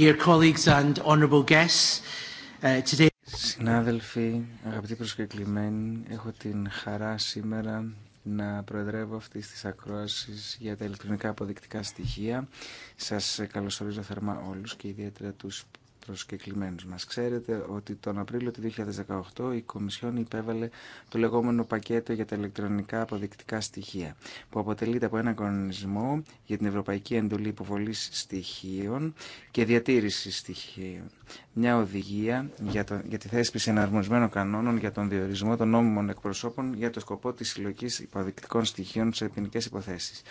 Uh, Συνάδελφοι, αγαπητοί προσκεκλημένοι, έχω την χαρά σήμερα να προεδρεύω αυτή της ακρόασης για τα ηλεκτρονικά αποδεικτικά στοιχεία. Σας καλωσορίζω θερμά όλους και ιδιαίτερα τους προσκεκλημένους μας. Ξέρετε ότι τον Απρίλιο του 2018 η Κομισιόν υπέβαλε το λεγόμενο πακέτο για τα ηλεκτρονικά αποδεικτικά στοιχεία, που αποτελείται από έναν κανονισμό για την Ευρωπαϊκή Εντολή Υποβολής Στοιχείων και Διατήρηση Στοιχείων. Μια οδηγία για, το, για τη θέσπιση εναρμοσμένων κανόνων για τον διορισμό των νόμιμων εκπροσώπων για το σκοπό της συλλογή υποδεικτικών στοιχείων σε ποινικέ υποθέσεις.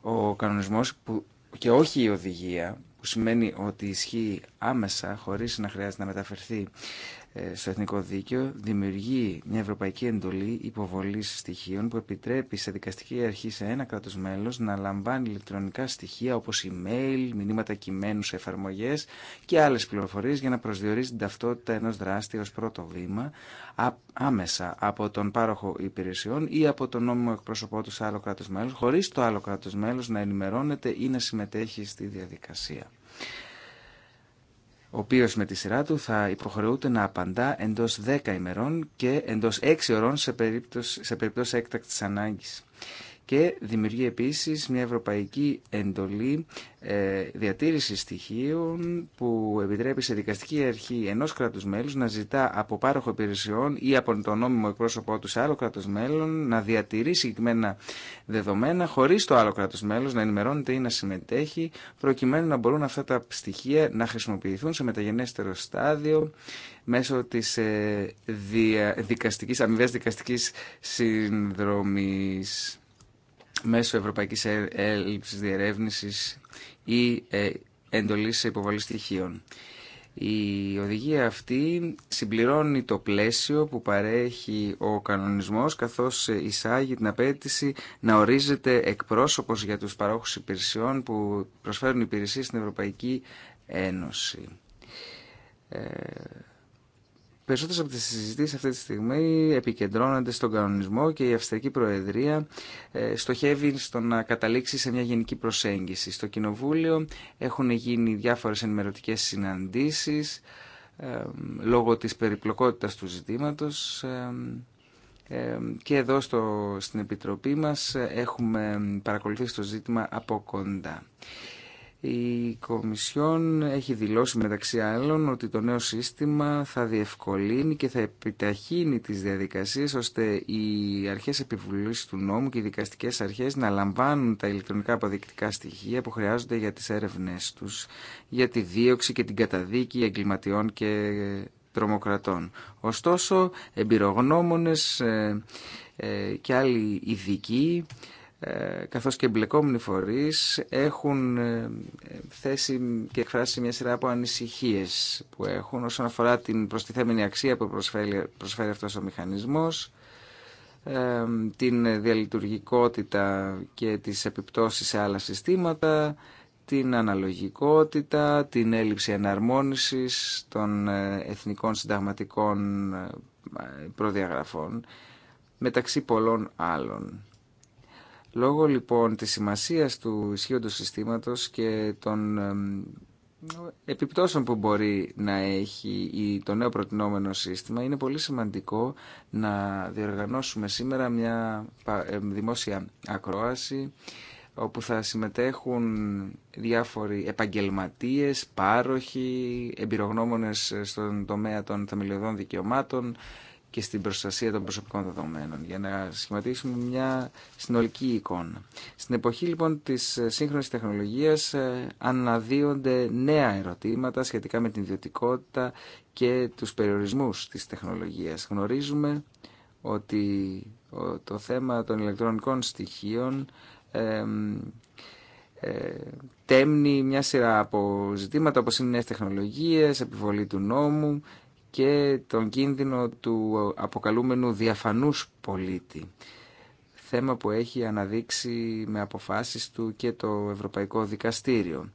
Ο κανονισμός που και όχι η οδηγία που σημαίνει ότι ισχύει άμεσα χωρίς να χρειάζεται να μεταφερθεί ε, στο εθνικό δίκαιο δημιουργεί μια ευρωπαϊκή εντολή υποβολή στοιχείων που επιτρέπει σε δικαστική αρχή σε ένα κράτος μέλος να λαμβάνει ηλεκτρονικά στοιχεία όπω email, μηνύματα κειμένου σε εφαρμογές και άλλε πληροφορίε για να προσδιορίζει την ταυτότητα ενό δράστη ω πρώτο βήμα άμεσα από τον πάροχο υπηρεσιών ή από τον νόμιμο εκπρόσωπό του σε άλλο κράτο μέλο, χωρίς το άλλο κράτος μέλος να ενημερώνεται ή να συμμετέχει στη διαδικασία ο οποίος με τη σειρά του θα υποχρεούται να απαντά εντός 10 ημερών και εντός 6 ώρων σε περίπτωση, σε περίπτωση έκτακτης ανάγκης και δημιουργεί επίσης μια ευρωπαϊκή εντολή ε, διατήρηση στοιχείων που επιτρέπει σε δικαστική αρχή ενός κράτους μέλους να ζητά από πάροχο υπηρεσιών ή από τον νόμιμο εκπρόσωπό του σε άλλο κράτος μέλων να διατηρεί συγκεκριμένα δεδομένα χωρίς το άλλο κράτος μέλος να ενημερώνεται ή να συμμετέχει προκειμένου να μπορούν αυτά τα στοιχεία να χρησιμοποιηθούν σε μεταγενέστερο στάδιο μέσω της ε, δικαστικής, αμοιβές δικαστικής συνδρομής μέσω ευρωπαϊκής έλλειψης διερεύνησης ή ε, εντολής σε υποβολή στοιχείων. Η οδηγία αυτή συμπληρώνει το πλαίσιο που παρέχει ο κανονισμός καθώς εισάγει την απέτηση να ορίζεται εκπρόσωπος για τους παρόχους υπηρεσιών που προσφέρουν υπηρεσίες στην Ευρωπαϊκή Ένωση. Ε, Περισσότερες από τις συζητήσεις αυτή τη στιγμή επικεντρώνονται στον κανονισμό και η Αυστρική Προεδρία ε, στοχεύει στο να καταλήξει σε μια γενική προσέγγιση. Στο Κοινοβούλιο έχουν γίνει διάφορες ενημερωτικές συναντήσεις λόγω της περιπλοκότητας του ζητήματος και εδώ στο, στην Επιτροπή μας έχουμε παρακολουθήσει το ζήτημα από κοντά. Η Κομισιόν έχει δηλώσει μεταξύ άλλων ότι το νέο σύστημα θα διευκολύνει και θα επιταχύνει τις διαδικασίες ώστε οι αρχές επιβουλής του νόμου και οι δικαστικές αρχές να λαμβάνουν τα ηλεκτρονικά αποδεικτικά στοιχεία που χρειάζονται για τις έρευνές τους, για τη δίωξη και την καταδίκη εγκληματιών και τρομοκρατών. Ωστόσο, εμπειρογνώμονες ε, ε, και άλλοι ειδικοί ε, καθώς και εμπλεκόμενοι φορείς έχουν ε, θέσει και εκφράσει μια σειρά από ανησυχίες που έχουν όσον αφορά την προστιθέμενη αξία που προσφέρει, προσφέρει αυτός ο μηχανισμός, ε, την διαλειτουργικότητα και τις επιπτώσεις σε άλλα συστήματα, την αναλογικότητα, την έλλειψη εναρμόνισης των εθνικών συνταγματικών προδιαγραφών, μεταξύ πολλών άλλων. Λόγω λοιπόν της σημασίας του ισχύοντος συστήματος και των επιπτώσεων που μπορεί να έχει το νέο προτινόμενο σύστημα είναι πολύ σημαντικό να διοργανώσουμε σήμερα μια δημόσια ακρόαση όπου θα συμμετέχουν διάφοροι επαγγελματίες, πάροχοι, εμπειρογνώμονες στον τομέα των θεμελιωδών δικαιωμάτων, και στην προστασία των προσωπικών δεδομένων για να σχηματίσουμε μια συνολική εικόνα. Στην εποχή λοιπόν της σύγχρονης τεχνολογίας ε, αναδύονται νέα ερωτήματα σχετικά με την ιδιωτικότητα και τους περιορισμούς της τεχνολογίας. Γνωρίζουμε ότι το θέμα των ηλεκτρονικών στοιχείων ε, τέμνει μια σειρά από ζητήματα όπως είναι νέες τεχνολογίες, επιβολή του νόμου και τον κίνδυνο του αποκαλούμενου διαφανούς πολίτη. Θέμα που έχει αναδείξει με αποφάσεις του και το Ευρωπαϊκό Δικαστήριο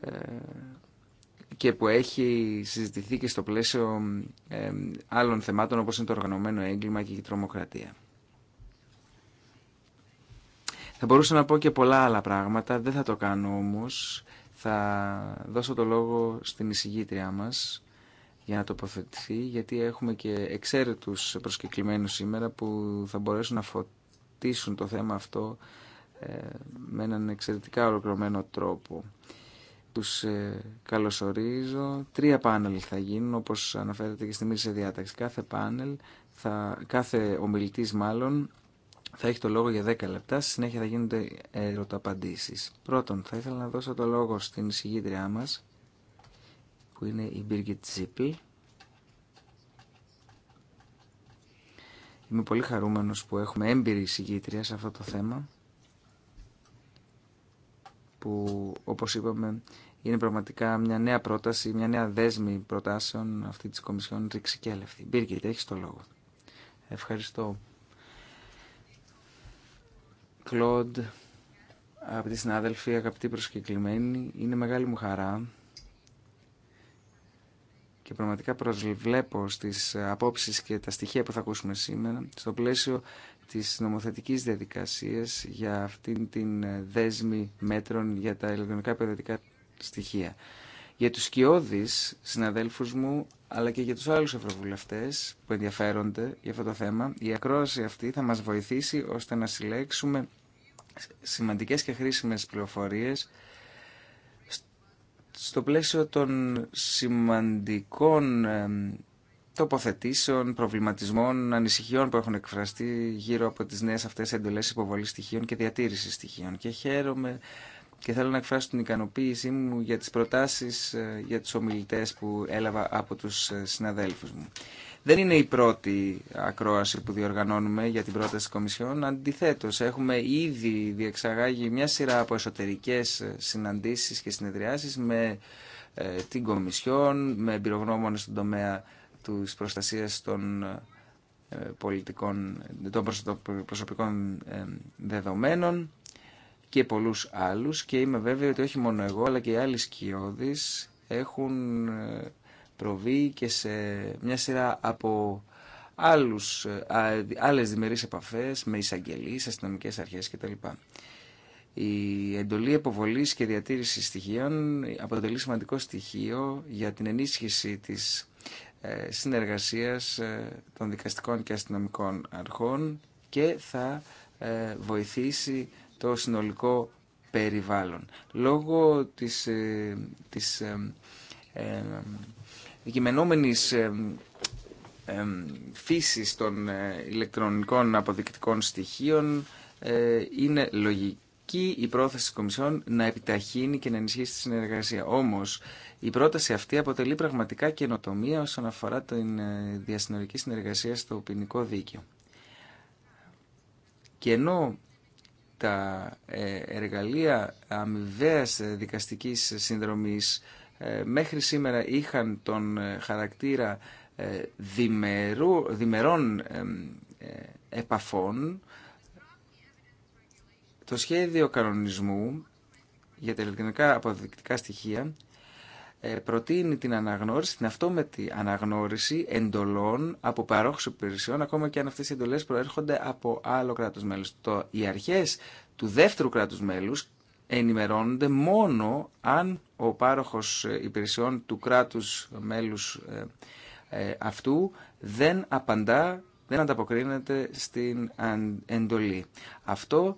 ε, και που έχει συζητηθεί και στο πλαίσιο ε, άλλων θεμάτων όπως είναι το οργανωμένο έγκλημα και η τρομοκρατία. Θα μπορούσα να πω και πολλά άλλα πράγματα, δεν θα το κάνω όμως. Θα δώσω το λόγο στην εισηγήτριά μας, για να τοποθετηθεί, γιατί έχουμε και εξαίρετους προσκεκλημένους σήμερα που θα μπορέσουν να φωτίσουν το θέμα αυτό ε, με έναν εξαιρετικά ολοκληρωμένο τρόπο. Τους ε, καλωσορίζω. Τρία πάνελ θα γίνουν, όπως αναφέρεται και στη μίληση διάταξη. Κάθε πάνελ, θα, κάθε ομιλητής μάλλον, θα έχει το λόγο για 10 λεπτά. Στη συνέχεια θα γίνονται ερωταπαντήσεις. Πρώτον, θα ήθελα να δώσω το λόγο στην εισηγήτριά μας, που είναι η Birgit Είμαι πολύ χαρούμενος που έχουμε έμπειρη συγκήτρια σε αυτό το θέμα που όπως είπαμε είναι πραγματικά μια νέα πρόταση, μια νέα δέσμη προτάσεων αυτή της Κομισιόν Ριξικέλευτη. Μπίργκετ, έχεις το λόγο. Ευχαριστώ. Κλοντ, αγαπητοί συνάδελφοι, αγαπητοί προσκεκλημένοι, είναι μεγάλη μου χαρά και πραγματικά προσβλέπω στις απόψεις και τα στοιχεία που θα ακούσουμε σήμερα στο πλαίσιο της νομοθετικής διαδικασίας για αυτήν την δέσμη μέτρων για τα ηλεκτρονικά παιδευτικά στοιχεία. Για τους σκιώδεις συναδέλφους μου, αλλά και για τους άλλους ευρωβουλευτές που ενδιαφέρονται για αυτό το θέμα, η ακρόαση αυτή θα μας βοηθήσει ώστε να συλλέξουμε σημαντικές και χρήσιμες πληροφορίες στο πλαίσιο των σημαντικών τοποθετήσεων, προβληματισμών, ανησυχιών που έχουν εκφραστεί γύρω από τις νέες αυτές εντολές υποβολής στοιχείων και διατήρησης στοιχείων. Και χαίρομαι και θέλω να εκφράσω την ικανοποίησή μου για τις προτάσεις ε, για τους ομιλητές που έλαβα από τους ε, συναδέλφους μου. Δεν είναι η πρώτη ακρόαση που διοργανώνουμε για την πρόταση της Κομισιόν. Αντιθέτως, έχουμε ήδη διεξαγάγει μια σειρά από εσωτερικές συναντήσεις και συνεδριάσεις με ε, την Κομισιόν, με εμπειρογνώμονες στον τομέα της προστασίας των ε, πολιτικών, των προσωπικών ε, δεδομένων και πολλούς άλλους και είμαι βέβαιο ότι όχι μόνο εγώ αλλά και οι άλλοι σκιώδεις έχουν προβεί και σε μια σειρά από άλλους, άλλες διμερείς επαφές με εισαγγελίε, αστυνομικές αρχές κτλ. Η εντολή αποβολή και διατήρηση στοιχείων αποτελεί σημαντικό στοιχείο για την ενίσχυση της ε, συνεργασίας ε, των δικαστικών και αστυνομικών αρχών και θα ε, βοηθήσει το συνολικό περιβάλλον. Λόγω της, της δικημενόμενης φύσης των ε, ηλεκτρονικών αποδεικτικών στοιχείων ε, είναι λογική η πρόθεση της Κομισιόν να επιταχύνει και να ενισχύσει τη συνεργασία. Όμως η πρόταση αυτή αποτελεί πραγματικά καινοτομία όσον αφορά την ε, διασυνορική συνεργασία στο ποινικό δίκαιο. Και ενώ τα εργαλεία αμοιβαίας δικαστικής συνδρομής ε, μέχρι σήμερα είχαν τον ε, χαρακτήρα ε, διμερού, διμερών επαφών, το σχέδιο κανονισμού για τα ηλεκτρονικά αποδεικτικά στοιχεία προτείνει την αναγνώριση, την αυτόματη αναγνώριση εντολών από παρόχους υπηρεσιών, ακόμα και αν αυτές οι εντολές προέρχονται από άλλο κράτος μέλος. Το, οι αρχές του δεύτερου κράτους μέλους ενημερώνονται μόνο αν ο πάροχος ε, υπηρεσιών του κράτους μέλους ε, ε, αυτού δεν απαντά, δεν ανταποκρίνεται στην εντολή. Αυτό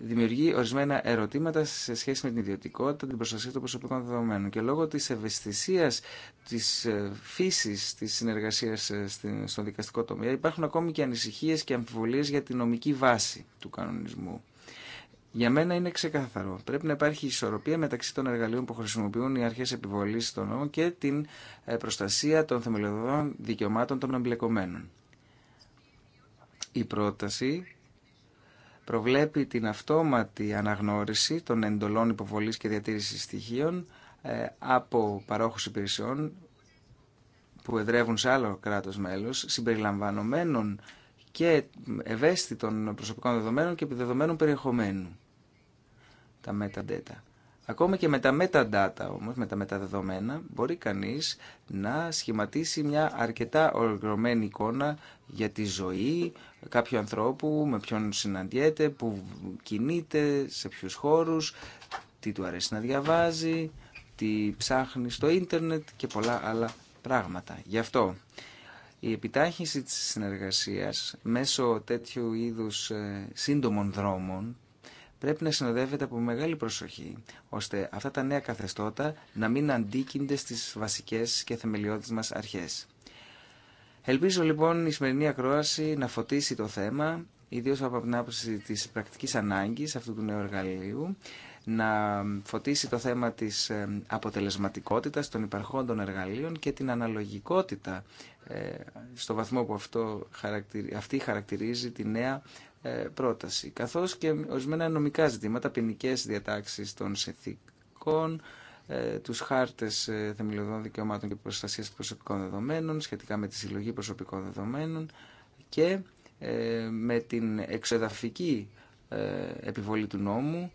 δημιουργεί ορισμένα ερωτήματα σε σχέση με την ιδιωτικότητα, την προστασία των προσωπικών δεδομένων. Και λόγω της ευαισθησίας της φύσης της συνεργασίας στον δικαστικό τομέα υπάρχουν ακόμη και ανησυχίες και αμφιβολίες για τη νομική βάση του κανονισμού. Για μένα είναι ξεκάθαρο. Πρέπει να υπάρχει ισορροπία μεταξύ των εργαλείων που χρησιμοποιούν οι αρχέ επιβολή των νόμων και την ε, προστασία των θεμελιωδών δικαιωμάτων των εμπλεκομένων. Η πρόταση προβλέπει την αυτόματη αναγνώριση των εντολών υποβολής και διατήρησης στοιχείων ε, από παρόχους υπηρεσιών που εδρεύουν σε άλλο κράτος μέλος, συμπεριλαμβανομένων και ευαίσθητων προσωπικών δεδομένων και επιδεδομένων περιεχομένου τα metadata. Ακόμα και με τα metadata όμως, με τα μεταδεδομένα, μπορεί κανείς να σχηματίσει μια αρκετά ολοκληρωμένη εικόνα για τη ζωή κάποιου ανθρώπου, με ποιον συναντιέται, που κινείται, σε ποιους χώρους, τι του αρέσει να διαβάζει, τι ψάχνει στο ίντερνετ και πολλά άλλα πράγματα. Γι' αυτό η επιτάχυνση της συνεργασίας μέσω τέτοιου είδους ε, σύντομων δρόμων πρέπει να συνοδεύεται από μεγάλη προσοχή, ώστε αυτά τα νέα καθεστώτα να μην αντίκυνται στις βασικές και θεμελιώδεις μας αρχές. Ελπίζω λοιπόν η σημερινή ακρόαση να φωτίσει το θέμα, ιδίως από την άποψη της πρακτικής ανάγκης αυτού του νέου εργαλείου, να φωτίσει το θέμα της ε, αποτελεσματικότητας των υπαρχόντων εργαλείων και την αναλογικότητα ε, στο βαθμό που αυτό αυτή χαρακτηρίζει τη νέα ε, πρόταση, καθώς και ορισμένα νομικά ζητήματα, ποινικέ διατάξεις των συνθήκων, ε, τους χάρτες ε, θεμελιωδών δικαιωμάτων και προστασίας προσωπικών δεδομένων, σχετικά με τη συλλογή προσωπικών δεδομένων και με την εξεδαφική επιβολή του νόμου,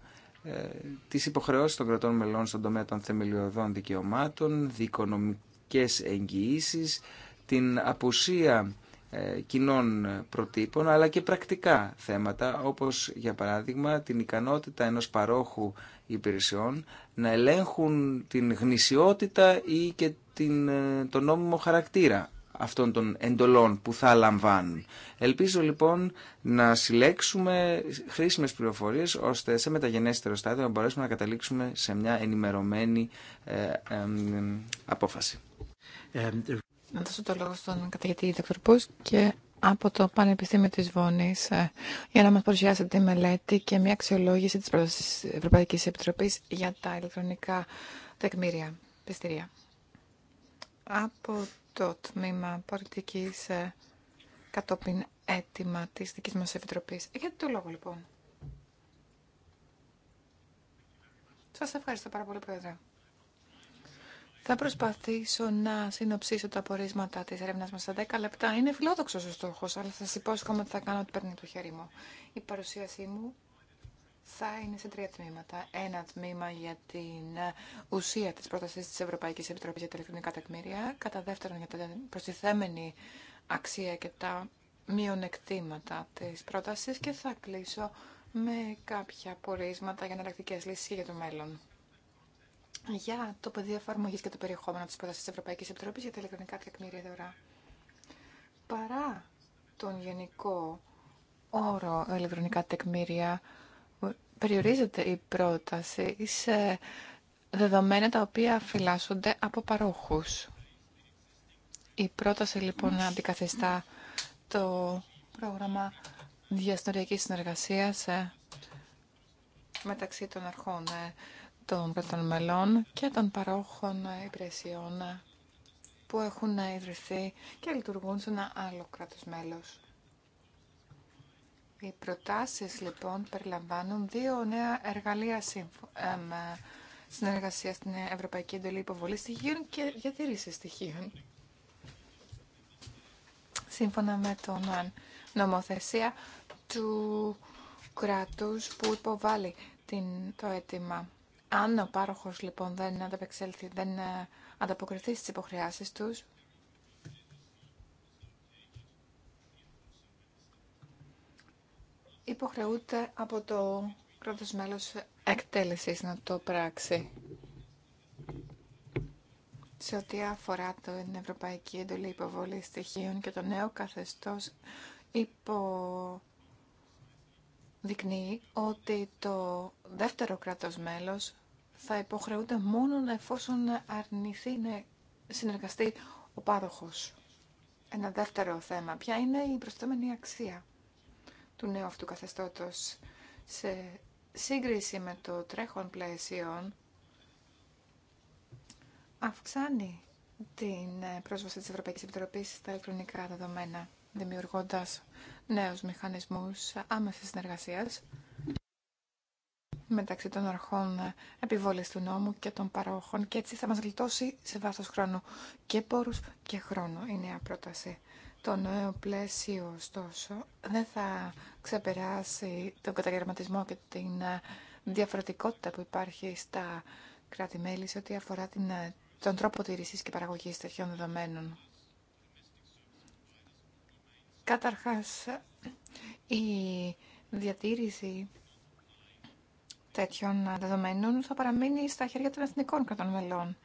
τις υποχρεώσεις των κρατών μελών στον τομέα των θεμελιωδών δικαιωμάτων, δικονομικές εγγυήσεις, την απουσία ε, κοινών προτύπων, αλλά και πρακτικά θέματα, όπως για παράδειγμα την ικανότητα ενός παρόχου υπηρεσιών να ελέγχουν την γνησιότητα ή και την, ε, τον νόμιμο χαρακτήρα αυτών των εντολών που θα λαμβάνουν. Ελπίζω λοιπόν να συλλέξουμε χρήσιμες πληροφορίες ώστε σε μεταγενέστερο στάδιο να μπορέσουμε να καταλήξουμε σε μια ενημερωμένη ε, απόφαση να δώσω το λόγο στον καθηγητή Δ. και από το Πανεπιστήμιο της Βόνης ε, για να μας παρουσιάσετε τη μελέτη και μια αξιολόγηση της πρότασης Ευρωπαϊκής Επιτροπής για τα ηλεκτρονικά τεκμήρια, πιστηρία. Από το τμήμα πολιτικής ε, κατόπιν αίτημα της δικής μας Επιτροπής. Έχετε το λόγο λοιπόν. Σας ευχαριστώ πάρα πολύ, Πρόεδρε. Θα προσπαθήσω να συνοψίσω τα απορίσματα τη έρευνα μα στα 10 λεπτά. Είναι φιλόδοξο ο στόχο, αλλά σα υπόσχομαι ότι θα κάνω ό,τι παίρνει το χέρι μου. Η παρουσίασή μου θα είναι σε τρία τμήματα. Ένα τμήμα για την ουσία τη πρόταση τη Ευρωπαϊκή Επιτροπή για τα ηλεκτρονικά τεκμήρια. Κατά δεύτερον, για την προστιθέμενη αξία και τα μειονεκτήματα τη πρόταση. Και θα κλείσω με κάποια πορίσματα για εναλλακτικέ λύσει και για το μέλλον για το πεδίο εφαρμογή και το περιεχόμενο τη πρόταση τη Ευρωπαϊκή Επιτροπή για τα ηλεκτρονικά τεκμήρια δωρά. Παρά τον γενικό όρο ηλεκτρονικά τεκμήρια, περιορίζεται η πρόταση σε δεδομένα τα οποία φυλάσσονται από παρόχους. Η πρόταση λοιπόν αντικαθιστά το πρόγραμμα διαστοριακής συνεργασίας ε, μεταξύ των αρχών ε, των κρατών μελών και των παρόχων υπηρεσιών που έχουν ιδρυθεί και λειτουργούν σε ένα άλλο κράτος μέλος. Οι προτάσεις λοιπόν περιλαμβάνουν δύο νέα εργαλεία συνεργασία στην Ευρωπαϊκή Εντολή Υποβολή Στοιχείων και διατήρηση στοιχείων. Σύμφωνα με τον ε, νομοθεσία του κράτους που υποβάλλει την, το αίτημα αν ο πάροχος λοιπόν δεν δεν ε, ανταποκριθεί στις υποχρεάσεις τους, υποχρεούται από το κράτος μέλος εκτέλεσης να το πράξει. Σε ό,τι αφορά την Ευρωπαϊκή Εντολή Υποβολή Στοιχείων και το νέο καθεστώς υποδεικνύει ότι το δεύτερο κράτος μέλος θα υποχρεούνται μόνο εφόσον αρνηθεί να συνεργαστεί ο πάροχος. Ένα δεύτερο θέμα. Ποια είναι η προσθέμενη αξία του νέου αυτού καθεστώτος σε σύγκριση με το τρέχον πλαίσιο αυξάνει την πρόσβαση της Ευρωπαϊκής Επιτροπής στα ηλεκτρονικά δεδομένα, δημιουργώντας νέους μηχανισμούς άμεσης συνεργασίας μεταξύ των αρχών επιβόλης του νόμου και των παρόχων και έτσι θα μας γλιτώσει σε βάθος χρόνου και πόρους και χρόνο η νέα πρόταση. Το νέο πλαίσιο, ωστόσο, δεν θα ξεπεράσει τον καταγερματισμό και την ε, διαφορετικότητα που υπάρχει στα κράτη-μέλη σε ό,τι αφορά την, ε, τον τρόπο τήρησης και παραγωγής τέτοιων δεδομένων. Καταρχάς, η διατήρηση τέτοιων δεδομένων θα παραμείνει στα χέρια των εθνικών κρατών μελών.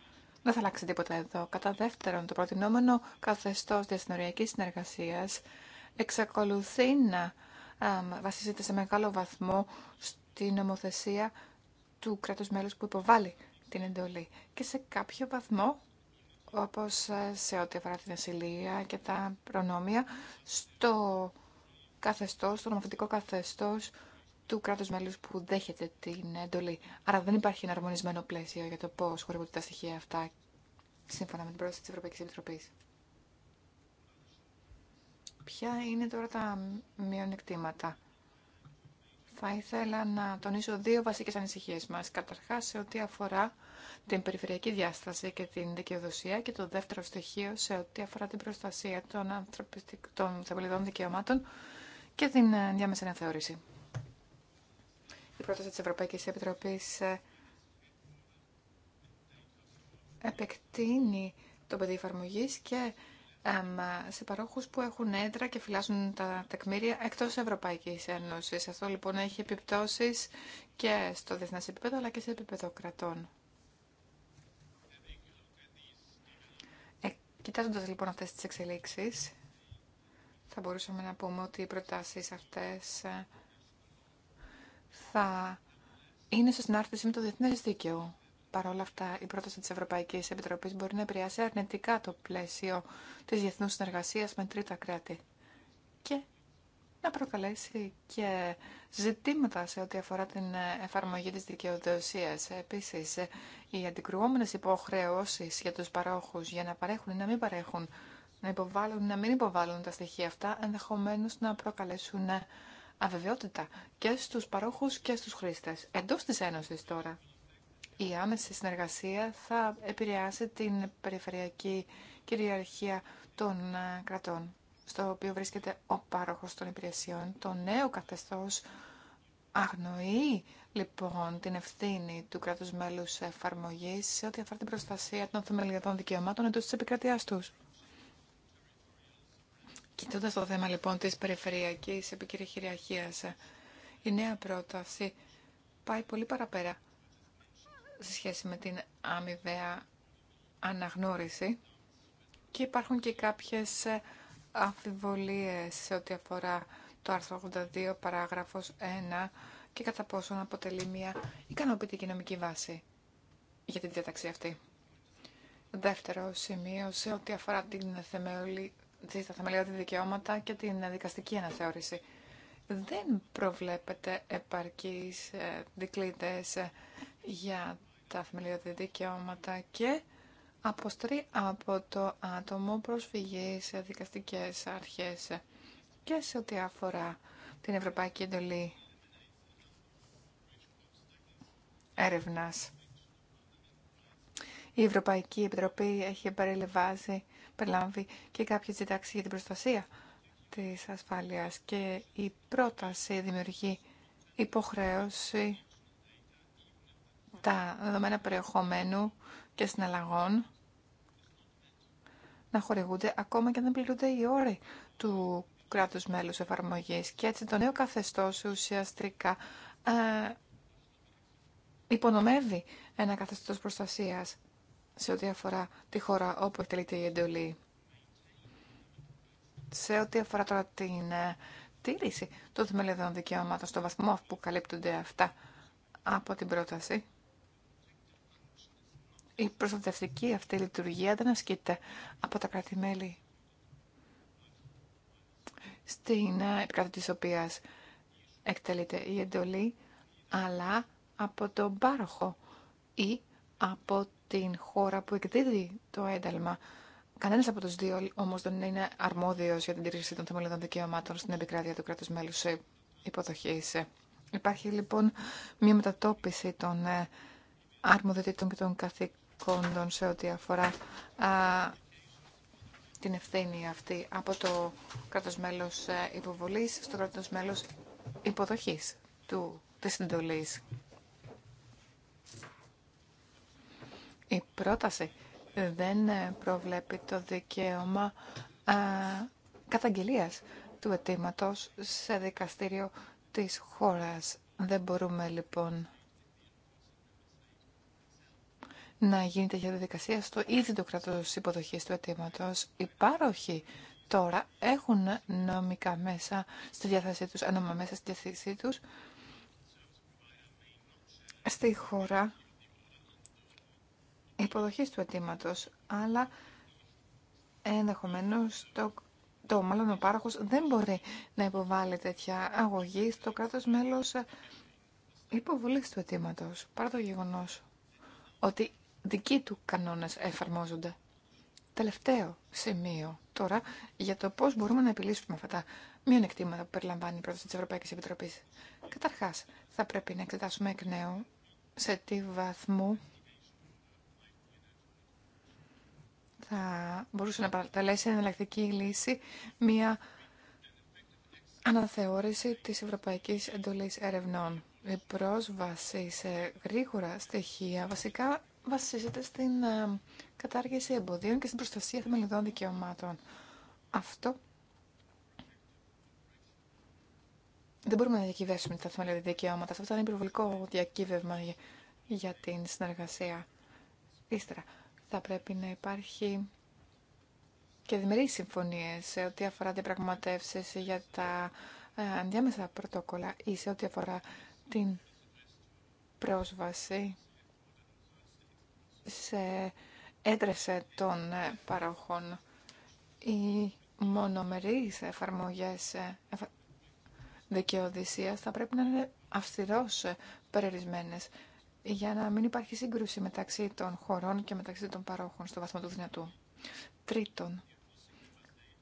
Δεν θα αλλάξει τίποτα εδώ. Κατά δεύτερον, το προτινόμενο καθεστώ διασυνοριακή συνεργασία εξακολουθεί να βασίζεται σε μεγάλο βαθμό στην νομοθεσία του κράτου μέλου που υποβάλλει την εντολή. Και σε κάποιο βαθμό, όπω ε, σε ό,τι αφορά την ασυλία και τα προνόμια, στο καθεστώ, στο νομοθετικό καθεστώ, του κράτου μέλου που δέχεται την εντολή. Άρα δεν υπάρχει ένα αρμονισμένο πλαίσιο για το πώ χορηγούνται τα στοιχεία αυτά σύμφωνα με την πρόταση τη Ευρωπαϊκή Επιτροπή. Ποια είναι τώρα τα μειονεκτήματα. Θα ήθελα να τονίσω δύο βασικέ ανησυχίε μα. Καταρχάς, σε ό,τι αφορά την περιφερειακή διάσταση και την δικαιοδοσία και το δεύτερο στοιχείο σε ό,τι αφορά την προστασία των, των θεμελιδών δικαιωμάτων και την ε, διάμεση αναθεώρηση η πρόταση της Ευρωπαϊκής Επιτροπής ε, επεκτείνει το παιδί εφαρμογή και σε παρόχους που έχουν έντρα και φυλάσσουν τα τεκμήρια εκτός Ευρωπαϊκής Ένωσης. Αυτό λοιπόν έχει επιπτώσεις και στο διεθνέ επίπεδο αλλά και σε επίπεδο κρατών. Ε, κοιτάζοντας λοιπόν αυτές τις εξελίξεις, θα μπορούσαμε να πούμε ότι οι προτάσεις αυτές ε, θα είναι σε συνάρτηση με το διεθνέ δίκαιο. Παρ' όλα αυτά, η πρόταση τη Ευρωπαϊκή Επιτροπή μπορεί να επηρεάσει αρνητικά το πλαίσιο τη διεθνού συνεργασία με τρίτα κράτη και να προκαλέσει και ζητήματα σε ό,τι αφορά την εφαρμογή της δικαιοδοσίας. Επίσης, οι αντικρουόμενες υποχρεώσεις για τους παρόχους για να παρέχουν ή να μην παρέχουν, να υποβάλλουν ή να μην υποβάλλουν τα στοιχεία αυτά, ενδεχομένως να προκαλέσουν αβεβαιότητα και στους παρόχους και στους χρήστες. Εντός της Ένωσης τώρα η άμεση συνεργασία θα επηρεάσει την περιφερειακή κυριαρχία των ε, κρατών στο οποίο βρίσκεται ο πάροχος των υπηρεσιών. Το νέο καθεστώς αγνοεί λοιπόν την ευθύνη του κράτους μέλους εφαρμογής σε ό,τι αφορά την προστασία των θεμελιωδών δικαιωμάτων εντός της επικρατείας τους. Κοιτώντας το θέμα λοιπόν της περιφερειακής επικυριαρχίας, η νέα πρόταση πάει πολύ παραπέρα σε σχέση με την αμοιβαία αναγνώριση και υπάρχουν και κάποιες αμφιβολίες σε ό,τι αφορά το άρθρο 82 παράγραφος 1 και κατά πόσον αποτελεί μια ικανοποιητική νομική βάση για την διάταξη αυτή. Δεύτερο σημείο σε ό,τι αφορά την τα θεμελιώδη δικαιώματα και την δικαστική αναθεώρηση. Δεν προβλέπεται επαρκείς ε, δικλείτες ε, για τα θεμελιώδη δικαιώματα και αποστρεί από το άτομο προσφυγή σε δικαστικές αρχές ε, και σε ό,τι αφορά την Ευρωπαϊκή Εντολή Έρευνας. Η Ευρωπαϊκή Επιτροπή έχει παρελευάσει περιλάμβει και κάποιες διτάξει για την προστασία της ασφάλεια και η πρόταση δημιουργεί υποχρέωση τα δεδομένα περιεχομένου και συναλλαγών να χορηγούνται ακόμα και αν δεν πληρούνται οι όροι του κράτους μέλους εφαρμογής και έτσι το νέο καθεστώς ουσιαστικά ε, υπονομεύει ένα καθεστώς προστασίας σε ό,τι αφορά τη χώρα όπου εκτελείται η εντολή. Σε ό,τι αφορά τώρα την ε, τήρηση των θεμελιωδών δικαιωμάτων στο βαθμό που καλύπτονται αυτά από την πρόταση, η προστατευτική αυτή λειτουργία δεν ασκείται από τα κράτη-μέλη στην ε, επικράτη της οποίας εκτελείται η εντολή, αλλά από τον πάροχο ή από την χώρα που εκδίδει το ένταλμα. Κανένα από του δύο όμω δεν είναι αρμόδιο για την τήρηση των θεμελιωδών δικαιωμάτων στην επικράτεια του κράτου μέλου υποδοχή. Υπάρχει λοιπόν μια μετατόπιση των ε, αρμοδιοτήτων και των καθηκόντων σε ό,τι αφορά την ευθύνη αυτή από το κράτος μέλος ε, υποβολής στο κράτο μέλο υποδοχή του, της Η πρόταση δεν προβλέπει το δικαίωμα α, ε, καταγγελίας του αιτήματο σε δικαστήριο της χώρας. Δεν μπορούμε λοιπόν να γίνεται για διαδικασία στο ίδιο το κράτος υποδοχής του αιτήματο. Οι πάροχοι τώρα έχουν νομικά μέσα στη διάθεσή τους, ανώμα μέσα στη διάθεσή τους, στη χώρα Υποδοχή του αιτήματο, αλλά ενδεχομένω το, το μάλλον ο πάροχο δεν μπορεί να υποβάλει τέτοια αγωγή στο κράτος μέλος υποβολή του αιτήματο, παρά το γεγονό ότι δικοί του κανόνες εφαρμόζονται. Τελευταίο σημείο τώρα για το πώς μπορούμε να επιλύσουμε αυτά τα μειονεκτήματα που περιλαμβάνει η πρόταση τη Ευρωπαϊκή Επιτροπή. Καταρχάς, θα πρέπει να εξετάσουμε εκ νέου σε τι βαθμό θα μπορούσε να παρατελέσει εναλλακτική λύση μια αναθεώρηση της Ευρωπαϊκής Εντολής Ερευνών. Η πρόσβαση σε γρήγορα στοιχεία βασικά βασίζεται στην ε, κατάργηση εμποδίων και στην προστασία θεμελιωδών δικαιωμάτων. Αυτό δεν μπορούμε να διακυβεύσουμε τα θεμελιώδη δικαιώματα. Αυτό ήταν υπερβολικό διακύβευμα για την συνεργασία. Ύστερα, θα πρέπει να υπάρχει και διμερείς συμφωνίες σε ό,τι αφορά την πραγματεύσεις για τα ε, ενδιάμεσα πρωτόκολλα ή σε ό,τι αφορά την πρόσβαση σε ετρεσε των ε, παροχών ή μονομερείς εφαρμογές ε, δικαιοδησίας. θα πρέπει να είναι αυστηρός περιορισμένες για να μην υπάρχει σύγκρουση μεταξύ των χωρών και μεταξύ των παρόχων στο βαθμό του δυνατού. Τρίτον,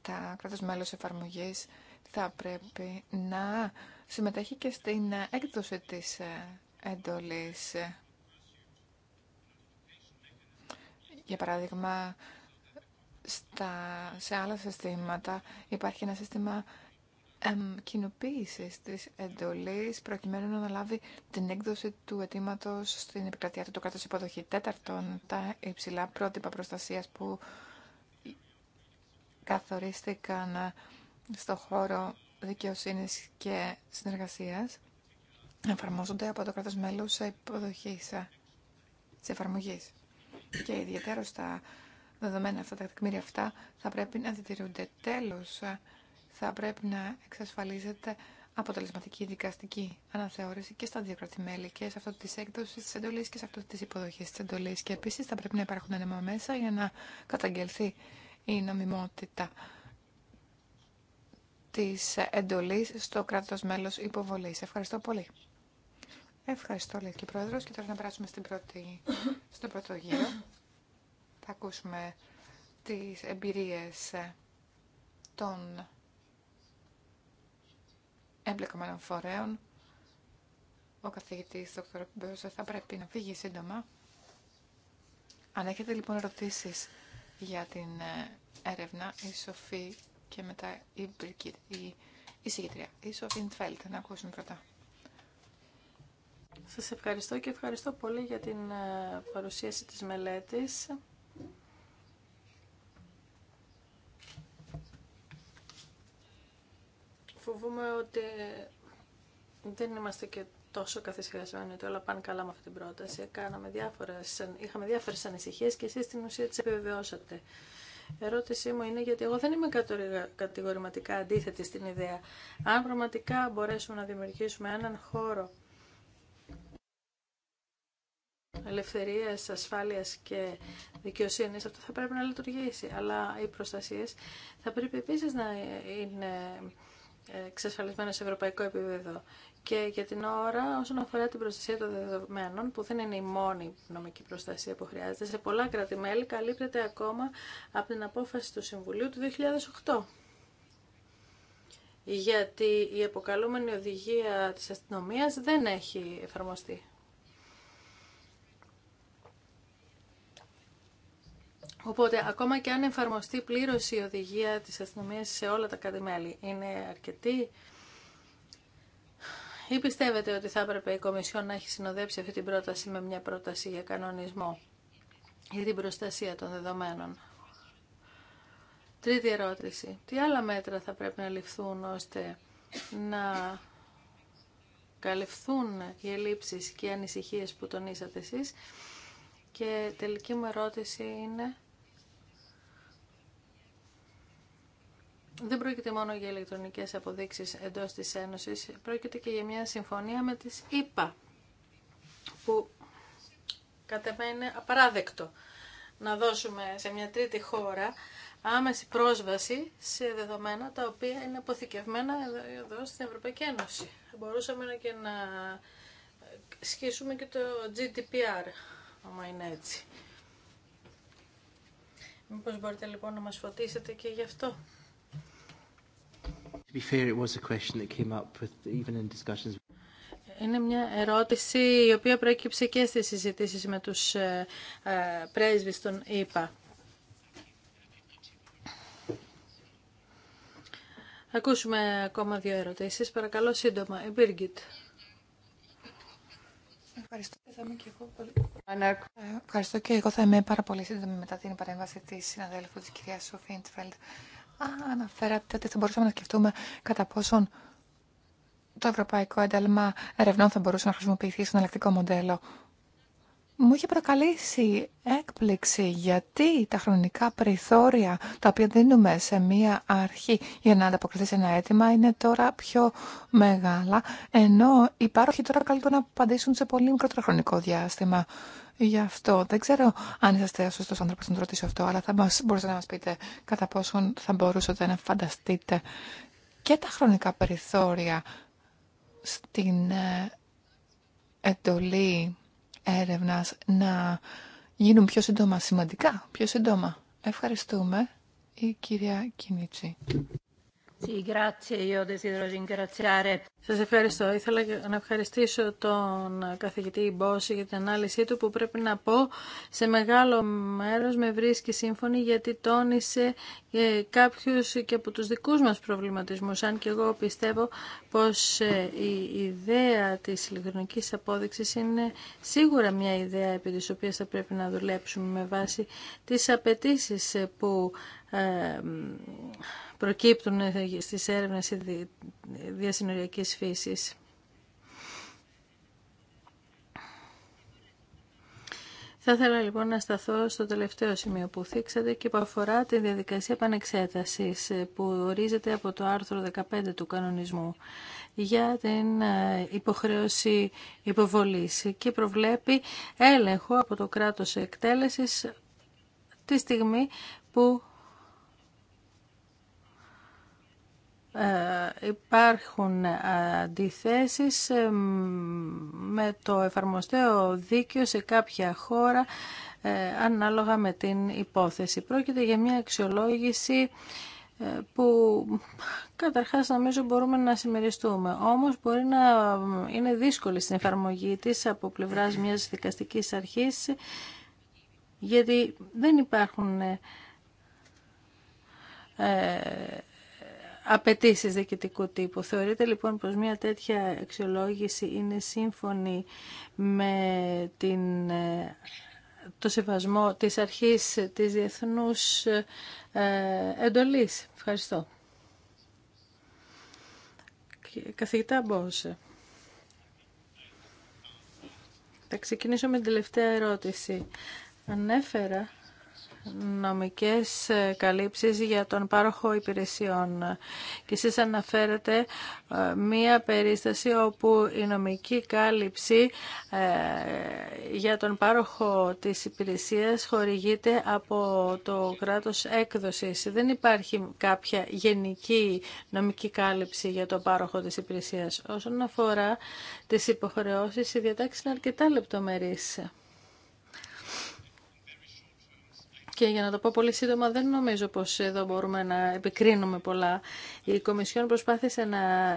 τα κράτος μέλος εφαρμογής θα πρέπει να συμμετέχει και στην έκδοση της ε, εντολής. Για παράδειγμα, στα, σε άλλα συστήματα υπάρχει ένα σύστημα κοινοποίηση τη εντολή προκειμένου να αναλάβει την έκδοση του αιτήματο στην επικρατεία του κράτου υποδοχή. Τέταρτον, τα υψηλά πρότυπα προστασία που καθορίστηκαν στο χώρο δικαιοσύνη και συνεργασία εφαρμόζονται από το κράτο μέλο σε υποδοχή τη εφαρμογή. Και ιδιαίτερα στα δεδομένα αυτά, τα τεκμήρια αυτά θα πρέπει να διατηρούνται. τέλο, θα πρέπει να εξασφαλίζεται αποτελεσματική δικαστική αναθεώρηση και στα δύο κρατημέλη και σε αυτό τη έκδοση τη εντολή και σε αυτό τη υποδοχή τη εντολή. Και επίση θα πρέπει να υπάρχουν έντομα μέσα για να καταγγελθεί η νομιμότητα τη εντολή στο κράτο μέλο υποβολή. Ευχαριστώ πολύ. Ευχαριστώ, λέει και πρόεδρο. Και τώρα να περάσουμε στην πρώτη, στο πρώτο γύρο. Θα ακούσουμε τις εμπειρίες των εμπλεκομένων φορέων. Ο καθηγητής Δ. θα πρέπει να φύγει σύντομα. Αν έχετε λοιπόν ερωτήσεις για την ε, έρευνα, η Σοφή και μετά η Μπρικίτ, η εισηγητρία, η να ακούσουν πρώτα. Σας ευχαριστώ και ευχαριστώ πολύ για την ε, παρουσίαση της μελέτης. φοβούμαι ότι δεν είμαστε και τόσο καθυσυχασμένοι ότι όλα πάνε καλά με αυτή την πρόταση. Κάναμε διάφορες, είχαμε διάφορε ανησυχίε και εσεί στην ουσία τι επιβεβαιώσατε. Ερώτησή μου είναι γιατί εγώ δεν είμαι κατηγορηματικά αντίθετη στην ιδέα. Αν πραγματικά μπορέσουμε να δημιουργήσουμε έναν χώρο ελευθερία, ασφάλεια και δικαιοσύνη, αυτό θα πρέπει να λειτουργήσει. Αλλά οι προστασίε θα πρέπει επίση να είναι εξασφαλισμένο σε ευρωπαϊκό επίπεδο. Και για την ώρα, όσον αφορά την προστασία των δεδομένων, που δεν είναι η μόνη νομική προστασία που χρειάζεται, σε πολλά κράτη-μέλη καλύπτεται ακόμα από την απόφαση του Συμβουλίου του 2008. Γιατί η αποκαλούμενη οδηγία της αστυνομίας δεν έχει εφαρμοστεί. Οπότε, ακόμα και αν εφαρμοστεί πλήρω η οδηγία της αστυνομία σε όλα τα κατημέλη, είναι αρκετή ή πιστεύετε ότι θα έπρεπε η Κομισιόν να έχει συνοδέψει αυτή την πρόταση με μια πρόταση για κανονισμό για την προστασία των δεδομένων. Τρίτη ερώτηση. Τι άλλα μέτρα θα πρέπει να ληφθούν ώστε να καλυφθούν οι ελλείψεις και οι ανησυχίες που τονίσατε εσείς. Και τελική μου ερώτηση είναι δεν πρόκειται μόνο για ηλεκτρονικές αποδείξεις εντός της Ένωσης, πρόκειται και για μια συμφωνία με τις ΗΠΑ, που κατά μένα είναι απαράδεκτο να δώσουμε σε μια τρίτη χώρα άμεση πρόσβαση σε δεδομένα τα οποία είναι αποθηκευμένα εδώ στην Ευρωπαϊκή Ένωση. Μπορούσαμε και να σχίσουμε και το GDPR, άμα είναι έτσι. Μήπως μπορείτε λοιπόν να μας φωτίσετε και γι' αυτό. Είναι μια ερώτηση η οποία προέκυψε και στις συζητήσεις με τους ε, ε, πρέσβεις των ΗΠΑ. Ακούσουμε ακόμα δύο ερωτήσεις. Παρακαλώ σύντομα. Η ε, Μπίργκιτ. Ευχαριστώ. και εγώ Ευχαριστώ και εγώ θα είμαι πάρα πολύ σύντομη μετά την παρέμβαση της συναδέλφου της κυρίας Σοφίντφελντ αναφέρατε ότι θα μπορούσαμε να σκεφτούμε κατά πόσον το ευρωπαϊκό ένταλμα ερευνών θα μπορούσε να χρησιμοποιηθεί στον ελεκτικό μοντέλο. Μου είχε προκαλέσει έκπληξη γιατί τα χρονικά περιθώρια τα οποία δίνουμε σε μία αρχή για να ανταποκριθεί σε ένα αίτημα είναι τώρα πιο μεγάλα, ενώ οι πάροχοι τώρα καλύτερα να απαντήσουν σε πολύ μικρότερο χρονικό διάστημα. Γι' αυτό δεν ξέρω αν είσαστε σωστό άνθρωπο να το ρωτήσω αυτό, αλλά θα μας, μπορούσατε να μα πείτε κατά πόσον θα μπορούσατε να φανταστείτε και τα χρονικά περιθώρια στην ε, εντολή έρευνας να γίνουν πιο σύντομα σημαντικά, πιο σύντομα. Ευχαριστούμε η κυρία Κινίτσι. Σα ευχαριστώ. Ήθελα να ευχαριστήσω τον καθηγητή Μπόση για την ανάλυση του που πρέπει να πω σε μεγάλο μέρος με βρίσκει σύμφωνη γιατί τόνισε ε, κάποιους και από τους δικούς μας προβληματισμούς. Αν και εγώ πιστεύω πως ε, η ιδέα της ηλεκτρονικής απόδειξης είναι σίγουρα μια ιδέα επί της θα πρέπει να δουλέψουμε με βάση τις απαιτήσει που ε, προκύπτουν στις έρευνες διασυνοριακής φύσης. Θα ήθελα λοιπόν να σταθώ στο τελευταίο σημείο που θίξατε και που αφορά τη διαδικασία επανεξέτασης που ορίζεται από το άρθρο 15 του κανονισμού για την ε, υποχρέωση υποβολής και προβλέπει έλεγχο από το κράτος εκτέλεσης τη στιγμή που Ε, υπάρχουν ε, αντιθέσεις ε, με το εφαρμοστέο δίκαιο σε κάποια χώρα ανάλογα με την υπόθεση. Πρόκειται για μια αξιολόγηση που καταρχάς νομίζω μπορούμε να συμμεριστούμε. Όμως μπορεί να είναι δύσκολη στην εφαρμογή της από πλευράς μιας δικαστικής αρχής γιατί δεν υπάρχουν απαιτήσει διοικητικού τύπου. Θεωρείτε λοιπόν πως μια τέτοια αξιολόγηση είναι σύμφωνη με την, ε, το σεβασμό της αρχής της διεθνούς ε, εντολής. Ευχαριστώ. Καθηγητά Μπόσε. Θα ξεκινήσω με την τελευταία ερώτηση. Ανέφερα νομικές ε, καλύψεις για τον πάροχο υπηρεσιών. Και εσείς αναφέρετε ε, μία περίσταση όπου η νομική κάλυψη ε, για τον πάροχο της υπηρεσίας χορηγείται από το κράτος έκδοσης. Δεν υπάρχει κάποια γενική νομική κάλυψη για τον πάροχο της υπηρεσίας. Όσον αφορά τις υποχρεώσεις, οι διατάξεις είναι αρκετά λεπτομερείς. και για να το πω πολύ σύντομα, δεν νομίζω πως εδώ μπορούμε να επικρίνουμε πολλά. Η Κομισιόν προσπάθησε να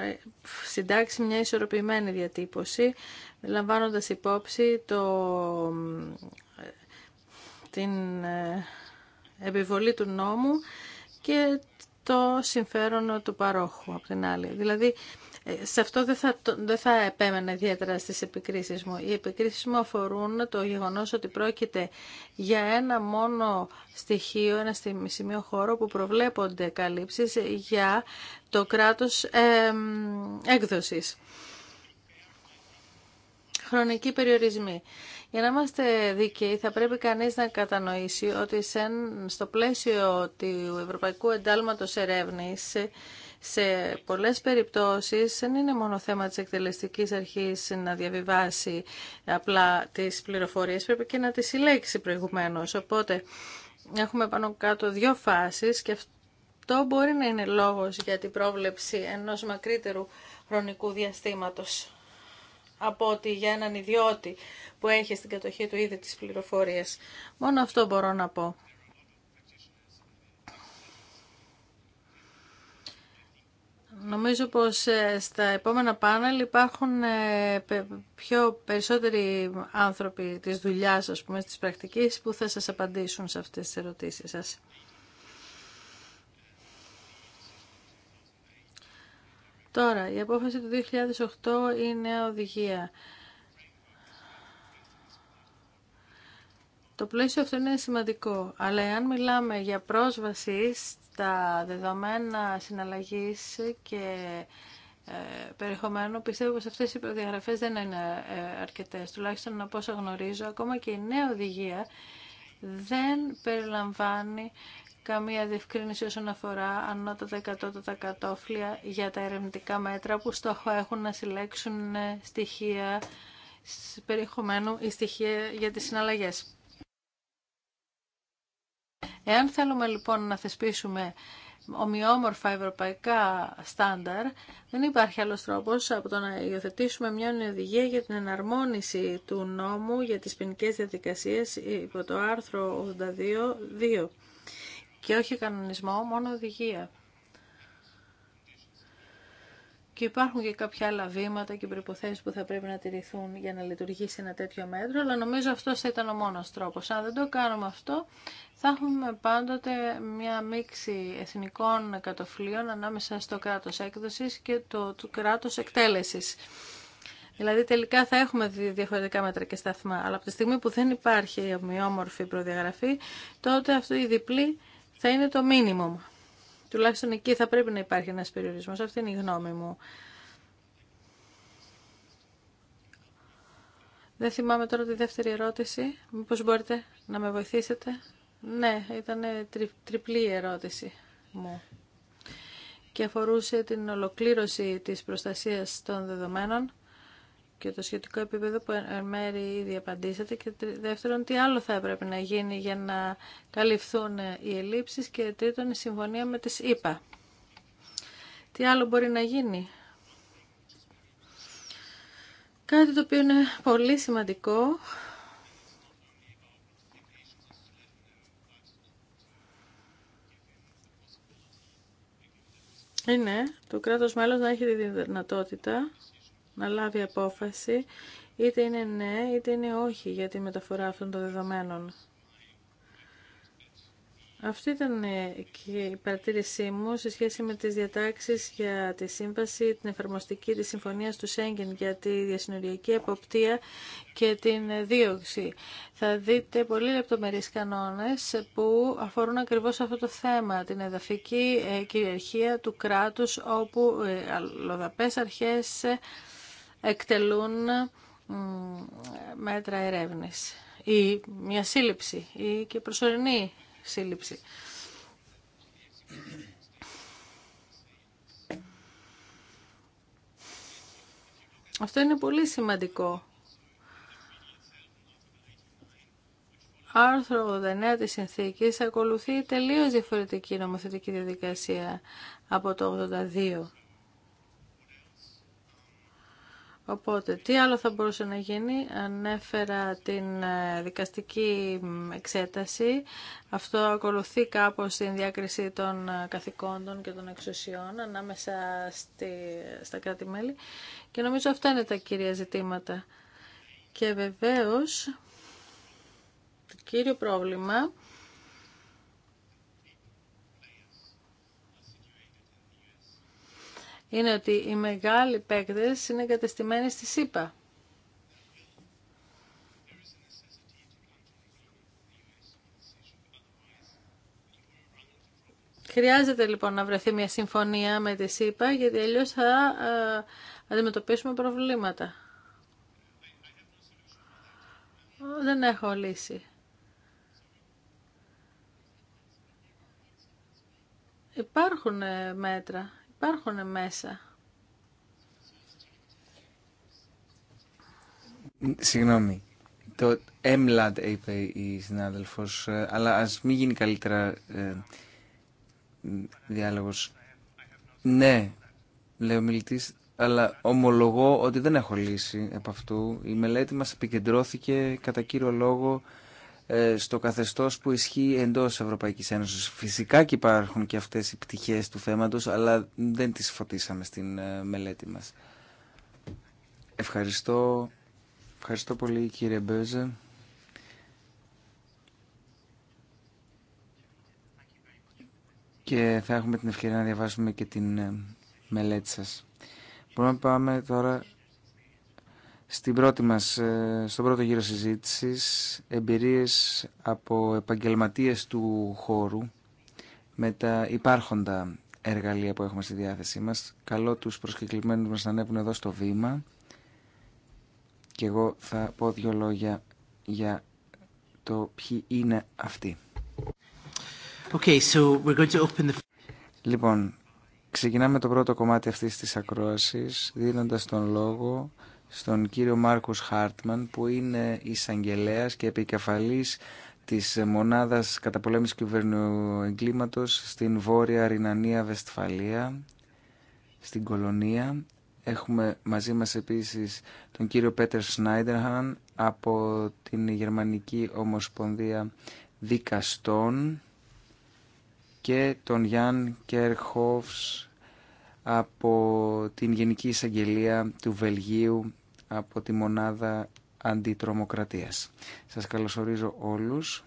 ε, συντάξει μια ισορροπημένη διατύπωση, λαμβάνοντας υπόψη το, ε, την ε, επιβολή του νόμου και το συμφέρον του παρόχου, από την άλλη. Δηλαδή, σε αυτό δεν θα, δεν θα επέμενα ιδιαίτερα στις επικρίσεις μου. Οι επικρίσεις μου αφορούν το γεγονός ότι πρόκειται για ένα μόνο στοιχείο, ένα σημείο χώρο που προβλέπονται καλύψεις για το κράτος ε, έκδοσης. Χρονικοί περιορισμοί. Για να είμαστε δίκαιοι, θα πρέπει κανείς να κατανοήσει ότι σε, στο πλαίσιο του Ευρωπαϊκού Εντάλματος Ερεύνης σε πολλές περιπτώσεις δεν είναι μόνο θέμα της εκτελεστικής αρχής να διαβιβάσει απλά τις πληροφορίες, πρέπει και να τις συλλέξει προηγουμένως. Οπότε έχουμε πάνω κάτω δύο φάσεις και αυτό μπορεί να είναι λόγος για την πρόβλεψη ενός μακρύτερου χρονικού διαστήματος από ότι για έναν ιδιώτη που έχει στην κατοχή του ήδη τις πληροφορίες. Μόνο αυτό μπορώ να πω. Νομίζω πως ε, στα επόμενα πάνελ υπάρχουν ε, πιο περισσότεροι άνθρωποι της δουλειάς, ας πούμε, της πρακτικής που θα σας απαντήσουν σε αυτές τις ερωτήσεις σας. Τώρα, η απόφαση του 2008 είναι οδηγία. Το πλαίσιο αυτό είναι σημαντικό, αλλά εάν μιλάμε για πρόσβαση τα δεδομένα συναλλαγής και ε, περιεχομένου, πιστεύω πως αυτές οι προδιαγραφές δεν είναι ε, αρκετές. Τουλάχιστον από όσα γνωρίζω, ακόμα και η νέα οδηγία δεν περιλαμβάνει καμία διευκρίνηση όσον αφορά ανώτατα εκατότατα τα κατόφλια για τα ερευνητικά μέτρα που στόχο έχουν να συλλέξουν ε, στοιχεία περιεχομένου ή στοιχεία για τις συναλλαγές. Εάν θέλουμε λοιπόν να θεσπίσουμε ομοιόμορφα ευρωπαϊκά στάνταρ, δεν υπάρχει άλλος τρόπος από το να υιοθετήσουμε μια οδηγία για την εναρμόνιση του νόμου για τις ποινικέ διαδικασίες υπό το άρθρο 82.2 και όχι κανονισμό, μόνο οδηγία. Και υπάρχουν και κάποια άλλα βήματα και προποθέσει που θα πρέπει να τηρηθούν για να λειτουργήσει ένα τέτοιο μέτρο, αλλά νομίζω αυτό θα ήταν ο μόνο τρόπο. Αν δεν το κάνουμε αυτό, θα έχουμε πάντοτε μια μίξη εθνικών κατοφλίων ανάμεσα στο κράτο έκδοση και το κράτο εκτέλεση. Δηλαδή τελικά θα έχουμε διαφορετικά μέτρα και σταθμά, αλλά από τη στιγμή που δεν υπάρχει η ομοιόμορφη προδιαγραφή, τότε αυτό η διπλή θα είναι το μίνιμουμ. Τουλάχιστον εκεί θα πρέπει να υπάρχει ένας περιορισμός. Αυτή είναι η γνώμη μου. Δεν θυμάμαι τώρα τη δεύτερη ερώτηση. Μήπως μπορείτε να με βοηθήσετε. Ναι, ήταν τρι, τριπλή η ερώτηση μου και αφορούσε την ολοκλήρωση της προστασίας των δεδομένων και το σχετικό επίπεδο που εν μέρη ήδη απαντήσατε και δεύτερον τι άλλο θα έπρεπε να γίνει για να καλυφθούν ε, οι ελλείψεις και τρίτον η συμφωνία με τις ΗΠΑ. Τι άλλο μπορεί να γίνει. Κάτι το οποίο είναι πολύ σημαντικό είναι το κράτος μέλος να έχει τη δυνατότητα να λάβει απόφαση είτε είναι ναι είτε είναι όχι για τη μεταφορά αυτών των δεδομένων. Αυτή ήταν ε, και η παρατήρησή μου σε σχέση με τις διατάξεις για τη σύμβαση, την εφαρμοστική της συμφωνίας του Σέγγεν για τη διασυνοριακή εποπτεία και την ε, δίωξη. Θα δείτε πολύ λεπτομερείς κανόνες που αφορούν ακριβώς αυτό το θέμα, την εδαφική ε, κυριαρχία του κράτους όπου αλλοδαπές αρχές εκτελούν μέτρα ερεύνης ή μια σύλληψη ή και προσωρινή σύλληψη. Αυτό είναι πολύ σημαντικό. Άρθρο 89 της Συνθήκης ακολουθεί τελείως διαφορετική νομοθετική διαδικασία από το 82. Οπότε, τι άλλο θα μπορούσε να γίνει. Ανέφερα την ε, δικαστική εξέταση. Αυτό ακολουθεί κάπως την διάκριση των ε, καθηκόντων και των εξουσιών ανάμεσα στη, στα κράτη-μέλη. Και νομίζω αυτά είναι τα κυρία ζητήματα. Και βεβαίως, το κύριο πρόβλημα είναι ότι οι μεγάλοι παίκτες είναι κατεστημένοι στη ΣΥΠΑ. Χρειάζεται λοιπόν να βρεθεί μια συμφωνία με τη ΣΥΠΑ γιατί αλλιώ θα ε, αντιμετωπίσουμε προβλήματα. Δεν έχω λύση. Υπάρχουν ε, μέτρα Υπάρχουν μέσα. Συγγνώμη. Το MLAD είπε η συνάδελφος, ε, αλλά ας μην γίνει καλύτερα ε, διάλογος. Ναι, λέει ο αλλά ομολογώ ότι δεν έχω λύση από αυτού. Η μελέτη μας επικεντρώθηκε κατά κύριο λόγο ε, στο καθεστώς που ισχύει εντός Ευρωπαϊκής Ένωσης. Φυσικά και υπάρχουν και αυτές οι πτυχές του θέματος, αλλά δεν τις φωτίσαμε στην ε, μελέτη μας. Ευχαριστώ, ευχαριστώ πολύ κύριε Μπέζε. Και θα έχουμε την ευκαιρία να διαβάσουμε και την ε, μελέτη σας. Μπορούμε να πάμε τώρα στην πρώτη μας, ε, στον πρώτο γύρο συζήτησης, εμπειρίες από επαγγελματίες του χώρου με τα υπάρχοντα εργαλεία που έχουμε στη διάθεσή μας. Καλώ τους προσκεκλημένους μας να ανέβουν εδώ στο βήμα και εγώ θα πω δύο λόγια για το ποιοι είναι αυτοί. Okay, so we're going to Λοιπόν, ξεκινάμε το πρώτο κομμάτι αυτής της ακρόασης δίνοντας τον λόγο στον κύριο Μάρκος Χάρτμαν που είναι εισαγγελέα και επικεφαλής της μονάδας καταπολέμησης κυβερνοεγκλήματος στην Βόρεια Ρινανία Βεστφαλία, στην Κολονία. Έχουμε μαζί μας επίσης τον κύριο Πέτερ Σνάιντερχαν από την Γερμανική Ομοσπονδία Δικαστών και τον Γιάν Κέρχοφς από την Γενική Εισαγγελία του Βελγίου από τη Μονάδα Αντιτρομοκρατίας. Σας καλωσορίζω όλους.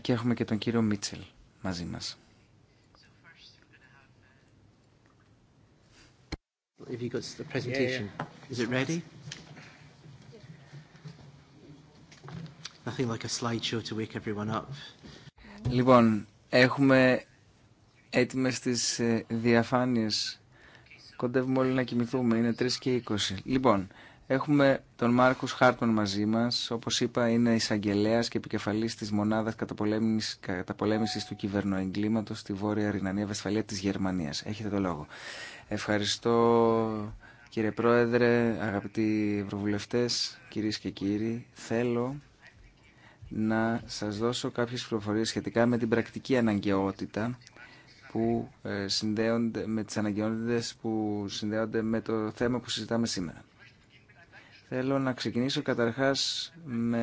Και έχουμε και τον κύριο Μίτσελ μαζί μας. Λοιπόν, έχουμε έτοιμες τις ε, διαφάνειες Κοντεύουμε όλοι να κοιμηθούμε, είναι 3 και 20. Λοιπόν, έχουμε τον Μάρκους Χάρτον μαζί μας. Όπως είπα, είναι εισαγγελέα και επικεφαλή της μονάδας καταπολέμησης, του κυβερνοεγκλήματο στη Βόρεια Ρινανία Βεσφαλία της Γερμανίας. Έχετε το λόγο. Ευχαριστώ κύριε Πρόεδρε, αγαπητοί ευρωβουλευτέ, κύριε και κύριοι. Θέλω να σας δώσω κάποιες πληροφορίες σχετικά με την πρακτική αναγκαιότητα που ε, συνδέονται με τις αναγκαιότητες που συνδέονται με το θέμα που συζητάμε σήμερα. Θέλω να ξεκινήσω καταρχάς με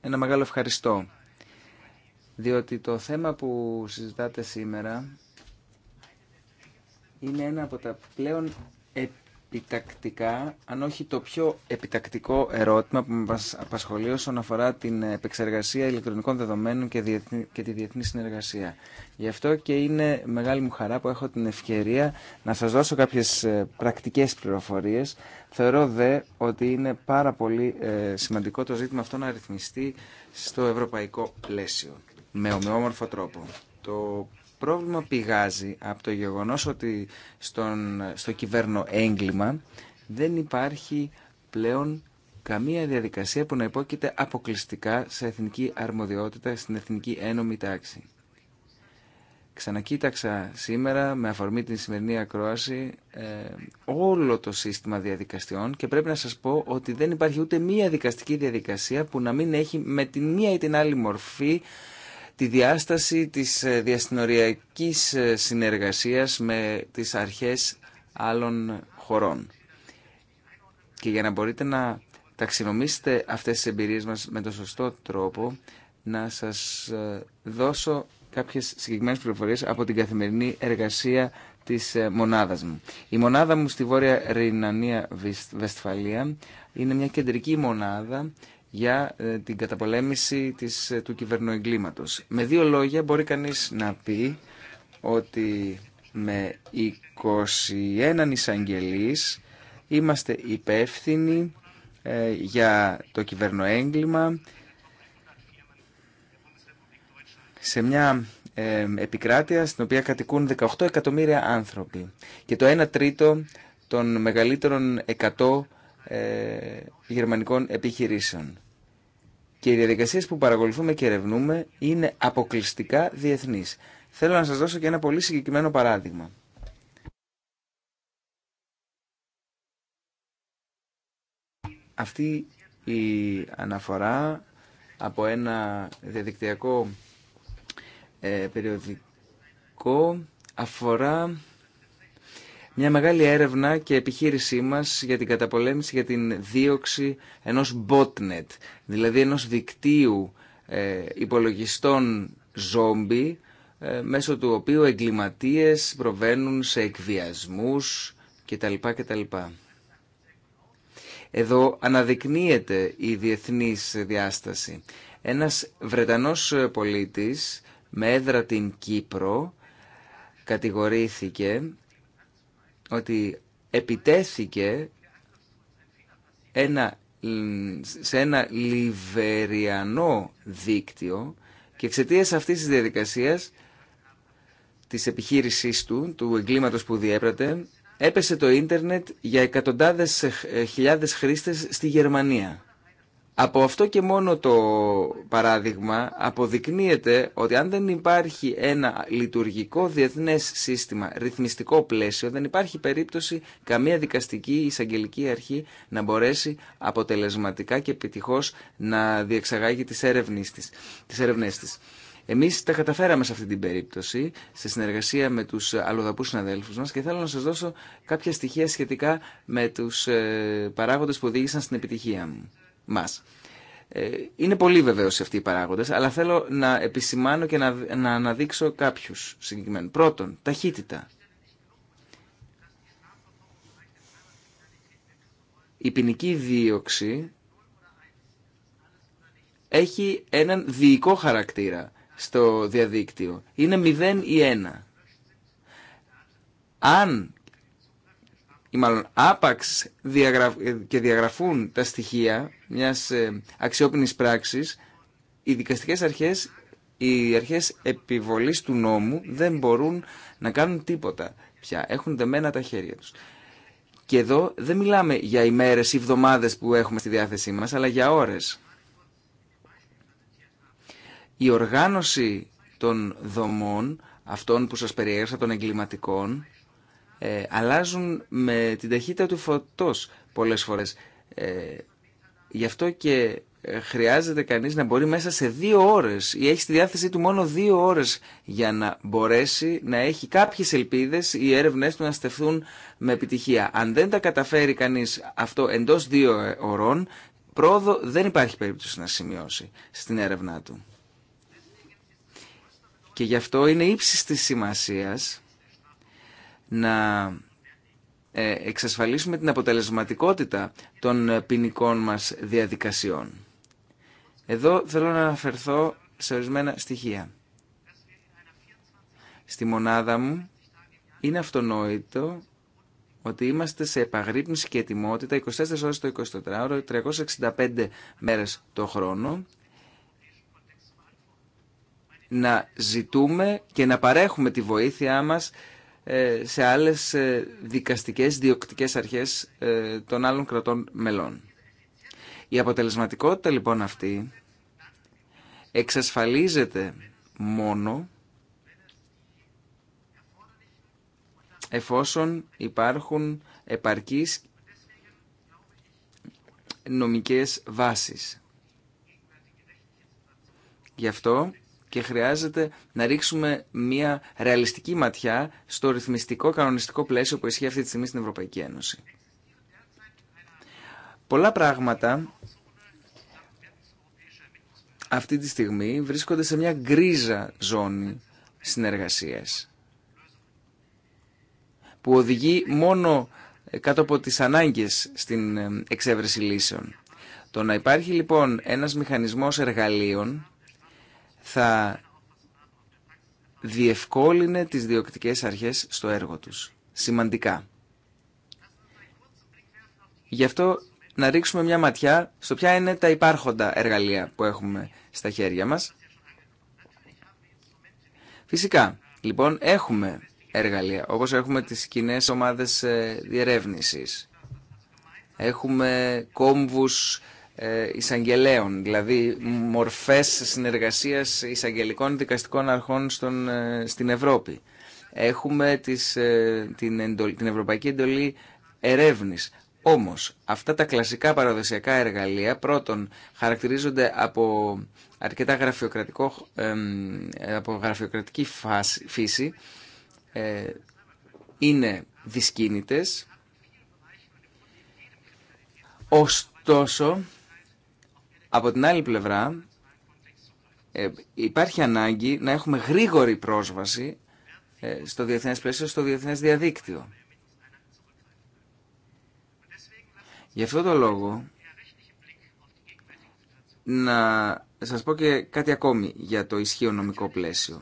ένα μεγάλο ευχαριστώ, διότι το θέμα που συζητάτε σήμερα είναι ένα από τα πλέον επιτακτικά, αν όχι το πιο επιτακτικό ερώτημα που με απασχολεί όσον αφορά την επεξεργασία ηλεκτρονικών δεδομένων και, τη διεθνή συνεργασία. Γι' αυτό και είναι μεγάλη μου χαρά που έχω την ευκαιρία να σας δώσω κάποιες ε, πρακτικές πληροφορίες. Θεωρώ δε ότι είναι πάρα πολύ ε, σημαντικό το ζήτημα αυτό να ρυθμιστεί στο ευρωπαϊκό πλαίσιο, με ομοιόμορφο τρόπο. Το πρόβλημα πηγάζει από το γεγονός ότι στον, στο κυβέρνο έγκλημα δεν υπάρχει πλέον καμία διαδικασία που να υπόκειται αποκλειστικά σε εθνική αρμοδιότητα στην Εθνική Ένωμη Τάξη. Ξανακοίταξα σήμερα με αφορμή την σημερινή ακρόαση ε, όλο το σύστημα διαδικασιών και πρέπει να σας πω ότι δεν υπάρχει ούτε μία δικαστική διαδικασία που να μην έχει με την μία ή την άλλη μορφή τη διάσταση της ε, διαστηνοριακής ε, συνεργασίας με τις αρχές άλλων χωρών. Και για να μπορείτε να ταξινομήσετε αυτές τις εμπειρίες μας με τον σωστό τρόπο, να σας ε, δώσω κάποιες συγκεκριμένες πληροφορίες από την καθημερινή εργασία της μονάδας μου. Η μονάδα μου στη Βόρεια Ρινανία Ρινανία-Βεστφαλία είναι μια κεντρική μονάδα για ε, την καταπολέμηση της, ε, του κυβερνοεγκλήματος. Με δύο λόγια μπορεί κανείς να πει ότι με 21 εισαγγελείς είμαστε υπεύθυνοι ε, για το κυβερνοέγκλημα σε μια επικράτεια στην οποία κατοικούν 18 εκατομμύρια άνθρωποι και το 1 τρίτο των μεγαλύτερων 100 ε, γερμανικών επιχειρήσεων. Και οι διαδικασίες που παρακολουθούμε και ερευνούμε είναι αποκλειστικά διεθνείς. Θέλω να σας δώσω και ένα πολύ συγκεκριμένο παράδειγμα. Αυτή η αναφορά από ένα διαδικτυακό ε, περιοδικό αφορά μια μεγάλη έρευνα και επιχείρησή μας για την καταπολέμηση, για την δίωξη ενός botnet, δηλαδή ενός δικτύου ε, υπολογιστών ζόμπι, ε, μέσω του οποίου εγκληματίες προβαίνουν σε εκβιασμούς κτλ. κτλ. Εδώ αναδεικνύεται η διεθνής διάσταση. Ένας Βρετανός πολίτης με έδρα την Κύπρο κατηγορήθηκε ότι επιτέθηκε ένα, σε ένα λιβεριανό δίκτυο και εξαιτία αυτής της διαδικασίας της επιχείρησής του, του εγκλήματος που διέπρατε, έπεσε το ίντερνετ για εκατοντάδες ε, χιλιάδες χρήστες στη Γερμανία. Από αυτό και μόνο το παράδειγμα αποδεικνύεται ότι αν δεν υπάρχει ένα λειτουργικό διεθνές σύστημα, ρυθμιστικό πλαίσιο, δεν υπάρχει περίπτωση καμία δικαστική ή εισαγγελική αρχή να μπορέσει αποτελεσματικά και επιτυχώς να διεξαγάγει τις της. Τις της. Εμείς τα καταφέραμε σε αυτή την περίπτωση, σε συνεργασία με τους αλλοδαπούς συναδέλφους μας και θέλω να σας δώσω κάποια στοιχεία σχετικά με τους ε, παράγοντες που οδήγησαν στην επιτυχία μου. Ε, είναι πολύ βεβαίω αυτοί οι παράγοντε, αλλά θέλω να επισημάνω και να, να αναδείξω κάποιου συγκεκριμένου. Πρώτον, ταχύτητα. Η ποινική δίωξη έχει έναν διοικό χαρακτήρα στο διαδίκτυο. Είναι 0 ή 1. Αν ή μάλλον άπαξ και διαγραφούν τα στοιχεία μιας ε, αξιόπινης πράξης, οι δικαστικές αρχές, οι αρχές επιβολής του νόμου δεν μπορούν να κάνουν τίποτα πια. Έχουν δεμένα τα χέρια τους. Και εδώ δεν μιλάμε για ημέρες ή εβδομάδες που έχουμε στη διάθεσή μας, αλλά για ώρες. Η οργάνωση των δομών, αυτών που σας περιέγραψα, των εγκληματικών, ε, αλλάζουν με την ταχύτητα του φωτός πολλές φορές. Ε, γι' αυτό και ε, χρειάζεται κανείς να μπορεί μέσα σε δύο ώρες ή έχει στη διάθεσή του μόνο δύο ώρες για να μπορέσει να έχει κάποιες ελπίδες οι έρευνές του να στεφθούν με επιτυχία. Αν δεν τα καταφέρει κανείς αυτό εντός δύο ωρών, πρόοδο δεν υπάρχει περίπτωση να σημειώσει στην έρευνά του. Και γι' αυτό είναι ύψης της σημασίας να ε, εξασφαλίσουμε την αποτελεσματικότητα των ε, ποινικών μας διαδικασιών. Εδώ θέλω να αναφερθώ σε ορισμένα στοιχεία. Στη μονάδα μου είναι αυτονόητο ότι είμαστε σε επαγρύπνηση και ετοιμότητα 24 ώρες το 24ωρο, 365 μέρες το χρόνο, να ζητούμε και να παρέχουμε τη βοήθειά μας ε, σε άλλες ε, δικαστικές, διοκτικές αρχές ε, των άλλων κρατών μελών. Η αποτελεσματικότητα λοιπόν αυτή εξασφαλίζεται μόνο εφόσον υπάρχουν επαρκείς νομικές βάσεις. Γι' αυτό και χρειάζεται να ρίξουμε μια ρεαλιστική ματιά στο ρυθμιστικό κανονιστικό πλαίσιο που ισχύει αυτή τη στιγμή στην Ευρωπαϊκή Ένωση. Πολλά πράγματα αυτή τη στιγμή βρίσκονται σε μια γκρίζα ζώνη συνεργασίας που οδηγεί μόνο κάτω από τις ανάγκες στην εξέβρεση λύσεων. Το να υπάρχει λοιπόν ένας μηχανισμός εργαλείων θα διευκόλυνε τις διοκτικές αρχές στο έργο τους. Σημαντικά. Γι' αυτό να ρίξουμε μια ματιά στο ποια είναι τα υπάρχοντα εργαλεία που έχουμε στα χέρια μας. Φυσικά, λοιπόν, έχουμε εργαλεία, όπως έχουμε τις κοινέ ομάδες ε, διερεύνησης. Έχουμε κόμβους ε, εισαγγελέων, δηλαδή μορφές συνεργασίας εισαγγελικών δικαστικών αρχών στον, ε, στην Ευρώπη. Έχουμε τις, ε, την, την Ευρωπαϊκή Εντολή Ερεύνης. Όμως, αυτά τα κλασικά παραδοσιακά εργαλεία πρώτον χαρακτηρίζονται από αρκετά γραφειοκρατικό, από γραφειοκρατική φάση, φύση, είναι δυσκίνητες, ωστόσο από την άλλη πλευρά ε, υπάρχει ανάγκη να έχουμε γρήγορη πρόσβαση ε, στο διεθνές πλαίσιο, στο διεθνές διαδίκτυο. Γι' αυτό το λόγο να σας πω και κάτι ακόμη για το ισχύο νομικό πλαίσιο.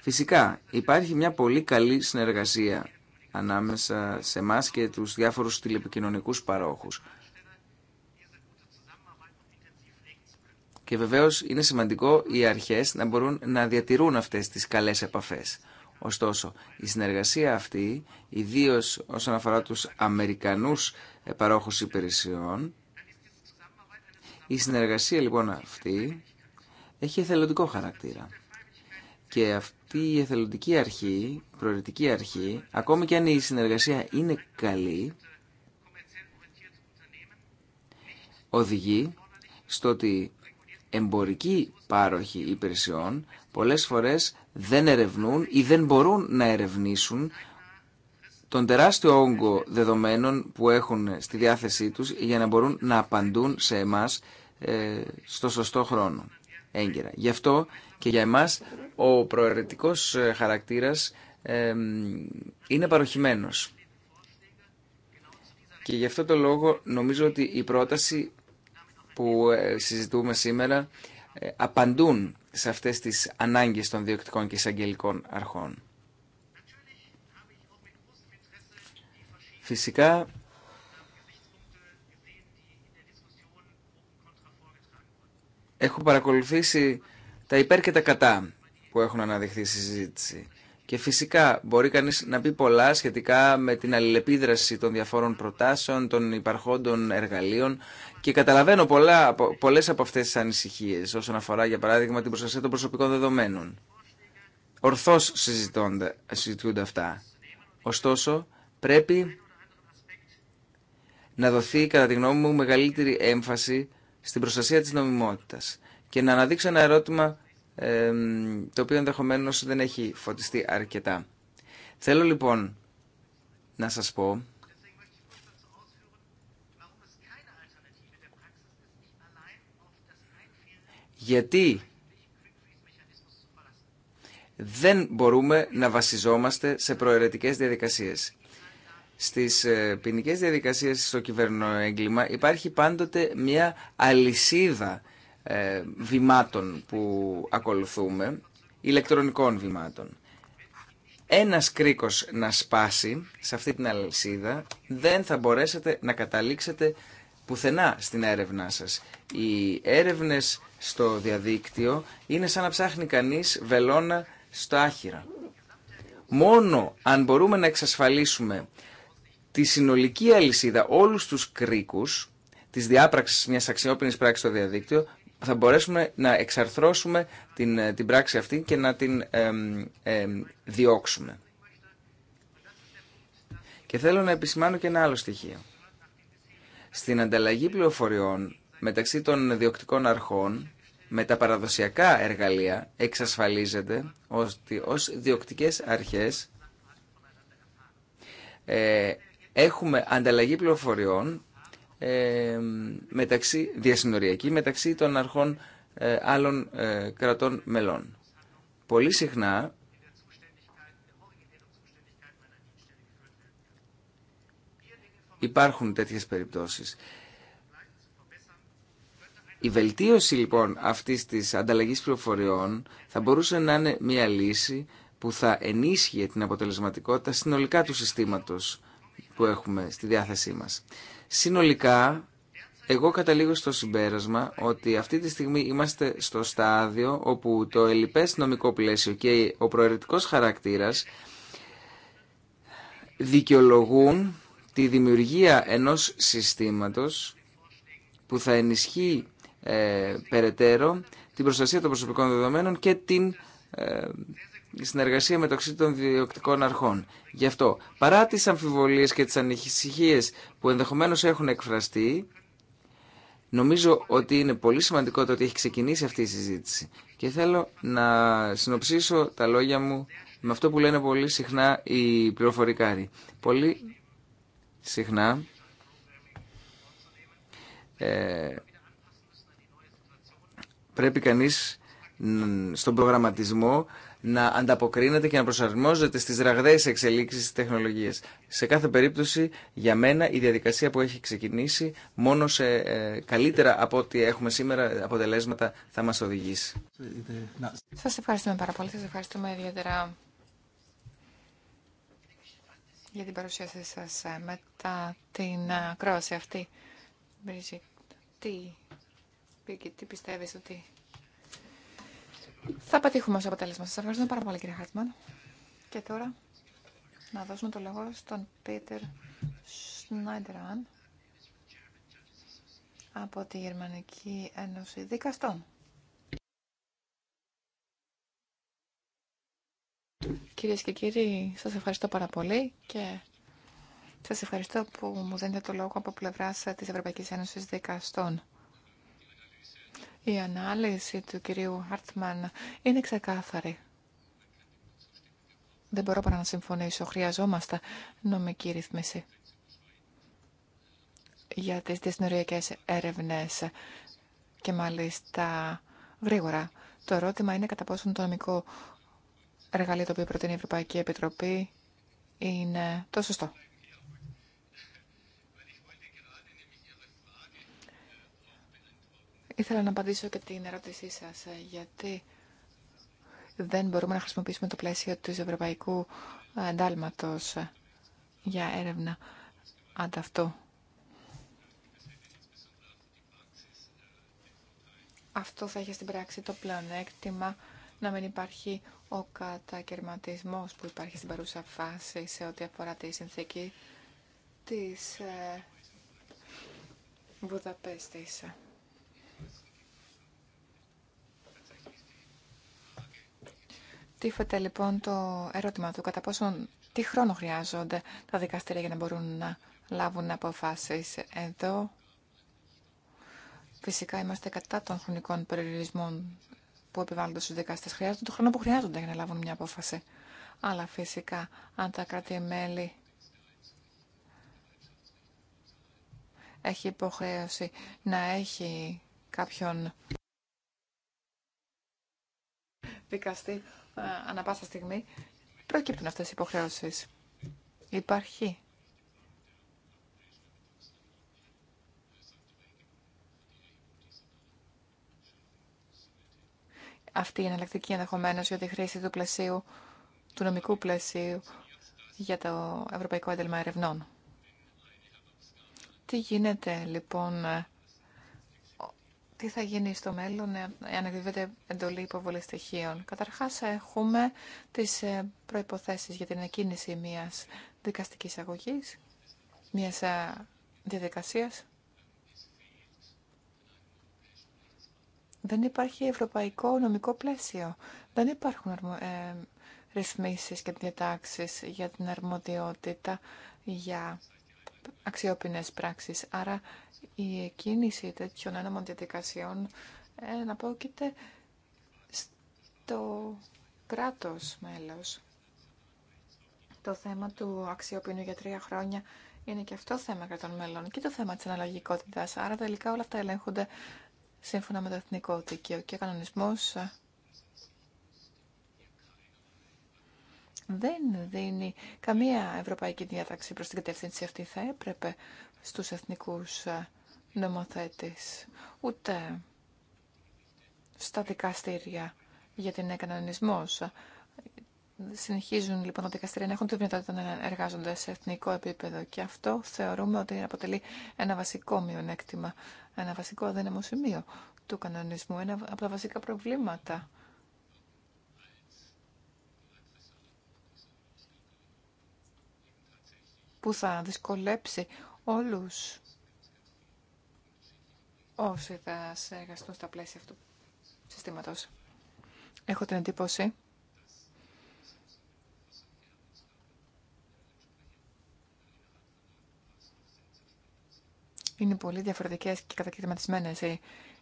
Φυσικά υπάρχει μια πολύ καλή συνεργασία ανάμεσα σε εμά και τους διάφορους τηλεπικοινωνικούς παρόχους. Και βεβαίω είναι σημαντικό οι αρχές να μπορούν να διατηρούν αυτές τις καλές επαφές. Ωστόσο, η συνεργασία αυτή, ιδίω όσον αφορά τους Αμερικανούς ε, παρόχου υπηρεσιών, η συνεργασία λοιπόν αυτή έχει εθελοντικό χαρακτήρα. Και αυτή η εθελοντική αρχή, προαιρετική αρχή, ακόμη και αν η συνεργασία είναι καλή, οδηγεί στο ότι εμπορικοί πάροχοι υπηρεσιών πολλές φορές δεν ερευνούν ή δεν μπορούν να ερευνήσουν τον τεράστιο όγκο δεδομένων που έχουν στη διάθεσή τους για να μπορούν να απαντούν σε εμάς ε, στο σωστό χρόνο έγκαιρα. Γι' αυτό και για εμάς ο προαιρετικός ε, χαρακτήρας ε, είναι παροχημένος. Και γι' αυτό το λόγο νομίζω ότι η πρόταση που ε, συζητούμε σήμερα ε, απαντούν σε αυτές τις ανάγκες των διοκτικών και εισαγγελικών αρχών. Φυσικά, έχω παρακολουθήσει τα υπέρ και τα κατά που έχουν αναδειχθεί στη συζήτηση. Και φυσικά μπορεί κανείς να πει πολλά σχετικά με την αλληλεπίδραση των διαφόρων προτάσεων, των υπαρχόντων εργαλείων και καταλαβαίνω πολλά, πολλές από αυτές τις ανησυχίες όσον αφορά για παράδειγμα την προστασία των προσωπικών δεδομένων. Ορθώς συζητούνται αυτά. Ωστόσο πρέπει να δοθεί κατά τη γνώμη μου μεγαλύτερη έμφαση στην προστασία της νομιμότητας. Και να αναδείξω ένα ερώτημα το οποίο ενδεχομένω δεν έχει φωτιστεί αρκετά. Θέλω λοιπόν να σας πω γιατί δεν μπορούμε να βασιζόμαστε σε προαιρετικές διαδικασίες. Στις ε, ποινικέ διαδικασίες στο κυβερνοέγκλημα υπάρχει πάντοτε μια αλυσίδα ε, βημάτων που ακολουθούμε, ηλεκτρονικών βημάτων. Ένας κρίκος να σπάσει σε αυτή την αλυσίδα δεν θα μπορέσετε να καταλήξετε πουθενά στην έρευνά σας. Οι έρευνες στο διαδίκτυο είναι σαν να ψάχνει κανείς βελόνα στο άχυρα. Μόνο αν μπορούμε να εξασφαλίσουμε τη συνολική αλυσίδα, όλους τους κρίκους, της διάπραξης μιας αξιόπινης πράξης στο διαδίκτυο, θα μπορέσουμε να εξαρθρώσουμε την, ε, την πράξη αυτή και να την διώξουμε. Και θέλω να επισημάνω και ένα άλλο στοιχείο. Στην ανταλλαγή πληροφοριών μεταξύ των διοκτικών αρχών με τα παραδοσιακά εργαλεία εξασφαλίζεται ότι ως διοκτικές αρχές ε, έχουμε ανταλλαγή πληροφοριών ε, μεταξύ, διασυνοριακή μεταξύ των αρχών ε, άλλων ε, κρατών μελών. Πολύ συχνά υπάρχουν τέτοιες περιπτώσεις. Η βελτίωση λοιπόν αυτής της ανταλλαγής πληροφοριών θα μπορούσε να είναι μια λύση που θα ενίσχυε την αποτελεσματικότητα συνολικά του συστήματος που έχουμε στη διάθεσή μας. Συνολικά, εγώ καταλήγω στο συμπέρασμα ότι αυτή τη στιγμή είμαστε στο στάδιο όπου το ελληπές νομικό πλαίσιο και ο προαιρετικός χαρακτήρας δικαιολογούν τη δημιουργία ενός συστήματος που θα ενισχύει ε, περαιτέρω την προστασία των προσωπικών δεδομένων και την ε, συνεργασία μεταξύ των διοκτικών αρχών. Γι' αυτό, παρά τις αμφιβολίες και τις ανησυχίε που ενδεχομένως έχουν εκφραστεί, νομίζω ότι είναι πολύ σημαντικό το ότι έχει ξεκινήσει αυτή η συζήτηση. Και θέλω να συνοψίσω τα λόγια μου με αυτό που λένε πολύ συχνά οι πληροφορικάροι. Πολύ συχνά ε, πρέπει κανείς στον προγραμματισμό να ανταποκρίνεται και να προσαρμόζεται στις ραγδαίες εξελίξεις της τεχνολογίας. Σε κάθε περίπτωση, για μένα, η διαδικασία που έχει ξεκινήσει, μόνο σε ε, καλύτερα από ό,τι έχουμε σήμερα αποτελέσματα θα μας οδηγήσει. Σας ευχαριστούμε πάρα πολύ, σας ευχαριστούμε ιδιαίτερα για την παρουσία σας ε, μετά την ε, ακρόαση αυτή. τι, τι πιστεύεις ότι θα πετύχουμε ως αποτέλεσμα. Σας ευχαριστούμε πάρα πολύ κύριε Χάτσμαν. Και τώρα να δώσουμε το λόγο στον Πίτερ Σνάιντεραν από τη Γερμανική Ένωση Δικαστών. Κυρίε και κύριοι, σα ευχαριστώ πάρα πολύ και σα ευχαριστώ που μου δίνετε το λόγο από πλευρά τη Ευρωπαϊκή Ένωση Δικαστών. Η ανάλυση του κυρίου Χάρτμαν είναι ξεκάθαρη. Δεν μπορώ παρά να συμφωνήσω. Χρειαζόμαστε νομική ρυθμίση για τις διασυνοριακές έρευνες και μάλιστα γρήγορα. Το ερώτημα είναι κατά πόσο το νομικό εργαλείο το οποίο προτείνει η Ευρωπαϊκή Επιτροπή είναι το σωστό. Ήθελα να απαντήσω και την ερώτησή σας, ε, γιατί δεν μπορούμε να χρησιμοποιήσουμε το πλαίσιο του ευρωπαϊκού εντάλματος ε, για έρευνα ανταυτού. Αυτό θα έχει στην πράξη το πλεονέκτημα να μην υπάρχει ο κατακαιρματισμός που υπάρχει στην παρούσα φάση σε ό,τι αφορά τη συνθήκη της ε, Βουδαπέστης. Τίφεται λοιπόν το ερώτημα του κατά πόσον τι χρόνο χρειάζονται τα δικαστήρια για να μπορούν να λάβουν αποφάσεις εδώ. Φυσικά είμαστε κατά των χρονικών περιορισμών που επιβάλλονται στους δικαστές. Χρειάζονται το χρόνο που χρειάζονται για να λάβουν μια απόφαση. Αλλά φυσικά αν τα κράτη-μέλη έχει υποχρέωση να έχει κάποιον δικαστή ε, ανά πάσα στιγμή προκύπτουν αυτές οι υποχρεώσεις. Υπάρχει. Αυτή η εναλλακτική ενδεχομένω για τη χρήση του πλαισίου, του νομικού πλαισίου για το Ευρωπαϊκό Έντελμα Ερευνών. Τι γίνεται λοιπόν ε, τι θα γίνει στο μέλλον αν εκδίδεται εντολή υποβολή στοιχείων. Καταρχάς έχουμε τις ε, προϋποθέσεις για την εκκίνηση μιας δικαστικής αγωγή, μιας ε, διαδικασίας. Δεν υπάρχει ευρωπαϊκό νομικό πλαίσιο. Δεν υπάρχουν ε, ρυθμίσεις και διατάξεις για την αρμοδιότητα για αξιόπινες πράξει. Άρα η εκκίνηση τέτοιων έναμων διαδικασιών ε, εναπόκειται στο κράτο μέλο. Το θέμα του αξιοπίνου για τρία χρόνια είναι και αυτό θέμα τον μέλλον και το θέμα της αναλογικότητας. Άρα τελικά όλα αυτά ελέγχονται σύμφωνα με το εθνικό δίκαιο και ο κανονισμός ε, δεν δίνει καμία ευρωπαϊκή διάταξη προς την κατεύθυνση αυτή. Θα έπρεπε στους εθνικούς ε, νομοθέτες, ούτε στα δικαστήρια για την κανονισμό. Συνεχίζουν λοιπόν τα δικαστήρια να έχουν τη δυνατότητα να εργάζονται σε εθνικό επίπεδο και αυτό θεωρούμε ότι αποτελεί ένα βασικό μειονέκτημα, ένα βασικό αδύναμο σημείο του κανονισμού, ένα από τα βασικά προβλήματα που θα δυσκολέψει όλους όσοι θα εργαστούν στα πλαίσια αυτού του συστήματος. Έχω την εντύπωση είναι πολύ διαφορετικές και κατακριματισμένες οι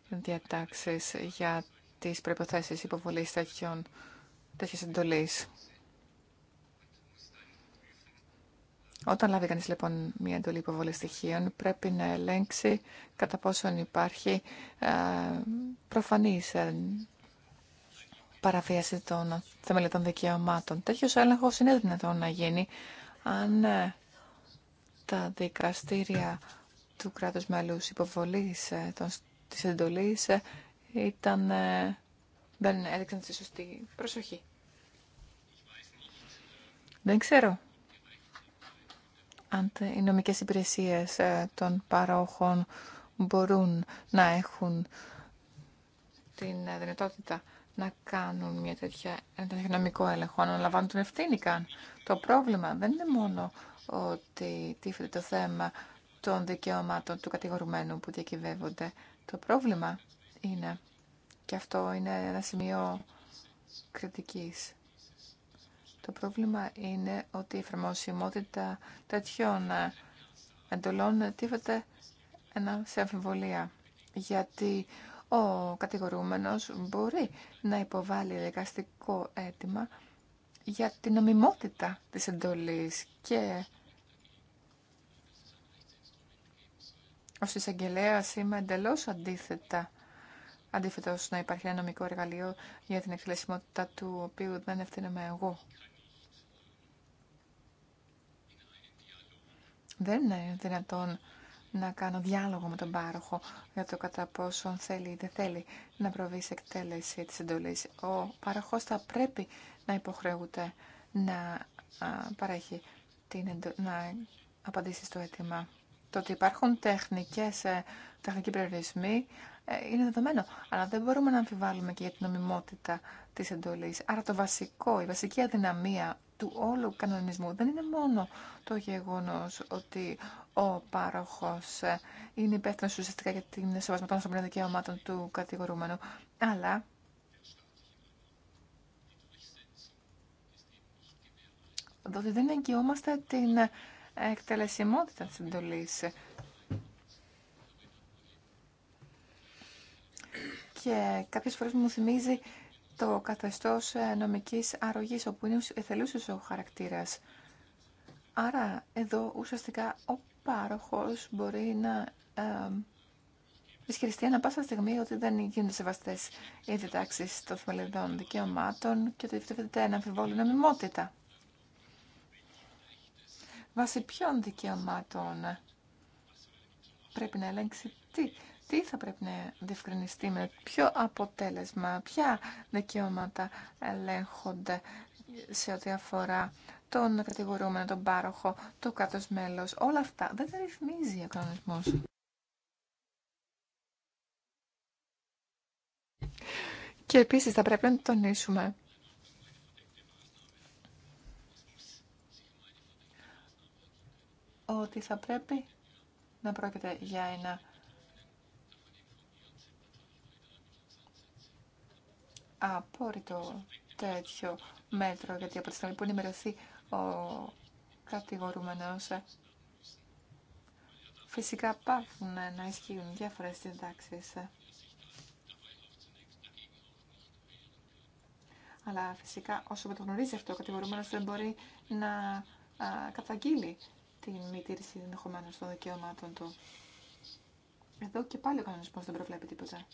διατάξεις για τις προϋποθέσεις υποβολής τέτοιων, τέτοιες εντολής. Όταν λάβει κανείς λοιπόν μια εντολή υποβολή στοιχείων, πρέπει να ελέγξει κατά πόσον υπάρχει ε, προφανής ε, παραβίαση των θεμελιωτών δικαιωμάτων. Τέτοιος έλεγχος είναι δυνατόν να γίνει αν ε, τα δικαστήρια του κράτους μέλους υποβολής ε, των, της εντολής ήταν, δεν έδειξαν τη σωστή προσοχή. Δεν ξέρω αν οι νομικές υπηρεσίες ε, των παρόχων μπορούν να έχουν την ε, δυνατότητα να κάνουν μια τέτοια, ένα τέτοιο νομικό έλεγχο, να λαμβάνουν τον ευθύνη καν. Το πρόβλημα δεν είναι μόνο ότι τύφεται το θέμα των δικαιωμάτων του κατηγορουμένου που διακυβεύονται. Το πρόβλημα είναι, και αυτό είναι ένα σημείο κριτικής, το πρόβλημα είναι ότι η εφαρμοσιμότητα τέτοιων ε, εντολών τίθεται ένα σε αμφιβολία. Γιατί ο κατηγορούμενος μπορεί να υποβάλει δικαστικό αίτημα για την νομιμότητα της εντολής και ο εισαγγελέα είμαι εντελώ αντίθετα. Αντίθετο να υπάρχει ένα νομικό εργαλείο για την εκτελεσιμότητα του οποίου δεν ευθύνομαι εγώ δεν είναι δυνατόν να κάνω διάλογο με τον πάροχο για το κατά πόσον θέλει ή δεν θέλει να προβεί σε εκτέλεση της εντολής. Ο πάροχος θα πρέπει να υποχρεούται να παρέχει την να απαντήσει στο αίτημα. Το ότι υπάρχουν τεχνικές, ε, τεχνικοί περιορισμοί ε, είναι δεδομένο, αλλά δεν μπορούμε να αμφιβάλλουμε και για την νομιμότητα της εντολής. Άρα το βασικό, η βασική αδυναμία του όλου κανονισμού δεν είναι μόνο το γεγονός ότι ο πάροχος είναι υπεύθυνο ουσιαστικά για την σεβασμό των ασφαλών δικαιωμάτων του κατηγορούμενου, αλλά ότι δεν εγγυόμαστε την εκτελεσιμότητα της εντολής. Και κάποιες φορές μου θυμίζει το καθεστώς ε, νομικής αρρωγής, όπου είναι εθελούσιος ο χαρακτήρας. Άρα εδώ ουσιαστικά ο πάροχος μπορεί να ε, ισχυριστεί ανα πάσα στιγμή ότι δεν γίνονται σεβαστές οι διτάξεις των θεμελιδών δικαιωμάτων και ότι επιτεύχεται ένα αμφιβόλου νομιμότητα. Βάσει ποιων δικαιωμάτων πρέπει να ελέγξει τι τι θα πρέπει να διευκρινιστεί, με ποιο αποτέλεσμα, ποια δικαιώματα ελέγχονται σε ό,τι αφορά τον κατηγορούμενο, τον πάροχο, το κάτω μέλος. Όλα αυτά δεν τα ρυθμίζει ο κανονισμός. Και επίσης θα πρέπει να τονίσουμε ότι θα πρέπει να πρόκειται για ένα απόρριτο τέτοιο μέτρο, γιατί από τη στιγμή που ενημερωθεί ο κατηγορούμενος, φυσικά πάθουν να ισχύουν διάφορες συντάξεις. Αλλά φυσικά όσο με το γνωρίζει αυτό, ο κατηγορούμενος δεν μπορεί να καταγγείλει την μη τήρηση ενδεχομένω των δικαιωμάτων του. Εδώ και πάλι ο κανονισμός δεν προβλέπει τίποτα.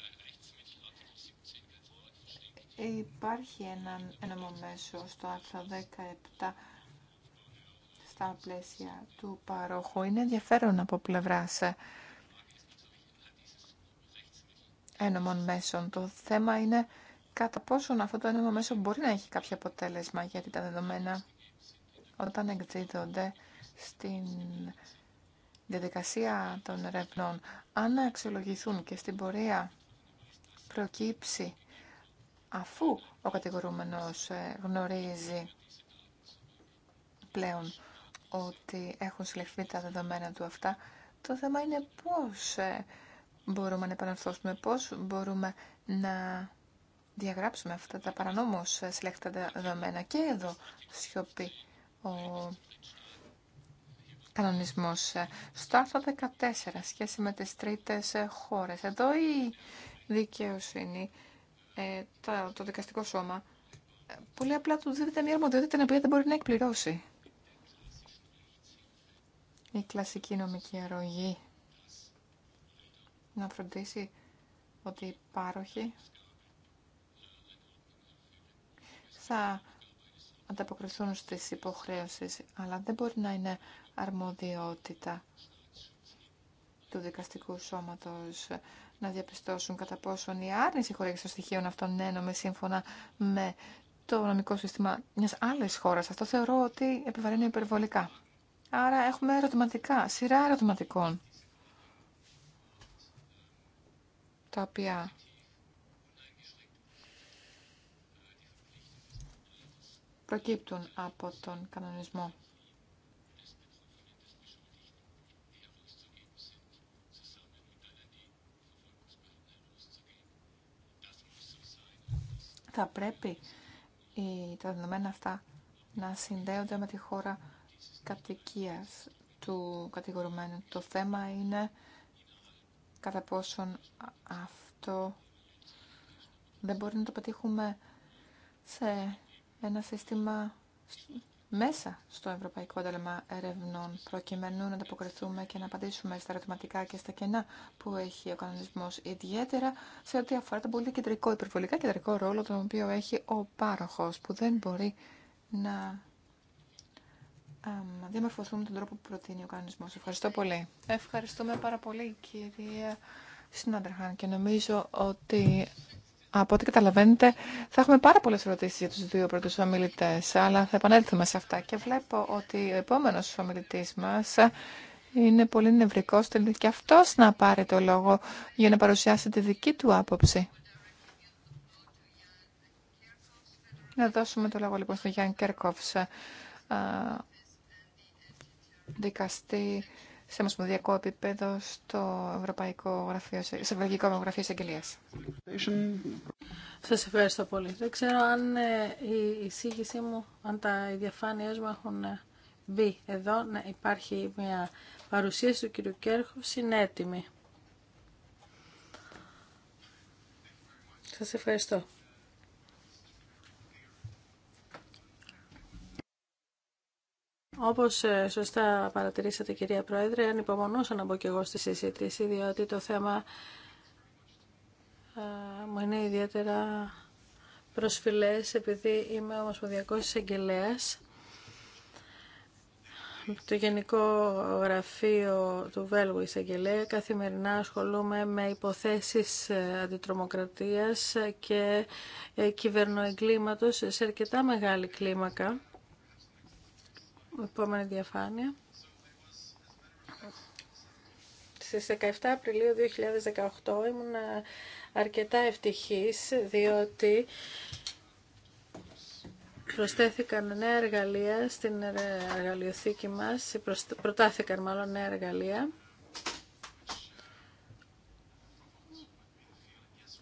Υπάρχει ένα ένομο μέσο στο άρθρο 17 στα πλαίσια του παρόχου. Είναι ενδιαφέρον από πλευράς ένομων μέσων. Το θέμα είναι κατά πόσον αυτό το ένομο μέσο μπορεί να έχει κάποιο αποτέλεσμα, γιατί τα δεδομένα όταν εκδίδονται στην διαδικασία των ερευνών, αν αξιολογηθούν και στην πορεία προκύψει αφού ο κατηγορούμενος ε, γνωρίζει πλέον ότι έχουν συλλεχθεί τα δεδομένα του αυτά, το θέμα είναι πώς ε, μπορούμε να επαναρθώσουμε, πώς μπορούμε να διαγράψουμε αυτά τα παρανόμως ε, συλλέχτα δεδομένα. Και εδώ σιωπή ο κανονισμός. Στο άρθρο 14, σχέση με τις τρίτες χώρες. Εδώ η δικαιοσύνη ε, το δικαστικό σώμα, πολύ απλά του δίδεται μια αρμοδιότητα την οποία δεν μπορεί να εκπληρώσει. Η κλασική νομική αρρωγή να φροντίσει ότι οι πάροχοι θα ανταποκριθούν στις υποχρέωσεις, αλλά δεν μπορεί να είναι αρμοδιότητα του δικαστικού σώματος να διαπιστώσουν κατά πόσον η άρνηση χορήγηση των στοιχείων αυτών ναι, με σύμφωνα με το νομικό σύστημα μιας άλλης χώρας. Αυτό θεωρώ ότι επιβαρύνει υπερβολικά. Άρα έχουμε ερωτηματικά, σειρά ερωτηματικών, τα οποία προκύπτουν από τον κανονισμό. θα πρέπει τα δεδομένα αυτά να συνδέονται με τη χώρα κατοικίας του κατηγορουμένου. Το θέμα είναι κατά πόσον αυτό δεν μπορεί να το πετύχουμε σε ένα σύστημα μέσα στο Ευρωπαϊκό δέλεμα Ερευνών, προκειμένου να ανταποκριθούμε και να απαντήσουμε στα ερωτηματικά και στα κενά που έχει ο κανονισμό, ιδιαίτερα σε ό,τι αφορά τον πολύ κεντρικό, υπερβολικά κεντρικό ρόλο, τον οποίο έχει ο πάροχο, που δεν μπορεί να διαμορφωθούν τον τρόπο που προτείνει ο κανονισμό. Ευχαριστώ πολύ. Ευχαριστούμε πάρα πολύ, κυρία Συνάντραχαν, και νομίζω ότι από ό,τι καταλαβαίνετε, θα έχουμε πάρα πολλέ ερωτήσει για του δύο πρώτου ομιλητέ, αλλά θα επανέλθουμε σε αυτά. Και βλέπω ότι ο επόμενο ομιλητή μα είναι πολύ νευρικό. Θέλει και αυτό να πάρει το λόγο για να παρουσιάσει τη δική του άποψη. Να δώσουμε το λόγο λοιπόν στον Γιάννη Κέρκοφ, δικαστή σε ομοσπονδιακό επίπεδο στο Ευρωπαϊκό Γραφείο, σε Ευρωπαϊκό Γραφείο Εισαγγελία. Σα ευχαριστώ πολύ. Δεν ξέρω αν ε, η εισήγησή μου, αν τα διαφάνεια μου έχουν ε, μπει εδώ, να υπάρχει μια παρουσίαση του κ. Κέρχου συνέτοιμη. Σας ευχαριστώ. Όπως ε, σωστά παρατηρήσατε κυρία Πρόεδρε, ανυπομονούσα να μπω και εγώ στη συζήτηση, διότι το θέμα ε, μου είναι ιδιαίτερα προσφυλές, επειδή είμαι ομοσπονδιακός εισαγγελέα, το Γενικό Γραφείο του Βέλγου Εισαγγελέα. Καθημερινά ασχολούμαι με υποθέσεις ε, αντιτρομοκρατίας και κυβερνοεγκλήματος σε αρκετά μεγάλη κλίμακα. Επόμενη διαφάνεια. Στις 17 Απριλίου 2018 ήμουν ε, αρκετά ευτυχής διότι προσθέθηκαν νέα εργαλεία στην εργαλειοθήκη μας, προτάθηκαν μάλλον νέα εργαλεία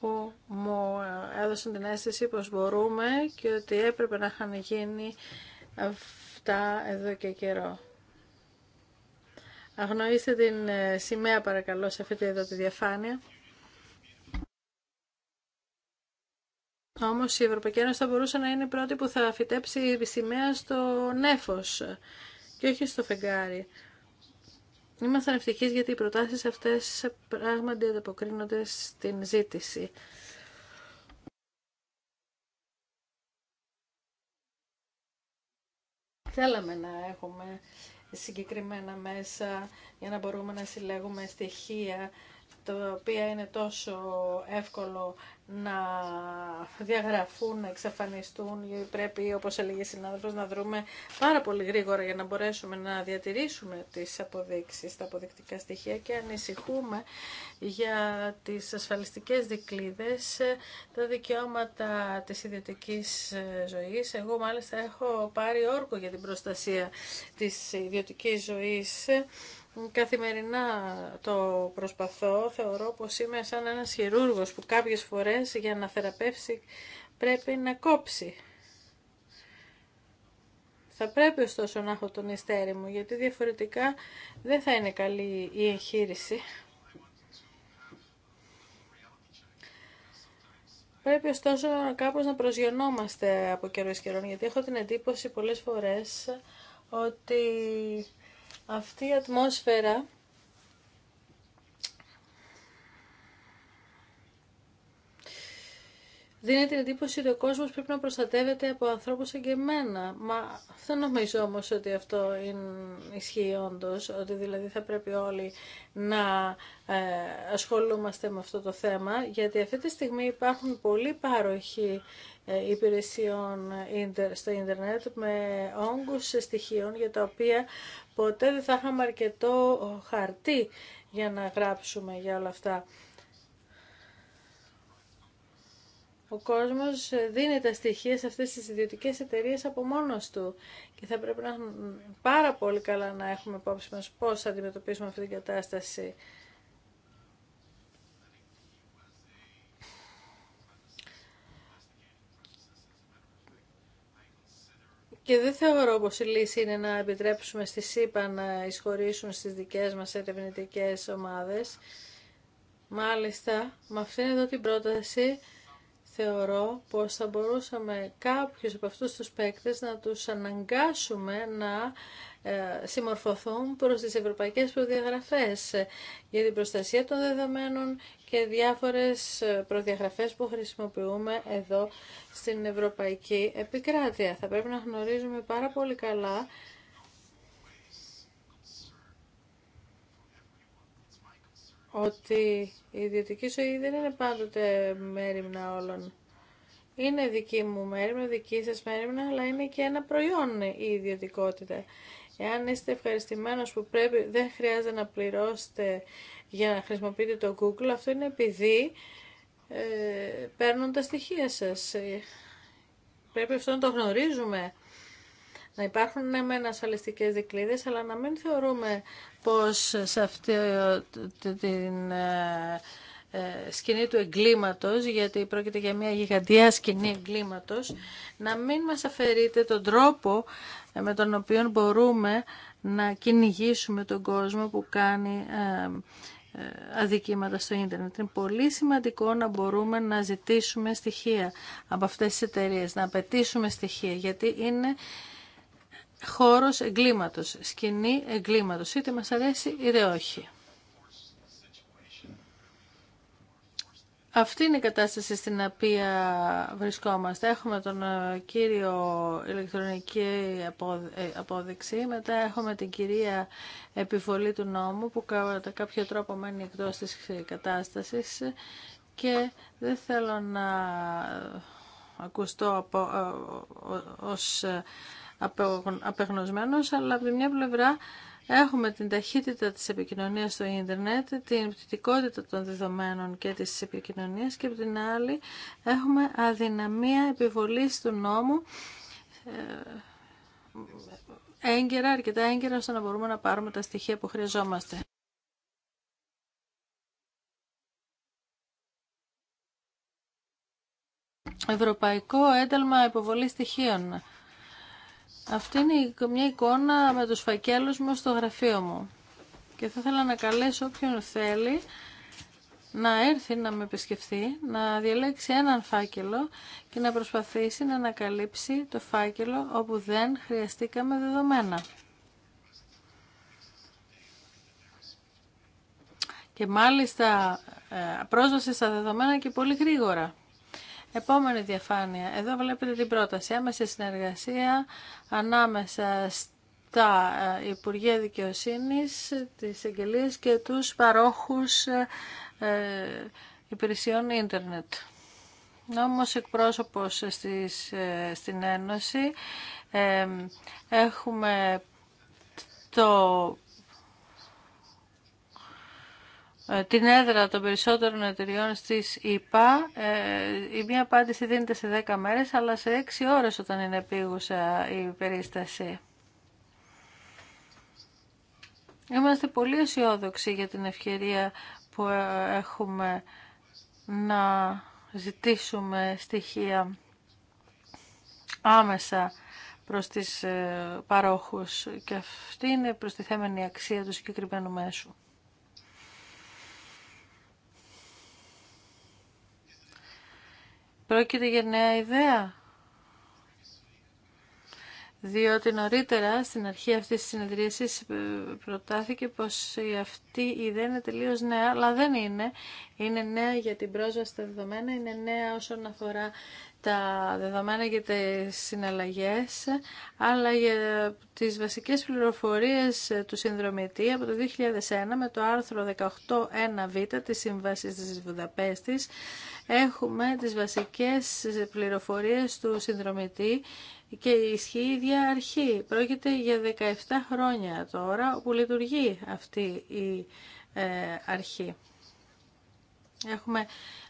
που μου έδωσαν την αίσθηση πως μπορούμε και ότι έπρεπε να είχαν γίνει αυτά εδώ και καιρό. Αγνοήστε την ε, σημαία παρακαλώ σε αυτή εδώ τη διαφάνεια. Όμως η Ευρωπαϊκή Ένωση θα μπορούσε να είναι η πρώτη που θα φυτέψει η σημαία στο νέφος και όχι στο φεγγάρι. Είμαστε ευτυχείς γιατί οι προτάσεις αυτές πράγματι ανταποκρίνονται στην ζήτηση. Θέλαμε να έχουμε συγκεκριμένα μέσα για να μπορούμε να συλλέγουμε στοιχεία τα οποία είναι τόσο εύκολο να διαγραφούν, να εξαφανιστούν. Πρέπει, όπως έλεγε η συνάδελφος, να δρούμε πάρα πολύ γρήγορα για να μπορέσουμε να διατηρήσουμε τις αποδείξεις, τα αποδεικτικά στοιχεία και ανησυχούμε για τις ασφαλιστικές δικλίδες, τα δικαιώματα της ιδιωτικής ζωής. Εγώ μάλιστα έχω πάρει όρκο για την προστασία της ιδιωτικής ζωής Καθημερινά το προσπαθώ. Θεωρώ πως είμαι σαν ένας χειρούργος που κάποιες φορές για να θεραπεύσει πρέπει να κόψει. Θα πρέπει ωστόσο να έχω τον ιστέρι μου, γιατί διαφορετικά δεν θα είναι καλή η εγχείρηση. Πρέπει ωστόσο κάπως να προσγειωνόμαστε από καιρό εις γιατί έχω την εντύπωση πολλές φορές ότι αυτή η ατμόσφαιρα δίνει την εντύπωση ότι ο κόσμος πρέπει να προστατεύεται από ανθρώπους σαν και εμένα. Μα δεν νομίζω όμως ότι αυτό είναι ισχύει όντω, ότι δηλαδή θα πρέπει όλοι να ε, ασχολούμαστε με αυτό το θέμα, γιατί αυτή τη στιγμή υπάρχουν πολλοί παροχοί ε, υπηρεσιών στο ίντερνετ με όγκους στοιχείων για τα οποία ποτέ δεν θα είχαμε αρκετό ε, χαρτί για να γράψουμε για όλα αυτά. Ο κόσμος δίνει τα στοιχεία σε αυτές τις ιδιωτικές εταιρείες από μόνος του και θα πρέπει να πάρα πολύ καλά να έχουμε υπόψη μας πώς θα αντιμετωπίσουμε αυτή την κατάσταση. Και δεν θεωρώ πως η λύση είναι να επιτρέψουμε στη ΣΥΠΑ να εισχωρήσουν στις δικές μας ερευνητικές ομάδες. Μάλιστα, με αυτήν εδώ την πρόταση θεωρώ πως θα μπορούσαμε κάποιους από αυτούς τους παίκτες να τους αναγκάσουμε να ε, συμμορφωθούν προς τις ευρωπαϊκές προδιαγραφές για την προστασία των δεδομένων και διάφορες ε, προδιαγραφές που χρησιμοποιούμε εδώ στην ευρωπαϊκή επικράτεια. Θα πρέπει να γνωρίζουμε πάρα πολύ καλά ότι η ιδιωτική ζωή δεν είναι πάντοτε μέρημνα όλων. Είναι δική μου μέρημνα, δική σας μέρημνα, αλλά είναι και ένα προϊόν η ιδιωτικότητα. Εάν είστε ευχαριστημένος που πρέπει, δεν χρειάζεται να πληρώσετε για να χρησιμοποιείτε το Google, αυτό είναι επειδή ε, παίρνουν τα στοιχεία σας. Ε, πρέπει αυτό να το γνωρίζουμε να υπάρχουν ναι μεν ασφαλιστικές δικλείδες, αλλά να μην θεωρούμε πως σε αυτή ε, την ε, ε, σκηνή του εγκλήματος, γιατί πρόκειται για μια γιγαντιά σκηνή εγκλήματος, να μην μας αφαιρείται τον τρόπο με τον οποίο μπορούμε να κυνηγήσουμε τον κόσμο που κάνει αδικήματα στο ίντερνετ. Είναι πολύ σημαντικό να μπορούμε να ζητήσουμε στοιχεία από αυτές τις εταιρείες, να απαιτήσουμε στοιχεία, γιατί είναι χώρος εγκλήματος, σκηνή εγκλήματος, είτε μας αρέσει είτε όχι. Αυτή είναι η κατάσταση στην οποία βρισκόμαστε. Έχουμε τον ε, κύριο ηλεκτρονική ε, απόδειξη, μετά έχουμε την κυρία επιβολή του νόμου που κατά κάποιο τρόπο μένει εκτός της κατάστασης και δεν θέλω να ακουστώ από, ε, ως απεγνωσμένος, αλλά από τη μια πλευρά έχουμε την ταχύτητα της επικοινωνίας στο ίντερνετ, την πτυτικότητα των δεδομένων και της επικοινωνίας και από την άλλη έχουμε αδυναμία επιβολής του νόμου ε, έγκαιρα, αρκετά έγκαιρα ώστε να μπορούμε να πάρουμε τα στοιχεία που χρειαζόμαστε. Ευρωπαϊκό ένταλμα υποβολή στοιχείων. Αυτή είναι μια εικόνα με τους φακέλους μου στο γραφείο μου. Και θα ήθελα να καλέσω όποιον θέλει να έρθει να με επισκεφθεί, να διαλέξει έναν φάκελο και να προσπαθήσει να ανακαλύψει το φάκελο όπου δεν χρειαστήκαμε δεδομένα. Και μάλιστα ε, πρόσβαση στα δεδομένα και πολύ γρήγορα. Επόμενη διαφάνεια. Εδώ βλέπετε την πρόταση. Άμεση συνεργασία ανάμεσα στα ε, Υπουργεία Δικαιοσύνης, τις εγγελίες και τους παρόχους ε, ε, υπηρεσιών ίντερνετ. Όμως εκπρόσωπος στις, στην Ένωση έχουμε το ε, την έδρα των περισσότερων εταιριών στις ΙΠΑ. Ε, η μία απάντηση δίνεται σε 10 μέρες, αλλά σε 6 ώρες όταν είναι επίγουσα η περίσταση. Είμαστε πολύ αισιόδοξοι για την ευκαιρία που ε, έχουμε να ζητήσουμε στοιχεία άμεσα προς τις παρόχους και αυτή είναι τη θέμενη αξία του συγκεκριμένου μέσου. Πρόκειται για νέα ιδέα. Διότι νωρίτερα στην αρχή αυτής της συνεδρίασης ε, προτάθηκε πως αυτή η ιδέα είναι τελείως νέα, αλλά δεν είναι. Είναι νέα για την πρόσβαση στα δεδομένα, είναι νέα όσον αφορά τα δεδομένα για τις συναλλαγές, αλλά για τις βασικές πληροφορίες του συνδρομητή από το 2001 με το άρθρο 18.1β τη Σύμβασης της Βουδαπέστης έχουμε τις βασικές πληροφορίες του συνδρομητή και ισχύει η ίδια αρχή. Πρόκειται για 17 χρόνια τώρα που λειτουργεί αυτή η ε, αρχή. Έχουμε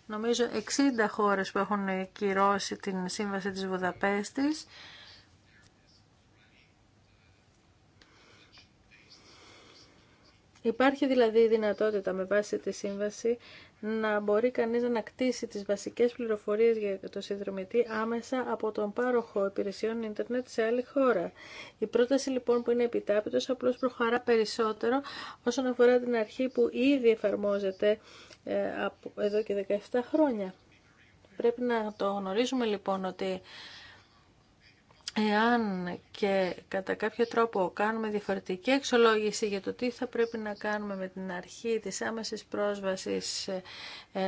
νομίζω 60 χώρες που έχουν κυρώσει την σύμβαση της Βουδαπέστης. Υπάρχει δηλαδή η δυνατότητα με βάση τη σύμβαση να μπορεί κανείς να ανακτήσει τις βασικές πληροφορίες για το συνδρομητή άμεσα από τον πάροχο υπηρεσιών ίντερνετ σε άλλη χώρα. Η πρόταση λοιπόν που είναι επιτάπητος απλώς προχωρά περισσότερο όσον αφορά την αρχή που ήδη εφαρμόζεται ε, εδώ και 17 χρόνια. Πρέπει να το γνωρίζουμε λοιπόν ότι εάν και κατά κάποιο τρόπο κάνουμε διαφορετική εξολόγηση για το τι θα πρέπει να κάνουμε με την αρχή της άμεσης πρόσβασης ε, ε,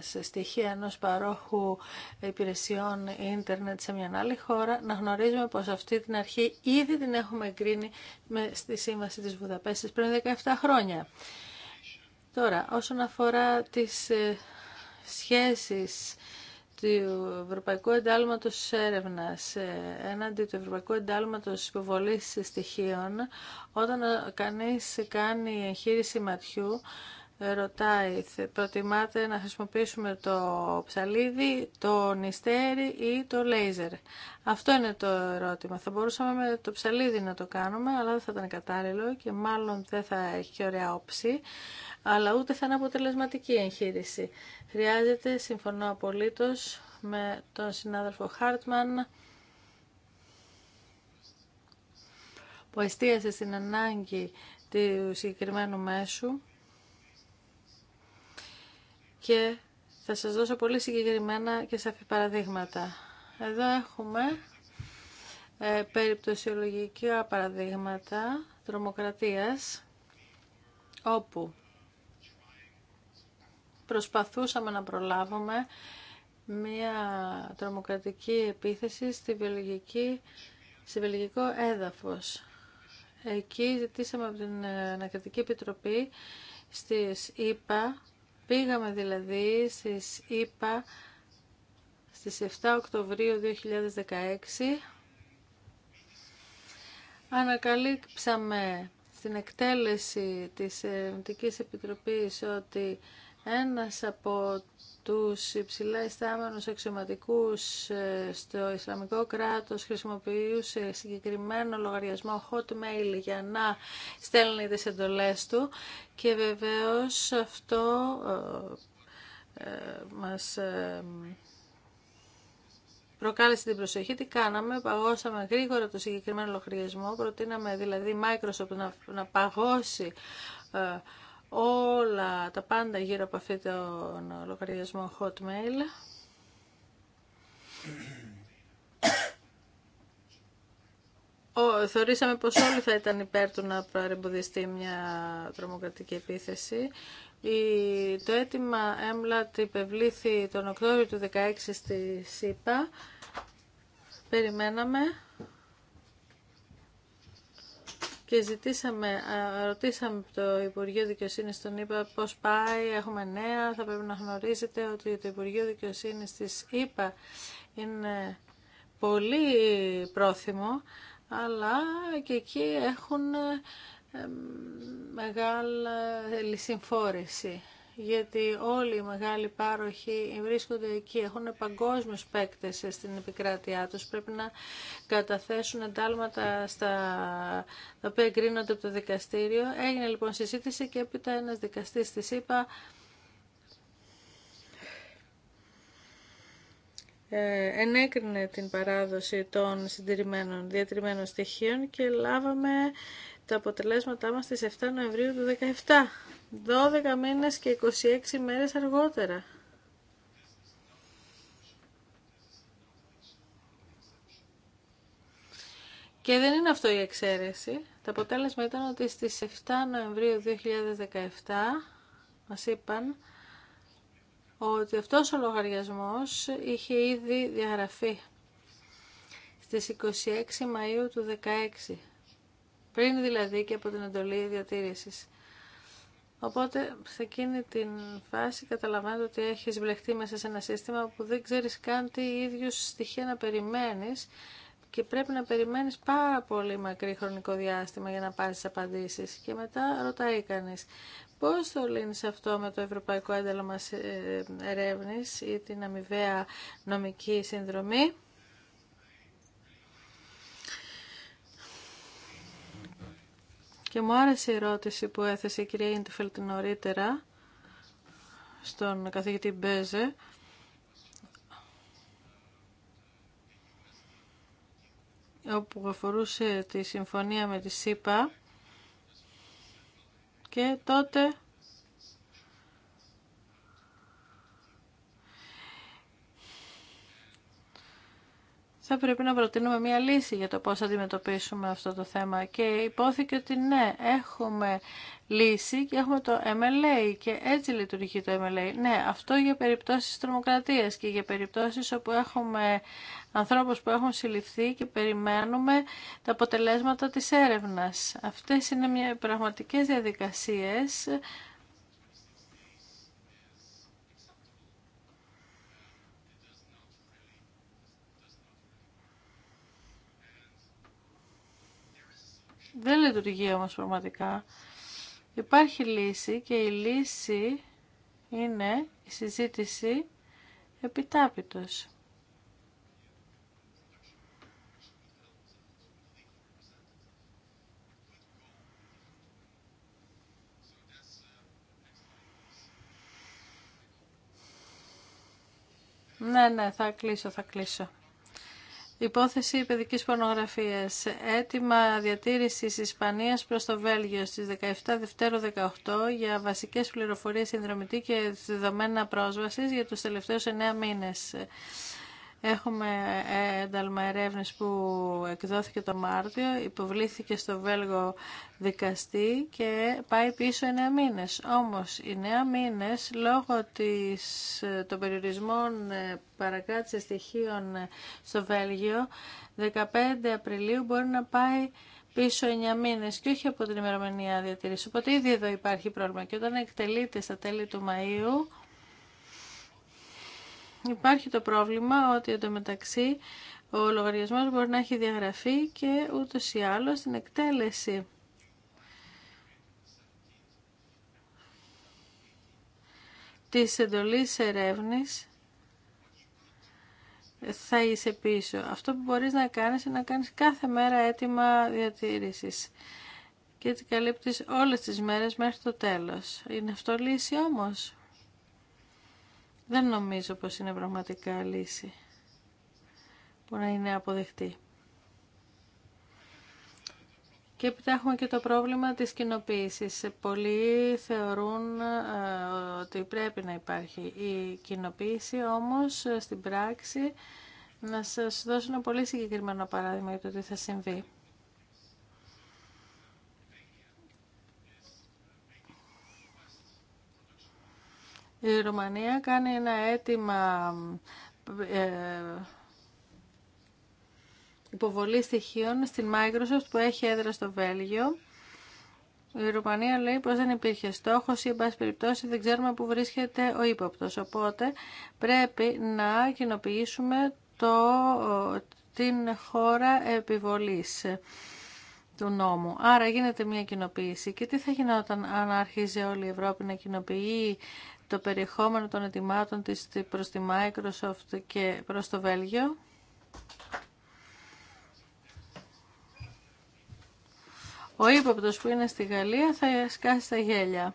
σε στοιχεία ενός παρόχου υπηρεσιών ίντερνετ σε μια άλλη χώρα, να γνωρίζουμε πως αυτή την αρχή ήδη την έχουμε εγκρίνει στη Σύμβαση της Βουδαπέστης πριν 17 χρόνια. Τώρα, όσον αφορά τις ε, σχέσεις του Ευρωπαϊκού Εντάλματος Έρευνας ε, έναντι του Ευρωπαϊκού Εντάλματος Υποβολής Στοιχείων, όταν κανείς κάνει εγχείρηση ματιού, ρωτάει, προτιμάτε να χρησιμοποιήσουμε το ψαλίδι, το νηστέρι ή το λέιζερ. Αυτό είναι το ερώτημα. Θα μπορούσαμε με το ψαλίδι να το κάνουμε, αλλά δεν θα ήταν κατάλληλο και μάλλον δεν θα έχει ωραία όψη, αλλά ούτε θα είναι αποτελεσματική εγχείρηση. Χρειάζεται, συμφωνώ απολύτως, με τον συνάδελφο Χάρτμαν, που εστίασε στην ανάγκη του συγκεκριμένου μέσου, και θα σας δώσω πολύ συγκεκριμένα και σαφή παραδείγματα. Εδώ έχουμε ε, περιπτωσιολογικά παραδείγματα τρομοκρατίας όπου προσπαθούσαμε να προλάβουμε μία τρομοκρατική επίθεση στη βιολογική, σε βιολογικό έδαφος. Εκεί ζητήσαμε από την ε, Ανακριτική Επιτροπή στις ΙΠΑ Πήγαμε δηλαδή στις ΙΠΑ στις 7 Οκτωβρίου 2016. Ανακαλύψαμε στην εκτέλεση της Ερευνητικής Επιτροπής ότι ένας από τους υψηλά ιστάμενους αξιωματικούς ε, στο Ισλαμικό κράτος χρησιμοποιούσε συγκεκριμένο λογαριασμό hotmail για να στέλνει τις εντολές του και βεβαίως αυτό ε, ε μας... Ε, προκάλεσε την προσοχή. Τι κάναμε, παγώσαμε γρήγορα το συγκεκριμένο λογαριασμό. Προτείναμε δηλαδή Microsoft να, να παγώσει όλα τα πάντα γύρω από αυτόν τον λογαριασμό Hotmail. Ο, θεωρήσαμε πως όλοι θα ήταν υπέρ του να παρεμποδιστεί μια τρομοκρατική επίθεση. Η, το αίτημα έμλατ υπευλήθη τον Οκτώβριο του 2016 στη ΣΥΠΑ. Περιμέναμε και ζητήσαμε, ρωτήσαμε το Υπουργείο Δικαιοσύνη, τον είπα πώ πάει, έχουμε νέα. Θα πρέπει να γνωρίζετε ότι το Υπουργείο Δικαιοσύνη τη ΕΠΑ είναι πολύ πρόθυμο, αλλά και εκεί έχουν ε, μεγάλη συμφόρηση γιατί όλοι οι μεγάλοι πάροχοι βρίσκονται εκεί, έχουν παγκόσμιους παίκτες στην επικράτειά τους, πρέπει να καταθέσουν εντάλματα στα τα οποία εγκρίνονται από το δικαστήριο. Έγινε λοιπόν συζήτηση και έπειτα ένας δικαστής της ε, ενέκρινε την παράδοση των συντηρημένων διατηρημένων στοιχείων και λάβαμε τα αποτελέσματά μας στις 7 Νοεμβρίου του 2017. 12 μήνες και 26 μέρες αργότερα. Και δεν είναι αυτό η εξαίρεση. Το αποτέλεσμα ήταν ότι στις 7 Νοεμβρίου 2017 μας είπαν ότι αυτός ο λογαριασμός είχε ήδη διαγραφεί στις 26 Μαΐου του 2016, πριν δηλαδή και από την εντολή διατήρησης. Οπότε σε εκείνη την φάση καταλαβαίνετε ότι έχεις βλεχτεί μέσα σε ένα σύστημα που δεν ξέρεις καν τι ίδιους στοιχεία να περιμένεις και πρέπει να περιμένεις πάρα πολύ μακρύ χρονικό διάστημα για να πάρεις απαντήσεις. Και μετά ρωτάει κανείς, πώς το λύνεις αυτό με το Ευρωπαϊκό Ένταλμα ε, Ερεύνης ή την αμοιβαία νομική συνδρομή. Και μου άρεσε η ερώτηση που έθεσε η κυρία Ιντεφελτ νωρίτερα στον καθηγητή Μπέζε. όπου αφορούσε τη συμφωνία με τη ΣΥΠΑ και τότε θα πρέπει να προτείνουμε μια λύση για το πώς θα αντιμετωπίσουμε αυτό το θέμα. Και υπόθηκε ότι ναι, έχουμε λύση και έχουμε το MLA και έτσι λειτουργεί το MLA. Ναι, αυτό για περιπτώσεις τρομοκρατίας και για περιπτώσεις όπου έχουμε ανθρώπους που έχουν συλληφθεί και περιμένουμε τα αποτελέσματα της έρευνας. Αυτές είναι μια πραγματικές διαδικασίες Δεν λειτουργεί όμως πραγματικά. Υπάρχει λύση και η λύση είναι η συζήτηση επιτάπητος. Ναι, ναι, θα κλείσω, θα κλείσω. Υπόθεση παιδικής πορνογραφίας. Έτοιμα διατήρησης Ισπανίας προς το Βέλγιο στις 17 Δευτέρου 18 για βασικές πληροφορίες συνδρομητή και δεδομένα πρόσβασης για τους τελευταίους 9 μήνες. Έχουμε ε, ένταλμα που εκδόθηκε το Μάρτιο, υποβλήθηκε στο Βέλγο δικαστή και πάει πίσω εννέα μήνες. Όμως οι Νέα μήνες λόγω της, ε, των περιορισμών ε, παρακράτησης στοιχείων στο Βέλγιο 15 Απριλίου μπορεί να πάει πίσω εννέα μήνες και όχι από την ημερομηνία διατήρηση. Οπότε ήδη εδώ υπάρχει πρόβλημα και όταν εκτελείται στα τέλη του Μαΐου Υπάρχει το πρόβλημα ότι εντωμεταξύ ο λογαριασμός μπορεί να έχει διαγραφεί και ούτως ή άλλως την εκτέλεση. Τη εντολή έρευνη θα είσαι πίσω. Αυτό που μπορείς να κάνεις είναι να κάνεις κάθε μέρα έτοιμα διατήρησης και την καλύπτεις όλες τις μέρες μέχρι το τέλος. Είναι αυτό λύση όμως δεν νομίζω πως είναι πραγματικά λύση που να είναι αποδεκτή. Και έπειτα και το πρόβλημα της κοινοποίηση. Πολλοί θεωρούν ε, ότι πρέπει να υπάρχει η κοινοποίηση, όμως ε, στην πράξη να σας δώσω ένα πολύ συγκεκριμένο παράδειγμα για το τι θα συμβεί. Η Ρουμανία κάνει ένα αίτημα ε, υποβολή στοιχείων στην Microsoft που έχει έδρα στο Βέλγιο. Η Ρουμανία λέει πως δεν υπήρχε στόχος ή, εν πάση περιπτώσει, δεν ξέρουμε πού βρίσκεται ο ύποπτος. Οπότε πρέπει να κοινοποιήσουμε το, την χώρα επιβολής του νόμου. Άρα γίνεται μια κοινοποίηση. Και τι θα γινόταν αν άρχιζε όλη η Ευρώπη να κοινοποιεί το περιεχόμενο των ετοιμάτων της προς τη Microsoft και προς το Βέλγιο. Ο ύποπτο που είναι στη Γαλλία θα σκάσει τα γέλια.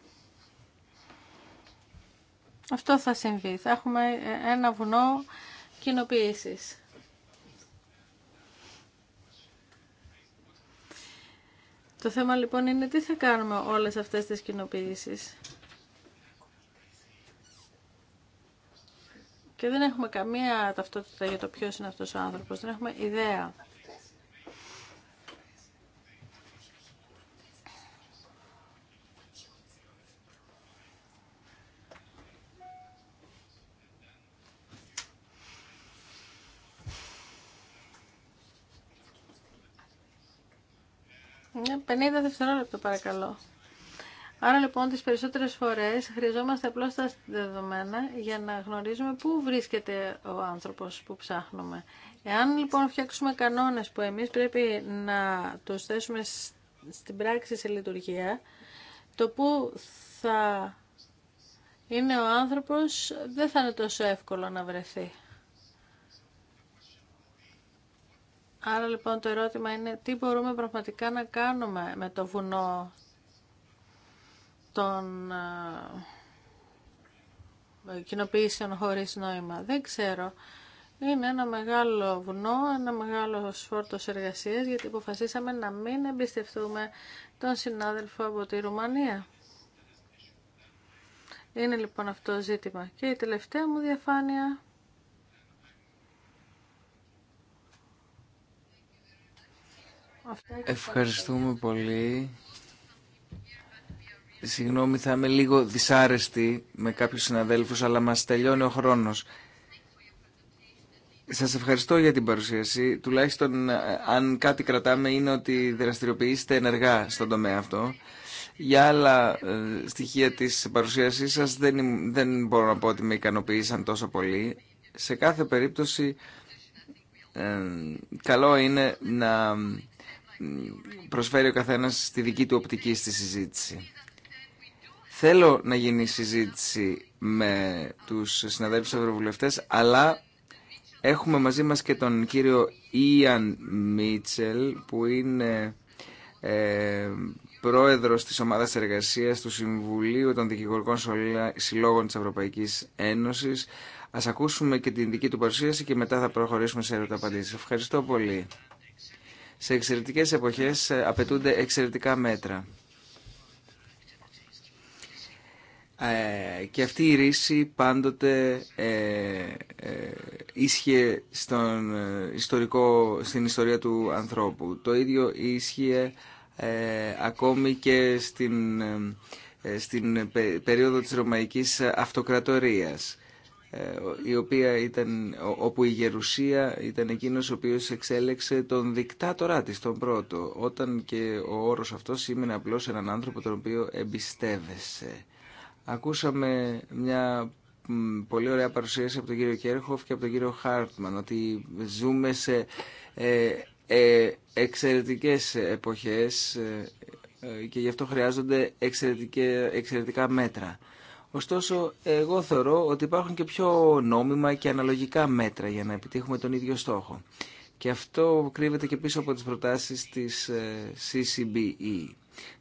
Αυτό θα συμβεί. Θα έχουμε ένα βουνό κοινοποίηση. Το θέμα λοιπόν είναι τι θα κάνουμε όλες αυτές τις κοινοποίησεις. και δεν έχουμε καμία ταυτότητα για το ποιο είναι αυτός ο άνθρωπος, δεν έχουμε ιδέα. Ναι, 50 δευτερόλεπτα παρακαλώ. Άρα λοιπόν τις περισσότερες φορές χρειαζόμαστε απλώς τα δεδομένα για να γνωρίζουμε πού βρίσκεται ο άνθρωπος που ψάχνουμε. Εάν λοιπόν φτιάξουμε κανόνες που εμείς πρέπει να το θέσουμε στην πράξη σε λειτουργία, το πού θα είναι ο άνθρωπος δεν θα είναι τόσο εύκολο να βρεθεί. Άρα λοιπόν το ερώτημα είναι τι μπορούμε πραγματικά να κάνουμε με το βουνό των κοινοποιήσεων χωρίς νόημα. Δεν ξέρω. Είναι ένα μεγάλο βουνό, ένα μεγάλο σφόρτος εργασίας, γιατί αποφασίσαμε να μην εμπιστευτούμε τον συνάδελφο από τη Ρουμανία. Είναι λοιπόν αυτό ζήτημα. Και η τελευταία μου διαφάνεια. Ευχαριστούμε πολύ. Συγγνώμη, θα είμαι λίγο δυσάρεστη με κάποιους συναδέλφους, αλλά μας τελειώνει ο χρόνος. Σας ευχαριστώ για την παρουσίαση. Τουλάχιστον ε, αν κάτι κρατάμε είναι ότι δραστηριοποιήσετε ενεργά στον τομέα αυτό. Για άλλα ε, στοιχεία της παρουσίασής σας δεν, δεν μπορώ να πω ότι με ικανοποίησαν τόσο πολύ. Σε κάθε περίπτωση ε, καλό είναι να προσφέρει ο καθένας τη δική του οπτική στη συζήτηση. Θέλω να γίνει συζήτηση με τους συναδέλφους ευρωβουλευτές, αλλά έχουμε μαζί μας και τον κύριο Ιαν Μίτσελ, που είναι ε, πρόεδρος της ομάδας εργασίας του Συμβουλίου των Δικηγορικών Συλλόγων της Ευρωπαϊκής Ένωσης. Ας ακούσουμε και την δική του παρουσίαση και μετά θα προχωρήσουμε σε ερώτα απαντήσεις. Ευχαριστώ πολύ. Σε εξαιρετικές εποχές ε, απαιτούνται εξαιρετικά μέτρα. Ε, και αυτή η ρίση πάντοτε ε, ε, ίσχυε στον ιστορικό, στην ιστορία του ανθρώπου. Το ίδιο ίσχυε ακόμη και στην, στην περίοδο της Ρωμαϊκής Αυτοκρατορίας η οποία ήταν, όπου η Γερουσία ήταν εκείνος ο οποίος εξέλεξε τον δικτάτορά της, τον πρώτο, όταν και ο όρος αυτός σήμαινε απλώς έναν άνθρωπο τον οποίο εμπιστεύεσαι. Ακούσαμε μια πολύ ωραία παρουσίαση από τον κύριο Κέρχοφ και από τον κύριο Χάρτμαν ότι ζούμε σε ε, ε, εξαιρετικές εποχές ε, και γι' αυτό χρειάζονται εξαιρετικά μέτρα. Ωστόσο, εγώ θεωρώ ότι υπάρχουν και πιο νόμιμα και αναλογικά μέτρα για να επιτύχουμε τον ίδιο στόχο. Και αυτό κρύβεται και πίσω από τις προτάσεις της CCBE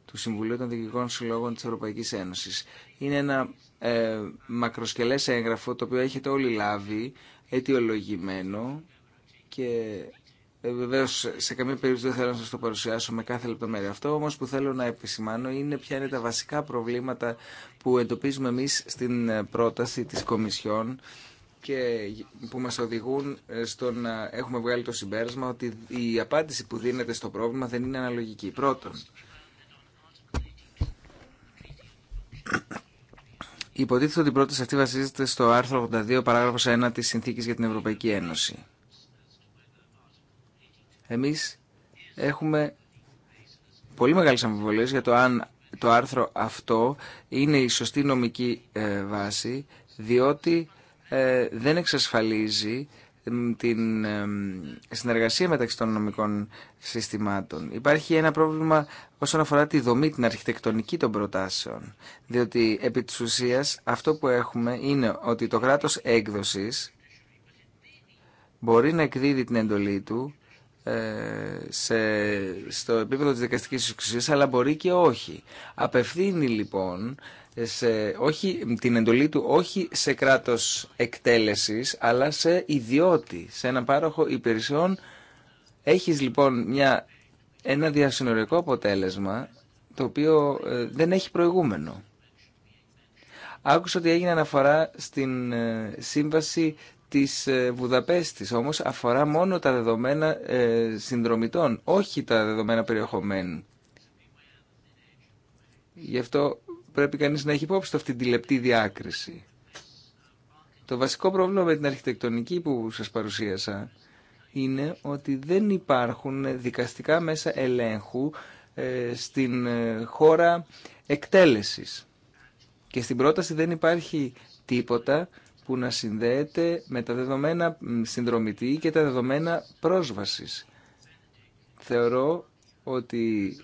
του Συμβουλίου των Διοικητικών Συλλόγων της Ευρωπαϊκής Ένωσης. Είναι ένα ε, μακροσκελές έγγραφο το οποίο έχετε όλοι λάβει, αιτιολογημένο και ε, βεβαίω σε καμία περίπτωση δεν θέλω να σα το παρουσιάσω με κάθε λεπτομέρεια. Αυτό όμως που θέλω να επισημάνω είναι ποια είναι τα βασικά προβλήματα που εντοπίζουμε εμείς στην ε, πρόταση της Κομισιόν και που μας οδηγούν ε, στο να έχουμε βγάλει το συμπέρασμα ότι η απάντηση που δίνεται στο πρόβλημα δεν είναι αναλογική. Πρώτον, Υποτίθεται ότι η πρόταση αυτή βασίζεται στο άρθρο 82 παράγραφος 1 της Συνθήκης για την Ευρωπαϊκή Ένωση. Εμείς έχουμε πολύ μεγάλες αμφιβολίες για το αν το άρθρο αυτό είναι η σωστή νομική ε, βάση διότι ε, δεν εξασφαλίζει την συνεργασία μεταξύ των νομικών συστημάτων. Υπάρχει ένα πρόβλημα όσον αφορά τη δομή, την αρχιτεκτονική των προτάσεων. Διότι επί της ουσίας αυτό που έχουμε είναι ότι το κράτος έκδοσης μπορεί να εκδίδει την εντολή του ε, στο επίπεδο της δικαστικής εξουσίας, αλλά μπορεί και όχι. Απευθύνει λοιπόν όχι, την εντολή του όχι σε κράτος εκτέλεσης, αλλά σε ιδιώτη, σε ένα πάροχο υπηρεσιών. Έχεις λοιπόν μια, ένα διασυνοριακό αποτέλεσμα, το οποίο ε, δεν έχει προηγούμενο. Άκουσα ότι έγινε αναφορά στην ε, σύμβαση της ε, Βουδαπέστης, όμως αφορά μόνο τα δεδομένα ε, συνδρομητών, όχι τα δεδομένα περιεχομένου. Γι' αυτό πρέπει κανείς να έχει υπόψη το αυτή τη λεπτή διάκριση. Το βασικό πρόβλημα με την αρχιτεκτονική που σας παρουσίασα είναι ότι δεν υπάρχουν δικαστικά μέσα ελέγχου ε, στην ε, χώρα εκτέλεσης. Και στην πρόταση δεν υπάρχει τίποτα που να συνδέεται με τα δεδομένα συνδρομητή και τα δεδομένα πρόσβασης. Θεωρώ ότι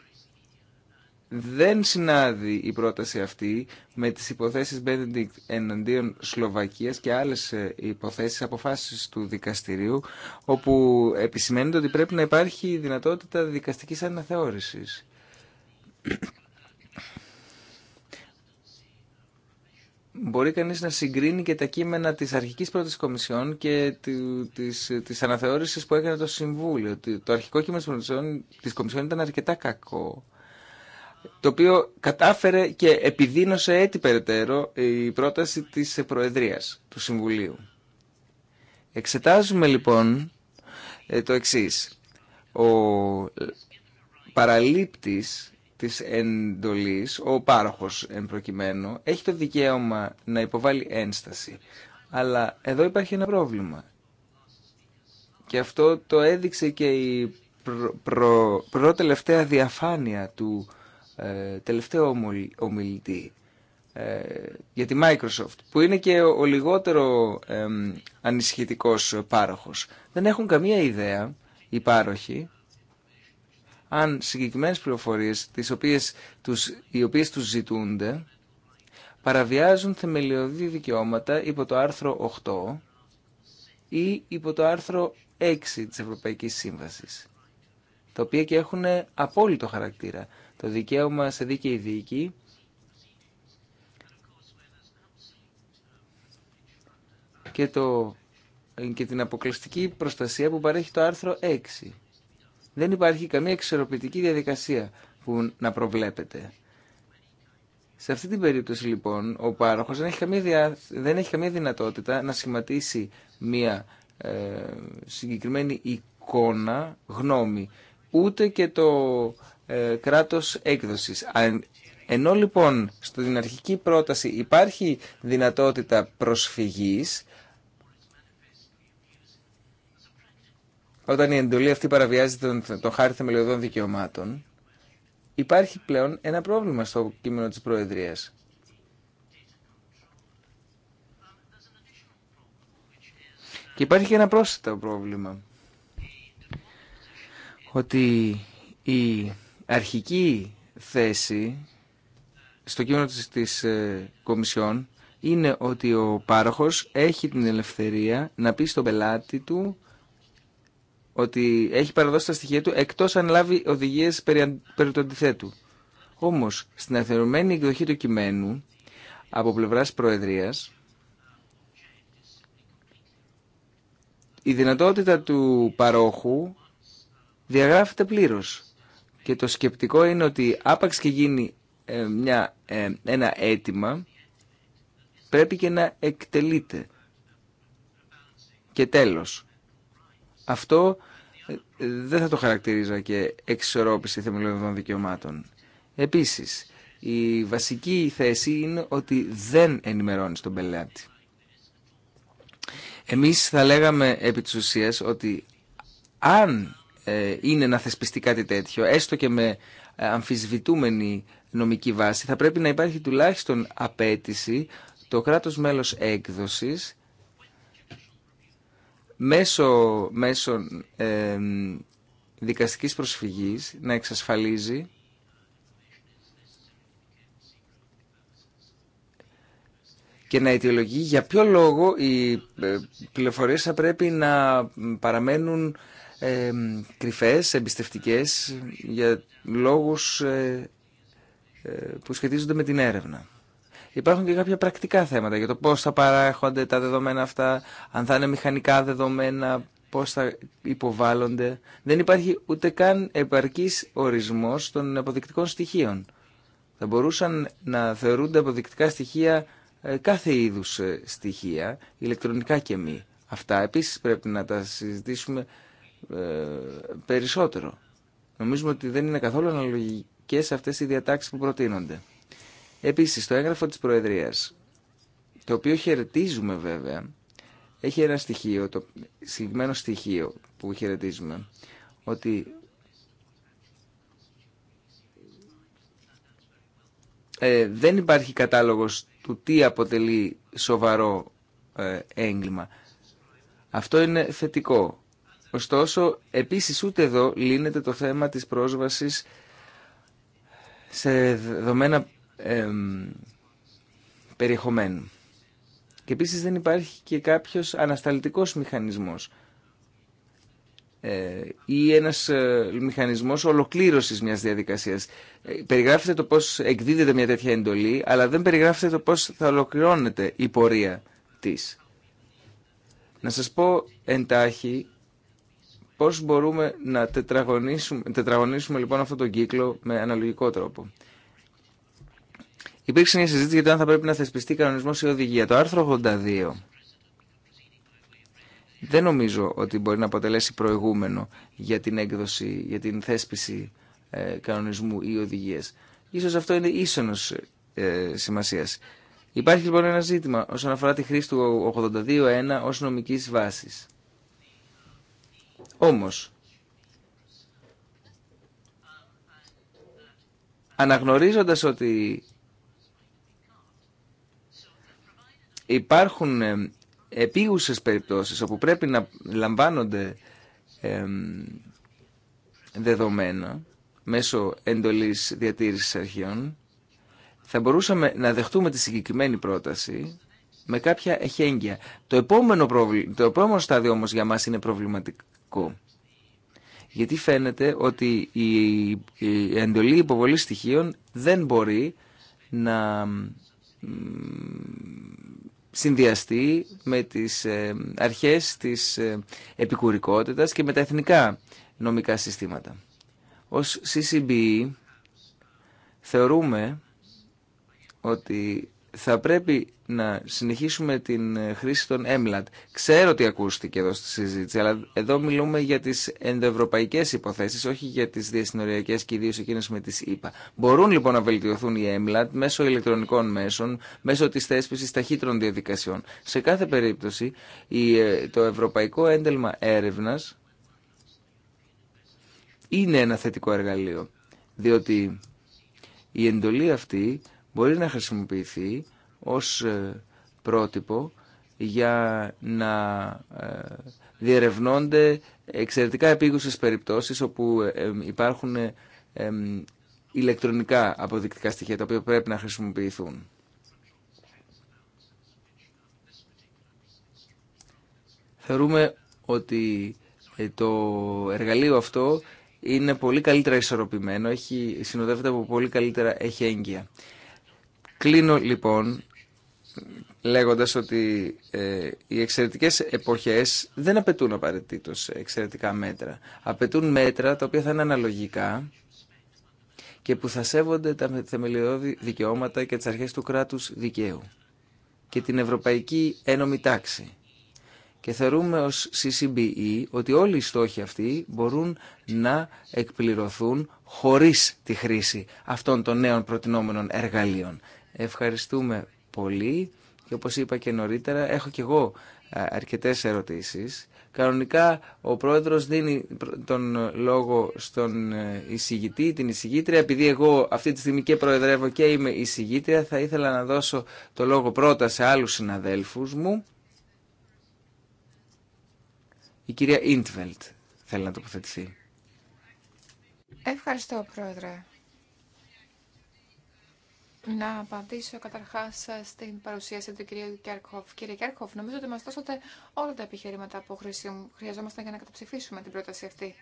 δεν συνάδει η πρόταση αυτή με τις υποθέσεις Benedict εναντίον Σλοβακίας και άλλες ε, υποθέσεις αποφάσεις του δικαστηρίου όπου επισημαίνεται ότι πρέπει να υπάρχει δυνατότητα δικαστικής αναθεώρησης. Μπορεί κανείς να συγκρίνει και τα κείμενα της αρχικής πρώτης κομισιόν και της, της αναθεώρησης που έκανε το Συμβούλιο. Το αρχικό κείμενο της κομισιόν ήταν αρκετά κακό το οποίο κατάφερε και επιδίνωσε έτσι περαιτέρω η πρόταση της Προεδρίας του Συμβουλίου. Εξετάζουμε λοιπόν ε, το εξής. Ο παραλήπτης της εντολής, ο πάροχος εν προκειμένου, έχει το δικαίωμα να υποβάλει ένσταση. Αλλά εδώ υπάρχει ένα πρόβλημα. Και αυτό το έδειξε και η προτελευταία προ, διαφάνεια του ε, τελευταίο ομιλητή ε, για τη Microsoft, που είναι και ο λιγότερο ανησυχητικός πάροχος. Δεν έχουν καμία ιδέα οι πάροχοι αν συγκεκριμένες πληροφορίες τις οποίες τους, οι οποίες τους ζητούνται παραβιάζουν θεμελιωδή δικαιώματα υπό το άρθρο 8 ή υπό το άρθρο 6 της Ευρωπαϊκής Σύμβασης, τα οποία και έχουν απόλυτο χαρακτήρα το δικαίωμα σε δίκαιη δίκη και, το, και την αποκλειστική προστασία που παρέχει το άρθρο 6. Δεν υπάρχει καμία εξορροπητική διαδικασία που να προβλέπεται. Σε αυτή την περίπτωση λοιπόν ο πάροχος δεν έχει καμία, δεν έχει καμία δυνατότητα να σχηματίσει μία ε, συγκεκριμένη εικόνα, γνώμη. Ούτε και το ε, κράτος έκδοσης. Ενώ λοιπόν στην αρχική πρόταση υπάρχει δυνατότητα προσφυγής, όταν η εντολή αυτή παραβιάζει τον, τον χάρη θεμελιωδών δικαιωμάτων, υπάρχει πλέον ένα πρόβλημα στο κείμενο της Προεδρίας. Και υπάρχει και ένα πρόσθετο πρόβλημα. Ότι η αρχική θέση στο κείμενο της, της ε, Κομισιόν είναι ότι ο πάροχος έχει την ελευθερία να πει στον πελάτη του ότι έχει παραδώσει τα στοιχεία του εκτός αν λάβει οδηγίες περί, του αντιθέτου. Όμως, στην αφιερωμένη εκδοχή του κειμένου από πλευράς Προεδρίας η δυνατότητα του παρόχου διαγράφεται πλήρως. Και το σκεπτικό είναι ότι άπαξ και γίνει ε, μια, ε, ένα αίτημα, πρέπει και να εκτελείται. Και τέλος, αυτό ε, δεν θα το χαρακτηρίζα και εξισορρόπηση θεμελιωδών δικαιωμάτων. Επίσης, η βασική θέση είναι ότι δεν ενημερώνει τον πελάτη. Εμείς θα λέγαμε επί της ουσίας ότι αν ε, είναι να θεσπιστεί κάτι τέτοιο, έστω και με ε, αμφισβητούμενη νομική βάση, θα πρέπει να υπάρχει τουλάχιστον απέτηση το κράτος μέλος έκδοσης μέσω, μέσω ε, δικαστικής προσφυγής να εξασφαλίζει και να αιτιολογεί για ποιο λόγο οι ε, πληροφορίες θα πρέπει να παραμένουν ε, κρυφές, εμπιστευτικές για λόγους ε, ε, που σχετίζονται με την έρευνα. Υπάρχουν και κάποια πρακτικά θέματα για το πώς θα παράγονται τα δεδομένα αυτά, αν θα είναι μηχανικά δεδομένα, πώς θα υποβάλλονται. Δεν υπάρχει ούτε καν επαρκής ορισμός των αποδεικτικών στοιχείων. Θα μπορούσαν να θεωρούνται αποδεικτικά στοιχεία ε, κάθε είδους στοιχεία, ηλεκτρονικά και μη. Αυτά επίσης πρέπει να τα συζητήσουμε ε, περισσότερο. Νομίζουμε ότι δεν είναι καθόλου αναλογικές αυτές οι διατάξεις που προτείνονται. Επίσης, το έγγραφο της Προεδρίας, το οποίο χαιρετίζουμε βέβαια, έχει ένα στοιχείο, το συγκεκριμένο στοιχείο που χαιρετίζουμε, ότι ε, δεν υπάρχει κατάλογος του τι αποτελεί σοβαρό ε, έγκλημα. Αυτό είναι θετικό. Ωστόσο, επίσης ούτε εδώ λύνεται το θέμα της πρόσβασης σε δεδομένα περιεχομένου. Και επίσης δεν υπάρχει και κάποιος ανασταλτικός μηχανισμός ε, ή ένας ε, μηχανισμός ολοκλήρωσης μιας διαδικασίας. Ε, περιγράφεται το πώς εκδίδεται μια τέτοια εντολή, αλλά δεν περιγράφεται το πώς θα ολοκληρώνεται η πορεία της. Να σας πω εντάχει Πώς μπορούμε να τετραγωνίσουμε, τετραγωνίσουμε λοιπόν αυτόν τον κύκλο με αναλογικό τρόπο. Υπήρξε μια συζήτηση για το αν θα πρέπει να θεσπιστεί κανονισμό ή οδηγία. Το άρθρο 82 δεν νομίζω ότι μπορεί να αποτελέσει προηγούμενο για την έκδοση, για την θέσπιση ε, κανονισμού ή οδηγίε. Ίσως αυτό είναι ίσονο ε, σημασίας. Υπάρχει λοιπόν ένα ζήτημα όσον αφορά τη χρήση του 82.1 ω νομική βάση. Όμως, αναγνωρίζοντας ότι υπάρχουν ε, επίγουσες περιπτώσεις όπου πρέπει να λαμβάνονται δεδομένα μέσω εντολής διατήρησης αρχείων, θα μπορούσαμε να δεχτούμε τη συγκεκριμένη πρόταση με κάποια εχέγγυα. Το επόμενο, το επόμενο στάδιο όμως για μας είναι προβληματικό γιατί φαίνεται ότι η εντολή υποβολή στοιχείων δεν μπορεί να συνδυαστεί με τις ε, αρχές της ε, επικουρικότητας και με τα εθνικά νομικά συστήματα. Ως CCB θεωρούμε ότι θα πρέπει να συνεχίσουμε την ε, χρήση των EMLAT. Ξέρω ότι ακούστηκε εδώ στη συζήτηση, αλλά εδώ μιλούμε για τις ενδοευρωπαϊκές υποθέσεις, όχι για τις διασυνοριακές και ιδίως εκείνες με τις ΕΠΑ. Μπορούν λοιπόν να βελτιωθούν οι EMLAT μέσω ηλεκτρονικών μέσων, μέσω της θέσπισης ταχύτερων διαδικασιών. Σε κάθε περίπτωση, ε, το Ευρωπαϊκό Έντελμα Έρευνας είναι ένα θετικό εργαλείο, διότι η εντολή αυτή μπορεί να χρησιμοποιηθεί ως ε, πρότυπο για να ε, διερευνώνται εξαιρετικά επίγουσες περιπτώσεις όπου ε, υπάρχουν ηλεκτρονικά αποδεικτικά στοιχεία τα οποία πρέπει να χρησιμοποιηθούν. Θεωρούμε ότι το εργαλείο αυτό είναι πολύ καλύτερα ισορροπημένο, έχει, συνοδεύεται από πολύ καλύτερα έχει Κλείνω λοιπόν λέγοντας ότι ε, οι εξαιρετικές εποχές δεν απαιτούν απαραίτητο εξαιρετικά μέτρα. Απαιτούν μέτρα τα οποία θα είναι αναλογικά και που θα σέβονται τα θεμελιώδη δικαιώματα και τις αρχές του κράτους δικαίου και την Ευρωπαϊκή Ένωμη Τάξη. Και θεωρούμε ως CCBE ότι όλοι οι στόχοι αυτοί μπορούν να εκπληρωθούν χωρίς τη χρήση αυτών των νέων προτινόμενων εργαλείων. Ευχαριστούμε πολύ και όπως είπα και νωρίτερα έχω και εγώ αρκετές ερωτήσεις. Κανονικά ο πρόεδρος δίνει τον λόγο στον ε, εισηγητή, την εισηγήτρια. Επειδή εγώ αυτή τη στιγμή και προεδρεύω και είμαι εισηγήτρια θα ήθελα να δώσω το λόγο πρώτα σε άλλους συναδέλφους μου. Η κυρία Ιντβελτ θέλει να τοποθετηθεί. Ευχαριστώ πρόεδρε. Να απαντήσω καταρχά στην παρουσίαση του κυρίου Κέρκοφ. Κύριε Κέρκοφ, νομίζω ότι μα δώσατε όλα τα επιχειρήματα που χρειαζόμασταν για να καταψηφίσουμε την πρόταση αυτή.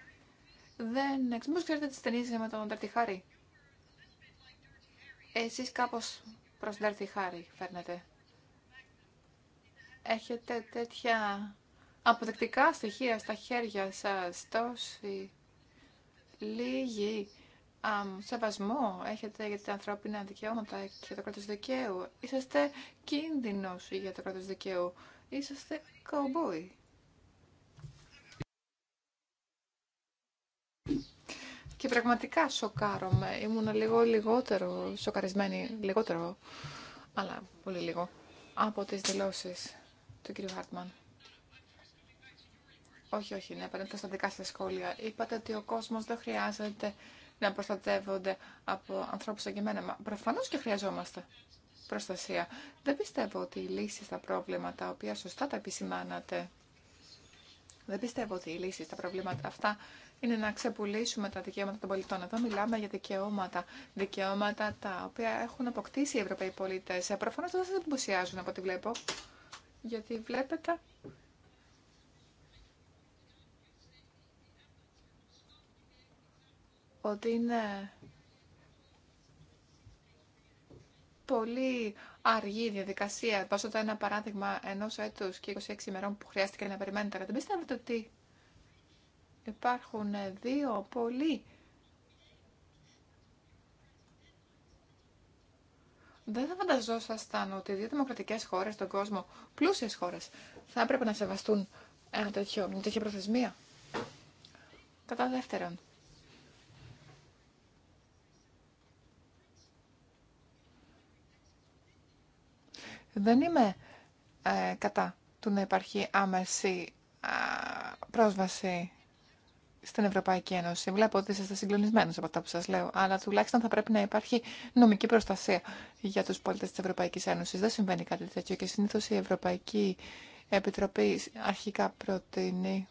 Δεν. πώ ξέρετε τι ταινίε με τον Τερτιχάρη. Εσεί κάπω προ τον φέρνετε. Έχετε τέτοια αποδεκτικά στοιχεία στα χέρια σα. τόσοι λίγη σεβασμό έχετε για τα ανθρώπινα δικαιώματα και το κράτο δικαίου. Είσαστε κίνδυνος για το κράτο δικαίου. Είσαστε καουμπόι. Και πραγματικά σοκάρομαι. Ήμουν λίγο λιγότερο σοκαρισμένη, λιγότερο, αλλά πολύ λίγο, από τις δηλώσεις του κ. Χάρτμαν. Όχι, όχι, ναι, επανέλθω στα δικά σχόλια. Είπατε ότι ο κόσμος δεν χρειάζεται να προστατεύονται από ανθρώπους σαν και εμένα. Προφανώς και χρειαζόμαστε προστασία. Δεν πιστεύω ότι οι λύσει στα πρόβληματα, τα οποία σωστά τα επισημάνατε, δεν πιστεύω ότι οι λύσει στα προβλήματα αυτά είναι να ξεπουλήσουμε τα δικαιώματα των πολιτών. Εδώ μιλάμε για δικαιώματα. Δικαιώματα τα οποία έχουν αποκτήσει οι Ευρωπαίοι πολίτε. Προφανώ δεν σα εντυπωσιάζουν από ό,τι βλέπω. Γιατί βλέπετε ότι είναι πολύ αργή η διαδικασία. Βάζω το ένα παράδειγμα ενός έτους και 26 ημερών που χρειάστηκε να περιμένετε. Αλλά δεν πιστεύετε ότι υπάρχουν δύο πολύ Δεν θα φανταζόσασταν ότι δύο δημοκρατικέ χώρε στον κόσμο, πλούσιε χώρε, θα έπρεπε να σεβαστούν ένα τέτοιο, μια τέτοια προθεσμία. Κατά δεύτερον, Δεν είμαι ε, κατά του να υπάρχει άμεση πρόσβαση στην Ευρωπαϊκή Ένωση. Βλέπω ότι είστε συγκλονισμένο από αυτά που σα λέω, αλλά τουλάχιστον θα πρέπει να υπάρχει νομική προστασία για του πολίτε τη Ευρωπαϊκή Ένωση. Δεν συμβαίνει κάτι τέτοιο και συνήθω η Ευρωπαϊκή Επιτροπή αρχικά προτείνει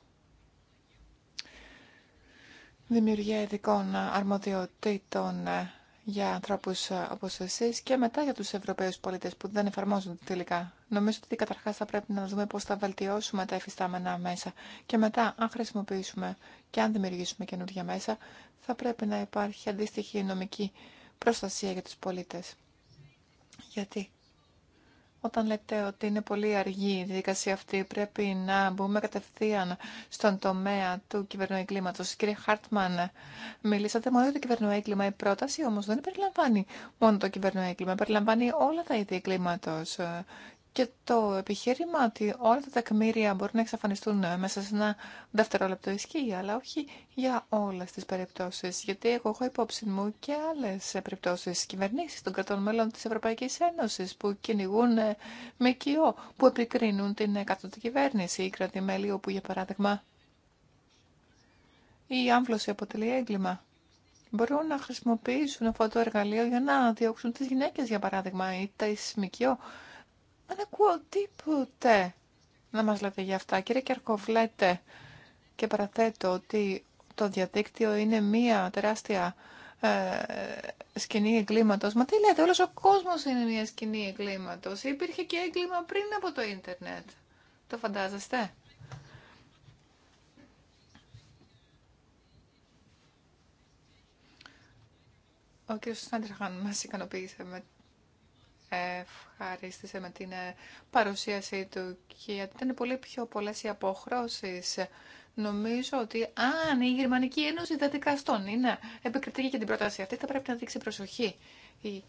δημιουργία ειδικών αρμοδιοτήτων ε, για ανθρώπους ε, όπως εσείς και μετά για τους Ευρωπαίους πολίτες που δεν εφαρμόζονται τελικά. Νομίζω ότι καταρχάς θα πρέπει να δούμε πώς θα βελτιώσουμε τα εφιστάμενα μέσα και μετά αν χρησιμοποιήσουμε και αν δημιουργήσουμε καινούργια μέσα θα πρέπει να υπάρχει αντίστοιχη νομική προστασία για τους πολίτες. Γιατί όταν λέτε ότι είναι πολύ αργή η διαδικασία αυτή, πρέπει να μπούμε κατευθείαν στον τομέα του εγκλήματο. Κύριε Χάρτμαν, μιλήσατε μόνο για το έγκλημα. Η πρόταση όμω, δεν περιλαμβάνει μόνο το έγκλημα. περιλαμβάνει όλα τα είδη εγκλήματο. Και το επιχείρημα ότι όλα τα τεκμήρια μπορούν να εξαφανιστούν ε, μέσα σε ένα δευτερόλεπτο ισχύει, αλλά όχι για όλε τι περιπτώσει. Γιατί εγώ έχω υπόψη μου και άλλε περιπτώσει κυβερνήσει των κρατών μέλων τη Ευρωπαϊκή Ένωση που κυνηγούν με κοιό, που επικρίνουν την εκάστοτε κυβέρνηση ή κρατημέλη, όπου για παράδειγμα η άμβλωση αποτελεί έγκλημα. Μπορούν να χρησιμοποιήσουν αυτό το εργαλείο για να διώξουν τι γυναίκε, για παράδειγμα, ή τα ισμικιό. Δεν ακούω τίποτε να μας λέτε για αυτά. Κύριε και λέτε και παραθέτω ότι το διαδίκτυο είναι μία τεράστια ε, σκηνή εγκλήματος. Μα τι λέτε, όλος ο κόσμος είναι μία σκηνή εγκλήματος. Υπήρχε και έγκλημα πριν από το ίντερνετ. Το φαντάζεστε. Ο κ. Σάντρεχαν μας ικανοποίησε με ευχαρίστησε με την ε, παρουσίασή του και γιατί ήταν πολύ πιο πολλές οι αποχρώσεις. Νομίζω ότι αν η Γερμανική Ένωση Δατικαστών είναι επικριτική για την πρόταση αυτή, θα πρέπει να δείξει προσοχή η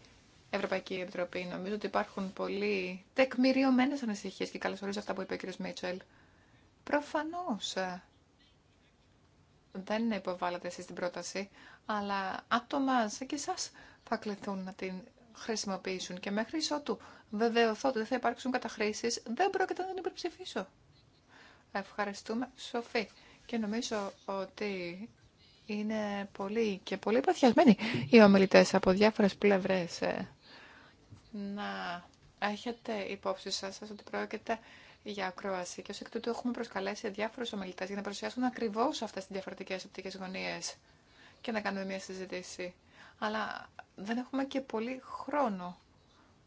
Ευρωπαϊκή Επιτροπή. Νομίζω ότι υπάρχουν πολύ τεκμηριωμένες ανησυχίες και καλωσορίζω αυτά που είπε ο κ. Μίτσελ. Προφανώς ε, δεν υποβάλλατε εσείς την πρόταση, αλλά άτομα και εσάς θα κληθούν να την χρησιμοποιήσουν και μέχρι ότου βεβαιωθώ ότι δεν θα υπάρξουν καταχρήσεις, δεν πρόκειται να την υπερψηφίσω. Ευχαριστούμε, Σοφή. Και νομίζω ότι είναι πολύ και πολύ παθιασμένοι οι ομιλητές από διάφορες πλευρές. Ε, να έχετε υπόψη σας ότι πρόκειται για ακρόαση και ως εκ τούτου έχουμε προσκαλέσει διάφορους ομιλητές για να παρουσιάσουν ακριβώς αυτές τις διαφορετικές οπτικές γωνίες και να κάνουμε μια συζήτηση αλλά δεν έχουμε και πολύ χρόνο.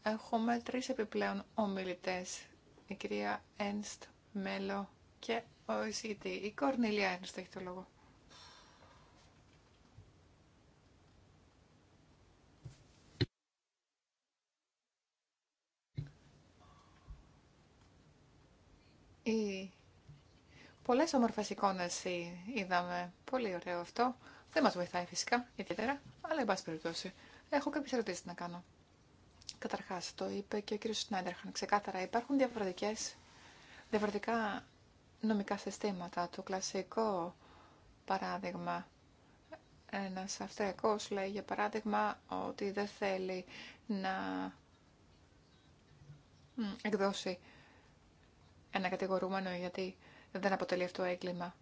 Έχουμε τρεις επιπλέον ομιλητές, η κυρία Ένστ, Μέλο και ο εισηγητή. Η Κορνιλία Ένστ έχει το λόγο. Οι πολλές όμορφες εικόνες είδαμε. Πολύ ωραίο αυτό. Δεν μα βοηθάει φυσικά ιδιαίτερα, αλλά εν πάση περιπτώσει έχω κάποιε ερωτήσει να κάνω. Καταρχά. το είπε και ο κ. Σνάιντερχαν ξεκάθαρα, υπάρχουν διαφορετικές, διαφορετικά νομικά συστήματα. Το κλασικό παράδειγμα, ένα αυστριακό λέει για παράδειγμα ότι δεν θέλει να εκδώσει ένα κατηγορούμενο γιατί δεν αποτελεί αυτό έγκλημα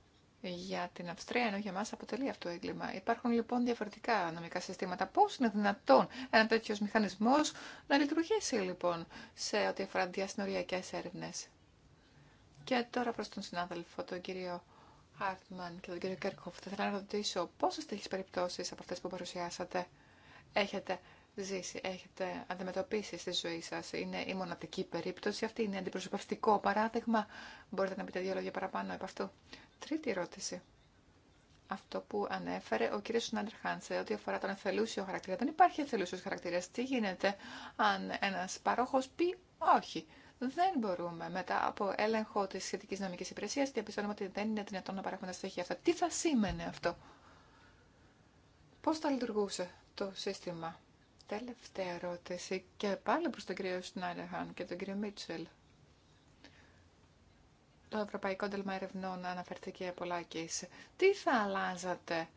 για την Αυστρία, ενώ για μα αποτελεί αυτό έγκλημα. Υπάρχουν λοιπόν διαφορετικά νομικά συστήματα. Πώ είναι δυνατόν ένα τέτοιο μηχανισμό να λειτουργήσει λοιπόν σε ό,τι αφορά διασυνοριακέ έρευνε. Και τώρα προ τον συνάδελφο, τον κύριο Χάρτμαν και τον κύριο Κέρκοφ, θα ήθελα να ρωτήσω πόσε τέτοιε περιπτώσει από αυτέ που παρουσιάσατε έχετε ζήσει, έχετε αντιμετωπίσει στη ζωή σα. Είναι η μοναδική περίπτωση αυτή, είναι αντιπροσωπευτικό παράδειγμα. Μπορείτε να πείτε δύο λόγια παραπάνω από Τρίτη ερώτηση. Αυτό που ανέφερε ο κύριος Χάν σε ό,τι αφορά τον εθελούσιο χαρακτήρα. Δεν υπάρχει εθελούσιο χαρακτήρα. Τι γίνεται αν ένα παρόχο πει όχι. Δεν μπορούμε μετά από έλεγχο τη σχετική νομική υπηρεσία διαπιστώνουμε ότι δεν είναι δυνατόν να παρέχουμε τα στοιχεία αυτά. Τι θα σήμαινε αυτό, Πώ θα λειτουργούσε το σύστημα, Τελευταία ερώτηση και πάλι προ τον κύριο Χάν και τον κύριο Μίτσελ το Ευρωπαϊκό Τέλμα Ερευνών αναφερθήκε πολλά και είσαι. Τι θα αλλάζατε,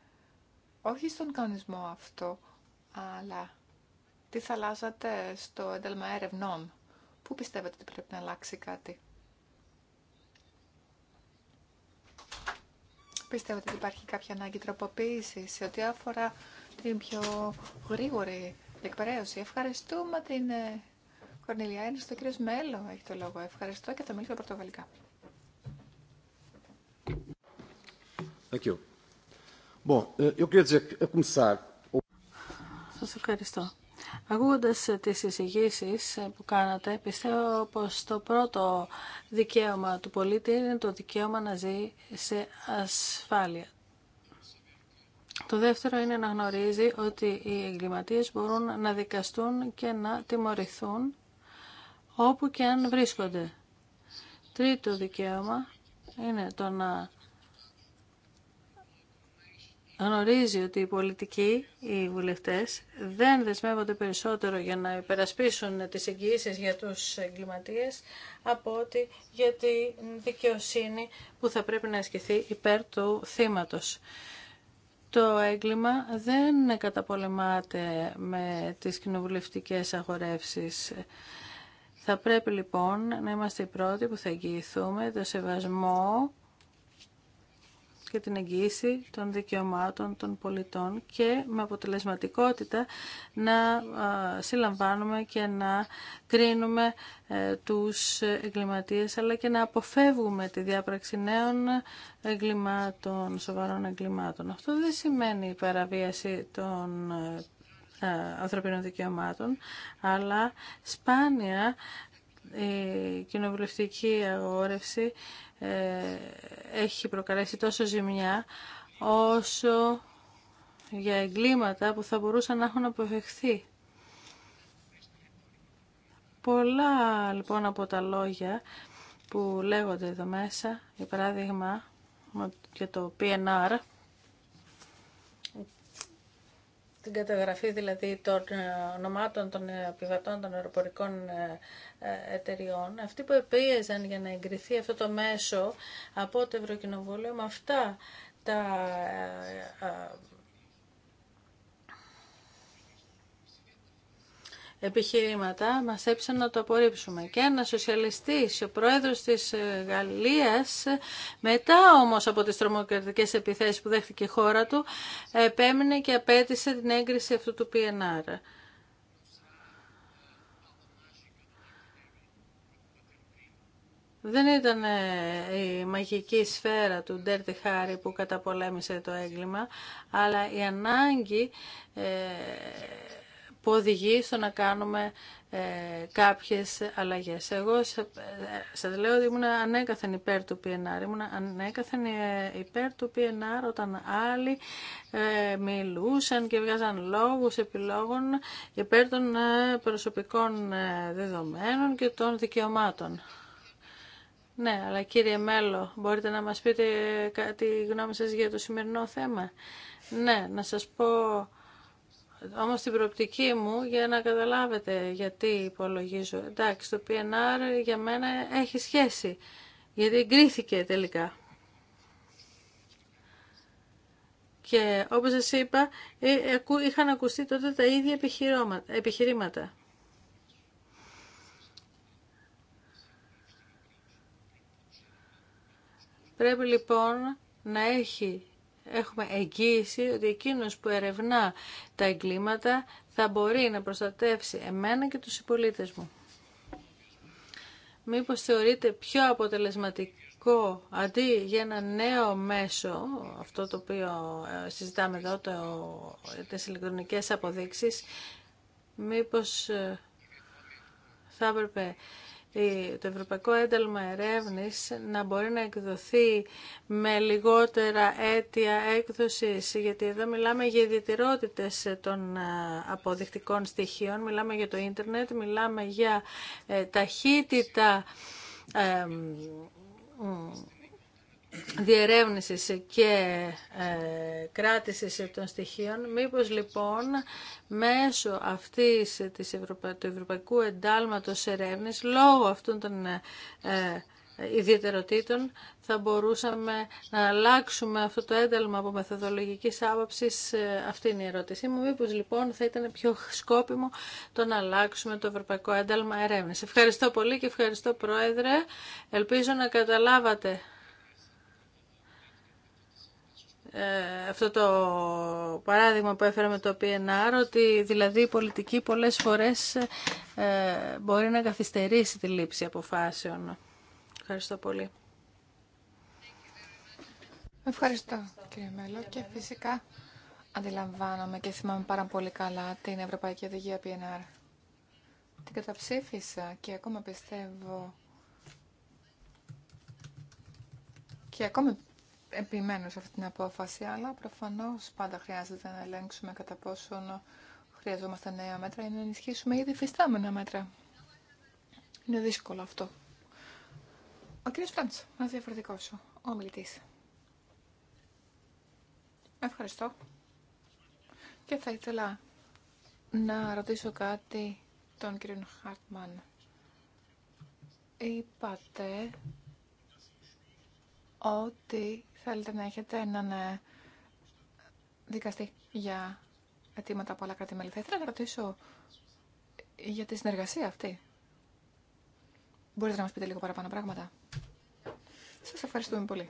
όχι στον κανονισμό αυτό, αλλά τι θα αλλάζατε στο ένταλμα ερευνών. Πού πιστεύετε ότι πρέπει να αλλάξει κάτι. Πιστεύετε ότι υπάρχει κάποια ανάγκη τροποποίηση σε ό,τι αφορά την πιο γρήγορη εκπαιδεύση. Ευχαριστούμε την ε, Κορνιλιά. Είναι στο κύριο Μέλλο, έχει το λόγο. Ευχαριστώ και θα μιλήσω πορτογαλικά. Thank eh, e ευχαριστώ. Ακούγοντας τις εισηγήσει που κάνατε, πιστεύω πως το πρώτο δικαίωμα του πολίτη είναι το δικαίωμα να ζει σε ασφάλεια. Το δεύτερο είναι να γνωρίζει ότι οι εγκληματίες μπορούν να δικαστούν και να τιμωρηθούν όπου και αν βρίσκονται. Τρίτο δικαίωμα είναι το να γνωρίζει ότι οι πολιτικοί, οι βουλευτές, δεν δεσμεύονται περισσότερο για να υπερασπίσουν τις εγγυήσεις για τους εγκληματίες από ότι για τη δικαιοσύνη που θα πρέπει να ασκηθεί υπέρ του θύματος. Το έγκλημα δεν καταπολεμάται με τις κοινοβουλευτικές αγορεύσεις. Θα πρέπει λοιπόν να είμαστε οι πρώτοι που θα εγγυηθούμε το σεβασμό για την εγγύηση των δικαιωμάτων των πολιτών και με αποτελεσματικότητα να συλλαμβάνουμε και να κρίνουμε ε, τους εγκληματίες αλλά και να αποφεύγουμε τη διάπραξη νέων εγκλημάτων, σοβαρών εγκλημάτων. Αυτό δεν σημαίνει παραβίαση των ε, ε, ανθρωπίνων δικαιωμάτων, αλλά σπάνια η κοινοβουλευτική αγόρευση ε, έχει προκαλέσει τόσο ζημιά όσο για εγκλήματα που θα μπορούσαν να έχουν αποφευχθεί. Πολλά λοιπόν από τα λόγια που λέγονται εδώ μέσα, για παράδειγμα για το PNR, την καταγραφή δηλαδή των ε, ονομάτων των ε, επιβατών των αεροπορικών ε, εταιριών, αυτοί που επίεζαν για να εγκριθεί αυτό το μέσο από το Ευρωκοινοβούλιο, με αυτά τα επιχειρήματα μας έψαν να το απορρίψουμε. Και ένας σοσιαλιστής, ο πρόεδρος της ε, Γαλλίας, μετά όμως από τις τρομοκρατικές επιθέσεις που δέχτηκε η χώρα του, επέμεινε και απέτησε την έγκριση αυτού του PNR. Δεν ήταν ε, η μαγική σφαίρα του Ντέρτι Χάρη που καταπολέμησε το έγκλημα, αλλά η ανάγκη ε, που οδηγεί στο να κάνουμε ε, κάποιες αλλαγές. Εγώ σε, ε, σας λέω ότι ήμουν ανέκαθεν υπέρ του PNR. Ήμουν ανέκαθεν ε, υπέρ του PNR όταν άλλοι ε, μιλούσαν και βγάζαν λόγους επιλόγων υπέρ των ε, προσωπικών δεδομένων και των δικαιωμάτων. Ναι, αλλά κύριε Μέλο, μπορείτε να μας πείτε κάτι γνώμη σας για το σημερινό θέμα. Ναι, να σας πω... Όμως την προοπτική μου για να καταλάβετε γιατί υπολογίζω. Εντάξει, το PNR για μένα έχει σχέση, γιατί εγκρίθηκε τελικά. Και όπως σας είπα, ε, είχαν ακουστεί τότε τα ίδια επιχειρήματα. Πρέπει λοιπόν να έχει έχουμε εγγύηση ότι εκείνος που ερευνά τα εγκλήματα θα μπορεί να προστατεύσει εμένα και τους συμπολίτες μου. Μήπως θεωρείτε πιο αποτελεσματικό αντί για ένα νέο μέσο, αυτό το οποίο ε, συζητάμε εδώ, το, τις ηλεκτρονικές αποδείξεις, μήπως ε, θα έπρεπε το Ευρωπαϊκό Ένταλμα Ερεύνης να μπορεί να εκδοθεί με λιγότερα αίτια έκδοσης, γιατί εδώ μιλάμε για ιδιαιτερότητες των αποδεικτικών στοιχείων, μιλάμε για το ίντερνετ, μιλάμε για ε, ταχύτητα διερεύνησης και ε, κράτησης των στοιχείων, μήπως λοιπόν μέσω αυτής της του Ευρωπαϊκού Εντάλματος Ερεύνης, λόγω αυτών των ε, ε, ιδιαιτεροτήτων θα μπορούσαμε να αλλάξουμε αυτό το ένταλμα από μεθοδολογικής άποψης. Ε, αυτή είναι η ερώτησή μου. Μήπως λοιπόν θα ήταν πιο σκόπιμο το να αλλάξουμε το Ευρωπαϊκό Ένταλμα Ερεύνης. Ευχαριστώ πολύ και ευχαριστώ Πρόεδρε. Ελπίζω να καταλάβατε ε, αυτό το παράδειγμα που έφερα με το PNR, ότι δηλαδή η πολιτική πολλές φορές ε, μπορεί να καθυστερήσει τη λήψη αποφάσεων. Ευχαριστώ πολύ. Ευχαριστώ κύριε Μέλλο. και φυσικά αντιλαμβάνομαι και θυμάμαι πάρα πολύ καλά την Ευρωπαϊκή Οδηγία PNR. Την καταψήφισα και ακόμα πιστεύω και ακόμα επιμένω σε αυτή την απόφαση, αλλά προφανώς πάντα χρειάζεται να ελέγξουμε κατά πόσον χρειαζόμαστε νέα μέτρα ή να ενισχύσουμε ήδη φυστάμενα μέτρα. Είναι δύσκολο αυτό. Ο κ. Φραντς, ένας διαφορετικός ο ομιλητής. Ευχαριστώ. Και θα ήθελα να ρωτήσω κάτι τον κύριο Χάρτμαν. Είπατε ότι θέλετε να έχετε έναν ε, δικαστή για αιτήματα από άλλα κράτη-μέλη. Θα ήθελα να ρωτήσω για τη συνεργασία αυτή. Μπορείτε να μας πείτε λίγο παραπάνω πράγματα. Σας ευχαριστούμε πολύ.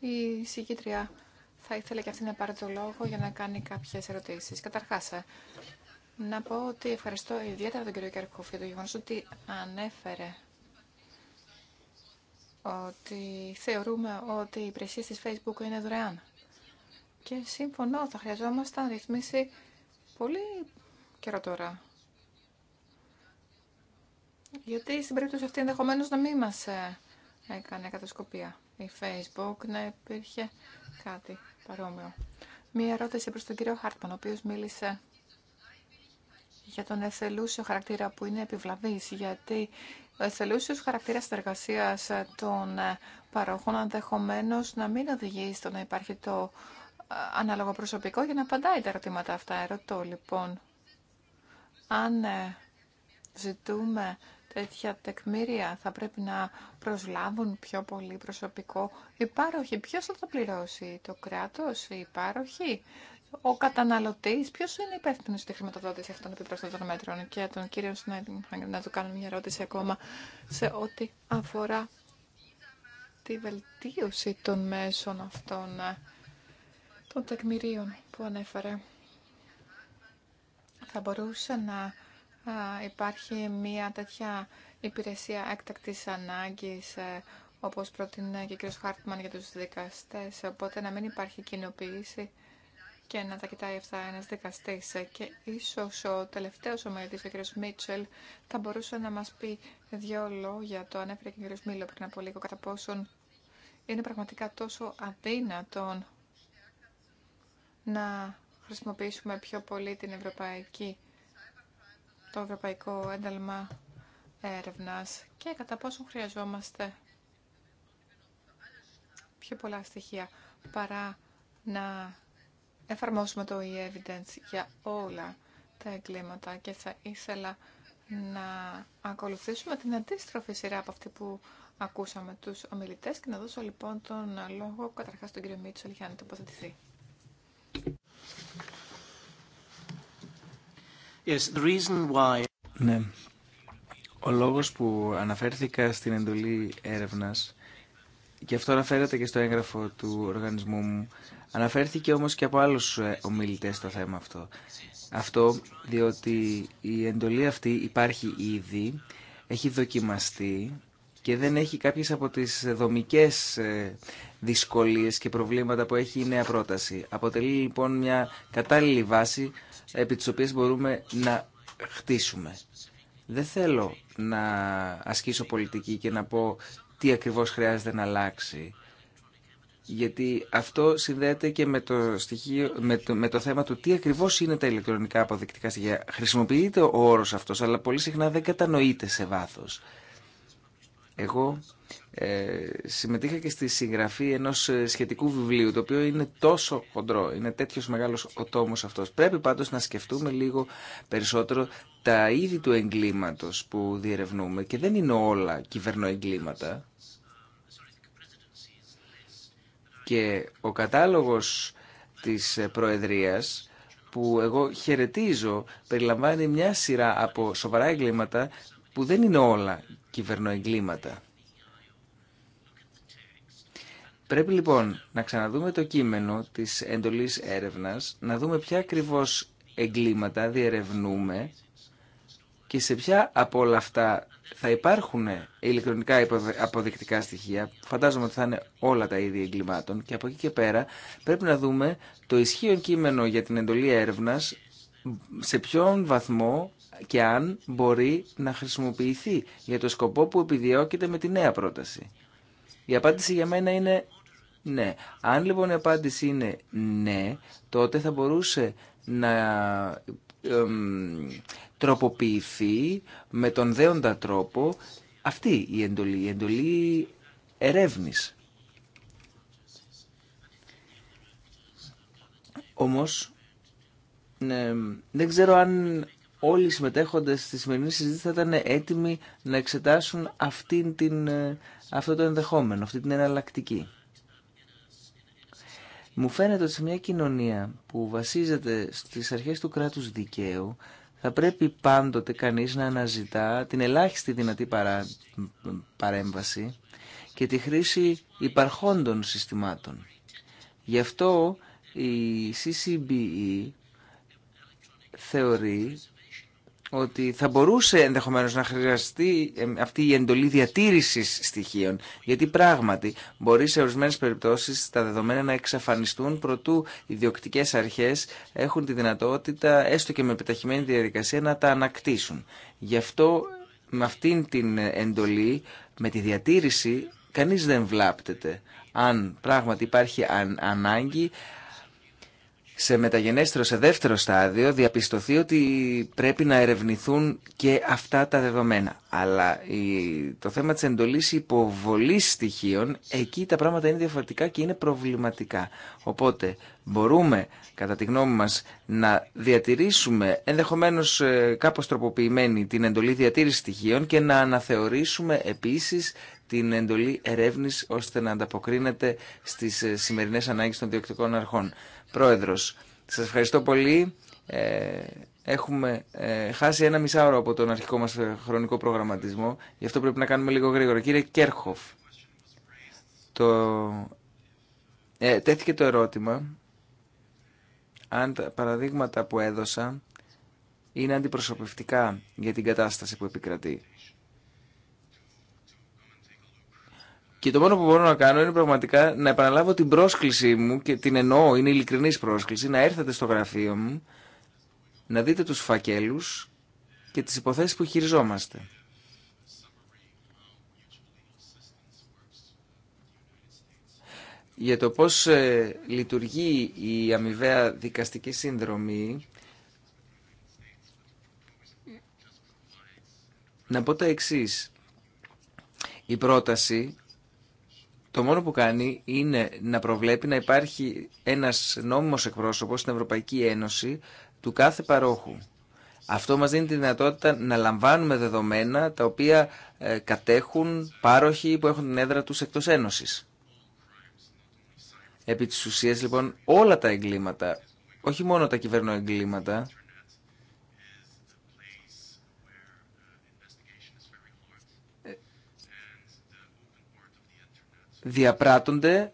Η συγκήτρια θα ήθελε και αυτή να πάρει το λόγο για να κάνει κάποιες ερωτήσεις. Καταρχάς, ε, να πω ότι ευχαριστώ ιδιαίτερα τον κύριο Κέρκοφ για το γεγονός ότι ανέφερε ότι θεωρούμε ότι η υπηρεσία της Facebook είναι δωρεάν. Και συμφωνώ, θα χρειαζόμασταν ρυθμίσει πολύ καιρό τώρα. Γιατί στην περίπτωση αυτή ενδεχομένω να μην μας ε, έκανε κατασκοπία η Facebook, να υπήρχε κάτι παρόμοιο. Μία ερώτηση προς τον κύριο Χάρτμαν, ο οποίος μίλησε για τον εθελούσιο χαρακτήρα που είναι επιβλαβής, γιατί ο εθελούσιος χαρακτήρας της των ε, παροχών ενδεχομένω να μην οδηγεί στο να υπάρχει το ε, ανάλογο προσωπικό για να απαντάει τα ερωτήματα αυτά. Ερωτώ λοιπόν, αν ε, ζητούμε τέτοια τεκμήρια θα πρέπει να προσλάβουν πιο πολύ προσωπικό υπάροχοι. Ποιος θα το πληρώσει, το κράτος, οι ο καταναλωτή, ποιο είναι υπεύθυνο στη χρηματοδότηση αυτών των επιπροσθέτων μέτρων. Και τον κύριο Σνάιντινγκ, να του κάνω μια ερώτηση ακόμα σε ό,τι αφορά τη βελτίωση των μέσων αυτών ε, των τεκμηρίων που ανέφερε. Θα μπορούσε να υπάρχει μια τέτοια υπηρεσία έκτακτης ανάγκης ε, όπως προτείνει και ο κ. Χάρτμαν για τους δικαστές, οπότε να μην υπάρχει κοινοποίηση και να τα κοιτάει αυτά ένα δικαστή. Και ίσω ο τελευταίο ομιλητή, ο κ. Μίτσελ, θα μπορούσε να μα πει δύο λόγια. Το ανέφερε και ο κ. Μίλο πριν από λίγο, κατά πόσον είναι πραγματικά τόσο αδύνατον να χρησιμοποιήσουμε πιο πολύ την ευρωπαϊκή, το ευρωπαϊκό ένταλμα έρευνας και κατά πόσον χρειαζόμαστε πιο πολλά στοιχεία παρά να εφαρμόσουμε το e-evidence για όλα τα εγκλήματα και θα ήθελα να ακολουθήσουμε την αντίστροφη σειρά από αυτή που ακούσαμε τους ομιλητές και να δώσω λοιπόν τον λόγο καταρχάς στον κύριο Μίτσολ για να τοποθετηθεί. Yes, the reason why... Ναι. Ο λόγος που αναφέρθηκα στην εντολή έρευνας και αυτό αναφέρεται και στο έγγραφο του οργανισμού μου. Αναφέρθηκε όμως και από άλλους ε, ομιλητές το θέμα αυτό. Αυτό διότι η εντολή αυτή υπάρχει ήδη, έχει δοκιμαστεί και δεν έχει κάποιες από τις δομικές ε, δυσκολίες και προβλήματα που έχει η νέα πρόταση. Αποτελεί λοιπόν μια κατάλληλη βάση επί της οποίας μπορούμε να χτίσουμε. Δεν θέλω να ασκήσω πολιτική και να πω τι ακριβώς χρειάζεται να αλλάξει. Γιατί αυτό συνδέεται και με το, στοιχείο, με το, με το θέμα του τι ακριβώς είναι τα ηλεκτρονικά αποδεικτικά στοιχεία. Χρησιμοποιείται ο όρος αυτός, αλλά πολύ συχνά δεν κατανοείται σε βάθος. Εγώ ε, συμμετείχα και στη συγγραφή ενός ε, σχετικού βιβλίου, το οποίο είναι τόσο χοντρό, είναι τέτοιος μεγάλος ο τόμος αυτός. Πρέπει πάντως να σκεφτούμε λίγο περισσότερο τα είδη του εγκλήματος που διερευνούμε και δεν είναι όλα κυβερνοεγκλήματα. Και ο κατάλογος της ε, Προεδρίας που εγώ χαιρετίζω περιλαμβάνει μια σειρά από σοβαρά εγκλήματα που δεν είναι όλα κυβερνοεγκλήματα. Πρέπει λοιπόν να ξαναδούμε το κείμενο της εντολής έρευνας, να δούμε ποια ακριβώς εγκλήματα διερευνούμε και σε ποια από όλα αυτά θα υπάρχουν ηλεκτρονικά αποδεικτικά στοιχεία, φαντάζομαι ότι θα είναι όλα τα ίδια εγκλημάτων και από εκεί και πέρα πρέπει να δούμε το ισχύον κείμενο για την εντολή έρευνας σε ποιον βαθμό και αν μπορεί να χρησιμοποιηθεί για το σκοπό που επιδιώκεται με τη νέα πρόταση. Η απάντηση για μένα είναι ναι. Αν λοιπόν η απάντηση είναι ναι, τότε θα μπορούσε να τροποποιηθεί με τον δέοντα τρόπο αυτή η εντολή, η εντολή ερεύνης. Όμως ναι, δεν ξέρω αν όλοι οι συμμετέχοντες στη σημερινή συζήτηση θα ήταν έτοιμοι να εξετάσουν αυτήν την, ε, αυτό το ενδεχόμενο, αυτή την εναλλακτική. Μου φαίνεται ότι σε μια κοινωνία που βασίζεται στις αρχές του κράτους δικαίου θα πρέπει πάντοτε κανείς να αναζητά την ελάχιστη δυνατή παρέμβαση και τη χρήση υπαρχόντων συστημάτων. Γι' αυτό η CCBE θεωρεί ότι θα μπορούσε ενδεχομένως να χρειαστεί ε, αυτή η εντολή διατήρησης στοιχείων. Γιατί πράγματι μπορεί σε ορισμένες περιπτώσεις τα δεδομένα να εξαφανιστούν προτού οι διοκτικές αρχές έχουν τη δυνατότητα έστω και με επιταχυμένη διαδικασία να τα ανακτήσουν. Γι' αυτό με αυτήν την εντολή, με τη διατήρηση, κανείς δεν βλάπτεται. Αν πράγματι υπάρχει ανάγκη, σε μεταγενέστερο, σε δεύτερο στάδιο, διαπιστωθεί ότι πρέπει να ερευνηθούν και αυτά τα δεδομένα. Αλλά το θέμα της εντολής υποβολής στοιχείων, εκεί τα πράγματα είναι διαφορετικά και είναι προβληματικά. Οπότε μπορούμε, κατά τη γνώμη μας, να διατηρήσουμε ενδεχομένως ε, κάπως τροποποιημένη την εντολή διατήρησης στοιχείων και να αναθεωρήσουμε επίσης την εντολή έρευνη ώστε να ανταποκρίνεται στι ε, σημερινέ ανάγκε των διοκτικών αρχών. Πρόεδρο, σα ευχαριστώ πολύ. Ε, έχουμε ε, χάσει ένα μισάωρο από τον αρχικό μας χρονικό προγραμματισμό, γι' αυτό πρέπει να κάνουμε λίγο γρήγορα. Κύριε Κέρχοφ, το... τέθηκε το ερώτημα αν τα παραδείγματα που έδωσα είναι αντιπροσωπευτικά για την κατάσταση που επικρατεί. Και το μόνο που μπορώ να κάνω είναι πραγματικά να επαναλάβω την πρόσκλησή μου και την εννοώ, είναι ειλικρινή πρόσκληση, να έρθετε στο γραφείο μου, να δείτε τους φακέλους και τις υποθέσεις που χειριζόμαστε. Για το πώς ε, λειτουργεί η αμοιβαία δικαστική σύνδρομη, να πω τα εξής. Η πρόταση το μόνο που κάνει είναι να προβλέπει να υπάρχει ένας νόμιμος εκπρόσωπος στην Ευρωπαϊκή Ένωση του κάθε παρόχου. Αυτό μας δίνει τη δυνατότητα να λαμβάνουμε δεδομένα τα οποία ε, κατέχουν πάροχοι που έχουν την έδρα τους εκτός Ένωσης. Επί της ουσίας λοιπόν όλα τα εγκλήματα, όχι μόνο τα κυβερνοεγκλήματα, διαπράττονται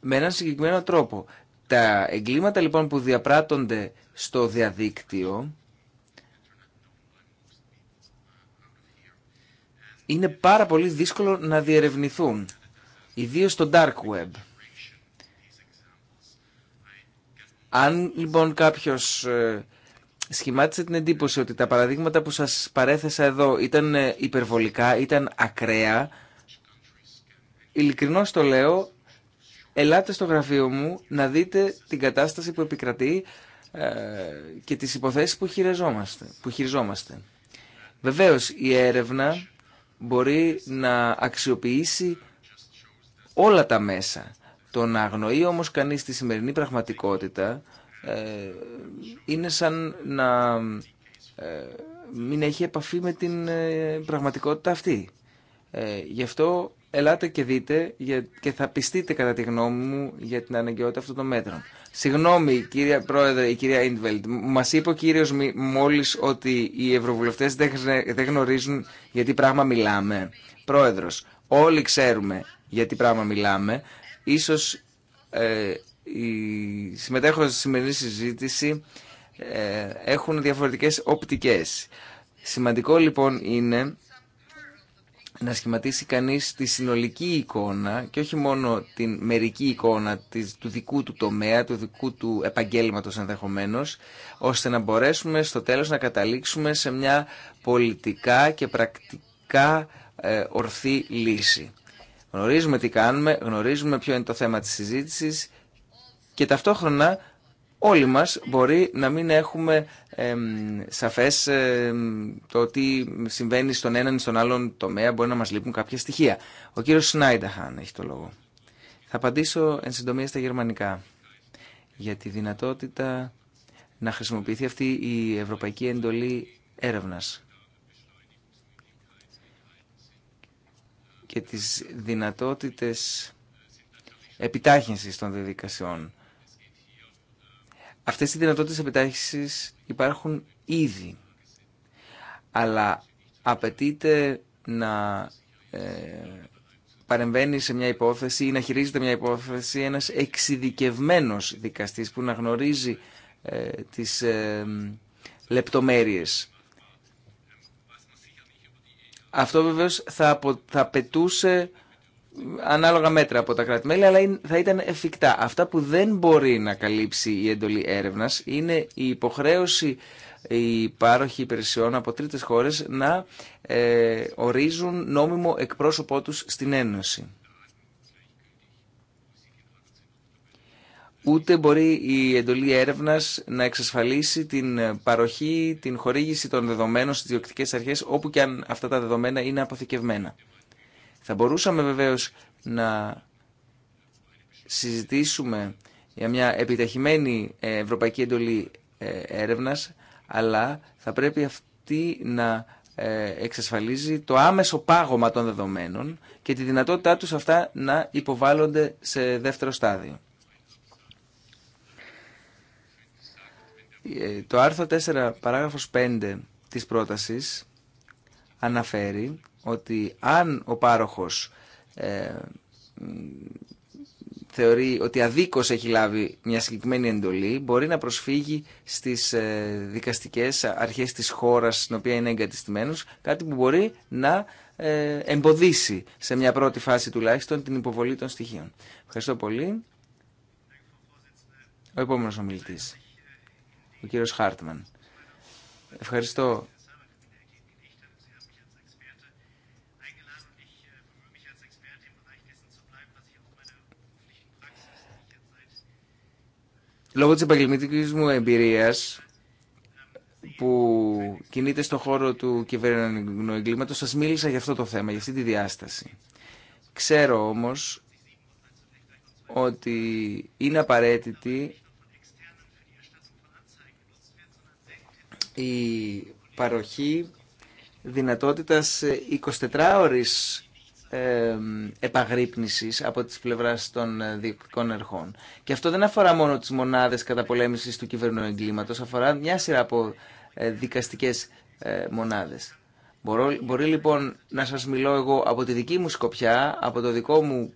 με έναν συγκεκριμένο τρόπο. Τα εγκλήματα λοιπόν που διαπράττονται στο διαδίκτυο είναι πάρα πολύ δύσκολο να διερευνηθούν, ιδίως στο dark web. Αν λοιπόν κάποιος ε, σχημάτισε την εντύπωση ότι τα παραδείγματα που σας παρέθεσα εδώ ήταν ε, υπερβολικά, ήταν ακραία, Ειλικρινώ το λέω, ελάτε στο γραφείο μου να δείτε την κατάσταση που επικρατεί ε, και τις υποθέσεις που χειριζόμαστε. Που χειριζόμαστε. Βεβαίως η έρευνα μπορεί να αξιοποιήσει όλα τα μέσα. Το να αγνοεί όμως κανείς τη σημερινή πραγματικότητα ε, είναι σαν να ε, μην έχει επαφή με την πραγματικότητα αυτή. Γι' αυτό ελάτε και δείτε και θα πιστείτε κατά τη γνώμη μου για την αναγκαιότητα αυτών των μέτρων. Συγγνώμη κυρία Πρόεδρε, η κυρία Ιντβελτ, μα είπε ο κύριος μόλι ότι οι ευρωβουλευτέ δεν γνωρίζουν για τι πράγμα μιλάμε. Πρόεδρος, όλοι ξέρουμε για τι πράγμα μιλάμε. Ίσως ε, οι συμμετέχοντες στη σημερινή συζήτηση ε, έχουν διαφορετικέ οπτικέ. Σημαντικό λοιπόν είναι να σχηματίσει κανείς τη συνολική εικόνα και όχι μόνο την μερική εικόνα της, του δικού του τομέα, του δικού του επαγγέλματος ενδεχομένω, ώστε να μπορέσουμε στο τέλος να καταλήξουμε σε μια πολιτικά και πρακτικά ε, ορθή λύση. Γνωρίζουμε τι κάνουμε, γνωρίζουμε ποιο είναι το θέμα της συζήτησης και ταυτόχρονα όλοι μας μπορεί να μην έχουμε ε, σαφές το τι συμβαίνει στον έναν ή στον άλλον τομέα, μπορεί να μας λείπουν κάποια στοιχεία. Ο κύριος Σνάινταχαν έχει το λόγο. Θα απαντήσω εν συντομία στα γερμανικά για τη δυνατότητα να χρησιμοποιηθεί αυτή η Ευρωπαϊκή Εντολή Έρευνας και τις δυνατότητες επιτάχυνσης των διαδικασιών. Αυτές οι δυνατότητες επιτάχυσης υπάρχουν ήδη. Αλλά απαιτείται να ε, παρεμβαίνει σε μια υπόθεση ή να χειρίζεται μια υπόθεση ένας εξειδικευμένος δικαστής που να γνωρίζει ε, τις ε, λεπτομέρειες. Αυτό βεβαίως θα, απο, θα απαιτούσε ανάλογα μέτρα από τα κράτη-μέλη, αλλά θα ήταν εφικτά. Αυτά που δεν μπορεί να καλύψει η εντολή έρευνας είναι η υποχρέωση οι πάροχοι υπηρεσιών από τρίτες χώρες να ε, ορίζουν νόμιμο εκπρόσωπό τους στην Ένωση. Ούτε μπορεί η εντολή έρευνας να εξασφαλίσει την παροχή, την χορήγηση των δεδομένων στις διοκτικές αρχές, όπου και αν αυτά τα δεδομένα είναι αποθηκευμένα. Θα μπορούσαμε βεβαίως να συζητήσουμε για μια επιταχυμένη ε, ευρωπαϊκή εντολή ε, έρευνας, αλλά θα πρέπει αυτή να ε, εξασφαλίζει το άμεσο πάγωμα των δεδομένων και τη δυνατότητά τους αυτά να υποβάλλονται σε δεύτερο στάδιο. Το άρθρο 4 παράγραφος 5 της πρότασης αναφέρει ότι αν ο πάροχος ε, θεωρεί ότι αδίκως έχει λάβει μια συγκεκριμένη εντολή, μπορεί να προσφύγει στις ε, δικαστικές αρχές της χώρας στην οποία είναι εγκατιστημένος, κάτι που μπορεί να ε, εμποδίσει σε μια πρώτη φάση τουλάχιστον την υποβολή των στοιχείων. Ευχαριστώ πολύ. Ο επόμενος ομιλητής, ο κύριος Χάρτμαν. Ευχαριστώ λόγω της επαγγελματική μου εμπειρίας που κινείται στον χώρο του κυβερνητικού εγκλήματος, σας μίλησα για αυτό το θέμα, για αυτή τη διάσταση. Ξέρω όμως ότι είναι απαραίτητη η παροχή δυνατότητας 24 ώρες επαγρύπνησης από τις πλευράς των ε, διοικητικών ερχών. Και αυτό δεν αφορά μόνο τις μονάδες καταπολέμησης του κυβερνού εγκλήματος, αφορά μια σειρά από ε, δικαστικές ε, μονάδες. Μπορώ, μπορεί λοιπόν να σας μιλώ εγώ από τη δική μου σκοπιά, από το δικό μου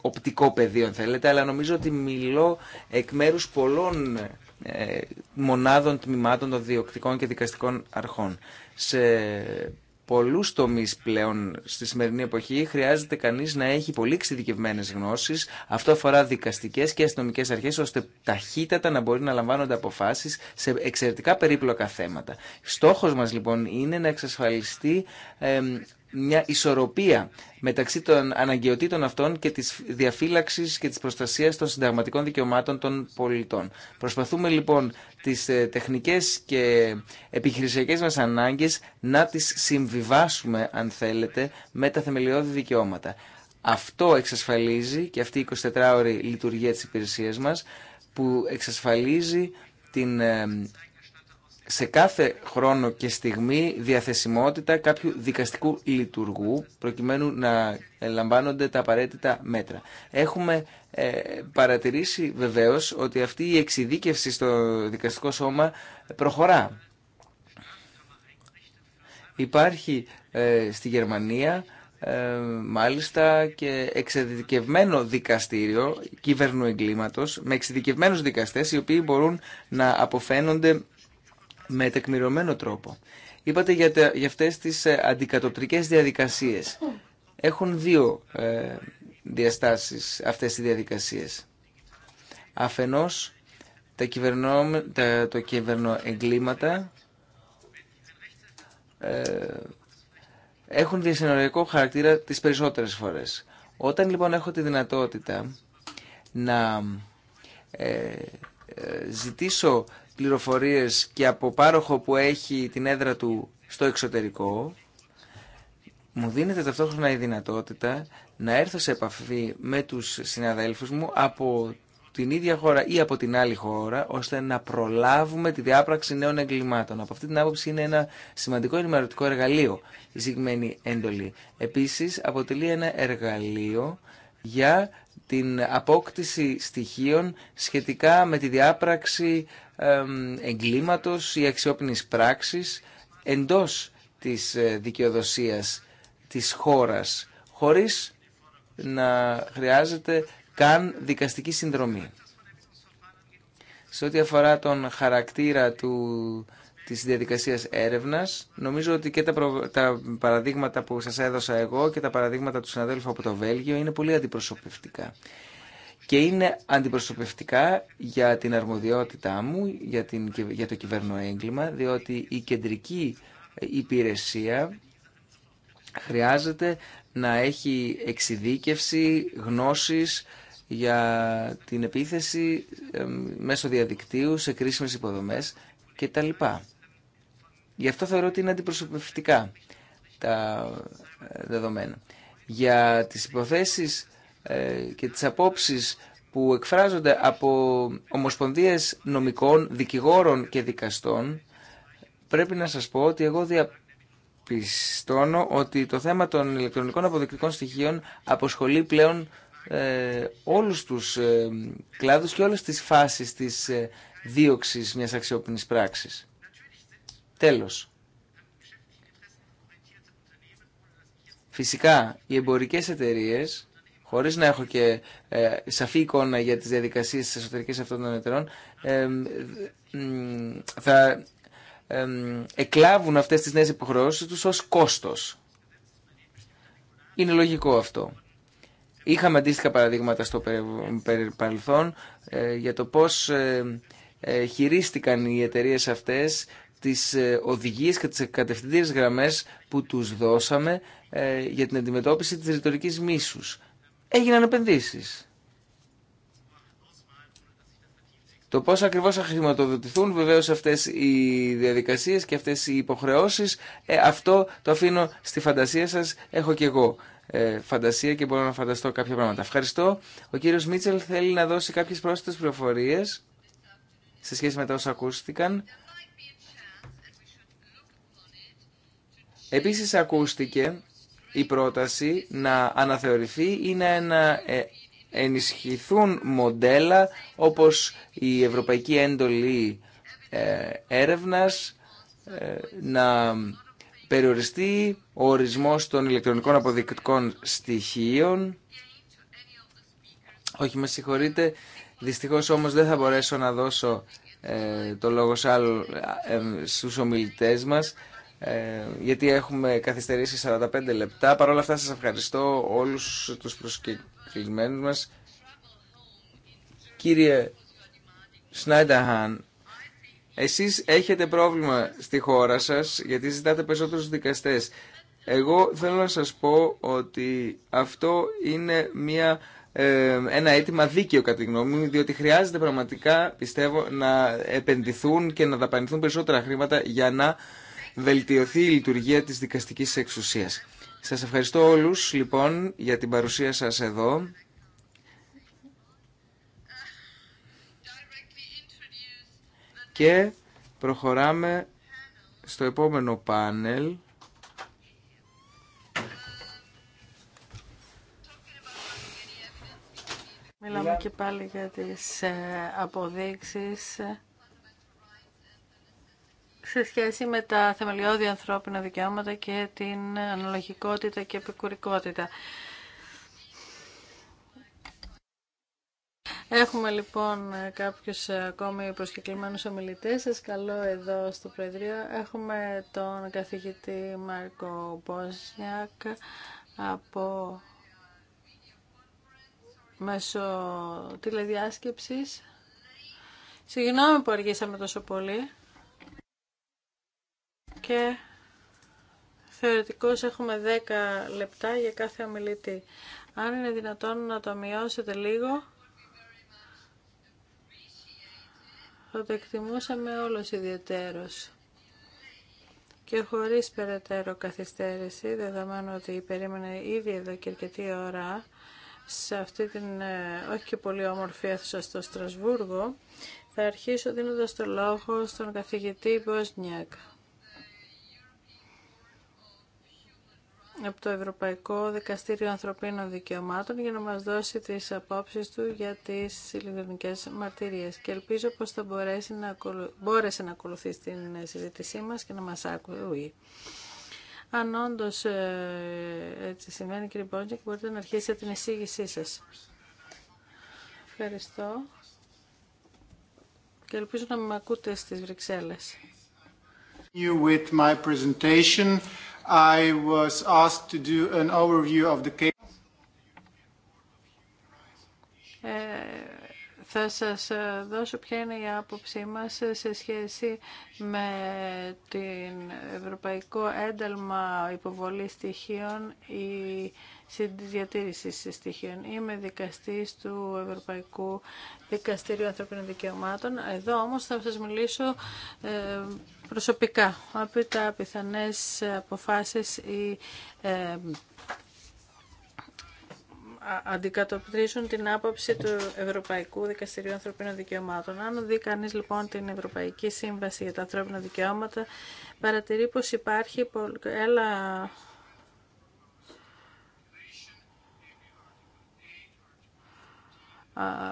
οπτικό πεδίο αν θέλετε, αλλά νομίζω ότι μιλώ εκ μέρους πολλών μονάδων τμήματων των διοκτικών και δικαστικών αρχών. Σε πολλούς τομείς πλέον στη σημερινή εποχή χρειάζεται κανείς να έχει πολύ εξειδικευμένες γνώσεις. Αυτό αφορά δικαστικές και αστυνομικές αρχές ώστε ταχύτατα να μπορεί να λαμβάνονται αποφάσεις σε εξαιρετικά περίπλοκα θέματα. Στόχος μας λοιπόν είναι να εξασφαλιστεί μια ισορροπία μεταξύ των αναγκαιοτήτων αυτών και της διαφύλαξης και της προστασίας των συνταγματικών δικαιωμάτων των πολιτών. Προσπαθούμε λοιπόν τις ε, τεχνικές και επιχειρησιακές μας ανάγκες να τις συμβιβάσουμε, αν θέλετε, με τα θεμελιώδη δικαιώματα. Αυτό εξασφαλίζει και αυτή η 24ωρη λειτουργία της υπηρεσίας μας που εξασφαλίζει την ε, σε κάθε χρόνο και στιγμή διαθεσιμότητα κάποιου δικαστικού λειτουργού προκειμένου να λαμβάνονται τα απαραίτητα μέτρα. Έχουμε ε, παρατηρήσει βεβαίως ότι αυτή η εξειδίκευση στο δικαστικό σώμα προχωρά. Υπάρχει ε, στη Γερμανία ε, μάλιστα και εξειδικευμένο δικαστήριο κυβερνού εγκλήματος με εξειδικευμένους δικαστές οι οποίοι μπορούν να αποφαίνονται με τεκμηριωμένο τρόπο. Είπατε για, για αυτές τις ε, αντικατοπτρικές διαδικασίες. Έχουν δύο ε, διαστάσεις αυτές οι διαδικασίες. Αφενός, τα, κυβερνό, το κυβερνοεγκλήματα ε, έχουν διασυνοριακό χαρακτήρα τις περισσότερες φορές. Όταν λοιπόν έχω τη δυνατότητα να ζητήσω πληροφορίες και από πάροχο που έχει την έδρα του στο εξωτερικό, μου δίνεται ταυτόχρονα η δυνατότητα να έρθω σε επαφή με τους συναδέλφους μου από την ίδια χώρα ή από την άλλη χώρα, ώστε να προλάβουμε τη διάπραξη νέων εγκλημάτων. Από αυτή την άποψη είναι ένα σημαντικό ενημερωτικό εργαλείο η συγκεκριμένη έντολη. Επίσης, αποτελεί ένα εργαλείο για την απόκτηση στοιχείων σχετικά με τη διάπραξη εγκλήματος ή αξιόπινης πράξης εντός της ε, δικαιοδοσίας της χώρας, χωρίς να χρειάζεται καν δικαστική συνδρομή. Σε ό,τι αφορά τον χαρακτήρα του Τη διαδικασία έρευνας. Νομίζω ότι και τα, τα παραδείγματα που σας έδωσα εγώ και τα παραδείγματα του συναδέλφου από το Βέλγιο είναι πολύ αντιπροσωπευτικά. Και είναι αντιπροσωπευτικά για την αρμοδιότητά μου, για, την... για το κυβέρνο έγκλημα, διότι η κεντρική ε, υπηρεσία χρειάζεται να έχει εξειδίκευση, γνώσεις για την επίθεση μέσω διαδικτύου σε κρίσιμες υποδομές και τα λοιπά. Γι' αυτό θεωρώ ότι είναι αντιπροσωπευτικά τα ε, δεδομένα. Για τις υποθέσεις ε, και τις απόψεις που εκφράζονται από ομοσπονδίες νομικών, δικηγόρων και δικαστών, πρέπει να σας πω ότι εγώ διαπιστώνω ότι το θέμα των ηλεκτρονικών αποδεικτικών στοιχείων αποσχολεί πλέον ε, όλους τους κλάδους και όλες τις φάσεις της ε, δίωξης μιας αξιόπινης πράξης. Τέλος. Φυσικά, οι εμπορικές εταιρείες, χωρίς να έχω και ε, σαφή εικόνα για τις διαδικασίες της εσωτερικής αυτών των εταιρών, θα εκλάβουν αυτές τις νέες υποχρεώσεις τους ως κόστος. Είναι λογικό αυτό. Είχαμε αντίστοιχα παραδείγματα στο παρελθόν ε, για το πώς ε, χειρίστηκαν οι εταιρείες αυτές τις ε, οδηγίες και τις κατευθυντήρες γραμμές που τους δώσαμε ε, για την αντιμετώπιση της ρητορικής μίσους. Έγιναν επενδύσεις. Το πώς ακριβώς θα χρηματοδοτηθούν βεβαίως αυτές οι διαδικασίες και αυτές οι υποχρεώσεις, ε, αυτό το αφήνω στη φαντασία σας, έχω και εγώ φαντασία και μπορώ να φανταστώ κάποια πράγματα. Ευχαριστώ. Ο κύριος Μίτσελ θέλει να δώσει κάποιες πρόσθετες πληροφορίες σε σχέση με τα όσα ακούστηκαν. Επίσης ακούστηκε η πρόταση να αναθεωρηθεί ή να ε, ενισχυθούν μοντέλα όπως η Ευρωπαϊκή Έντολη ε, Έρευνας ε, να περιοριστεί ο ορισμός των ηλεκτρονικών αποδεικτικών στοιχείων. Όχι, με συγχωρείτε, δυστυχώς όμως δεν θα μπορέσω να δώσω το λόγο στους ομιλητές μας. Ε, γιατί έχουμε καθυστερήσει 45 λεπτά. Παρ' όλα αυτά σας ευχαριστώ όλους τους προσκεκλημένους μας. Κύριε Σνάινταχαν, εσείς έχετε πρόβλημα στη χώρα σας γιατί ζητάτε περισσότερους δικαστές. Εγώ θέλω να σας πω ότι αυτό είναι μια, ε, ένα αίτημα δίκαιο κατά τη γνώμη μου, διότι χρειάζεται πραγματικά, πιστεύω, να επενδυθούν και να δαπανηθούν περισσότερα χρήματα για να βελτιωθεί η λειτουργία της δικαστικής εξουσίας. Σας ευχαριστώ όλους λοιπόν για την παρουσία σας εδώ. Και προχωράμε στο επόμενο πάνελ. Μιλάμε και πάλι για τις ε, αποδείξεις σε σχέση με τα θεμελιώδη ανθρώπινα δικαιώματα και την αναλογικότητα και επικουρικότητα. Έχουμε λοιπόν κάποιους ακόμη προσκεκλημένους ομιλητές. Σας καλώ εδώ στο Προεδρείο. Έχουμε τον καθηγητή Μάρκο Μπόσνιακ από μέσω τηλεδιάσκεψης. Συγγνώμη που αργήσαμε τόσο πολύ και θεωρητικώς έχουμε 10 λεπτά για κάθε ομιλητή. Αν είναι δυνατόν να το μειώσετε λίγο, θα το εκτιμούσαμε όλος ιδιαίτερος. Και χωρίς περαιτέρω καθυστέρηση, δεδομένου ότι περίμενε ήδη εδώ και αρκετή ώρα, σε αυτή την ε, όχι και πολύ όμορφη αίθουσα στο Στρασβούργο, θα αρχίσω δίνοντας το λόγο στον καθηγητή Μποσνιάκ. από το Ευρωπαϊκό Δικαστήριο Ανθρωπίνων Δικαιωμάτων για να μας δώσει τις απόψεις του για τις ηλεκτρονικές μαρτυρίες και ελπίζω πως θα μπορέσει να, μπορέσει να ακολουθεί την συζήτησή μας και να μας ακούει. Αν όντω ε, έτσι σημαίνει κύριε Μπόντζεκ, μπορείτε να αρχίσετε την εισήγησή σας. Ευχαριστώ και ελπίζω να με ακούτε στις Βρυξέλλες with my presentation, I was asked to do an overview of the ε, Θα σας ε, δώσω ποια είναι η άποψή μας σε σχέση με την Ευρωπαϊκό Ένταλμα Υποβολή Στοιχείων ή διατήρηση στοιχείων. Είμαι δικαστής του Ευρωπαϊκού Δικαστηρίου Ανθρωπίνων Δικαιωμάτων. Εδώ όμως θα σας μιλήσω ε, προσωπικά. τα πιθανές αποφάσεις ή ε, αντικατοπτρίζουν την άποψη του Ευρωπαϊκού Δικαστηρίου Ανθρωπίνων Δικαιωμάτων. Αν δει κανεί λοιπόν την Ευρωπαϊκή Σύμβαση για τα Ανθρώπινα Δικαιώματα, παρατηρεί πως υπάρχει έλα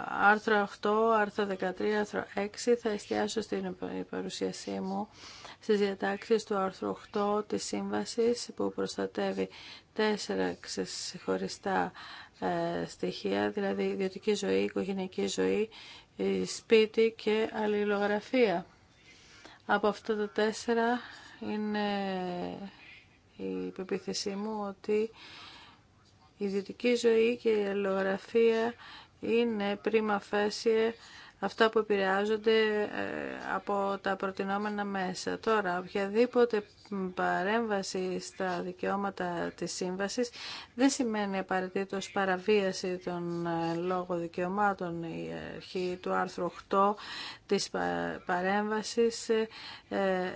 άρθρο 8, άρθρο 13, άρθρο 6 θα εστιάσω στην παρουσίασή μου στις διατάξεις του άρθρου 8 της σύμβασης που προστατεύει τέσσερα ξεχωριστά ε, στοιχεία, δηλαδή ιδιωτική ζωή, οικογενειακή ζωή, ε, σπίτι και αλληλογραφία. Από αυτά τα τέσσερα είναι η πεποίθησή μου ότι η ιδιωτική ζωή και η αλληλογραφία είναι πρίμα φέσιε αυτά που επηρεάζονται ε, από τα προτινόμενα μέσα. Τώρα, οποιαδήποτε παρέμβαση στα δικαιώματα της σύμβασης δεν σημαίνει απαραίτητο παραβίαση των ε, λόγων δικαιωμάτων. Η αρχή του άρθρου 8 της παρέμβασης, ε,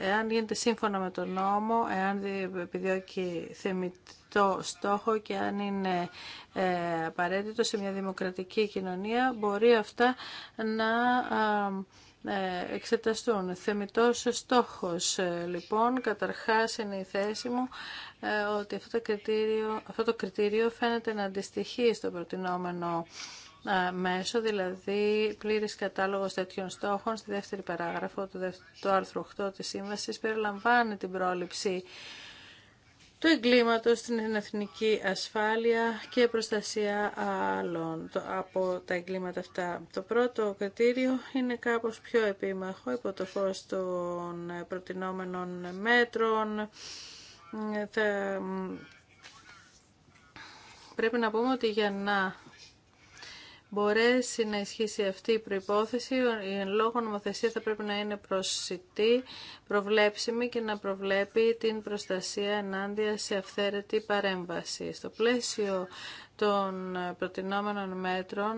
εάν γίνεται σύμφωνα με τον νόμο, εάν επιδιώκει θεμητή το στόχο και αν είναι ε, απαραίτητο σε μια δημοκρατική κοινωνία μπορεί αυτά να ε, ε, εξεταστούν. Θεμητός στόχος λοιπόν, καταρχάς είναι η θέση μου ότι αυτό το κριτήριο, το κριτήριο φαίνεται να αντιστοιχεί στο προτινόμενο μέσο, δηλαδή πλήρης κατάλογος τέτοιων στόχων στη δεύτερη παράγραφο του, του άρθρου 8 της Σύμβασης περιλαμβάνει την πρόληψη του εγκλήματος στην εθνική ασφάλεια και προστασία άλλων από τα εγκλήματα αυτά. Το πρώτο κριτήριο είναι κάπως πιο επίμαχο υπό το φως των προτινόμενων μέτρων. Ε, θα... Πρέπει να πούμε ότι για να μπορέσει να ισχύσει αυτή η προϋπόθεση, η λόγω νομοθεσία θα πρέπει να είναι προσιτή, προβλέψιμη και να προβλέπει την προστασία ενάντια σε αυθαίρετη παρέμβαση. Στο πλαίσιο των προτινόμενων μέτρων,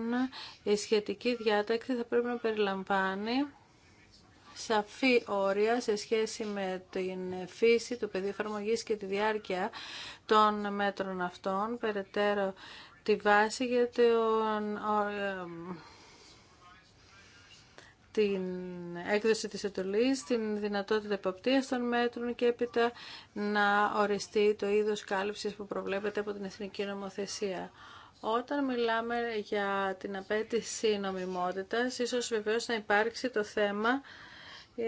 η σχετική διάταξη θα πρέπει να περιλαμβάνει σαφή όρια σε σχέση με την φύση του πεδίου εφαρμογή και τη διάρκεια των μέτρων αυτών, περαιτέρω τη βάση για τον, την έκδοση της ετολής, την δυνατότητα εποπτείας των μέτρων και έπειτα να οριστεί το είδος κάλυψης που προβλέπεται από την Εθνική Νομοθεσία. Όταν μιλάμε για την απέτηση νομιμότητας, ίσως βεβαίως να υπάρξει το θέμα ε,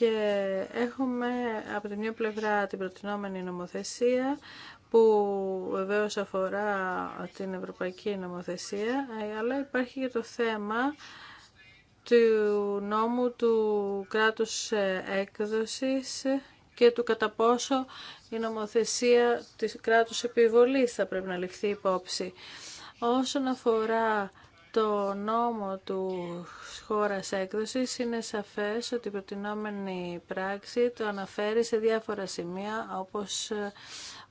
Και έχουμε από τη μια πλευρά την προτινόμενη νομοθεσία που βεβαίως αφορά την ευρωπαϊκή νομοθεσία, αλλά υπάρχει και το θέμα του νόμου του κράτους έκδοσης και του κατά πόσο η νομοθεσία της κράτους επιβολής θα πρέπει να ληφθεί υπόψη. Όσον αφορά το νόμο του χώρας έκδοσης είναι σαφές ότι η προτινόμενη πράξη το αναφέρει σε διάφορα σημεία όπως ε,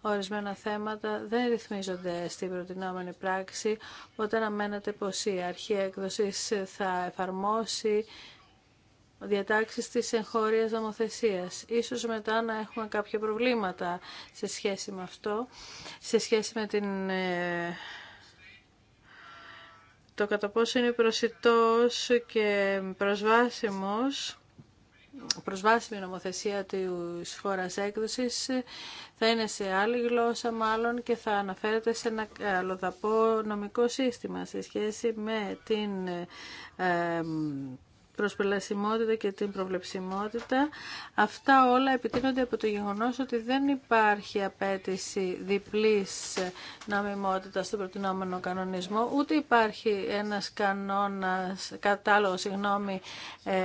ορισμένα θέματα δεν ρυθμίζονται στην προτινόμενη πράξη όταν αναμένεται πως η αρχή έκδοσης θα εφαρμόσει διατάξεις της εγχώριας νομοθεσία. Ίσως μετά να έχουμε κάποια προβλήματα σε σχέση με αυτό, σε σχέση με την ε, το κατά πόσο είναι προσιτός και προσβάσιμος προσβάσιμη νομοθεσία της χώρας έκδοσης θα είναι σε άλλη γλώσσα μάλλον και θα αναφέρεται σε ένα αλλοδαπό νομικό σύστημα σε σχέση με την ε, προσπελασιμότητα και την προβλεψιμότητα. Αυτά όλα επιτείνονται από το γεγονός ότι δεν υπάρχει απέτηση διπλής νομιμότητας στον προτινόμενο κανονισμό, ούτε υπάρχει ένας κανόνας, κατάλογο συγγνώμη, ε,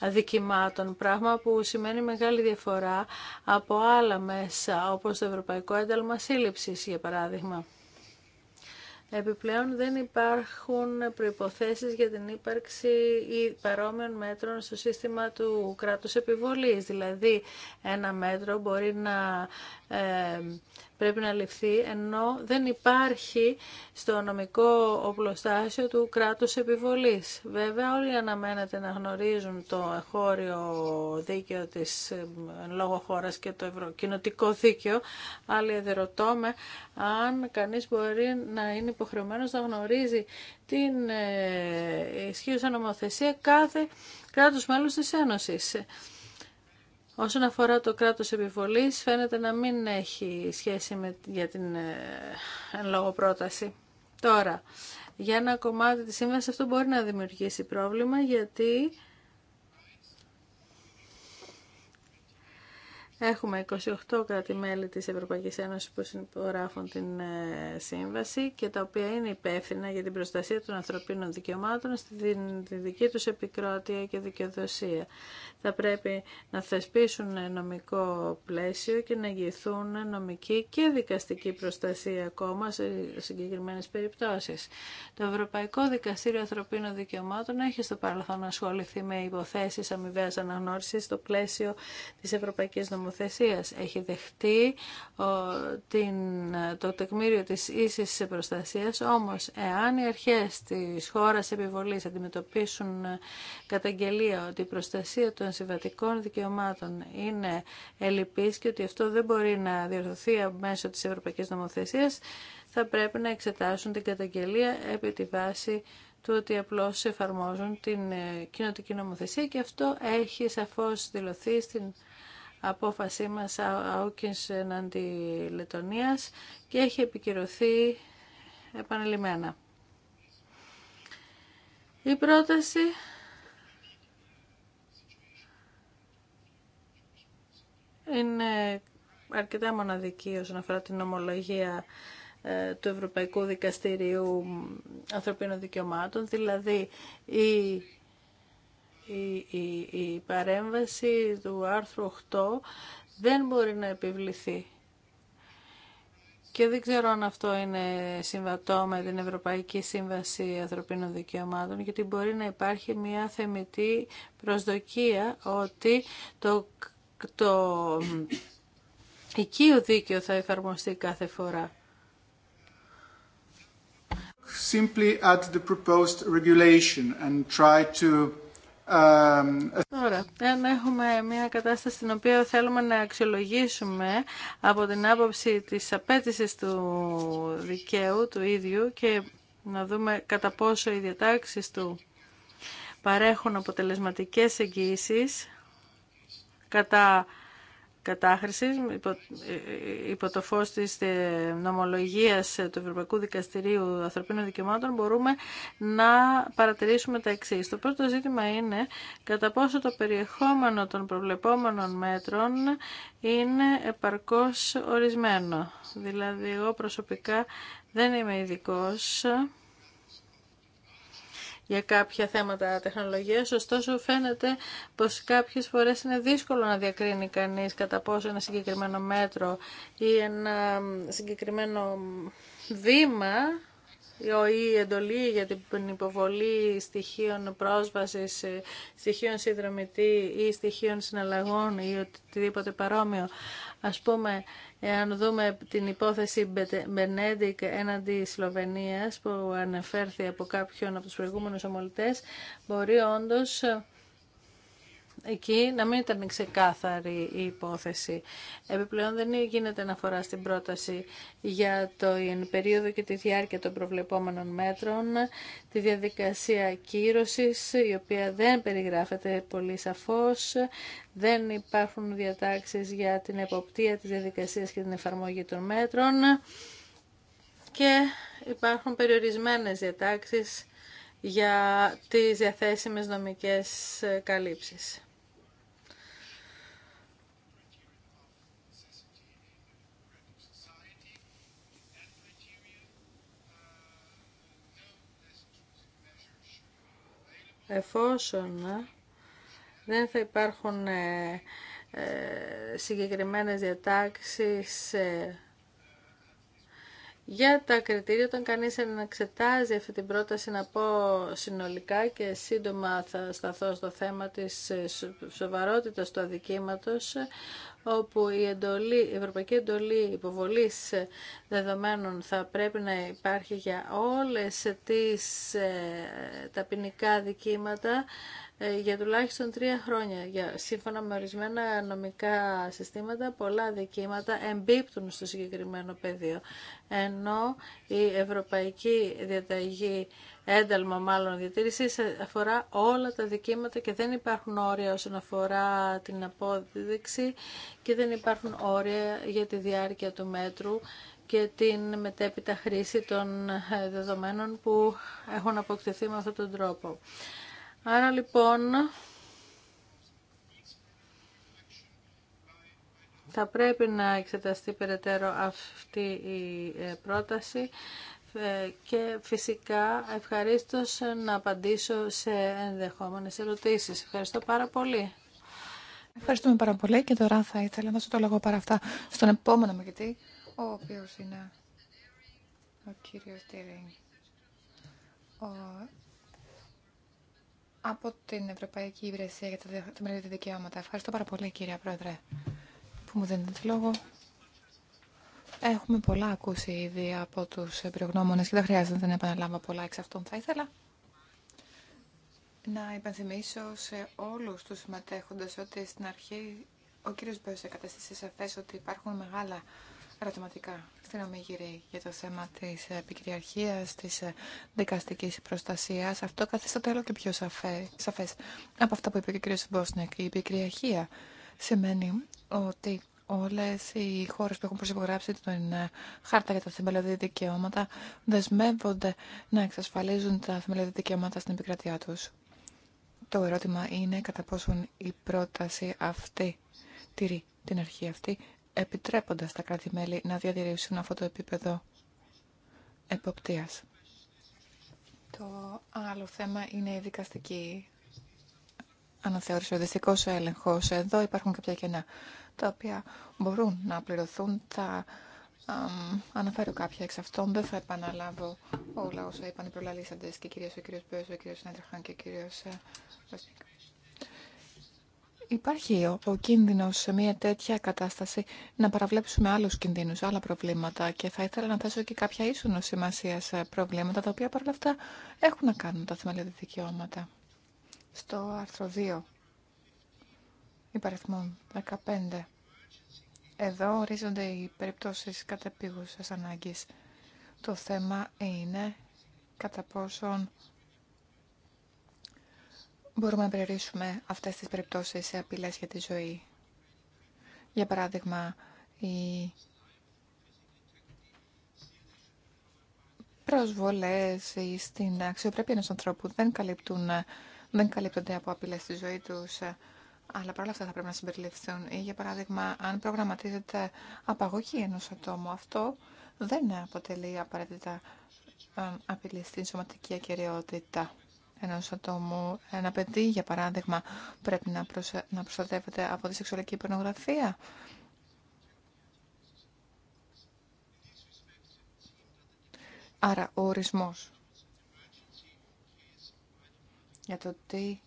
αδικημάτων, πράγμα που σημαίνει μεγάλη διαφορά από άλλα μέσα, όπως το Ευρωπαϊκό Ένταλμα Σύλληψης, για παράδειγμα. Επιπλέον δεν υπάρχουν προϋποθέσεις για την ύπαρξη ή παρόμοιων μέτρων στο σύστημα του κράτους επιβολής. Δηλαδή ένα μέτρο μπορεί να ε, πρέπει να ληφθεί, ενώ δεν υπάρχει στο νομικό οπλοστάσιο του κράτους επιβολής. Βέβαια, όλοι αναμένεται να γνωρίζουν το χώριο δίκαιο της λόγω χώρας και το ευρωκοινοτικό δίκαιο, αλλά δεν με αν κανείς μπορεί να είναι υποχρεωμένος να γνωρίζει την ε, ισχύουσα νομοθεσία κάθε κράτους μέλους της Ένωσης. Όσον αφορά το κράτος επιβολής, φαίνεται να μην έχει σχέση με, για την ε, εν λόγω πρόταση. Τώρα, για ένα κομμάτι της σύμβασης αυτό μπορεί να δημιουργήσει πρόβλημα γιατί Έχουμε 28 κράτη-μέλη της Ευρωπαϊκής Ένωσης που συμπογράφουν την ε, σύμβαση και τα οποία είναι υπεύθυνα για την προστασία των ανθρωπίνων δικαιωμάτων στη δική τους επικρότεια και δικαιοδοσία. Θα πρέπει να θεσπίσουν νομικό πλαίσιο και να εγγυηθούν νομική και δικαστική προστασία ακόμα σε συγκεκριμένε περιπτώσει. Το Ευρωπαϊκό Δικαστήριο Ανθρωπίνων Δικαιωμάτων έχει στο παρελθόν ασχοληθεί με υποθέσει αμοιβαία αναγνώριση στο πλαίσιο τη Ευρωπαϊκή έχει δεχτεί την, το τεκμήριο της ίσης προστασίας, όμως εάν οι αρχές της χώρας επιβολής αντιμετωπίσουν καταγγελία ότι η προστασία των συμβατικών δικαιωμάτων είναι ελλειπής και ότι αυτό δεν μπορεί να διορθωθεί μέσω της Ευρωπαϊκής Νομοθεσίας, θα πρέπει να εξετάσουν την καταγγελία επί τη βάση του ότι απλώς εφαρμόζουν την ε, κοινωτική νομοθεσία και αυτό έχει σαφώς δηλωθεί στην απόφασή μας ΑΟΚΙΝΣ εναντί Λετωνίας και έχει επικυρωθεί επανελειμμένα. Η πρόταση είναι αρκετά μοναδική όσον αφορά την ομολογία ε, του Ευρωπαϊκού Δικαστηρίου Ανθρωπίνων Δικαιωμάτων, δηλαδή η η, παρέμβαση του άρθρου 8 δεν μπορεί να επιβληθεί. Και δεν ξέρω αν αυτό είναι συμβατό με την Ευρωπαϊκή Σύμβαση Ανθρωπίνων Δικαιωμάτων, γιατί μπορεί να υπάρχει μια θεμητή προσδοκία ότι το, το οικείο δίκαιο θα εφαρμοστεί κάθε φορά. Simply Add the proposed and Τώρα, αν έχουμε μια κατάσταση στην οποία θέλουμε να αξιολογήσουμε από την άποψη της απέτηση του δικαίου του ίδιου και να δούμε κατά πόσο οι διατάξεις του παρέχουν αποτελεσματικές εγγύησεις κατά κατάχρησης υπό, υπό το φως της ε, νομολογίας του Ευρωπαϊκού Δικαστηρίου Ανθρωπίνων Δικαιωμάτων μπορούμε να παρατηρήσουμε τα εξής. Το πρώτο ζήτημα είναι κατά πόσο το περιεχόμενο των προβλεπόμενων μέτρων είναι επαρκώς ορισμένο. Δηλαδή εγώ προσωπικά δεν είμαι ειδικός για κάποια θέματα τεχνολογίας, ωστόσο φαίνεται πως κάποιες φορές είναι δύσκολο να διακρίνει κανείς κατά πόσο ένα συγκεκριμένο μέτρο ή ένα συγκεκριμένο βήμα η εντολή για την υποβολή στοιχείων πρόσβασης, στοιχείων συνδρομητή ή στοιχείων συναλλαγών ή οτιδήποτε παρόμοιο. Ας πούμε, Εάν δούμε την υπόθεση Μπενέντικ έναντι Σλοβενίας που αναφέρθηκε από κάποιον από τους προηγούμενους ομολητές, μπορεί όντως εκεί να μην ήταν ξεκάθαρη η υπόθεση. Επιπλέον δεν γίνεται αναφορά στην πρόταση για το περίοδο και τη διάρκεια των προβλεπόμενων μέτρων, τη διαδικασία κύρωσης, η οποία δεν περιγράφεται πολύ σαφώς, δεν υπάρχουν διατάξεις για την εποπτεία της διαδικασίας και την εφαρμογή των μέτρων και υπάρχουν περιορισμένες διατάξεις για τις διαθέσιμες νομικές καλύψεις. εφόσον ε, δεν θα υπάρχουν ε, ε, συγκεκριμένες διατάξεις για τα κριτήρια, όταν κανείς εξετάζει αυτή την πρόταση, να πω συνολικά και σύντομα θα σταθώ στο θέμα της σοβαρότητας του αδικήματος, όπου η, εντολή, η ευρωπαϊκή εντολή υποβολής δεδομένων θα πρέπει να υπάρχει για όλες τις, ε, ταπεινικά δικήματα ε, για τουλάχιστον τρία χρόνια. Για, σύμφωνα με ορισμένα νομικά συστήματα, πολλά δικήματα εμπίπτουν στο συγκεκριμένο πεδίο. Ενώ η Ευρωπαϊκή Διαταγή ένταλμα μάλλον διατήρηση αφορά όλα τα δικήματα και δεν υπάρχουν όρια όσον αφορά την απόδειξη και δεν υπάρχουν όρια για τη διάρκεια του μέτρου και την μετέπειτα χρήση των ε, δεδομένων που έχουν αποκτηθεί με αυτόν τον τρόπο. Άρα λοιπόν θα πρέπει να εξεταστεί περαιτέρω αυτή η ε, πρόταση ε, και φυσικά ευχαρίστως να απαντήσω σε ενδεχόμενες ερωτήσεις. Ευχαριστώ πάρα πολύ. Ευχαριστούμε πάρα πολύ και τώρα θα ήθελα να σου το λόγο παρά αυτά στον επόμενο μαγητή, ο οποίος είναι ο κύριος Τιρίνγκ. Ο από την Ευρωπαϊκή Υπηρεσία για τα Δημοκρατικά Δικαιώματα. Ευχαριστώ πάρα πολύ, κύριε Πρόεδρε, που μου δίνετε τη λόγο. Έχουμε πολλά ακούσει ήδη από τους εμπειρογνώμονες και δεν χρειάζεται να επαναλάβω πολλά εξ αυτών. Θα ήθελα να υπενθυμίσω σε όλους τους συμμετέχοντε ότι στην αρχή ο κύριος Μπέος κατέστησε σαφέ ότι υπάρχουν μεγάλα ερωτηματικά στην Ομίγυρη για το θέμα της ε, επικυριαρχίας, της ε, δικαστικής προστασίας. Αυτό καθίσταται όλο και πιο σαφέ, σαφές από αυτά που είπε και ο κ. Μπόσνεκ. Η επικυριαρχία σημαίνει ότι όλες οι χώρες που έχουν προσυπογράψει την ε, χάρτα για τα θεμελιώδη δικαιώματα δεσμεύονται να εξασφαλίζουν τα θεμελιώδη δικαιώματα στην επικρατεία τους. Το ερώτημα είναι κατά πόσον η πρόταση αυτή τηρεί την αρχή αυτή επιτρέποντας τα κράτη-μέλη να διατηρήσουν αυτό το επίπεδο εποπτείας. Το άλλο θέμα είναι η δικαστική αναθεώρηση, ο δυστικός έλεγχος. Εδώ υπάρχουν κάποια κενά τα οποία μπορούν να πληρωθούν. Θα αναφέρω κάποια εξ αυτών. Δεν θα επαναλάβω όλα όσα είπαν οι προλαλήσαντες και κυρίως ο κύριος Μπέος, ο κύριος Νέντραχαν και ο κύριος ε, Βασίκα. Υπάρχει ο, ο σε μια τέτοια κατάσταση να παραβλέψουμε άλλου κίνδυνου, άλλα προβλήματα και θα ήθελα να θέσω και κάποια ίσονο σημασία σε προβλήματα τα οποία παρόλα αυτά έχουν να κάνουν τα θεμελιώδη δικαιώματα. Στο άρθρο 2 υπαριθμό 15 εδώ ορίζονται οι περιπτώσεις κατεπίγουσας ανάγκης. Το θέμα είναι κατά πόσον μπορούμε να περιορίσουμε αυτές τις περιπτώσεις σε απειλές για τη ζωή. Για παράδειγμα, οι προσβολές στην αξιοπρέπεια ενός ανθρώπου δεν, καλύπτουν, δεν καλύπτονται από απειλές στη ζωή τους, αλλά παρόλα αυτά θα πρέπει να συμπεριληφθούν. Ή, για παράδειγμα, αν προγραμματίζεται απαγωγή ενός ατόμου, αυτό δεν αποτελεί απαραίτητα ε, απειλή στην σωματική ακαιρεότητα ενός ατόμου, ένα παιδί για παράδειγμα, πρέπει να, να προστατεύεται από τη σεξουαλική πορνογραφία. Άρα ο ορισμός για το τι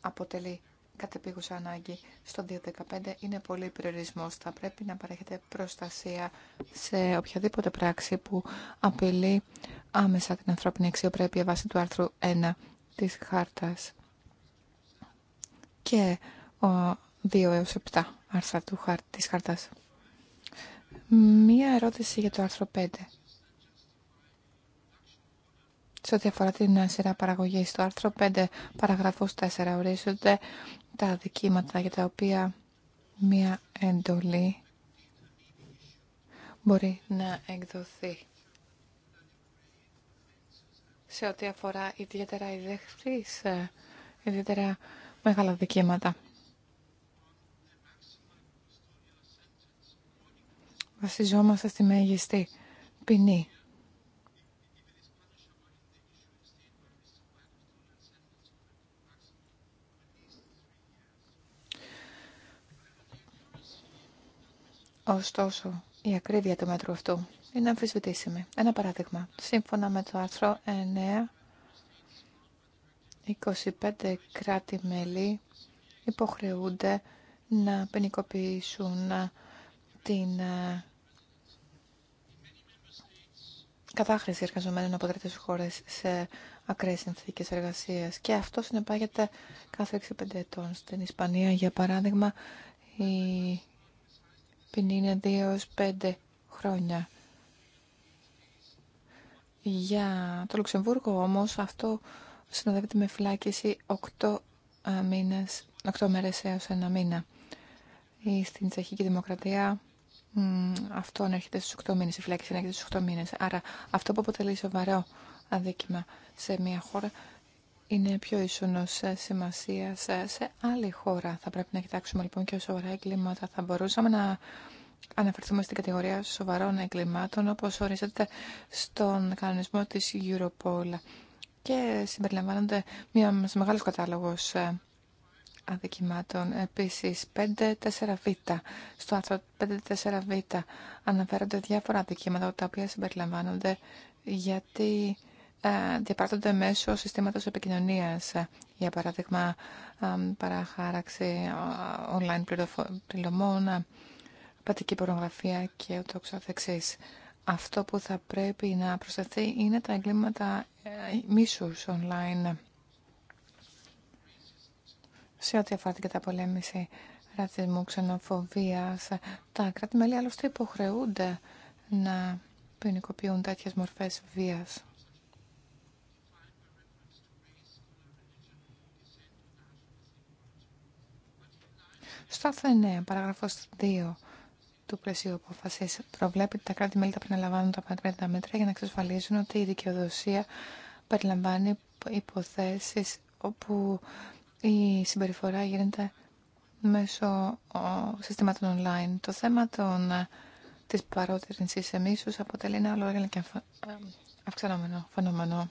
αποτελεί κατεπίγουσα ανάγκη στο 2015 είναι πολύ περιορισμός. Θα πρέπει να παρέχεται προστασία σε οποιαδήποτε πράξη που απειλεί άμεσα την ανθρώπινη αξιοπρέπεια βάσει του άρθρου 1 της χάρτας και ο 2 έως 7 άρθρα του χάρ, της χάρτας. Μία ερώτηση για το άρθρο 5. Σε ό,τι αφορά την σειρά παραγωγή, στο άρθρο 5, παραγραφός 4, ορίζονται τα δικήματα για τα οποία μία εντολή μπορεί να εκδοθεί σε ό,τι αφορά ιδιαίτερα ιδεχθείς, ε, ιδιαίτερα μεγάλα δικαιώματα. Βασιζόμαστε στη μέγιστη ποινή. Ωστόσο, η ακρίβεια του μέτρου αυτού είναι αμφισβητήσιμη. Ένα παράδειγμα. Σύμφωνα με το άρθρο 9, 25 κράτη-μέλη υποχρεούνται να ποινικοποιήσουν ε, την ε, κατάχρηση εργαζομένων από τρίτες χώρες σε ακραίες συνθήκες εργασίας. Και αυτό συνεπάγεται κάθε 6-5 ετών. Στην Ισπανία, για παράδειγμα, η ποινή είναι 2-5 χρόνια. Για το Λουξεμβούργο όμως αυτό συνοδεύεται με φυλάκιση 8 ε, μήνες, 8 μέρες έως ένα μήνα. Στην Τσεχική Δημοκρατία αυτό ανέρχεται στους 8 μήνες, η φυλάκιση ανέρχεται στους 8 μήνες. Άρα αυτό που αποτελεί σοβαρό αδίκημα σε μια χώρα είναι πιο ίσονος ε, σημασία ε, σε άλλη χώρα. Θα πρέπει να κοιτάξουμε λοιπόν και σοβαρά εγκλήματα. Θα μπορούσαμε να αναφερθούμε στην κατηγορία σοβαρών εγκλημάτων, όπως ορίζεται στον κανονισμό της Europol. Και συμπεριλαμβάνονται μια μεγάλος κατάλογος ε, αδικημάτων. Επίσης, 5-4β. Στο άρθρο 5-4β αναφέρονται διάφορα αδικήματα, τα οποία συμπεριλαμβάνονται γιατί ε, διαπράττονται μέσω συστήματος επικοινωνίας, για παράδειγμα ε, παραχάραξη online πληρωμών, πατική πορνογραφία και ούτω καθεξής. Αυτό που θα πρέπει να προσταθεί είναι τα εγκλήματα ε, μίσου online σε ό,τι αφορά την καταπολέμηση ρατσισμού, ξενοφοβίας. Τα κράτη-μέλη άλλωστε υποχρεούνται να ποινικοποιούν τέτοιε μορφές βίας. Στο Αθενέ, παράγραφος 2, του πλαισίου απόφαση προβλέπει ότι τα κράτη-μέλη θα πρέπει να λαμβάνουν τα απαραίτητα μέτρα για να εξασφαλίσουν ότι η δικαιοδοσία περιλαμβάνει υποθέσει όπου η συμπεριφορά γίνεται μέσω συστημάτων online. Το θέμα των, της παρότρινσης εμίσους αποτελεί ένα άλλο και ε, αυξανόμενο φαινόμενο.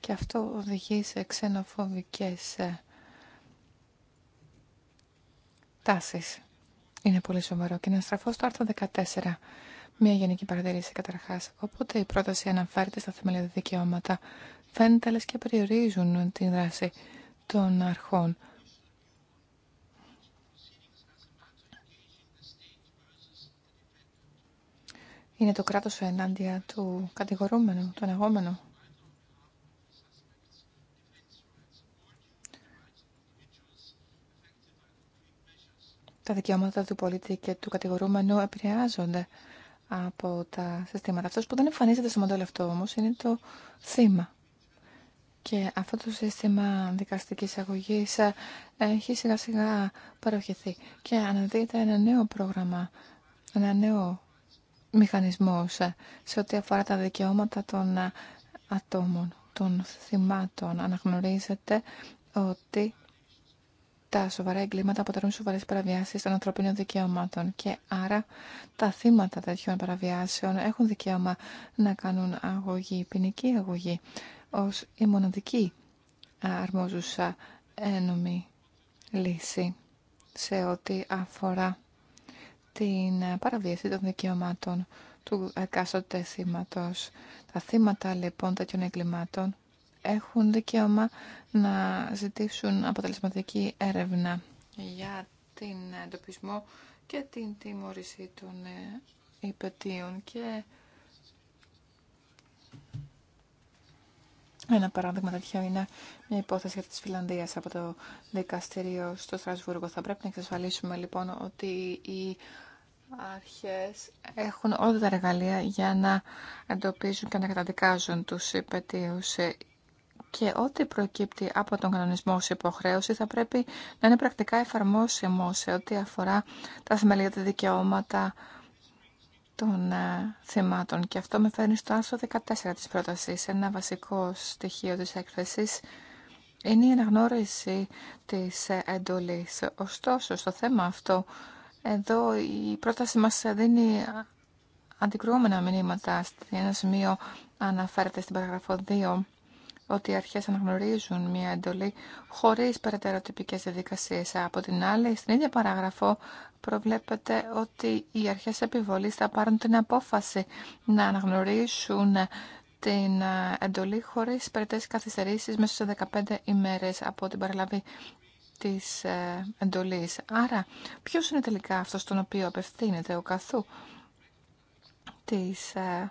Και αυτό οδηγεί σε ξενοφοβικές ε, τάσεις. Είναι πολύ σοβαρό και να στραφώ στο άρθρο 14. Μια γενική παρατηρήση καταρχά. Όποτε η πρόταση αναφέρεται στα θεμελιώδη δικαιώματα, φαίνεται λε και περιορίζουν την δράση των αρχών. Είναι το κράτος ενάντια του κατηγορούμενου, του αναγόμενου. τα δικαιώματα του πολίτη και του κατηγορούμενου επηρεάζονται από τα συστήματα. Αυτός που δεν εμφανίζεται στο μοντέλο αυτό όμως είναι το θύμα. Και αυτό το σύστημα δικαστικής αγωγής ε, έχει σιγά σιγά παροχηθεί και αναδείται ένα νέο πρόγραμμα, ένα νέο μηχανισμό ε, σε ό,τι αφορά τα δικαιώματα των ε, ατόμων, των θυμάτων. Αναγνωρίζεται ότι τα σοβαρά εγκλήματα αποτελούν σοβαρέ παραβιάσει των ανθρωπίνων δικαιωμάτων και άρα τα θύματα τέτοιων παραβιάσεων έχουν δικαίωμα να κάνουν αγωγή, ποινική αγωγή, ως η μοναδική αρμόζουσα ένομη λύση σε ό,τι αφορά την παραβίαση των δικαιωμάτων του εκάστοτε θύματος. Τα θύματα λοιπόν τέτοιων εγκλημάτων έχουν δικαίωμα να ζητήσουν αποτελεσματική έρευνα για την εντοπισμό και την τιμωρήση των ε, υπετίων και Ένα παράδειγμα τέτοιο είναι μια υπόθεση της Φιλανδίας από το δικαστήριο στο Στρασβούργο. Θα πρέπει να εξασφαλίσουμε λοιπόν ότι οι αρχές έχουν όλα τα εργαλεία για να εντοπίζουν και να καταδικάζουν τους υπετίους. Ε, και ό,τι προκύπτει από τον κανονισμό ως υποχρέωση θα πρέπει να είναι πρακτικά εφαρμόσιμο σε ό,τι αφορά τα θεμελιώδη δικαιώματα των ε, θεμάτων Και αυτό με φέρνει στο άρθρο 14 της πρότασης. Ένα βασικό στοιχείο της έκθεσης είναι η αναγνώριση της ε, εντολής. Ωστόσο, στο θέμα αυτό, εδώ η πρόταση μας δίνει αντικρουόμενα μηνύματα. Ένα σημείο αναφέρεται στην παραγραφό 2 ότι οι αρχές αναγνωρίζουν μια εντολή χωρίς περαιτέρω τυπικές διαδικασίες. Από την άλλη, στην ίδια παράγραφο προβλέπεται ότι οι αρχές επιβολής θα πάρουν την απόφαση να αναγνωρίσουν την ε, εντολή χωρίς περαιτέρω καθυστερήσεις μέσα σε 15 ημέρες από την παραλαβή της ε, εντολής. Άρα, ποιος είναι τελικά αυτός τον οποίο απευθύνεται ο καθού της ε,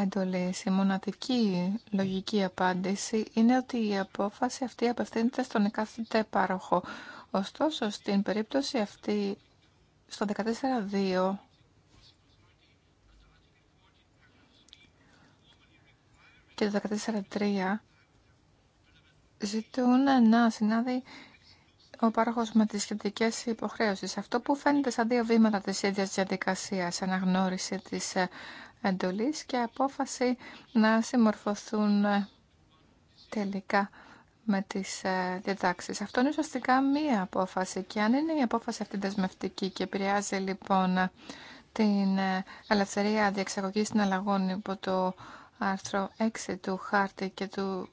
εντολής. Η μοναδική λογική απάντηση είναι ότι η απόφαση αυτή απευθύνεται στον εκάστοτε πάροχο. Ωστόσο, στην περίπτωση αυτή, στο 14.2, και το 14.3 ζητούν να συνάδει ο πάροχος με τις σχετικές υποχρέωσεις. Αυτό που φαίνεται σαν δύο βήματα της ίδιας διαδικασίας, αναγνώριση της ε, εντολής και απόφαση να συμμορφωθούν ε, τελικά με τις ε, διατάξεις. Αυτό είναι ουσιαστικά μία απόφαση και αν είναι η απόφαση αυτή δεσμευτική και επηρεάζει λοιπόν την ε, ελευθερία διεξαγωγής συναλλαγών υπό το άρθρο 6 του χάρτη και του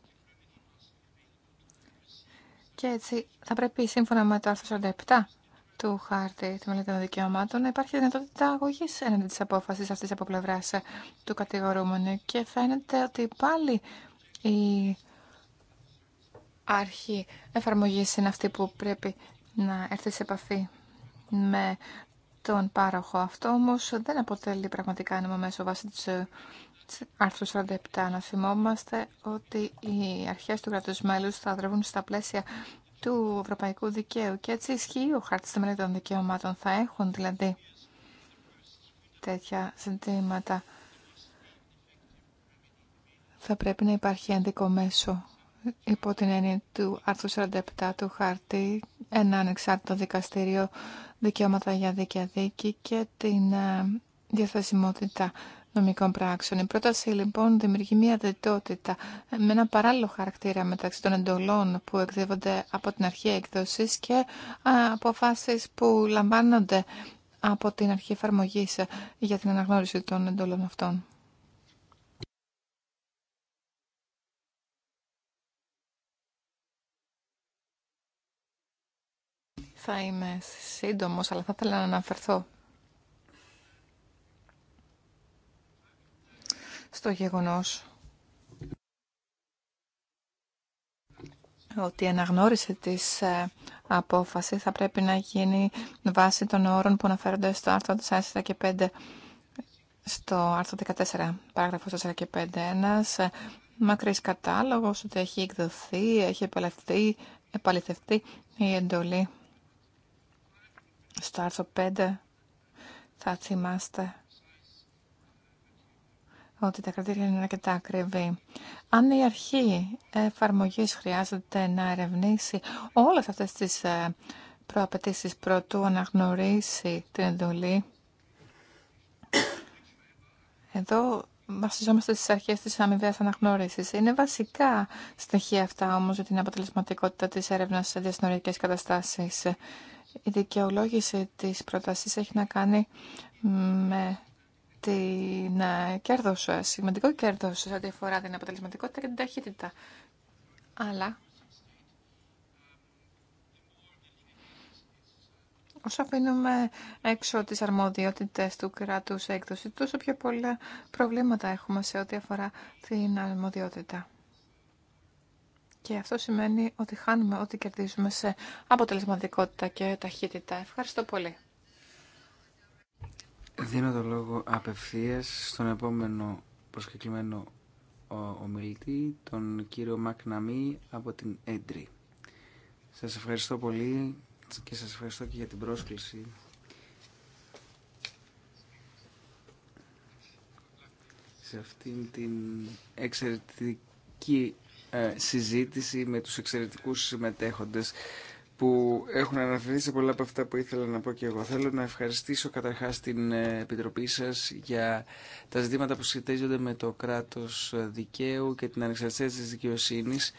και έτσι θα πρέπει σύμφωνα με το άρθρο 47 του χάρτη του μελετών δικαιωμάτων, υπάρχει δυνατότητα αγωγή έναντι τη απόφαση αυτή από πλευρά του κατηγορούμενου. Και φαίνεται ότι πάλι η αρχή εφαρμογή είναι αυτή που πρέπει να έρθει σε επαφή με τον πάροχο. Αυτό όμω δεν αποτελεί πραγματικά νόμο μέσω βάση τη άρθρου 47. Να θυμόμαστε ότι οι αρχέ του κράτου μέλου θα δρεύουν στα πλαίσια του ευρωπαϊκού δικαίου και έτσι ισχύει ο χάρτης των δικαιωμάτων. Θα έχουν δηλαδή τέτοια ζητήματα Θα πρέπει να υπάρχει ενδικό μέσο υπό την έννοια του άρθρου 47 του χάρτη, ένα ανεξάρτητο δικαστήριο δικαιώματα για δίκαια δίκη και την ε, διαθεσιμότητα νομικών πράξεων. Η πρόταση λοιπόν δημιουργεί μια διτότητα με ένα παράλληλο χαρακτήρα μεταξύ των εντολών που εκδίδονται από την αρχή έκδοση και αποφάσει που λαμβάνονται από την αρχή εφαρμογή για την αναγνώριση των εντολών αυτών. Θα είμαι σύντομος, αλλά θα ήθελα να αναφερθώ στο γεγονός ότι η αναγνώριση της ε, απόφασης θα πρέπει να γίνει βάσει των όρων που αναφέρονται στο άρθρο 4 και 5 στο άρθρο 14, παράγραφος 4 και 5. Ένας ε, μακρύς κατάλογος ότι έχει εκδοθεί, έχει επαληθευτεί η εντολή. Στο άρθρο 5 θα θυμάστε ότι τα κριτήρια είναι αρκετά ακριβή. Αν η αρχή εφαρμογή χρειάζεται να ερευνήσει όλες αυτές τις ε, προαπαιτήσεις πρωτού αναγνωρίσει την εντολή, εδώ βασιζόμαστε στις αρχές της αμοιβαίας αναγνώρισης. Είναι βασικά στοιχεία αυτά όμως για την αποτελεσματικότητα της έρευνας σε διασυνοριακές καταστάσεις. Η δικαιολόγηση της πρότασης έχει να κάνει με την ναι, σα, ε, σημαντικό κέρδο σε ό,τι αφορά την αποτελεσματικότητα και την ταχύτητα. Αλλά όσο αφήνουμε έξω τις αρμοδιότητες του κράτους έκδοση, τόσο πιο πολλά προβλήματα έχουμε σε ό,τι αφορά την αρμοδιότητα. Και αυτό σημαίνει ότι χάνουμε ό,τι κερδίζουμε σε αποτελεσματικότητα και ταχύτητα. Ευχαριστώ πολύ. Δίνω το λόγο απευθείας στον επόμενο προσκεκλημένο ομιλητή, τον κύριο Μακναμή από την Έντρη. Σας ευχαριστώ πολύ και σας ευχαριστώ και για την πρόσκληση. Σε αυτήν την εξαιρετική ε, συζήτηση με τους εξαιρετικούς συμμετέχοντες που έχουν αναφερθεί σε πολλά από αυτά που ήθελα να πω και εγώ. Θέλω να ευχαριστήσω καταρχάς την ε, Επιτροπή σας για τα ζητήματα που σχετίζονται με το κράτος ε, δικαίου και την ανεξαρτησία της δικαιοσύνης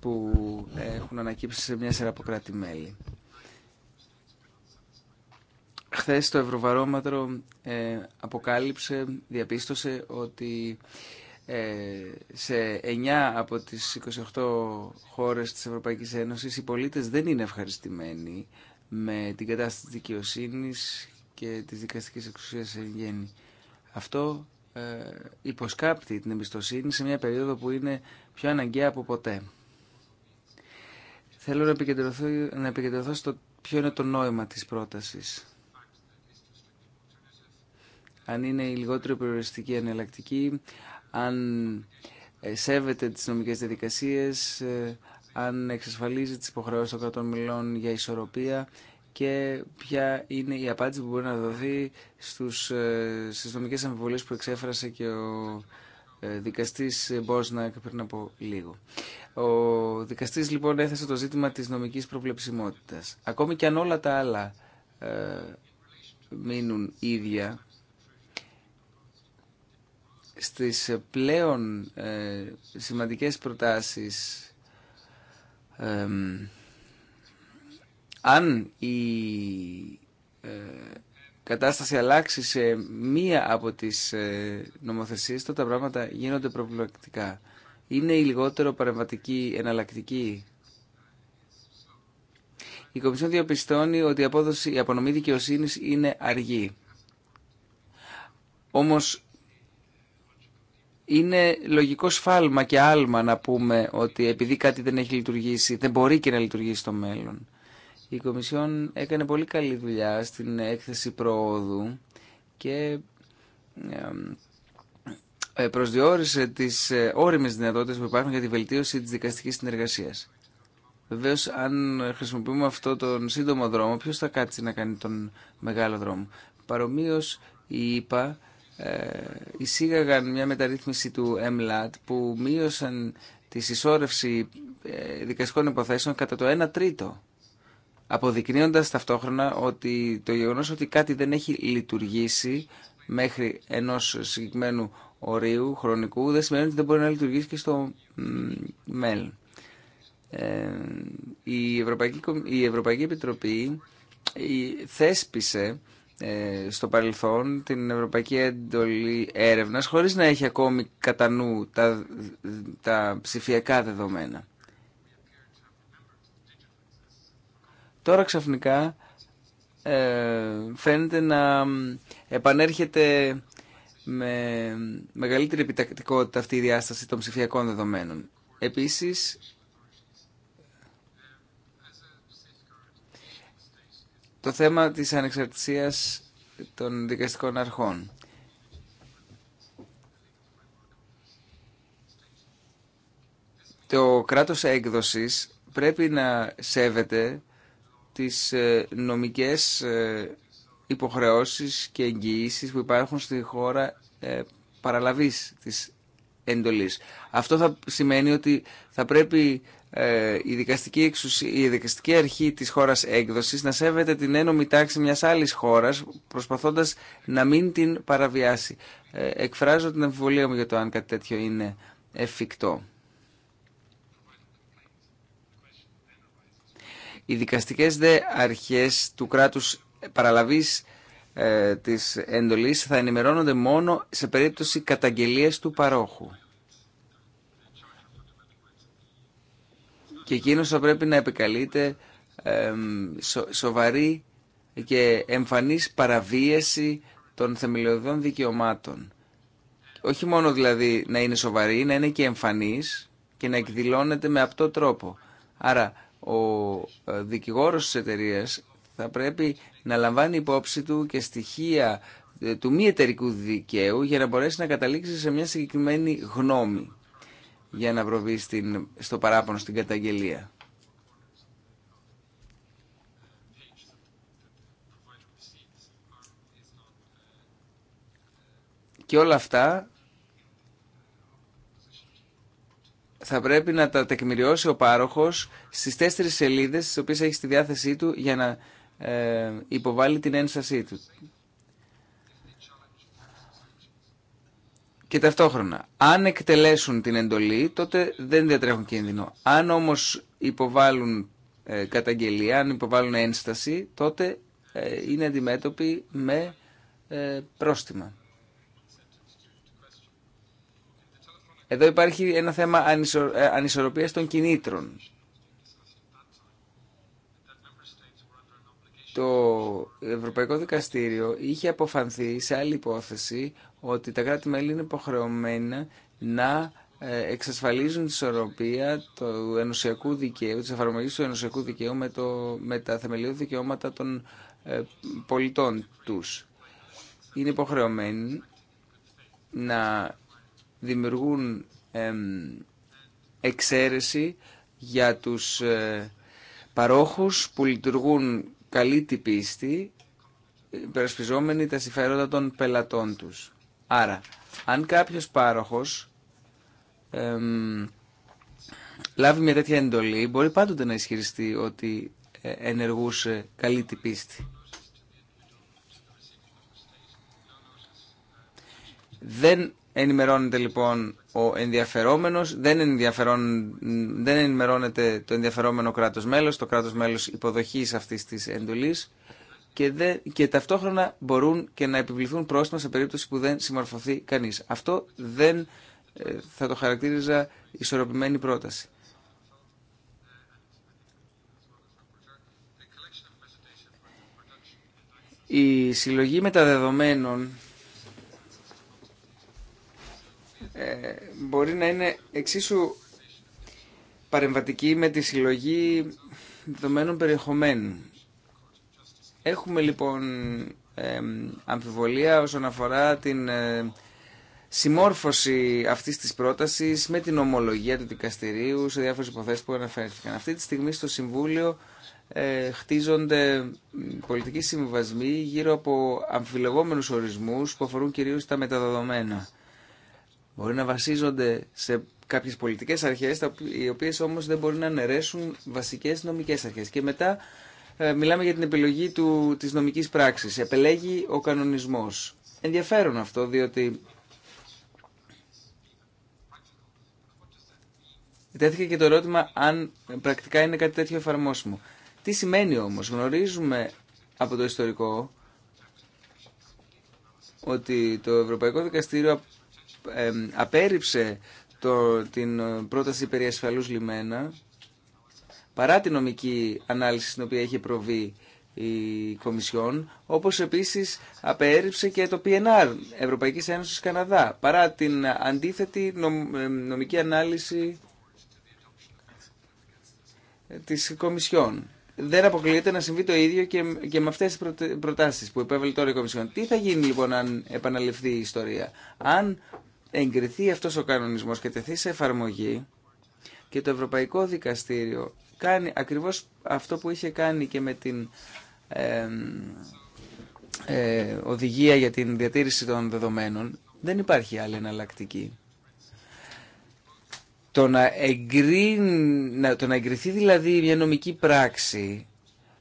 που έχουν ανακύψει σε μια σειρά από κράτη-μέλη. Χθες το Ευρωβαρόμετρο ε, αποκάλυψε, διαπίστωσε ότι ε, σε 9 από τις 28 χώρες της Ευρωπαϊκής Ένωσης οι πολίτες δεν είναι ευχαριστημένοι με την κατάσταση της δικαιοσύνης και της δικαστικής εξουσίας σε γέννη. Αυτό ε, υποσκάπτει την εμπιστοσύνη σε μια περίοδο που είναι πιο αναγκαία από ποτέ. Θέλω να επικεντρωθώ, να επικεντρωθώ στο ποιο είναι το νόημα της πρότασης. Αν είναι η λιγότερο περιοριστική εναλλακτική, αν ε, σέβεται τις νομικές διαδικασίες, ε, αν εξασφαλίζει τις υποχρεώσεις των κρατών μιλών για ισορροπία και ποια είναι η απάντηση που μπορεί να δοθεί στους, ε, στις νομικές αμφιβολίες που εξέφρασε και ο δικαστής Μπόσνακ πριν από λίγο. Ο δικαστής λοιπόν έθεσε το ζήτημα της νομικής προβλεψιμότητας. Ακόμη και αν όλα τα άλλα μείνουν ίδια, στις πλέον ε, σημαντικές προτάσεις αν η ε, κατάσταση αλλάξει σε μία από τις ε, νομοθεσίες τότε τα πράγματα γίνονται προβληματικά. Είναι η λιγότερο παρεμβατική εναλλακτική. Η Κομισιόν διαπιστώνει ότι η, απόδοση, η απονομή δικαιοσύνη είναι αργή. Όμως είναι λογικό σφάλμα και άλμα να πούμε ότι επειδή κάτι δεν έχει λειτουργήσει, δεν μπορεί και να λειτουργήσει στο μέλλον. Η Κομισιόν έκανε πολύ καλή δουλειά στην έκθεση προόδου και ε, προσδιορίσε τις ε, όριμες δυνατότητες που υπάρχουν για τη βελτίωση της δικαστικής συνεργασίας. Βεβαίω, αν χρησιμοποιούμε αυτό τον σύντομο δρόμο, ποιο θα κάτσει να κάνει τον μεγάλο δρόμο. Παρομοίω, η ΕΠΑ ε, εισήγαγαν μια μεταρρύθμιση του ΕΜΛΑΤ που μείωσαν τη συσσόρευση ε, δικαστικών υποθέσεων κατά το 1 τρίτο αποδεικνύοντας ταυτόχρονα ότι το γεγονός ότι κάτι δεν έχει λειτουργήσει μέχρι ενός συγκεκριμένου ορίου χρονικού δεν σημαίνει ότι δεν μπορεί να λειτουργήσει και στο μέλλον. Ε, η, Ευρωπαϊκή, η Ευρωπαϊκή Επιτροπή θέσπισε ε, στο παρελθόν την Ευρωπαϊκή Έντολη Έρευνας χωρίς να έχει ακόμη κατά νου τα, τα ψηφιακά δεδομένα. Τώρα ξαφνικά ε, φαίνεται να επανέρχεται με μεγαλύτερη επιτακτικότητα αυτή η διάσταση των ψηφιακών δεδομένων. Επίσης, το θέμα της ανεξαρτησίας των δικαστικών αρχών. Το κράτος έκδοσης πρέπει να σέβεται τις ε, νομικές ε, υποχρεώσεις και εγγυήσεις που υπάρχουν στη χώρα ε, παραλαβής της εντολής. Αυτό θα σημαίνει ότι θα πρέπει ε, η δικαστική, εξουσία, η δικαστική αρχή της χώρας έκδοσης να σέβεται την ένωμη τάξη μιας άλλης χώρας προσπαθώντας να μην την παραβιάσει. Ε, εκφράζω την αμφιβολία μου για το αν κάτι τέτοιο είναι εφικτό. Οι δικαστικές δε αρχές του κράτους παραλαβής ε, της εντολής θα ενημερώνονται μόνο σε περίπτωση καταγγελίας του παρόχου. και εκείνο θα πρέπει να επικαλείται σοβαρή και εμφανής παραβίαση των θεμελιωδών δικαιωμάτων. Όχι μόνο δηλαδή να είναι σοβαρή, να είναι και εμφανής και να εκδηλώνεται με αυτό τρόπο. Άρα ο ε, δικηγόρος της εταιρεία θα πρέπει να λαμβάνει υπόψη του και στοιχεία ε, του μη εταιρικού δικαίου για να μπορέσει να καταλήξει σε μια συγκεκριμένη γνώμη για να προβεί στην, στο παράπονο, στην καταγγελία. Και όλα αυτά θα πρέπει να τα τεκμηριώσει ο πάροχος στις τέσσερις σελίδες στις οποίες έχει στη διάθεσή του για να ε, υποβάλει την ένστασή του. και ταυτόχρονα, αν εκτελέσουν την εντολή, τότε δεν διατρέχουν κίνδυνο. Αν όμως υποβάλουν ε, καταγγελία, αν υποβάλουν ένσταση, τότε ε, είναι αντιμέτωποι με ε, πρόστιμα. Εδώ υπάρχει ένα θέμα ανισο, ανισορροπίας των κινήτρων. Το Ευρωπαϊκό Δικαστήριο είχε αποφανθεί σε άλλη υπόθεση ότι τα κράτη-μέλη είναι υποχρεωμένα να ε, εξασφαλίζουν τη ισορροπία του ενωσιακού δικαίου, της εφαρμογής του ενωσιακού δικαίου με, το, με τα θεμελιώδη δικαιώματα των ε, πολιτών τους. Είναι υποχρεωμένοι να δημιουργούν ε, εξαίρεση για τους ε, παρόχους που λειτουργούν καλή την πίστη, υπερασπιζόμενοι τα συμφέροντα των πελατών τους. Άρα, αν κάποιος πάροχος λάβει μια τέτοια εντολή, μπορεί πάντοτε να ισχυριστεί ότι ε, ενεργούσε καλή την πίστη. Δεν ενημερώνεται λοιπόν ο ενδιαφερόμενος, δεν, ενδιαφερόν, δεν ενημερώνεται το ενδιαφερόμενο κράτος μέλος, το κράτος μέλος υποδοχής αυτής της εντολής και, δεν, και ταυτόχρονα μπορούν και να επιβληθούν πρόστιμα σε περίπτωση που δεν συμμορφωθεί κανείς. Αυτό δεν ε, θα το χαρακτήριζα ισορροπημένη πρόταση. Η συλλογή μεταδεδομένων ε, μπορεί να είναι εξίσου παρεμβατική με τη συλλογή δεδομένων περιεχομένων. Έχουμε λοιπόν αμφιβολία όσον αφορά την ε, συμμόρφωση αυτής της πρότασης με την ομολογία του δικαστηρίου σε διάφορες υποθέσεις που αναφέρθηκαν. Αυτή τη στιγμή στο Συμβούλιο ε, χτίζονται πολιτικοί συμβιβασμοί γύρω από αμφιλεγόμενους ορισμούς που αφορούν κυρίως τα μεταδεδομένα. Μπορεί να βασίζονται σε κάποιες πολιτικές αρχές, οι οποίες όμως δεν μπορεί να αναιρέσουν βασικές νομικές αρχές. Και μετά ε, μιλάμε για την επιλογή του, της νομικής πράξης. Επελέγει ο κανονισμός. Ενδιαφέρον αυτό, διότι Τέθηκε και το ερώτημα αν πρακτικά είναι κάτι τέτοιο εφαρμόσιμο. Τι σημαίνει όμως, γνωρίζουμε από το ιστορικό ότι το Ευρωπαϊκό Δικαστήριο ε, απέρριψε το, την πρόταση περί ασφαλούς λιμένα παρά την νομική ανάλυση στην οποία έχει προβεί η Κομισιόν, όπως επίσης απέρριψε και το PNR Ευρωπαϊκής Ένωσης Καναδά, παρά την αντίθετη ε, νομική ανάλυση της Κομισιόν. Δεν αποκλείεται να συμβεί το ίδιο και, και με αυτές τις προτάσεις που υπέβαλε τώρα η Κομισιόν. Τι θα γίνει λοιπόν αν επαναληφθεί η ιστορία. Αν εγκριθεί αυτός ο κανονισμός και τεθεί σε εφαρμογή και το Ευρωπαϊκό Δικαστήριο κάνει ακριβώς αυτό που είχε κάνει και με την ε, οδηγία για την διατήρηση των δεδομένων. Δεν υπάρχει άλλη εναλλακτική. Το να, εγκρι... το να εγκριθεί δηλαδή μια νομική πράξη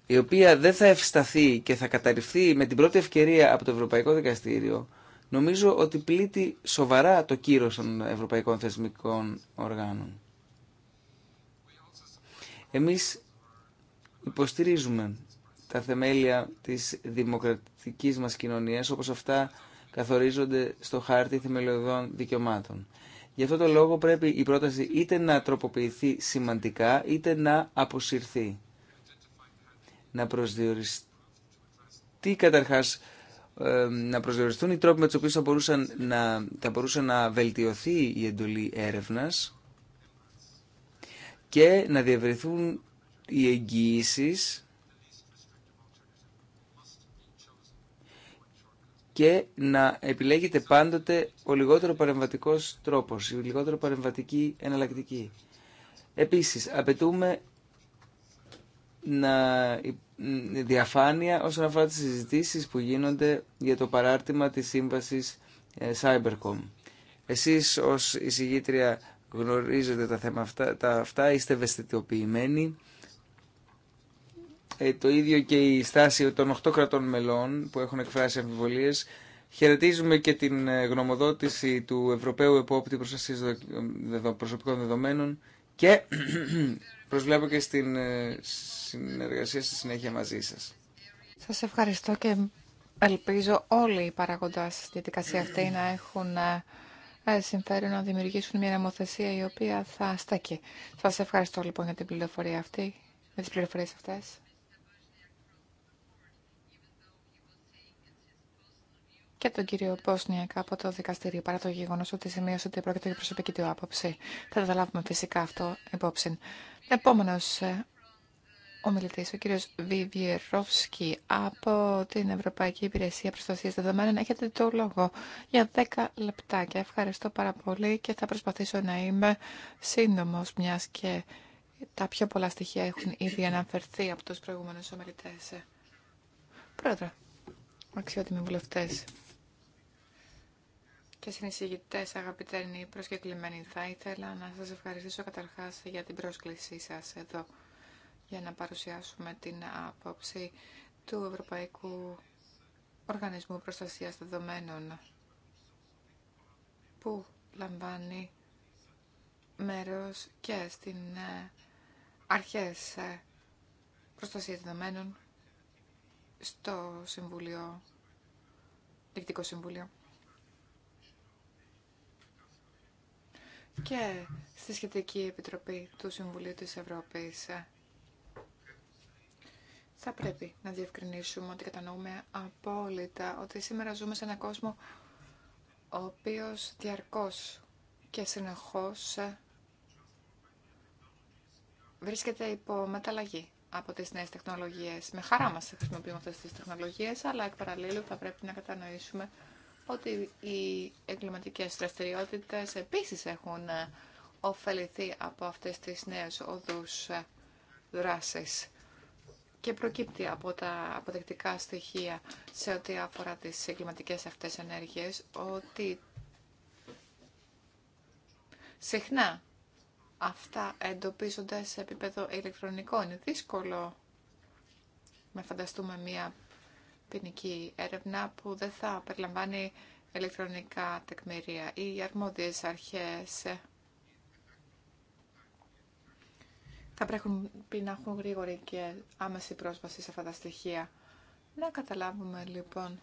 η οποία δεν θα ευσταθεί και θα καταρριφθεί με την πρώτη ευκαιρία από το Ευρωπαϊκό Δικαστήριο, νομίζω ότι πλήττει σοβαρά το κύρος των ευρωπαϊκών θεσμικών οργάνων. Εμείς υποστηρίζουμε τα θεμέλια της δημοκρατικής μας κοινωνίας όπως αυτά καθορίζονται στο χάρτη θεμελιωδών δικαιωμάτων. Γι' αυτό το λόγο πρέπει η πρόταση είτε να τροποποιηθεί σημαντικά είτε να αποσυρθεί. Να προσδιοριστεί καταρχάς ε, να προσδιοριστούν οι τρόποι με τους οποίους θα μπορούσε να, να βελτιωθεί η εντολή έρευνας και να διευρυνθούν οι εγγυήσει και να επιλέγεται πάντοτε ο λιγότερο παρεμβατικός τρόπος, η λιγότερο παρεμβατική εναλλακτική. Επίσης, απαιτούμε να διαφάνεια όσον αφορά τις συζητήσεις που γίνονται για το παράρτημα της σύμβασης ε, Cybercom. Εσείς ως εισηγήτρια γνωρίζετε τα θέματα αυτά, τα αυτά είστε ευαισθητοποιημένοι. Ε, το ίδιο και η στάση των 8 κρατών μελών που έχουν εκφράσει αμφιβολίες. Χαιρετίζουμε και την ε, γνωμοδότηση του Ευρωπαίου Επόπτη Προστασίας Προσωπικών Δεδομένων και προσβλέπω και στην ε, συνεργασία στη συνέχεια μαζί σας. Σας ευχαριστώ και ελπίζω όλοι οι παραγοντάς στη διαδικασία αυτή να έχουν ε, ε, συμφέρει να δημιουργήσουν μια νομοθεσία η οποία θα στέκει. Σα ευχαριστώ λοιπόν για την πληροφορία αυτή, για τις πληροφορίες αυτές. και τον κύριο Πόσνιακ από το δικαστήριο παρά το γεγονό ότι σημείωσε ότι πρόκειται για προσωπική του άποψη. Θα τα λάβουμε φυσικά αυτό υπόψη. Επόμενο ε, Ομιλητή ο κύριο Βιβιερόφσκι από την Ευρωπαϊκή Υπηρεσία Προστασία Δεδομένων. Έχετε το λόγο για 10 λεπτά και ευχαριστώ πάρα πολύ και θα προσπαθήσω να είμαι σύντομο μια και τα πιο πολλά στοιχεία έχουν ήδη αναφερθεί από του προηγούμενου ομιλητέ. Πρόεδρε, αξιότιμοι βουλευτέ και συνεισηγητέ, αγαπητέρνοι προσκεκλημένοι, θα ήθελα να σα ευχαριστήσω καταρχά για την πρόσκλησή σα εδώ για να παρουσιάσουμε την άποψη του Ευρωπαϊκού Οργανισμού Προστασίας Δεδομένων που λαμβάνει μέρος και στην ε, αρχές ε, προστασίας δεδομένων στο Συμβουλίο, Συμβούλιο. και στη Σχετική Επιτροπή του Συμβουλίου της Ευρώπης θα πρέπει να διευκρινίσουμε ότι κατανοούμε απόλυτα ότι σήμερα ζούμε σε έναν κόσμο ο οποίος διαρκώς και συνεχώς βρίσκεται υπό μεταλλαγή από τις νέες τεχνολογίες. Με χαρά μας χρησιμοποιούμε αυτές τις τεχνολογίες, αλλά εκ παραλλήλου θα πρέπει να κατανοήσουμε ότι οι εγκληματικές δραστηριότητε επίσης έχουν ωφεληθεί από αυτές τις νέες οδούς δράσης και προκύπτει από τα αποδεκτικά στοιχεία σε ό,τι αφορά τις εγκληματικές αυτές ενέργειες ότι συχνά αυτά εντοπίζονται σε επίπεδο ηλεκτρονικό. Είναι δύσκολο να φανταστούμε μια ποινική έρευνα που δεν θα περιλαμβάνει ηλεκτρονικά τεκμήρια. ή αρμόδιες αρχές θα πρέπει να έχουν γρήγορη και άμεση πρόσβαση σε αυτά τα στοιχεία. Να καταλάβουμε λοιπόν.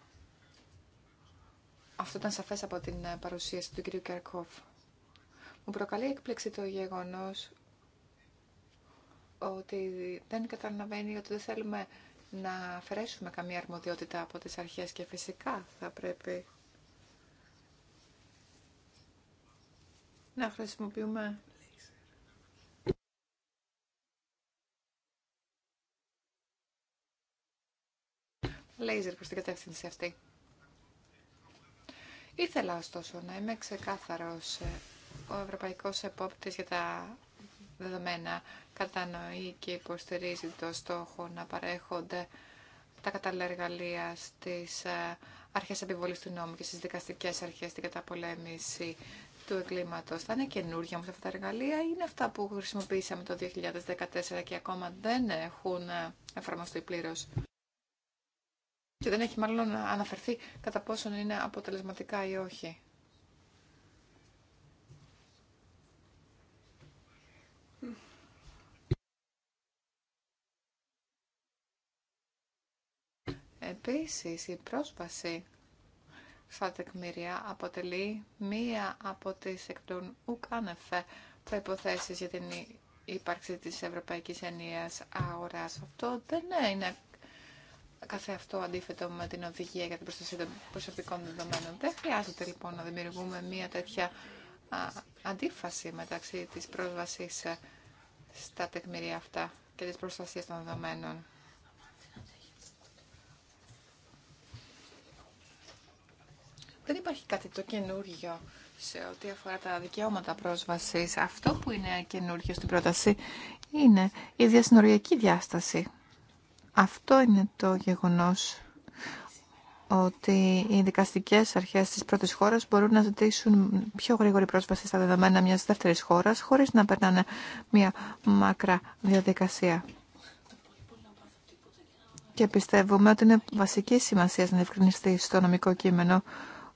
Αυτό ήταν σαφές από την παρουσίαση του κ. Κερκόφ. Μου προκαλεί έκπληξη το γεγονός ότι δεν καταλαβαίνει ότι δεν θέλουμε να αφαιρέσουμε καμία αρμοδιότητα από τις αρχές και φυσικά θα πρέπει να χρησιμοποιούμε λέιζερ προς την κατεύθυνση αυτή. Ήθελα ωστόσο να είμαι ξεκάθαρος. Ο Ευρωπαϊκός Επόπτης για τα δεδομένα κατανοεί και υποστηρίζει το στόχο να παρέχονται τα κατάλληλα εργαλεία στις ε, αρχές επιβολής του νόμου και στις δικαστικές αρχές στην καταπολέμηση του εγκλήματος. Θα είναι καινούργια όμως αυτά τα εργαλεία ή είναι αυτά που χρησιμοποίησαμε το 2014 και ακόμα δεν έχουν ε, εφαρμοστεί πλήρως και δεν έχει μάλλον αναφερθεί κατά πόσον είναι αποτελεσματικά ή όχι. Επίσης, η πρόσβαση στα τεκμήρια αποτελεί μία από τις εκ των ουκάνεφε προϋποθέσεις για την ύπαρξη της Ευρωπαϊκής Ενίας Αγοράς. Αυτό δεν είναι καθε αυτό αντίθετο με την οδηγία για την προστασία των προσωπικών δεδομένων. Δεν χρειάζεται λοιπόν να δημιουργούμε μια τέτοια αντίφαση μεταξύ της πρόσβασης ε, στα τεκμηρία αυτά και της προστασίας των δεδομένων. Δεν υπάρχει κάτι το καινούργιο σε ό,τι αφορά τα δικαιώματα πρόσβασης. Αυτό που είναι καινούργιο στην πρόταση είναι η διασυνοριακή διάσταση. Αυτό είναι το γεγονός ότι οι δικαστικές αρχές της πρώτης χώρας μπορούν να ζητήσουν πιο γρήγορη πρόσβαση στα δεδομένα μιας δεύτερης χώρας χωρίς να περνάνε μια μακρά διαδικασία. Και πιστεύουμε ότι είναι βασική σημασία να διευκρινιστεί στο νομικό κείμενο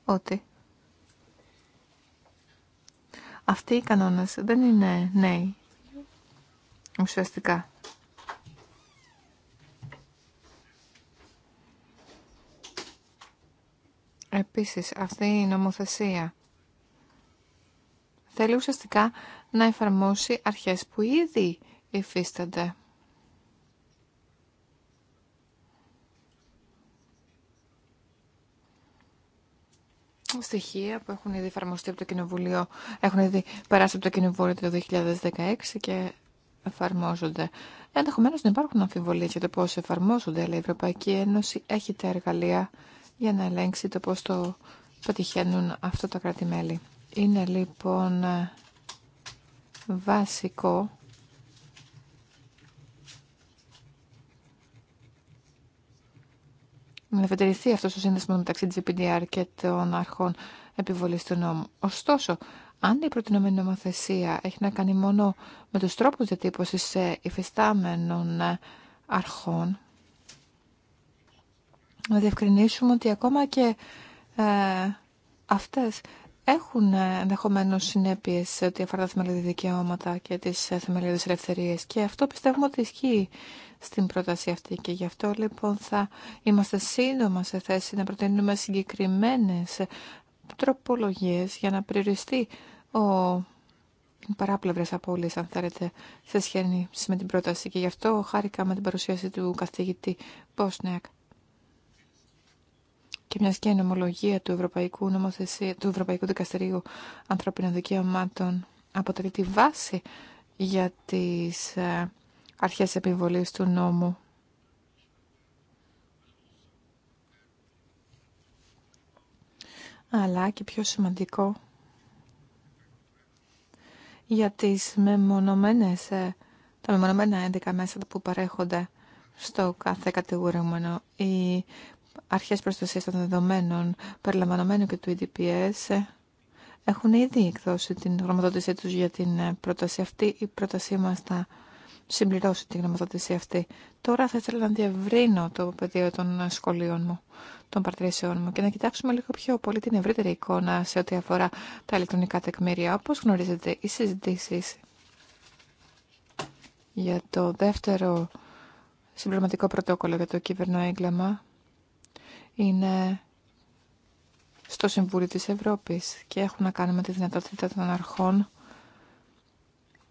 ότι αυτοί οι κανόνες δεν είναι νέοι ουσιαστικά. Επίσης, αυτή η νομοθεσία θέλει ουσιαστικά να εφαρμόσει αρχές που ήδη υφίστανται. στοιχεία που έχουν ήδη εφαρμοστεί από το Κοινοβουλίο, έχουν ήδη περάσει από το Κοινοβούλιο το 2016 και εφαρμόζονται. Ενδεχομένω να υπάρχουν αμφιβολίε για το πώ εφαρμόζονται, αλλά η Ευρωπαϊκή Ένωση έχει τα εργαλεία για να ελέγξει το πώς το πετυχαίνουν αυτό τα κρατη Είναι λοιπόν βασικό να διατηρηθεί αυτός ο σύνδεσμο μεταξύ της και των αρχών επιβολής του νόμου. Ωστόσο, αν η προτινόμενη νομοθεσία έχει να κάνει μόνο με τους τρόπους διατύπωσης ε, υφιστάμενων ε, αρχών, να διευκρινίσουμε ότι ακόμα και ε, αυτές έχουν ε, ενδεχομένω συνέπειε σε ό,τι αφορά τα θεμελιώδη δικαιώματα και τι ε, θεμελιώδει ελευθερίε. Και αυτό πιστεύουμε ότι ισχύει στην πρόταση αυτή. Και γι' αυτό λοιπόν θα είμαστε σύντομα σε θέση να προτείνουμε συγκεκριμένε τροπολογίε για να περιοριστεί ο παράπλευρε απόλυε, αν θέλετε, σε σχέση με την πρόταση. Και γι' αυτό χάρηκα με την παρουσίαση του καθηγητή Πόσνεκ. Και μια και η νομολογία του Ευρωπαϊκού, του Ευρωπαϊκού Δικαστηρίου Ανθρωπίνων Δικαιωμάτων αποτελεί τη βάση για τις ε, αρχές επιβολής του νόμου. Αλλά και πιο σημαντικό για τις μεμονωμένες, ε, τα μεμονωμένα 11 μέσα που παρέχονται στο κάθε κατηγορούμενο. Η αρχές προστασίας των δεδομένων περιλαμβανομένου και του EDPS ε, έχουν ήδη εκδώσει την γνωμοδότησή τους για την ε, πρόταση αυτή. Η πρότασή μας θα συμπληρώσει την γνωμοδότηση αυτή. Τώρα θα ήθελα να διευρύνω το πεδίο των σχολείων μου, των παρτρήσεων μου και να κοιτάξουμε λίγο πιο πολύ την ευρύτερη εικόνα σε ό,τι αφορά τα ηλεκτρονικά τεκμήρια. Όπως γνωρίζετε, οι συζητήσει για το δεύτερο συμπληρωματικό πρωτόκολλο για το κύβερνο έγκλαμα είναι στο Συμβούλιο της Ευρώπης και έχουν να κάνουν με τη δυνατότητα των αρχών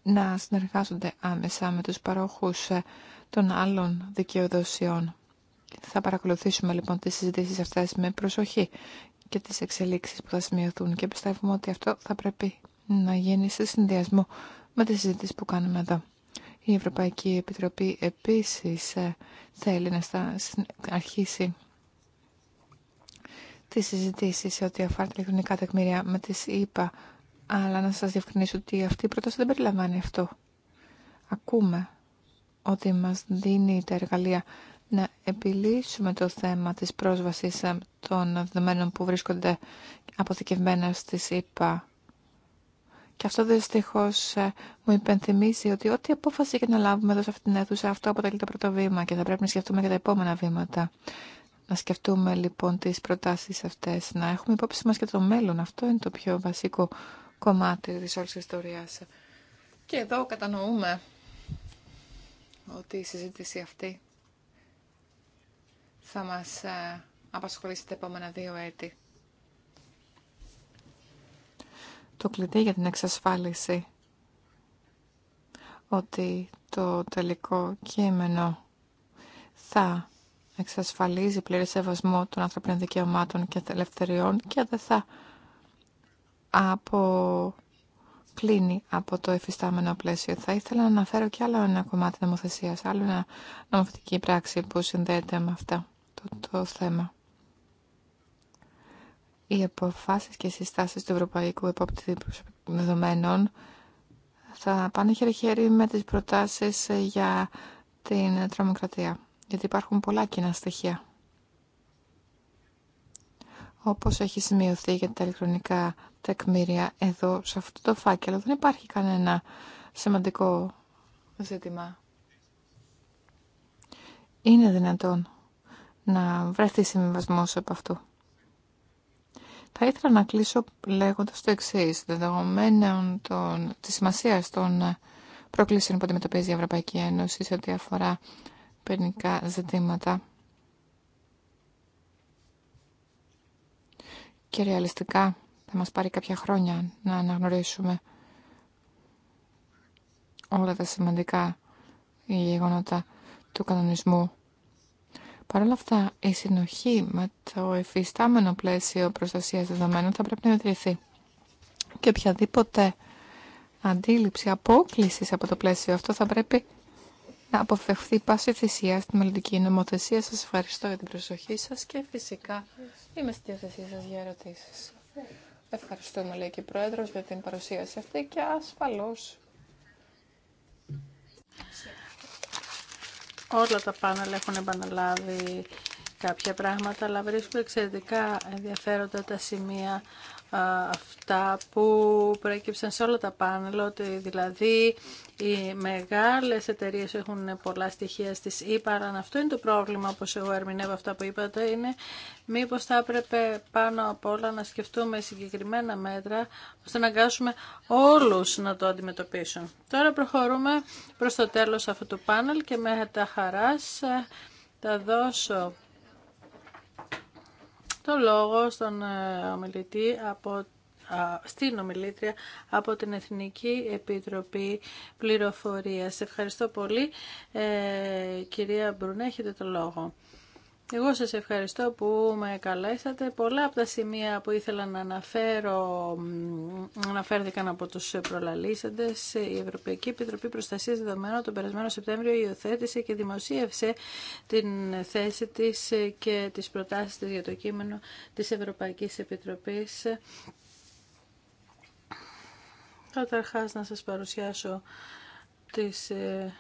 να συνεργάζονται άμεσα με τους παρόχους ε, των άλλων δικαιοδοσιών. Θα παρακολουθήσουμε λοιπόν τις συζητήσεις αυτές με προσοχή και τις εξελίξεις που θα σημειωθούν και πιστεύουμε ότι αυτό θα πρέπει να γίνει σε συνδυασμό με τις συζητήσεις που κάνουμε εδώ. Η Ευρωπαϊκή Επιτροπή επίσης ε, θέλει να αρχίσει τις συζητήσεις σε ό,τι αφορά τα ηλεκτρονικά τεκμήρια με τις ΕΙΠΑ, αλλά να σας διευκρινίσω ότι αυτή η πρόταση δεν περιλαμβάνει αυτό. Ακούμε ότι μας δίνει τα εργαλεία να επιλύσουμε το θέμα της πρόσβασης ε, των δεδομένων που βρίσκονται αποθηκευμένα στι ΕΙΠΑ. Και αυτό δυστυχώ ε, μου υπενθυμίζει ότι ό,τι απόφαση και να λάβουμε εδώ σε αυτήν την αίθουσα, αυτό αποτελεί το πρώτο βήμα και θα πρέπει να σκεφτούμε και τα επόμενα βήματα. Να σκεφτούμε λοιπόν τις προτάσεις αυτές, να έχουμε υπόψη μας και το μέλλον. Αυτό είναι το πιο βασικό κομμάτι της όλης της ιστορίας. Και εδώ κατανοούμε ότι η συζήτηση αυτή θα μας ε, απασχολήσει τα επόμενα δύο έτη. Το κλειδί για την εξασφάλιση ότι το τελικό κείμενο θα εξασφαλίζει πλήρη σεβασμό των ανθρωπίνων δικαιωμάτων και ελευθεριών και δεν θα αποκλίνει από το εφιστάμενο πλαίσιο. Θα ήθελα να αναφέρω και άλλο ένα κομμάτι νομοθεσία, άλλο ένα νομοθετική πράξη που συνδέεται με αυτά το, το θέμα. Οι αποφάσει και συστάσει του Ευρωπαϊκού Επόπτη Δεδομένων θα πάνε χέρι-χέρι με τις προτάσεις για την τρομοκρατία γιατί υπάρχουν πολλά κοινά στοιχεία. Όπως έχει σημειωθεί για τα ηλεκτρονικά τεκμήρια εδώ, σε αυτό το φάκελο, δεν υπάρχει κανένα σημαντικό ζήτημα. Είναι δυνατόν να βρεθεί συμβιβασμό από αυτού. Θα ήθελα να κλείσω λέγοντας το εξή. Δεδομένων των, της σημασίας των προκλήσεων που αντιμετωπίζει η Ευρωπαϊκή Ένωση σε ό,τι αφορά πυρνικά ζητήματα. Και ρεαλιστικά θα μας πάρει κάποια χρόνια να αναγνωρίσουμε όλα τα σημαντικά γεγονότα του κανονισμού. Παρ' όλα αυτά, η συνοχή με το εφιστάμενο πλαίσιο προστασίας δεδομένων θα πρέπει να ιδρυθεί Και οποιαδήποτε αντίληψη απόκληση από το πλαίσιο αυτό θα πρέπει να αποφευχθεί πάση θυσία στη μελλοντική νομοθεσία. Σας ευχαριστώ για την προσοχή σας και φυσικά είμαι στη διάθεσή σας για ερωτήσεις. Ευχαριστούμε, λέει και η Πρόεδρος, για την παρουσίαση αυτή και ασφαλώς. Όλα τα πάνελ έχουν επαναλάβει κάποια πράγματα, αλλά βρίσκουν εξαιρετικά ενδιαφέροντα τα σημεία αυτά που προέκυψαν σε όλα τα πάνελ, ότι δηλαδή οι μεγάλες εταιρείες έχουν πολλά στοιχεία στις ΕΠΑ, αλλά αυτό είναι το πρόβλημα, όπως εγώ ερμηνεύω αυτά που είπατε, είναι μήπως θα έπρεπε πάνω απ' όλα να σκεφτούμε συγκεκριμένα μέτρα, ώστε να αγκάσουμε όλους να το αντιμετωπίσουν. Τώρα προχωρούμε προς το τέλος αυτού του πάνελ και με τα χαράς ε, θα δώσω το λόγο στον ε, ομιλητή από στην ομιλήτρια από την Εθνική Επιτροπή Πληροφορίας. Ευχαριστώ πολύ. Ε, κυρία Μπρουνέ, έχετε το λόγο. Εγώ σας ευχαριστώ που με καλέσατε. Πολλά από τα σημεία που ήθελα να αναφέρω αναφέρθηκαν από τους προλαλήσαντες. Η Ευρωπαϊκή Επιτροπή Προστασίας Δεδομένων τον περασμένο Σεπτέμβριο υιοθέτησε και δημοσίευσε την θέση της και τις προτάσεις της για το κείμενο της Ευρωπαϊκής Επιτροπής. Καταρχάς να σας παρουσιάσω τις ε,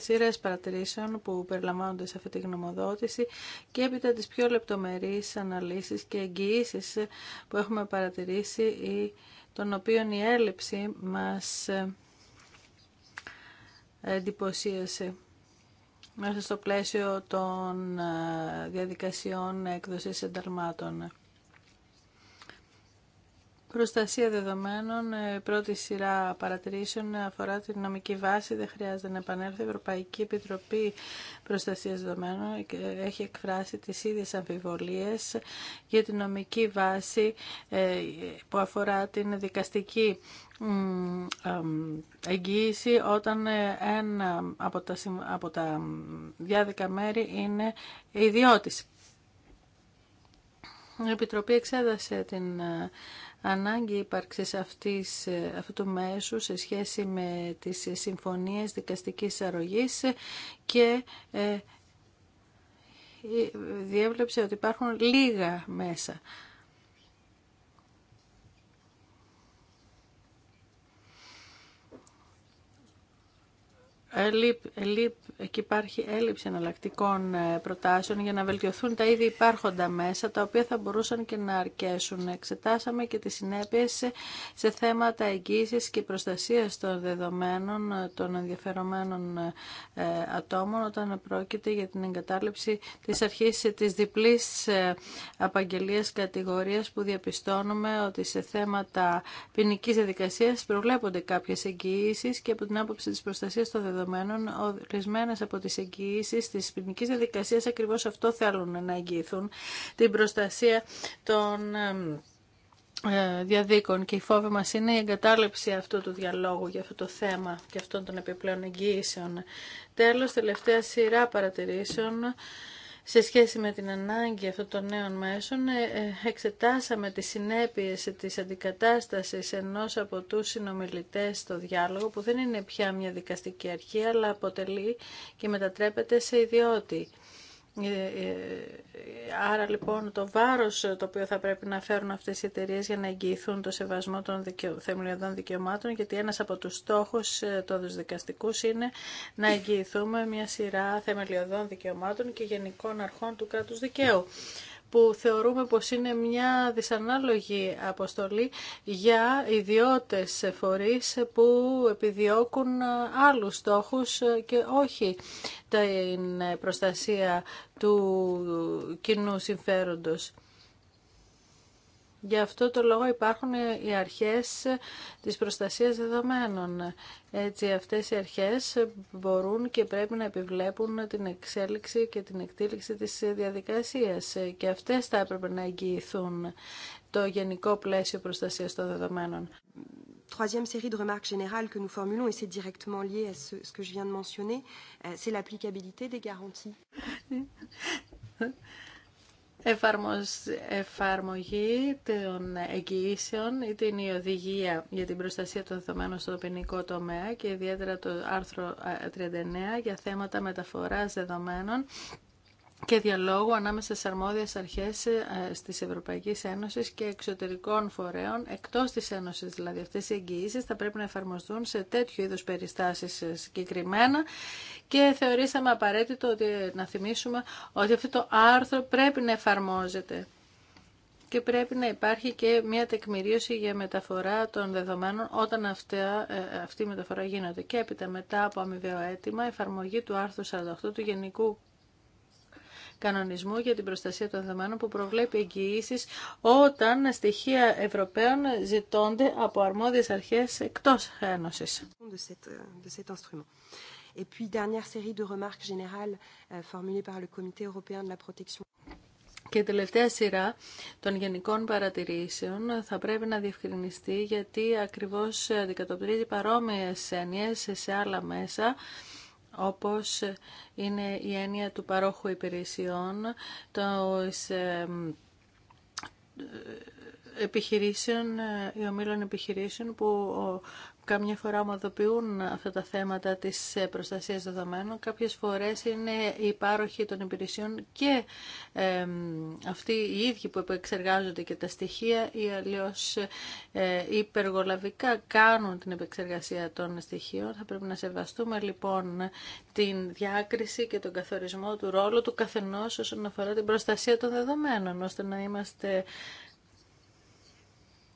σειρές παρατηρήσεων που περιλαμβάνονται σε αυτή τη γνωμοδότηση και έπειτα τις πιο λεπτομερείς αναλύσεις και εγγυήσεις που έχουμε παρατηρήσει ή των οποίων η έλλειψη μας εντυπωσίασε μέσα στο πλαίσιο των ε, διαδικασιών έκδοσης ενταλμάτων. Προστασία δεδομένων, ε, πρώτη σειρά παρατηρήσεων ε, αφορά την νομική βάση, δεν χρειάζεται να επανέλθει. Η Ευρωπαϊκή Επιτροπή Προστασία Δεδομένων ε, έχει εκφράσει τις ίδιες αμφιβολίες για την νομική βάση που αφορά την δικαστική εγγύηση όταν ένα από τα, από διάδικα μέρη είναι ιδιώτης. Η Επιτροπή εξέδασε την ανάγκη ύπαρξη αυτής, ε, αυτού του μέσου σε σχέση με τις συμφωνίες δικαστικής αρρωγής και ε, ε, διέβλεψε ότι υπάρχουν λίγα μέσα εκεί υπάρχει έλλειψη εναλλακτικών ε, προτάσεων για να βελτιωθούν τα ήδη υπάρχοντα μέσα, τα οποία θα μπορούσαν και να αρκέσουν. Εξετάσαμε και τις συνέπειες σε θέματα εγγύησης και προστασίας των δεδομένων ε, των ενδιαφερομένων ε, ατόμων όταν πρόκειται για την εγκατάλειψη της αρχής της διπλής απαγγελίας κατηγορίας που διαπιστώνουμε ότι σε θέματα ποινική διαδικασία προβλέπονται κάποιες εγγυήσεις και από την άποψη της προστασίας των δεδομένων δεδομένων, ορισμένε από τι εγγυήσει τη ποινική διαδικασία ακριβώ αυτό θέλουν να εγγυηθούν, την προστασία των ε, διαδίκων και η φόβη μας είναι η εγκατάλειψη αυτού του διαλόγου για αυτό το θέμα και αυτών των επιπλέον εγγύησεων. Τέλος, τελευταία σειρά παρατηρήσεων σε σχέση με την ανάγκη αυτών των νέων μέσων, ε, ε, εξετάσαμε τις συνέπειες της αντικατάστασης ενός από τους συνομιλητές στο διάλογο, που δεν είναι πια μια δικαστική αρχή, αλλά αποτελεί και μετατρέπεται σε ιδιότητα. Ε, ε, άρα λοιπόν το βάρος το οποίο θα πρέπει να φέρουν αυτές οι εταιρείε για να εγγυηθούν το σεβασμό των δικαιω... θεμελιωδών δικαιωμάτων γιατί ένας από τους στόχους ε, των δικαστικούς είναι να εγγυηθούμε μια σειρά θεμελιωδών δικαιωμάτων και γενικών αρχών του κράτους δικαίου που θεωρούμε πως είναι μια δυσανάλογη αποστολή για ιδιώτες φορείς που επιδιώκουν άλλους στόχους και όχι την προστασία του κοινού συμφέροντος. Γι' αυτό το λόγο υπάρχουν οι αρχές της προστασίας δεδομένων. Έτσι αυτές οι αρχές μπορούν και πρέπει να επιβλέπουν την εξέλιξη και την εκτήληξη της διαδικασίας και αυτές θα έπρεπε να εγγυηθούν το γενικό πλαίσιο προστασίας των δεδομένων. Troisième série de remarques générales que nous formulons, et c'est directement lié à ce, ce que je viens de mentionner, euh, c'est l'applicabilité des garanties. εφαρμογή των εγγυήσεων, ή είναι οδηγία για την προστασία των δεδομένων στο ποινικό τομέα και ιδιαίτερα το άρθρο 39 ε, για θέματα μεταφοράς δεδομένων και διαλόγου ανάμεσα στις αρμόδιες αρχές στις ε, Ευρωπαϊκής Ένωσης και εξωτερικών φορέων, εκτός της Ένωσης δηλαδή. Αυτές οι εγγυήσεις θα πρέπει να εφαρμοστούν σε τέτοιου είδους περιστάσεις ε, συγκεκριμένα και θεωρήσαμε απαραίτητο ότι, ε, να θυμίσουμε ότι αυτό το άρθρο πρέπει να εφαρμόζεται και πρέπει να υπάρχει και μια τεκμηρίωση για μεταφορά των δεδομένων όταν αυτά, αυτή η μεταφορά γίνεται. Και έπειτα μετά από αμοιβαίο αίτημα, εφαρμογή του άρθρου 48 του Γενικού κανονισμού για την προστασία των δεδομένων που προβλέπει εγγυήσει όταν στοιχεία Ευρωπαίων ζητώνται από αρμόδιες αρχέ εκτό Ένωση. Και η τελευταία σειρά των γενικών παρατηρήσεων θα πρέπει να διευκρινιστεί γιατί ακριβώς αντικατοπτρίζει παρόμοιες έννοιες σε άλλα μέσα όπως είναι η έννοια του παρόχου υπηρεσιών, των ε, ε, επιχειρήσεων, ε, ομίλων επιχειρήσεων που καμιά φορά ομαδοποιούν αυτά τα θέματα της ε, προστασίας δεδομένων. Κάποιες φορές είναι οι πάροχοι των υπηρεσιών και ε, αυτοί οι ίδιοι που επεξεργάζονται και τα στοιχεία ή αλλιώς ε, υπεργολαβικά κάνουν την επεξεργασία των στοιχείων. Θα πρέπει να σεβαστούμε λοιπόν την διάκριση και τον καθορισμό του ρόλου του καθενός όσον αφορά την προστασία των δεδομένων, ώστε να είμαστε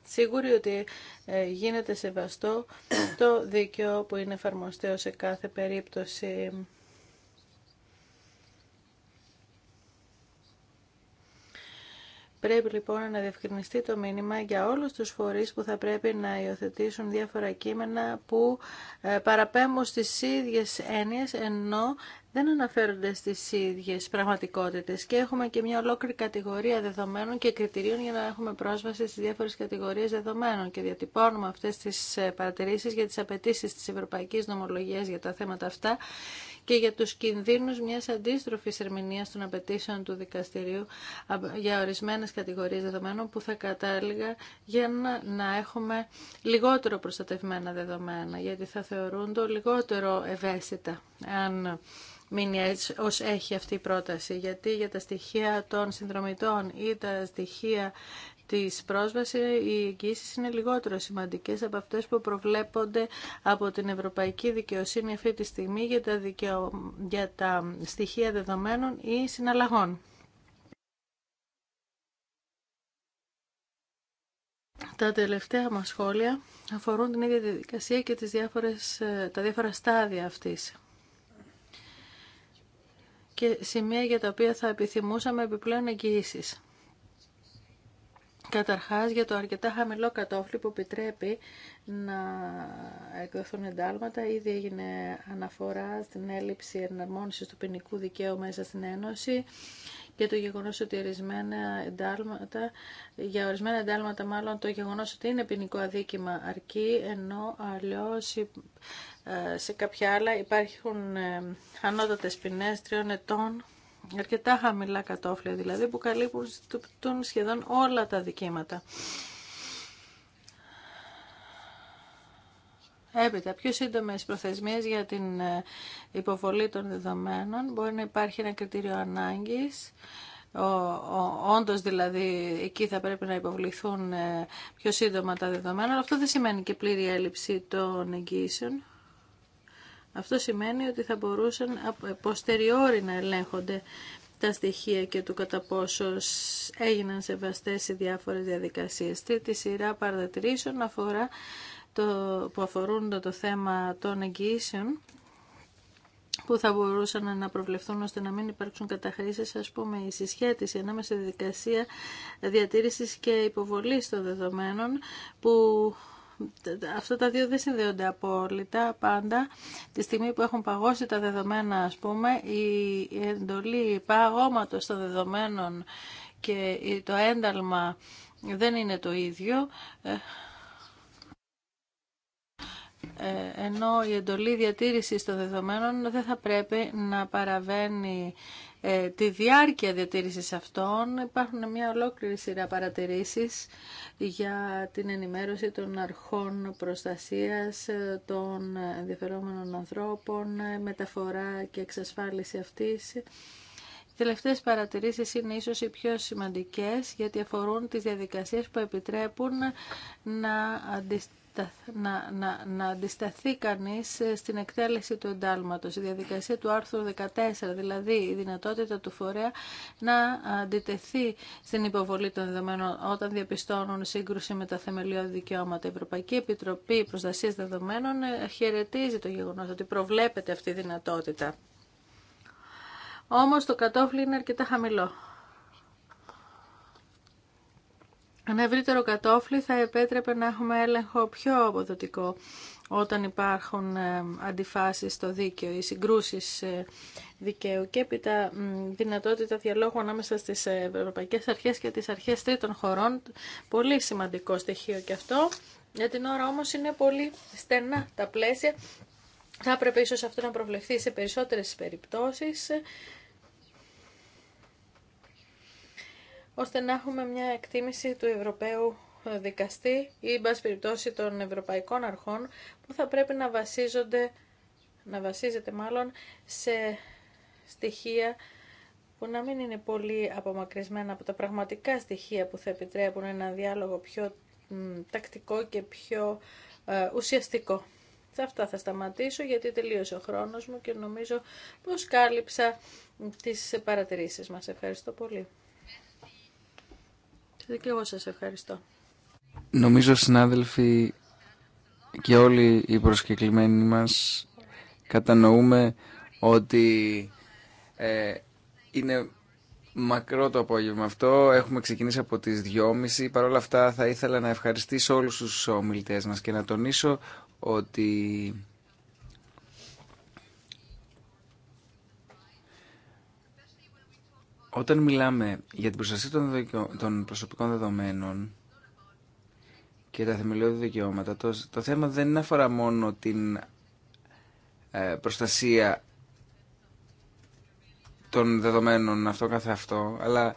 σίγουροι ότι ε, γίνεται σεβαστό το δίκαιο που είναι εφαρμοστέο σε κάθε περίπτωση. Πρέπει λοιπόν να διευκρινιστεί το μήνυμα για όλους τους φορείς που θα πρέπει να υιοθετήσουν διάφορα κείμενα που ε, παραπέμπουν στις ίδιες έννοιες ενώ δεν αναφέρονται στις ίδιες πραγματικότητες και έχουμε και μια ολόκληρη κατηγορία δεδομένων και κριτηρίων για να έχουμε πρόσβαση στις διάφορες κατηγορίες δεδομένων και διατυπώνουμε αυτές τις ε, παρατηρήσεις για τις απαιτήσει της Ευρωπαϊκής Νομολογίας για τα θέματα αυτά και για τους κινδύνους μιας αντίστροφης ερμηνείας των απαιτήσεων του δικαστηρίου για ορισμένες κατηγορίες δεδομένων που θα κατάλληλα για να, έχουμε λιγότερο προστατευμένα δεδομένα γιατί θα θεωρούνται λιγότερο ευαίσθητα μείνει έτσι ως έχει αυτή η πρόταση. Γιατί για τα στοιχεία των συνδρομητών ή τα στοιχεία της πρόσβαση οι εγγύσεις είναι λιγότερο σημαντικές από αυτές που προβλέπονται από την Ευρωπαϊκή Δικαιοσύνη αυτή τη στιγμή για τα, δικαιο... για τα στοιχεία δεδομένων ή συναλλαγών. Τα τελευταία μας σχόλια αφορούν την ίδια διαδικασία και τις διάφορες, τα διάφορα στάδια αυτής και σημεία για τα οποία θα επιθυμούσαμε επιπλέον εγγυήσεις. Καταρχάς για το αρκετά χαμηλό κατόφλι που επιτρέπει να εκδοθούν εντάλματα. Ήδη έγινε αναφορά στην έλλειψη εναρμόνισης του ποινικού δικαίου μέσα στην Ένωση και το γεγονός ότι ορισμένα εντάλματα, για ορισμένα εντάλματα μάλλον το γεγονός ότι είναι ποινικό αδίκημα αρκεί, ενώ αλλιώς ε, σε κάποια άλλα υπάρχουν ε, ανώτατες ποινές τριών ετών αρκετά χαμηλά κατόφλια δηλαδή που καλύπτουν σχεδόν όλα τα δικήματα. Έπειτα, πιο σύντομε προθεσμίε για την ε, υποβολή των δεδομένων. Μπορεί να υπάρχει ένα κριτήριο ανάγκη. Όντω, δηλαδή εκεί θα πρέπει να υποβληθούν ε, πιο σύντομα τα δεδομένα, αλλά αυτό δεν σημαίνει και πλήρη έλλειψη των εγγύσεων. Αυτό σημαίνει ότι θα μπορούσαν posteriori να ελέγχονται τα στοιχεία και του κατά πόσο έγιναν σεβαστές οι διάφορες διαδικασίες. Τρίτη σειρά παρατηρήσεων αφορά το, που αφορούν το, θέμα των εγγυήσεων που θα μπορούσαν να προβλεφθούν ώστε να μην υπάρξουν καταχρήσεις, ας πούμε η συσχέτιση ανάμεσα στη διαδικασία διατήρησης και υποβολής των δεδομένων που αυτά τα δύο δεν συνδέονται απόλυτα πάντα. Τη στιγμή που έχουν παγώσει τα δεδομένα, ας πούμε, η εντολή παγώματος των δεδομένων και το ένταλμα δεν είναι το ίδιο ε, ενώ η εντολή διατήρησης των δεδομένων δεν θα πρέπει να παραβαίνει ε, τη διάρκεια διατήρησης αυτών. Υπάρχουν μια ολόκληρη σειρά παρατηρήσεις για την ενημέρωση των αρχών προστασίας ε, των ενδιαφερόμενων ανθρώπων, ε, μεταφορά και εξασφάλιση αυτής. Οι τελευταίες παρατηρήσεις είναι ίσως οι πιο σημαντικές γιατί αφορούν τις διαδικασίες που επιτρέπουν να αντιστοιχούν να, να, να αντισταθεί κανείς στην εκτέλεση του εντάλματος. Η διαδικασία του άρθρου 14, δηλαδή η δυνατότητα του φορέα να αντιτεθεί στην υποβολή των δεδομένων όταν διαπιστώνουν σύγκρουση με τα θεμελιώδη δικαιώματα. Η Ευρωπαϊκή Επιτροπή Προστασίας Δεδομένων χαιρετίζει το γεγονός ότι προβλέπεται αυτή η δυνατότητα. Όμως το κατόφλι είναι αρκετά χαμηλό. Ένα ευρύτερο κατόφλι θα επέτρεπε να έχουμε έλεγχο πιο αποδοτικό όταν υπάρχουν ε, αντιφάσεις στο δίκαιο ή συγκρούσεις ε, δικαίου και επί τα δυνατότητα διαλόγου ανάμεσα στις ε, ευρωπαϊκές αρχές και τις αρχές τρίτων χωρών. Πολύ σημαντικό στοιχείο και αυτό. Για την ώρα όμως είναι πολύ στενά τα πλαίσια. Θα έπρεπε ίσως αυτό να προβλεφθεί σε περισσότερες περιπτώσεις ώστε να έχουμε μια εκτίμηση του Ευρωπαίου δικαστή ή, μπας περιπτώσει, των ευρωπαϊκών αρχών που θα πρέπει να βασίζονται, να βασίζεται μάλλον σε στοιχεία που να μην είναι πολύ απομακρυσμένα από τα πραγματικά στοιχεία που θα επιτρέπουν ένα διάλογο πιο τακτικό και πιο ε, ουσιαστικό. Σε αυτά θα σταματήσω γιατί τελείωσε ο χρόνος μου και νομίζω πως κάλυψα τις παρατηρήσεις μας. Ευχαριστώ πολύ. Και εγώ σας ευχαριστώ. Νομίζω συνάδελφοι και όλοι οι προσκεκλημένοι μας κατανοούμε ότι ε, είναι μακρό το απόγευμα αυτό. Έχουμε ξεκινήσει από τις 2.30. Παρ' όλα αυτά θα ήθελα να ευχαριστήσω όλους τους ομιλητές μας και να τονίσω ότι Όταν μιλάμε για την προστασία των προσωπικών δεδομένων και τα θεμελιώδη δικαιώματα, το, θέμα δεν αφορά μόνο την ε, προστασία των δεδομένων αυτό καθ' αυτό, αλλά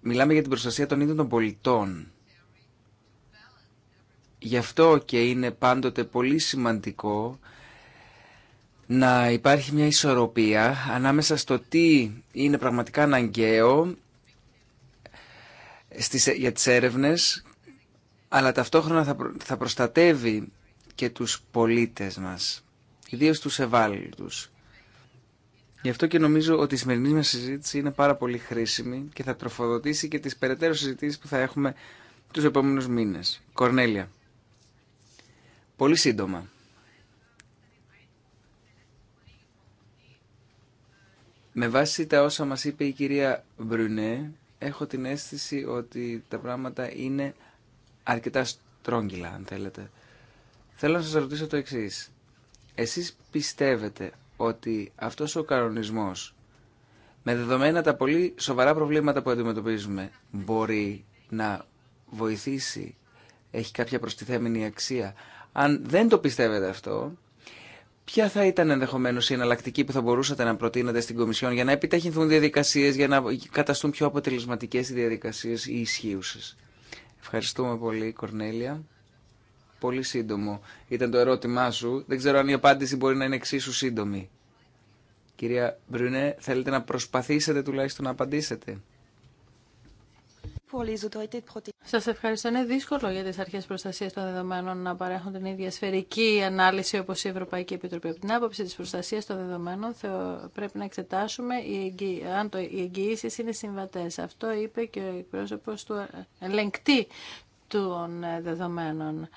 μιλάμε για την προστασία των ίδιων των πολιτών. Γι' αυτό και είναι πάντοτε πολύ σημαντικό να υπάρχει μια ισορροπία ανάμεσα στο τι είναι πραγματικά αναγκαίο στις, για τις έρευνες, αλλά ταυτόχρονα θα, θα προστατεύει και τους πολίτες μας, ιδίως τους ευάλωτους. Γι' αυτό και νομίζω ότι η σημερινή μας συζήτηση είναι πάρα πολύ χρήσιμη και θα τροφοδοτήσει και τις περαιτέρω συζητήσεις που θα έχουμε τους επόμενους μήνες. Κορνέλια, πολύ σύντομα. Με βάση τα όσα μας είπε η κυρία Μπρουνέ, έχω την αίσθηση ότι τα πράγματα είναι αρκετά στρόγγυλα, αν θέλετε. Θέλω να σας ρωτήσω το εξής. Εσείς πιστεύετε ότι αυτός ο κανονισμός, με δεδομένα τα πολύ σοβαρά προβλήματα που αντιμετωπίζουμε, μπορεί να βοηθήσει, έχει κάποια προστιθέμενη αξία. Αν δεν το πιστεύετε αυτό, Ποια θα ήταν ενδεχομένω η εναλλακτική που θα μπορούσατε να προτείνετε στην Κομισιόν για να επιταχυνθούν διαδικασίε, για να καταστούν πιο αποτελεσματικέ οι διαδικασίε ή ισχύουσε. Ευχαριστούμε πολύ, Κορνέλια. Πολύ σύντομο ήταν το ερώτημά σου. Δεν ξέρω αν η απάντηση μπορεί να είναι εξίσου σύντομη. Κυρία Μπρουνέ, θέλετε να προσπαθήσετε τουλάχιστον να απαντήσετε. Σα ευχαριστώ. Είναι δύσκολο για τι αρχέ προστασία των δεδομένων να παρέχουν την ίδια σφαιρική ανάλυση όπω η Ευρωπαϊκή Επιτροπή. Από την άποψη τη προστασία των δεδομένων πρέπει να εξετάσουμε αν το, οι εγγυήσει είναι συμβατέ. Αυτό είπε και ο εκπρόσωπο του ελεγκτή των ε, δεδομένων.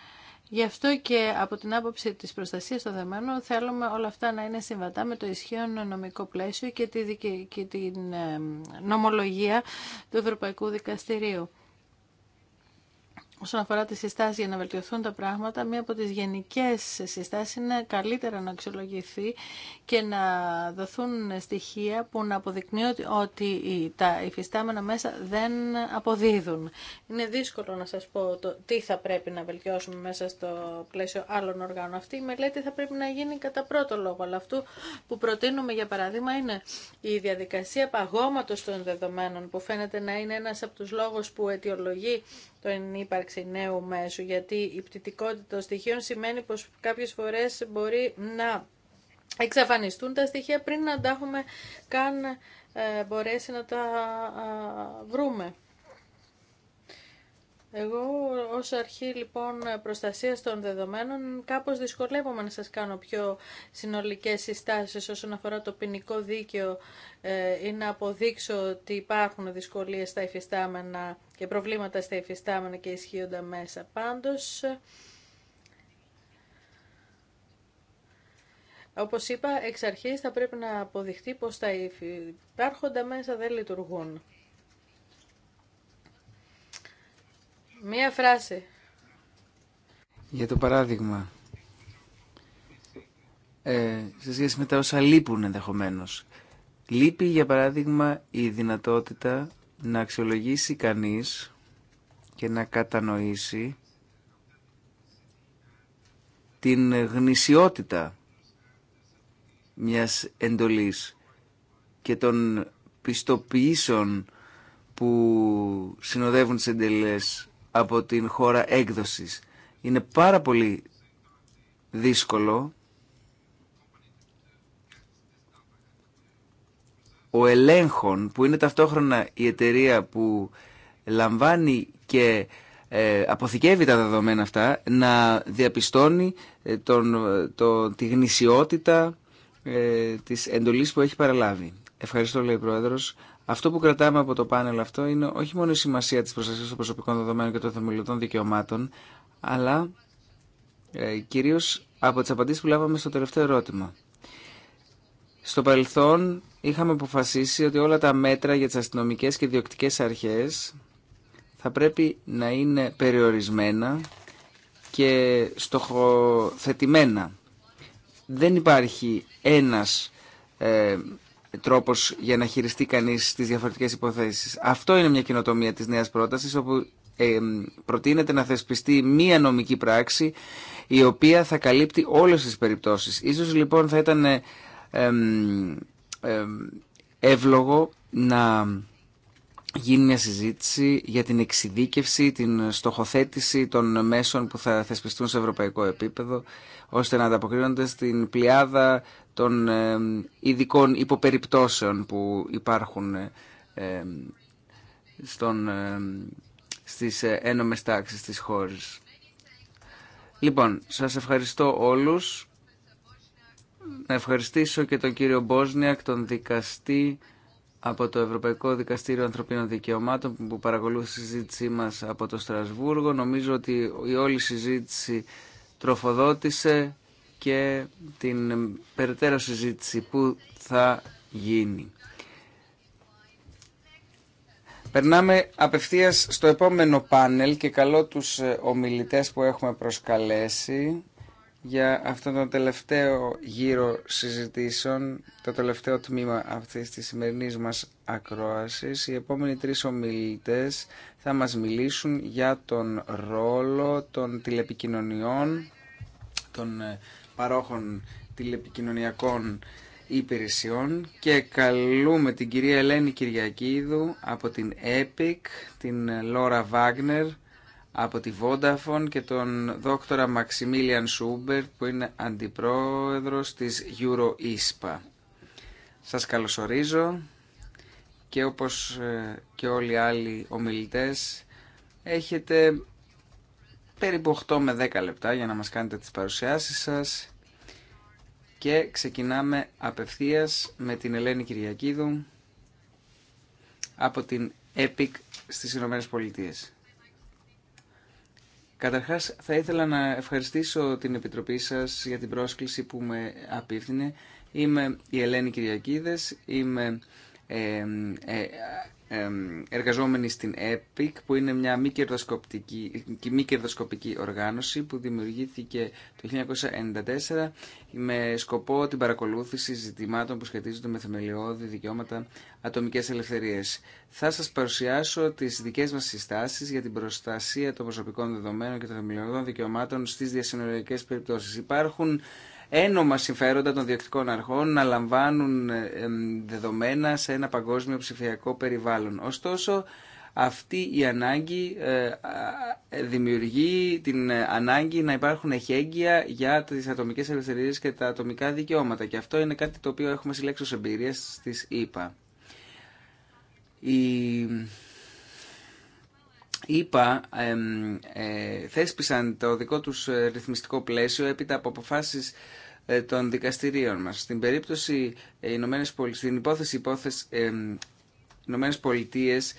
Γι' αυτό και από την άποψη της προστασίας των δεμένων θέλουμε όλα αυτά να είναι συμβατά με το ισχύον νομικό πλαίσιο και, τη, και την νομολογία του Ευρωπαϊκού Δικαστηρίου. Όσον αφορά τις συστάσεις για να βελτιωθούν τα πράγματα, μία από τις γενικές συστάσεις είναι καλύτερα να αξιολογηθεί και να δοθούν στοιχεία που να αποδεικνύουν ότι τα υφιστάμενα μέσα δεν αποδίδουν. Είναι δύσκολο να σας πω τι θα πρέπει να βελτιώσουμε μέσα στο πλαίσιο άλλων οργάνων. Αυτή η μελέτη θα πρέπει να γίνει κατά πρώτο λόγο, αλλά αυτό που προτείνουμε για παράδειγμα είναι η διαδικασία παγώματος των δεδομένων που φαίνεται να είναι ένας από τους λόγους που αιτιολογεί την ύπαρξη νέου μέσου, γιατί η πτυτικότητα των στοιχείων σημαίνει πως κάποιες φορές μπορεί να εξαφανιστούν τα στοιχεία πριν να τα έχουμε καν ε, μπορέσει να τα βρούμε. Εγώ ως αρχή λοιπόν προστασίας των δεδομένων κάπως δυσκολεύομαι να σας κάνω πιο συνολικές συστάσεις όσον αφορά το ποινικό δίκαιο ε, ή να αποδείξω ότι υπάρχουν δυσκολίες στα υφιστάμενα και προβλήματα στα υφιστάμενα και ισχύοντα μέσα. Πάντως, όπως είπα, εξ αρχής θα πρέπει να αποδειχτεί πως τα υπάρχοντα μέσα δεν λειτουργούν. Μία φράση. Για το παράδειγμα, ε, σε σχέση με τα όσα λείπουν ενδεχομένω. Λείπει, για παράδειγμα, η δυνατότητα να αξιολογήσει κανείς και να κατανοήσει την γνησιότητα μιας εντολής και των πιστοποιήσεων που συνοδεύουν τις εντελές από την χώρα έκδοσης. Είναι πάρα πολύ δύσκολο ο ελέγχων που είναι ταυτόχρονα η εταιρεία που λαμβάνει και ε, αποθηκεύει τα δεδομένα αυτά να διαπιστώνει ε, τον, το, τη γνησιότητα ε, της εντολής που έχει παραλάβει. Ευχαριστώ λέει ο Πρόεδρος. Αυτό που κρατάμε από το πάνελ αυτό είναι όχι μόνο η σημασία της προστασίας των προσωπικών δεδομένων και των θεμελιωτών δικαιωμάτων, αλλά ε, κυρίως από τις απαντήσεις που λάβαμε στο τελευταίο ερώτημα. Στο παρελθόν είχαμε αποφασίσει ότι όλα τα μέτρα για τις αστυνομικές και διοκτικές αρχές θα πρέπει να είναι περιορισμένα και στοχοθετημένα. Δεν υπάρχει ένας ε, τρόπο για να χειριστεί κανείς τις διαφορετικές υποθέσεις. Αυτό είναι μια κοινοτομία της νέας πρότασης όπου προτείνεται να θεσπιστεί μία νομική πράξη η οποία θα καλύπτει όλες τις περιπτώσεις. Ίσως λοιπόν θα ήταν ε, εύλογο να γίνει μια συζήτηση για την εξειδίκευση, την στοχοθέτηση των μέσων που θα θεσπιστούν σε ευρωπαϊκό επίπεδο, ώστε να ανταποκρίνονται στην πλειάδα των ε, ειδικών υποπεριπτώσεων που υπάρχουν ε, ε, στον, στις ένομες τάξεις της χώρας. Λοιπόν, σας ευχαριστώ όλους. Να ευχαριστήσω και τον κύριο Μπόσνιακ, τον δικαστή από το Ευρωπαϊκό Δικαστήριο Ανθρωπίνων Δικαιωμάτων που παρακολούθησε τη συζήτησή μας από το Στρασβούργο. Νομίζω ότι η όλη συζήτηση τροφοδότησε και την περαιτέρω συζήτηση που θα γίνει. Περνάμε απευθείας στο επόμενο πάνελ και καλώ τους ε, ομιλητές που έχουμε προσκαλέσει για αυτόν τον τελευταίο γύρο συζητήσεων, το τελευταίο τμήμα αυτής της σημερινής μας ακρόασης. Οι επόμενοι τρεις ομιλητές θα μας μιλήσουν για τον ρόλο των τηλεπικοινωνιών, των ε, παρόχων τηλεπικοινωνιακών υπηρεσιών και καλούμε την κυρία Ελένη Κυριακίδου από την EPIC, την Λόρα Βάγνερ από τη Vodafone και τον δόκτορα Μαξιμίλιαν Σούμπερ που είναι αντιπρόεδρος της EuroISPA. Σας καλωσορίζω και όπως ε, και όλοι οι άλλοι ομιλητές έχετε περίπου 8 με 10 λεπτά για να μας κάνετε τις παρουσιάσεις σας και ξεκινάμε απευθείας με την Ελένη Κυριακίδου από την EPIC στις Ηνωμένες Πολιτείες. Καταρχάς θα ήθελα να ευχαριστήσω την Επιτροπή σας για την πρόσκληση που με απίφθινε. Είμαι η Ελένη Κυριακίδες, είμαι ε, ε εργαζόμενοι στην EPIC που είναι μια μη κερδοσκοπική, μη κερδοσκοπική οργάνωση που δημιουργήθηκε το 1994 με σκοπό την παρακολούθηση ζητημάτων που σχετίζονται με θεμελιώδη δικαιώματα ατομικές ελευθερίες. Θα σας παρουσιάσω τις δικές μας συστάσεις για την προστασία των προσωπικών δεδομένων και των θεμελιωδών δικαιωμάτων στις διασυνοριακές περιπτώσεις. Υπάρχουν ένομα συμφέροντα των διεκτικών αρχών να λαμβάνουν δεδομένα σε ένα παγκόσμιο ψηφιακό περιβάλλον. Ωστόσο, αυτή η ανάγκη ε, δημιουργεί την ανάγκη να υπάρχουν εχέγγυα για τις ατομικές ελευθερίες και τα ατομικά δικαιώματα. Και αυτό είναι κάτι το οποίο έχουμε συλλέξει ως εμπειρία στις ΕΠΑ. Η είπα, ε, θέσπισαν το δικό τους ε, ρυθμιστικό πλαίσιο έπειτα από αποφάσεις ε, των δικαστηρίων μας. Στην περίπτωση Ηνωμένες στην υπόθεση υπόθεση ε, Ηνωμένες Πολιτείες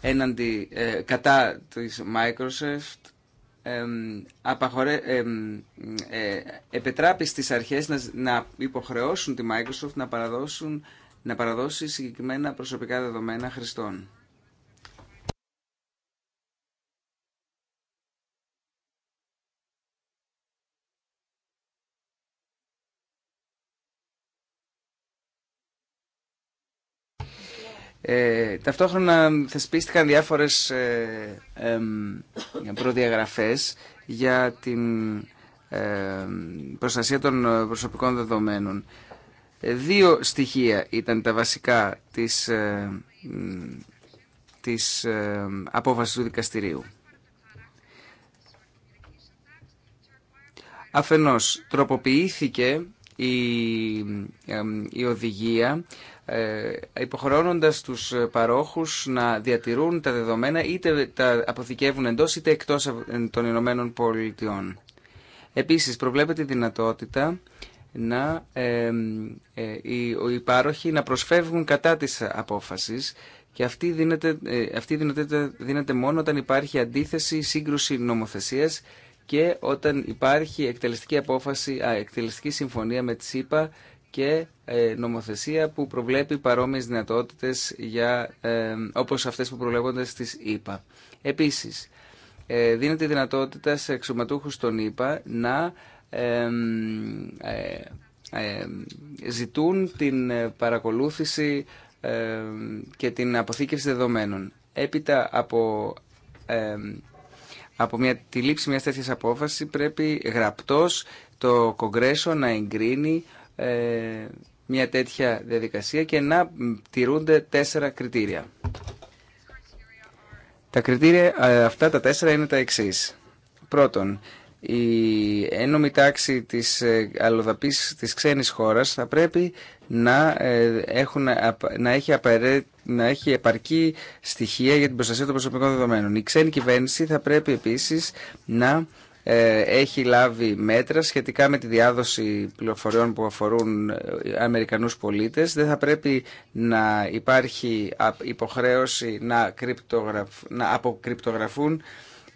έναντι, κατά της Microsoft ε, απαχωρε, επετράπει αρχές να, υποχρεώσουν τη Microsoft να, παραδώσουν, να παραδώσει συγκεκριμένα προσωπικά δεδομένα χρηστών. Ε, ταυτόχρονα θεσπίστηκαν διάφορες ε, προδιαγραφές για την ε, προστασία των προσωπικών δεδομένων. Ε, δύο στοιχεία ήταν τα βασικά της, ε, της απόφασης του δικαστηρίου. Αφενός, τροποποιήθηκε η, η οδηγία ε, υποχρεώνοντας τους παρόχους να διατηρούν τα δεδομένα είτε τα αποθηκεύουν εντός είτε εκτός των Ηνωμένων Πολιτειών. Επίσης προβλέπεται η δυνατότητα να, ε, οι, πάροχοι να προσφεύγουν κατά της απόφασης και αυτή, δίνεται, ε, αυτή δίνεται, δίνεται μόνο όταν υπάρχει αντίθεση, ή σύγκρουση νομοθεσίας και όταν υπάρχει εκτελεστική απόφαση, εκτελεστική συμφωνία με τη ΣΥΠΑ και ε, νομοθεσία που προβλέπει παρόμοιες δυνατότητες για, ε, όπως αυτές που προβλέπονται στις ΗΠΑ. Επίσης, ε, δίνεται δυνατότητα σε εξωματούχους των ΗΠΑ να ε, ε, ζητούν την παρακολούθηση και την αποθήκευση δεδομένων. Έπειτα από από μια, τη λήψη μια τέτοιας απόφασης πρέπει γραπτός το Κογκρέσο να εγκρίνει ε, μια τέτοια διαδικασία και να τηρούνται τέσσερα κριτήρια. Τα κριτήρια ε, αυτά τα τέσσερα είναι τα εξής. Πρώτον, η ένομη τάξη της ε, αλλοδαπής της ξένης χώρας θα πρέπει να, ε, έχουν, να, έχει να έχει επαρκή στοιχεία για την προστασία των προσωπικών δεδομένων. Η ξένη κυβέρνηση θα πρέπει επίσης να ε, έχει λάβει μέτρα σχετικά με τη διάδοση πληροφοριών που αφορούν Αμερικανούς πολίτες. Δεν θα πρέπει να υπάρχει υποχρέωση να, να αποκρυπτογραφούν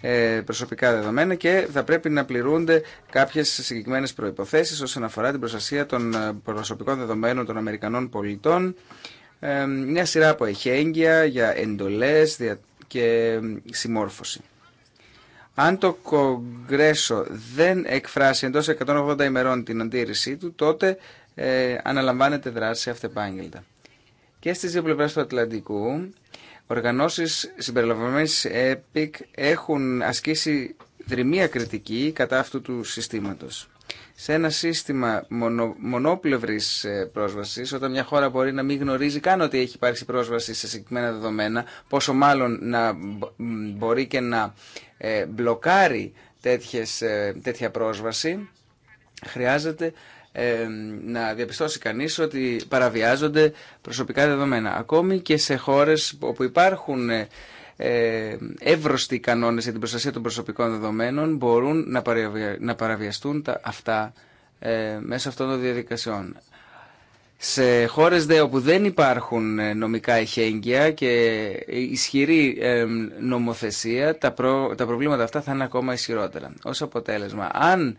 ε, προσωπικά δεδομένα και θα πρέπει να πληρούνται κάποιε συγκεκριμένε προποθέσει όσον αφορά την προστασία των ε, προσωπικών δεδομένων των Αμερικανών πολιτών. Ε, μια σειρά από εχέγγυα για εντολέ και συμμόρφωση. Αν το Κογκρέσο δεν εκφράσει εντός 180 ημερών την αντίρρησή του, τότε ε, αναλαμβάνεται δράση αυτεπάγγελτα. Και στις δύο πλευρές του Ατλαντικού Οργανώσεις συμπεριλαμβανομένης ΕΠΙΚ έχουν ασκήσει δρυμία κριτική κατά αυτού του συστήματος. Σε ένα σύστημα μονο, μονόπλευρης ε, πρόσβασης, όταν μια χώρα μπορεί να μην γνωρίζει καν ότι έχει υπάρξει πρόσβαση σε συγκεκριμένα δεδομένα, πόσο μάλλον να μπορεί και να ε, μπλοκάρει τέτοιες, ε, τέτοια πρόσβαση, χρειάζεται να διαπιστώσει κανείς ότι παραβιάζονται προσωπικά δεδομένα. Ακόμη και σε χώρες όπου υπάρχουν ε, εύρωστοι κανόνες για την προστασία των προσωπικών δεδομένων μπορούν να παραβιαστούν αυτά ε, μέσα αυτών των διαδικασιών. Σε χώρες όπου δεν υπάρχουν ε, νομικά εχέγγυα και ε, ισχυρή ε, νομοθεσία, τα, προ... τα προβλήματα αυτά θα είναι ακόμα ισχυρότερα. Ως αποτέλεσμα, αν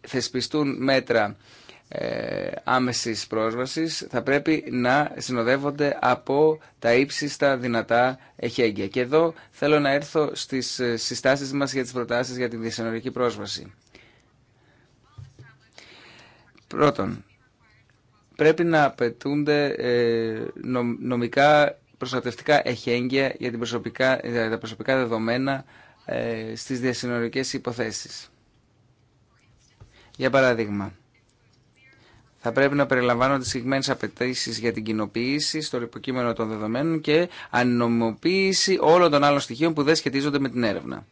θεσπιστούν μέτρα άμεσης πρόσβασης θα πρέπει να συνοδεύονται από τα ύψιστα δυνατά εχέγγυα. Και εδώ θέλω να έρθω στις συστάσεις μας για τις προτάσεις για τη δυσενορική πρόσβαση. Πρώτον, πρέπει να απαιτούνται ε, νομικά προστατευτικά εχέγγυα για, την προσωπικά, τα προσωπικά δεδομένα ε, στις διασυνορικές υποθέσεις. Για παράδειγμα, θα πρέπει να περιλαμβάνονται συγκεκριμένε απαιτήσει για την κοινοποίηση στο υποκείμενο των δεδομένων και ανομοποίηση όλων των άλλων στοιχείων που δεν σχετίζονται με την έρευνα.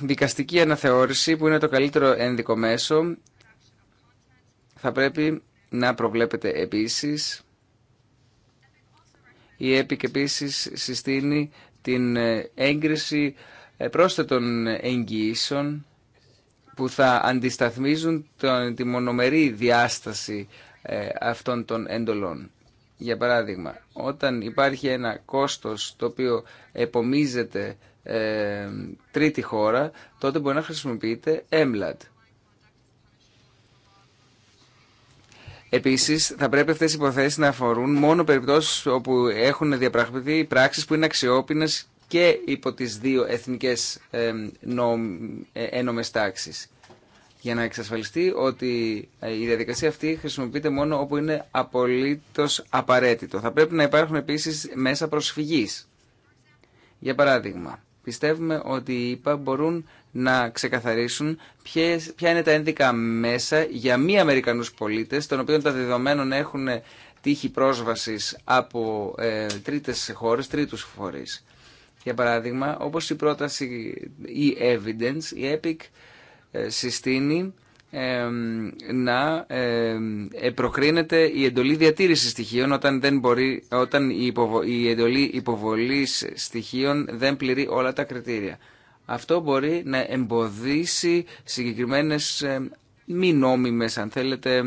Δικαστική αναθεώρηση που είναι το καλύτερο ένδικο μέσο θα πρέπει να προβλέπετε επίσης η και επίσης συστήνει την ε, έγκριση ε, πρόσθετων εγγυήσεων που θα αντισταθμίζουν τη μονομερή διάσταση ε, αυτών των εντολών. Για παράδειγμα, όταν υπάρχει ένα κόστος το οποίο επομίζεται τρίτη χώρα, τότε μπορεί να χρησιμοποιείται έμλατ Επίση, θα πρέπει αυτέ οι υποθέσει να αφορούν μόνο περιπτώσει όπου έχουν διαπραγματευτεί πράξει που είναι αξιόπινε και υπό τι δύο εθνικέ ε, ένομε τάξει. Για να εξασφαλιστεί ότι ε, η διαδικασία αυτή χρησιμοποιείται μόνο όπου είναι απολύτω απαραίτητο. Θα πρέπει να υπάρχουν επίση μέσα προσφυγή. Για παράδειγμα, Πιστεύουμε ότι οι ΙΠΑ μπορούν να ξεκαθαρίσουν ποια είναι τα ένδικα μέσα για μη Αμερικανούς πολίτες, των οποίων τα δεδομένων έχουν τύχη πρόσβασης από ε, τρίτες χώρες, τρίτους φορείς. Για παράδειγμα, όπως η πρόταση e-evidence, η EPIC ε, συστήνει να προκρίνεται η εντολή διατήρησης στοιχείων όταν, δεν μπορεί, όταν η, η εντολή υποβολής στοιχείων δεν πληρεί όλα τα κριτήρια. Αυτό μπορεί να εμποδίσει συγκεκριμένες μη νόμιμες, αν θέλετε,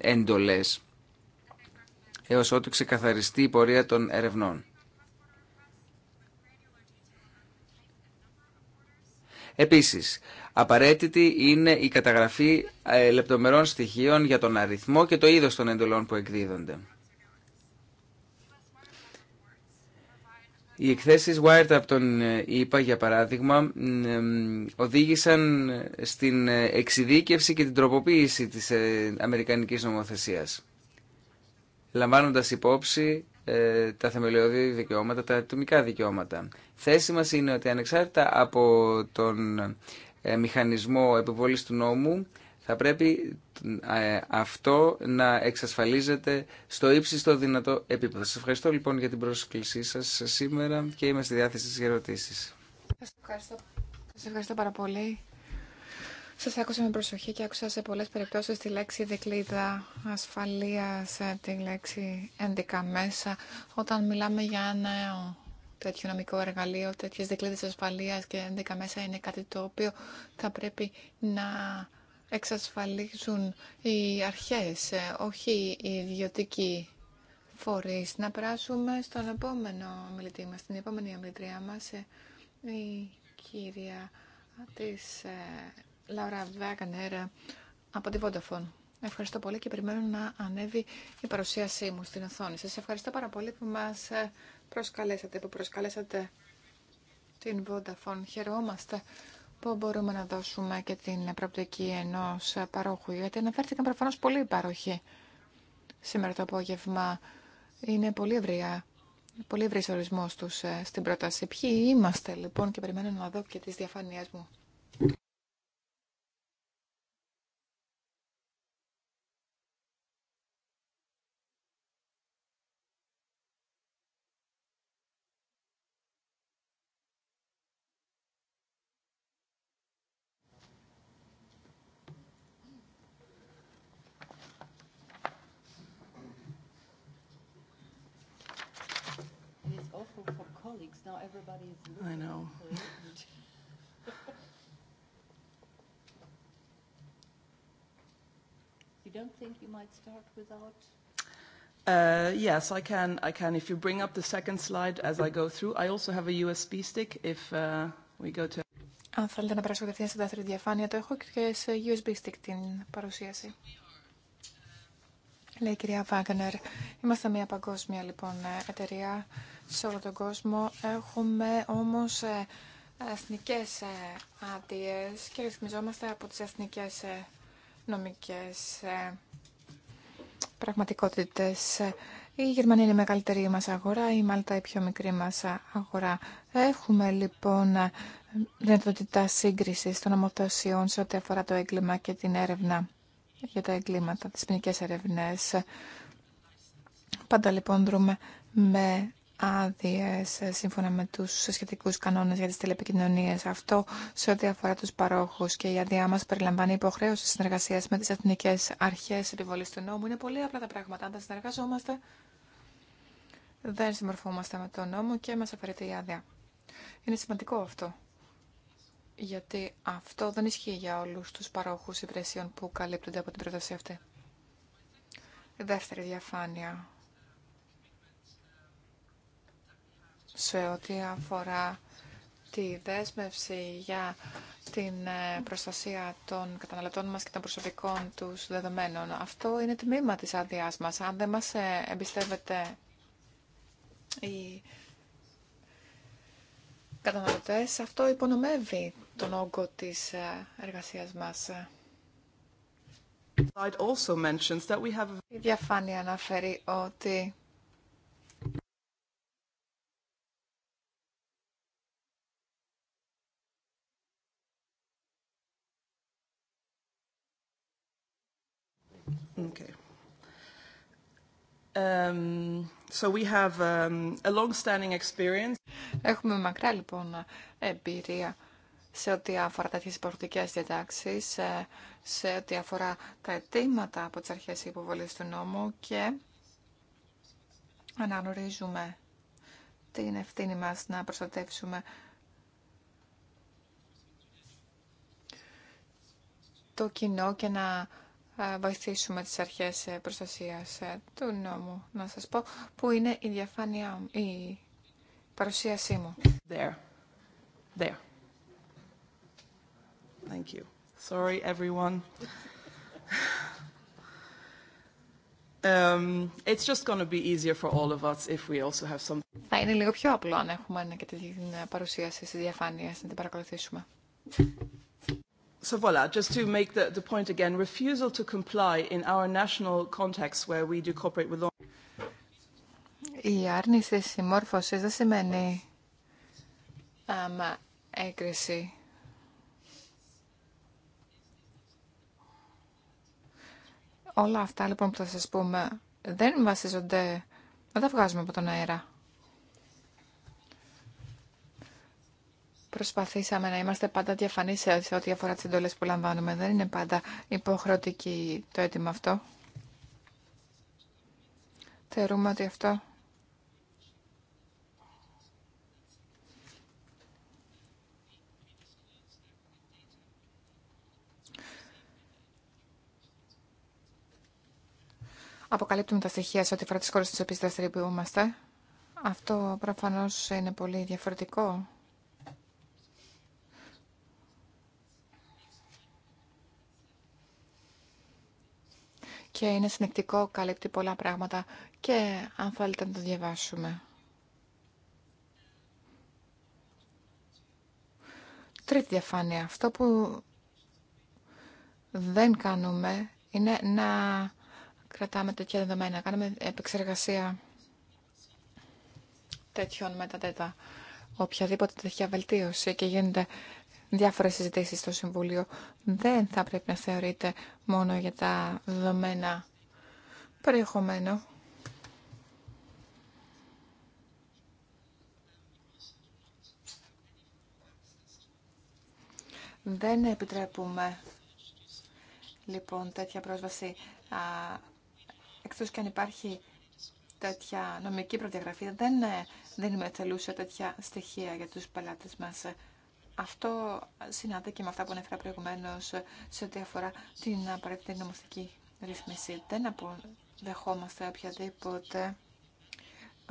εντολές έως ότου ξεκαθαριστεί η πορεία των ερευνών. Επίσης, απαραίτητη είναι η καταγραφή ε, λεπτομερών στοιχείων για τον αριθμό και το είδος των εντολών που εκδίδονται. Οι εκθέσεις Wired από τον ΙΠΑ, ε, για παράδειγμα, ε, οδήγησαν στην εξειδίκευση και την τροποποίηση της Αμερικανικής νομοθεσίας, λαμβάνοντας υπόψη ε, τα θεμελιώδη δικαιώματα, τα ατομικά δικαιώματα. Θέση μας είναι ότι ανεξάρτητα από τον ε, μηχανισμό επιβολής του νόμου θα πρέπει ε, αυτό να εξασφαλίζεται στο ύψιστο δυνατό επίπεδο. Σας ευχαριστώ λοιπόν για την πρόσκλησή σας σήμερα και είμαι στη διάθεση για ερωτήσεις. Σας ευχαριστώ, σας ευχαριστώ πάρα πολύ. Σα άκουσα με προσοχή και άκουσα σε πολλέ περιπτώσει τη λέξη δικλίδα ασφαλεία, ε, τη λέξη ένδικα μέσα. Όταν μιλάμε για ένα τέτοιο νομικό εργαλείο, τέτοιες δικλείδε ασφαλεία και ένδικα μέσα είναι κάτι το οποίο θα πρέπει να εξασφαλίζουν οι αρχές, ε, όχι οι ιδιωτικοί φορείς. Να περάσουμε στον επόμενο μιλητή μας, την επόμενη ομιλητρία μας, ε, η κυρία της Λαουρά Βάγκανερ από τη Vodafone. Ευχαριστώ πολύ και περιμένω να ανέβει η παρουσίασή μου στην οθόνη σας. Ευχαριστώ πάρα πολύ που μας ε, προσκαλέσατε, που προσκαλέσατε την Vodafone. Χαιρόμαστε που μπορούμε να δώσουμε και την προοπτική ενός παρόχου, γιατί αναφέρθηκαν προφανώς πολλοί παρόχοι σήμερα το απόγευμα. Είναι πολύ ευρία πολύ ευρύς ορισμός τους ε, στην πρόταση. Ποιοι είμαστε λοιπόν και περιμένω να δω και τις διαφάνειές μου. I know. you don't think you might start without? Uh, yes, I can. I can. If you bring up the second slide as I go through, I also have a USB stick. If uh, we go to. Αν θέλετε να περάσω κατευθείαν στη δεύτερη διαφάνεια, το έχω και σε USB stick την παρουσίαση. Λέει η κυρία Βάγκνερ, είμαστε μια παγκόσμια λοιπόν εταιρεία σε όλο τον κόσμο. Έχουμε όμως ε, εθνικές ε, άδειε και ρυθμιζόμαστε από τις εθνικές ε, νομικές πραγματικότητες. Η Γερμανία είναι η μεγαλύτερη μας αγορά, η Μάλτα η πιο μικρή μας αγορά. Έχουμε λοιπόν δυνατότητα σύγκριση των νομοθεσιών σε ό,τι αφορά το έγκλημα και την έρευνα για τα εγκλήματα, τις ποινικές ερευνές. Πάντα λοιπόν δρούμε με άδειε σύμφωνα με του σχετικού κανόνε για τι τηλεπικοινωνίε. Αυτό σε ό,τι αφορά του παρόχου και η άδειά μα περιλαμβάνει υποχρέωση συνεργασία με τι εθνικέ αρχέ επιβολή του νόμου. Είναι πολύ απλά τα πράγματα. Αν δεν συνεργαζόμαστε, δεν συμμορφούμαστε με τον νόμο και μα αφαιρείται η άδεια. Είναι σημαντικό αυτό γιατί αυτό δεν ισχύει για όλους τους παρόχους υπηρεσιών που καλύπτονται από την πρόταση αυτή. Δεύτερη διαφάνεια σε ό,τι αφορά τη δέσμευση για την ε, προστασία των καταναλωτών μας και των προσωπικών τους δεδομένων. Αυτό είναι τμήμα της άδειά μας. Αν δεν μας ε, εμπιστεύεται οι καταναλωτές, αυτό υπονομεύει τον όγκο της ε, εργασίας μας. Also mentions that we have... Η διαφάνεια αναφέρει ότι Okay. Um, so we have um, a long-standing experience. Έχουμε μακρά λοιπόν εμπειρία σε ό,τι αφορά τέτοιες υποχρεωτικές διατάξεις, σε ό,τι αφορά τα αιτήματα από τις αρχές υποβολής του νόμου και αναγνωρίζουμε την ευθύνη μας να προστατεύσουμε το κοινό και να ε, βοηθήσουμε τις αρχές ε, προστασίας ε, του νόμου. Να σας πω που είναι η διαφάνεια, η παρουσίασή μου. There. There. Thank you. Sorry, everyone. Um, It's just going to be easier for all of us if we also have some. Θα είναι λίγο πιο απλό αν έχουμε και την παρουσίαση στη διαφάνεια να την παρακολουθήσουμε. So voilà, just to make the, the point again, refusal to comply in our national context where we do cooperate with law. Η άρνηση συμμόρφωσης δεν σημαίνει um, έγκριση Όλα αυτά λοιπόν που θα σας πούμε δεν βασίζονται, δεν τα βγάζουμε από τον αέρα. Προσπαθήσαμε να είμαστε πάντα διαφανείς σε ό,τι αφορά τις εντολές που λαμβάνουμε. Δεν είναι πάντα υποχρεωτική το αίτημα αυτό. Θεωρούμε ότι αυτό αποκαλύπτουμε τα στοιχεία σε ό,τι αφορά τις χώρε τι οποίε δραστηριοποιούμαστε. Αυτό προφανώς είναι πολύ διαφορετικό. Και είναι συνεκτικό, καλύπτει πολλά πράγματα και αν θέλετε να το διαβάσουμε. Τρίτη διαφάνεια. Αυτό που δεν κάνουμε είναι να κρατάμε τέτοια δεδομένα, κάνουμε επεξεργασία τέτοιων μετατέτα, οποιαδήποτε τέτοια βελτίωση και γίνεται διάφορε συζητήσει στο Συμβούλιο, δεν θα πρέπει να θεωρείται μόνο για τα δεδομένα περιεχομένου. Δεν επιτρέπουμε λοιπόν τέτοια πρόσβαση εκτός και αν υπάρχει τέτοια νομική προδιαγραφή, δεν δίνουμε τελούσια τέτοια στοιχεία για τους πελάτες μας. Αυτό συνάδει και με αυτά που ανέφερα προηγουμένω σε ό,τι αφορά την απαραίτητη νομοθετική ρύθμιση. Δεν αποδεχόμαστε οποιαδήποτε,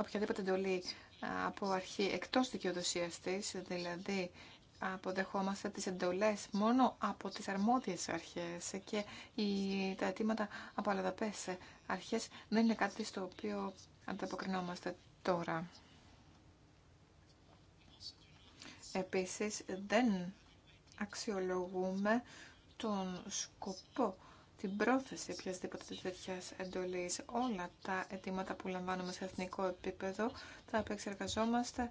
οποιαδήποτε εντολή ε, από αρχή εκτός δικαιοδοσίας της, δηλαδή αποδεχόμαστε τις εντολές μόνο από τις αρμόδιες αρχές και οι, τα αιτήματα από αλλαδαπές αρχές δεν είναι κάτι στο οποίο ανταποκρινόμαστε τώρα. Επίσης δεν αξιολογούμε τον σκοπό, την πρόθεση οποιασδήποτε τέτοια εντολής. Όλα τα αιτήματα που λαμβάνουμε σε εθνικό επίπεδο τα επεξεργαζόμαστε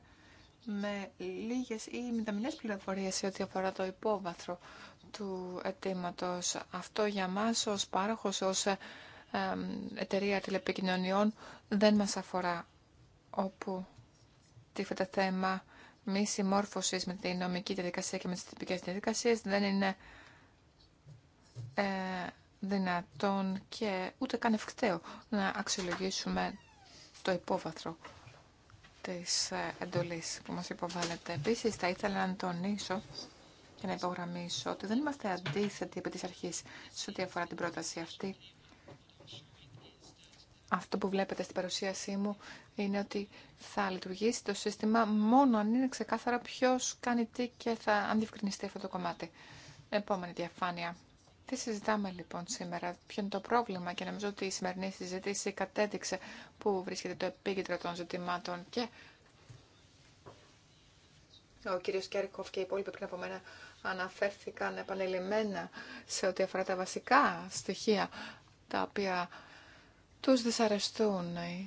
με λίγες ή μηδαμινές πληροφορίες σε ό,τι αφορά το υπόβαθρο του αιτήματο. Αυτό για μας ως πάροχος, ως εταιρεία τηλεπικοινωνιών δεν μας αφορά όπου τίθεται θέμα μη συμμόρφωση με τη νομική διαδικασία και με τις τυπικές διαδικασίες δεν είναι ε, δυνατόν και ούτε καν ευκταίο να αξιολογήσουμε το υπόβαθρο της ε, εντολής που μας υποβάλλεται. Επίσης, θα ήθελα να τονίσω και να υπογραμμίσω ότι δεν είμαστε αντίθετοι επί της αρχής σε ό,τι αφορά την πρόταση αυτή. Αυτό που βλέπετε στην παρουσίασή μου είναι ότι θα λειτουργήσει το σύστημα μόνο αν είναι ξεκάθαρα ποιο κάνει τι και θα αντιευκρινιστεί αυτό το κομμάτι. Επόμενη διαφάνεια. Τι συζητάμε λοιπόν σήμερα, ποιο είναι το πρόβλημα και νομίζω ότι η σημερινή συζήτηση κατέδειξε που βρίσκεται το επίκεντρο των ζητημάτων και ο κύριος Κέρκοφ και οι υπόλοιποι πριν από μένα αναφέρθηκαν επανελειμμένα σε ό,τι αφορά τα βασικά στοιχεία τα οποία τους δυσαρεστούν ε,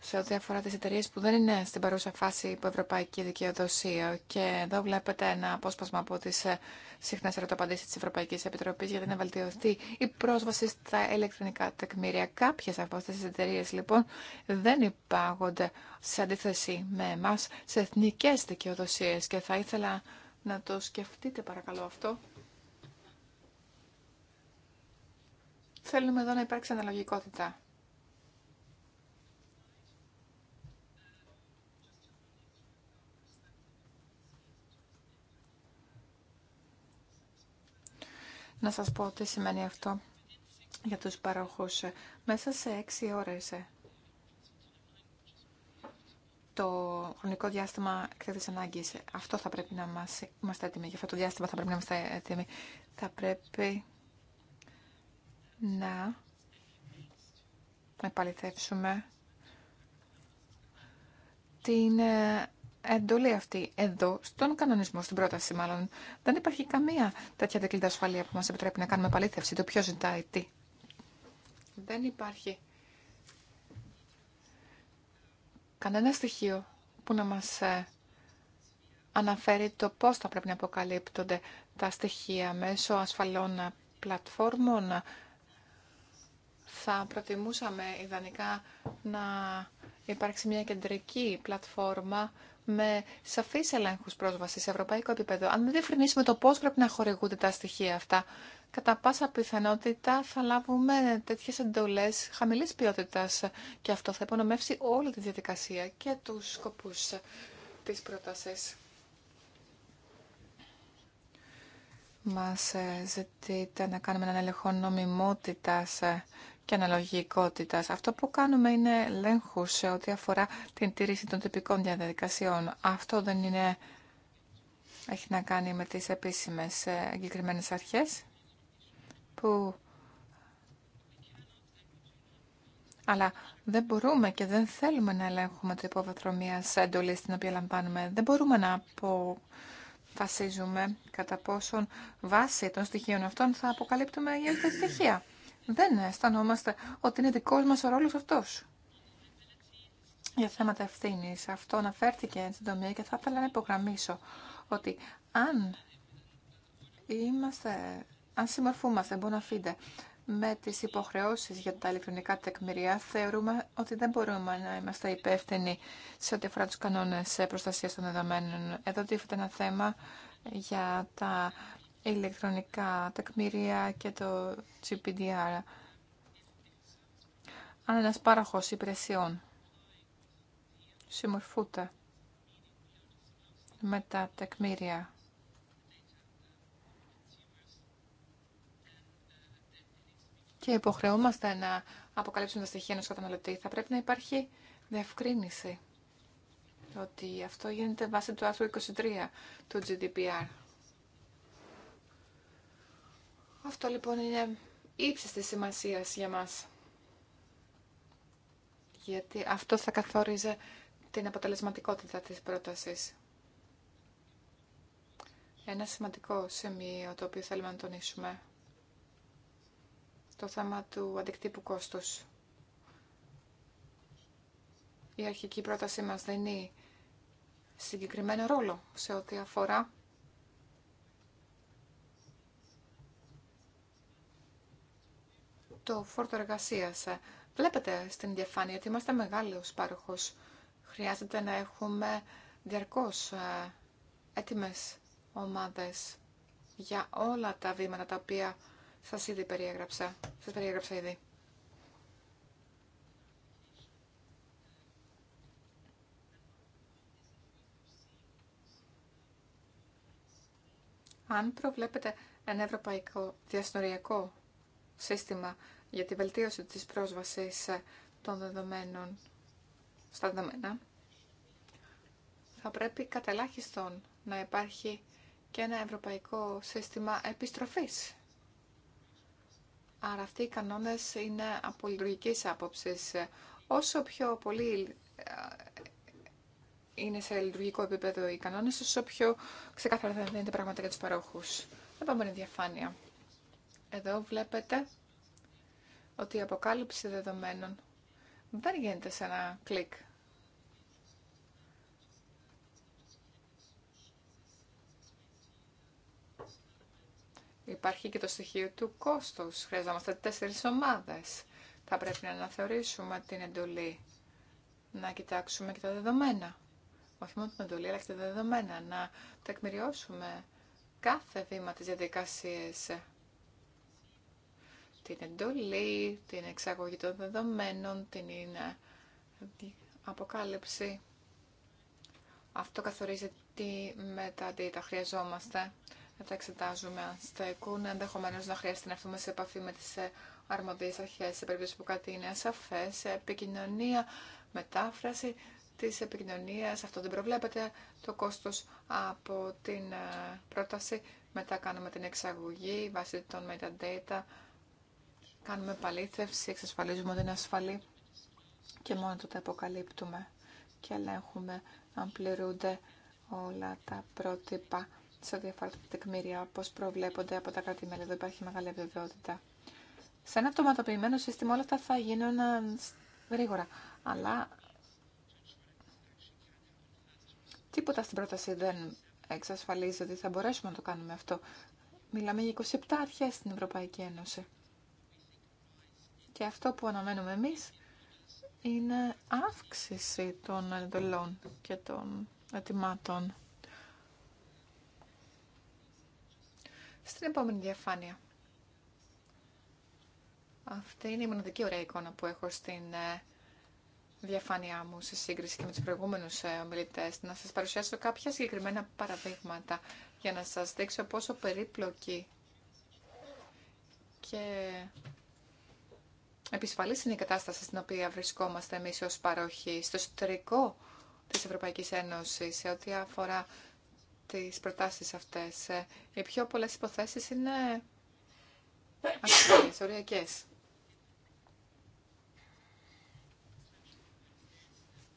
σε ό,τι αφορά τις εταιρείε που δεν είναι στην παρούσα φάση υπό ευρωπαϊκή δικαιοδοσία. Και εδώ βλέπετε ένα απόσπασμα από τις ε, συχνές ερωτοπαντήσεις της Ευρωπαϊκής Επιτροπής για να βελτιωθεί η πρόσβαση στα ηλεκτρονικά τεκμήρια. Κάποιες από αυτές τις εταιρείε λοιπόν δεν υπάγονται σε αντίθεση με εμάς σε εθνικές δικαιοδοσίες και θα ήθελα να το σκεφτείτε παρακαλώ αυτό Θέλουμε εδώ να υπάρξει αναλογικότητα. Να σας πω τι σημαίνει αυτό για τους παροχούς. Μέσα σε έξι ώρες ε, το χρονικό διάστημα εκτέλεση ανάγκη. Αυτό θα πρέπει να μας, είμαστε έτοιμοι. Για αυτό το διάστημα θα πρέπει να είμαστε έτοιμοι. Θα πρέπει να επαληθεύσουμε την ε, εντολή αυτή εδώ, στον κανονισμό, στην πρόταση μάλλον. Δεν υπάρχει καμία τέτοια δεκλήτα ασφαλεία που μας επιτρέπει να κάνουμε επαλήθευση. Το ποιο ζητάει τι. Δεν υπάρχει κανένα στοιχείο που να μας ε, αναφέρει το πώς θα πρέπει να αποκαλύπτονται τα στοιχεία μέσω ασφαλών πλατφόρμων, θα προτιμούσαμε ιδανικά να υπάρξει μια κεντρική πλατφόρμα με σαφείς ελέγχου πρόσβαση σε ευρωπαϊκό επίπεδο. Αν δεν διευκρινίσουμε το πώ πρέπει να χορηγούνται τα στοιχεία αυτά, κατά πάσα πιθανότητα θα λάβουμε τέτοιε εντολέ χαμηλής ποιότητα και αυτό θα υπονομεύσει όλη τη διαδικασία και του σκοπού τη πρόταση. Μας ε, ζητείτε να κάνουμε έναν έλεγχο νομιμότητας ε, και αναλογικότητα. Αυτό που κάνουμε είναι ελέγχου σε ό,τι αφορά την τήρηση των τυπικών διαδικασιών. Αυτό δεν είναι... έχει να κάνει με τις επίσημες ε, εγκεκριμένε αρχές που... Αλλά δεν μπορούμε και δεν θέλουμε να ελέγχουμε το υπόβαθρο μια εντολή την οποία λαμβάνουμε. Δεν μπορούμε να αποφασίζουμε κατά πόσον βάση των στοιχείων αυτών θα αποκαλύπτουμε ή όχι τα στοιχεία δεν αισθανόμαστε ότι είναι δικό μας ο ρόλος αυτός. Για θέματα ευθύνη. Αυτό αναφέρθηκε εν συντομία και θα ήθελα να υπογραμμίσω ότι αν είμαστε, αν συμμορφούμαστε, φύγετε με τις υποχρεώσεις για τα ηλεκτρονικά τεκμηρία, θεωρούμε ότι δεν μπορούμε να είμαστε υπεύθυνοι σε ό,τι αφορά τους κανόνες προστασίας των δεδομένων. Εδώ τίθεται ένα θέμα για τα ηλεκτρονικά τεκμήρια και το GPDR. Αν ένας πάροχος υπηρεσιών συμμορφούται με τα τεκμήρια και υποχρεούμαστε να αποκαλύψουμε τα στοιχεία ενός καταναλωτή, θα πρέπει να υπάρχει διευκρίνηση ότι αυτό γίνεται βάσει του άρθρου 23 του GDPR. Αυτό λοιπόν είναι ύψιστη σημασία για μας. Γιατί αυτό θα καθόριζε την αποτελεσματικότητα της πρότασης. Ένα σημαντικό σημείο το οποίο θέλουμε να τονίσουμε. Το θέμα του αντικτύπου κόστους. Η αρχική πρότασή μας δεν συγκεκριμένο ρόλο σε ό,τι αφορά το φόρτο εργασία. Βλέπετε στην διαφάνεια ότι είμαστε μεγάλο πάροχο. Χρειάζεται να έχουμε διαρκώ ε, έτοιμε ομάδες για όλα τα βήματα τα οποία σα ήδη περιέγραψα. Σας ήδη. Αν προβλέπετε ένα ευρωπαϊκό διαστοριακό σύστημα για τη βελτίωση της πρόσβασης ε, των δεδομένων στα δεδομένα, θα πρέπει κατελάχιστον να υπάρχει και ένα ευρωπαϊκό σύστημα επιστροφής. Άρα αυτοί οι κανόνες είναι από λειτουργικής άποψης. Όσο πιο πολύ ε, είναι σε λειτουργικό επίπεδο οι κανόνες, όσο πιο ξεκάθαρα θα δίνεται πράγματα για τους παρόχους. Επόμενη διαφάνεια. Εδώ βλέπετε ότι η αποκάλυψη δεδομένων δεν γίνεται σε ένα κλικ. Υπάρχει και το στοιχείο του κόστους. Χρειαζόμαστε τέσσερις ομάδες. Θα πρέπει να αναθεωρήσουμε την εντολή, να κοιτάξουμε και τα δεδομένα. Όχι μόνο την εντολή, αλλά και τα δεδομένα. Να τεκμηριώσουμε κάθε βήμα της διαδικασίας την εντολή, την εξαγωγή των δεδομένων, την αποκάλυψη. Αυτό καθορίζει τι μετα χρειαζόμαστε. Να τα εξετάζουμε αν στέκουν. Ενδεχομένω να χρειαστεί να έρθουμε σε επαφή με τι ε, αρμοδίε αρχέ σε περίπτωση που κάτι είναι ασαφέ. Επικοινωνία, μετάφραση τη επικοινωνία. Αυτό δεν προβλέπεται. Το κόστο από την ε, πρόταση. Μετά κάνουμε την εξαγωγή βάσει των metadata Κάνουμε παλήθευση, εξασφαλίζουμε ότι είναι ασφαλή και μόνο τότε αποκαλύπτουμε και ελέγχουμε αν πληρούνται όλα τα πρότυπα σε διαφορετικά αφορά τα τεκμήρια, όπω προβλέπονται από τα κράτη-μέλη. Εδώ υπάρχει μεγάλη αβεβαιότητα. Σε ένα αυτοματοποιημένο σύστημα όλα αυτά θα γίνουν ε, γρήγορα. Αλλά τίποτα στην πρόταση δεν εξασφαλίζει ότι θα μπορέσουμε να το κάνουμε αυτό. Μιλάμε για 27 αρχές στην Ευρωπαϊκή Ένωση. Και αυτό που αναμένουμε εμείς είναι αύξηση των εντολών και των ετοιμάτων. Στην επόμενη διαφάνεια. Αυτή είναι η μοναδική ωραία εικόνα που έχω στην ε, διαφάνειά μου σε σύγκριση και με τους προηγούμενους ε, ομιλητές. Να σας παρουσιάσω κάποια συγκεκριμένα παραδείγματα για να σας δείξω πόσο περίπλοκη και επισφαλής είναι η κατάσταση στην οποία βρισκόμαστε εμείς ως παροχή στο εσωτερικό της Ευρωπαϊκής Ένωσης σε ό,τι αφορά τις προτάσεις αυτές. Ε, οι πιο πολλές υποθέσεις είναι ασφαλείς, οριακές.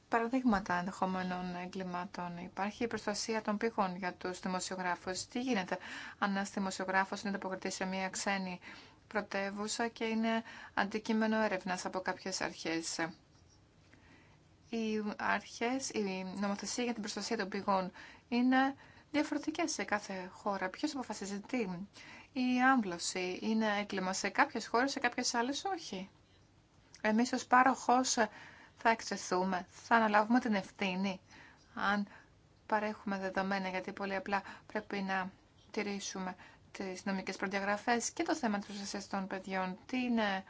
παραδείγματα ενδεχομένων εγκλημάτων. Υπάρχει η προστασία των πηγών για του δημοσιογράφου. Τι γίνεται αν ένα δημοσιογράφο είναι σε μια ξένη πρωτεύουσα και είναι αντικείμενο έρευνας από κάποιες αρχές. Οι αρχέ, η νομοθεσία για την προστασία των πηγών είναι διαφορετικές σε κάθε χώρα. Ποιος αποφασίζει τι. Η άμβλωση είναι έγκλημα σε κάποιες χώρες, σε κάποιες άλλες όχι. Εμείς ως πάροχος θα εξεθούμε, θα αναλάβουμε την ευθύνη. Αν παρέχουμε δεδομένα, γιατί πολύ απλά πρέπει να τηρήσουμε τις νομικές προδιαγραφές και το θέμα της προστασίας των παιδιών. Τι είναι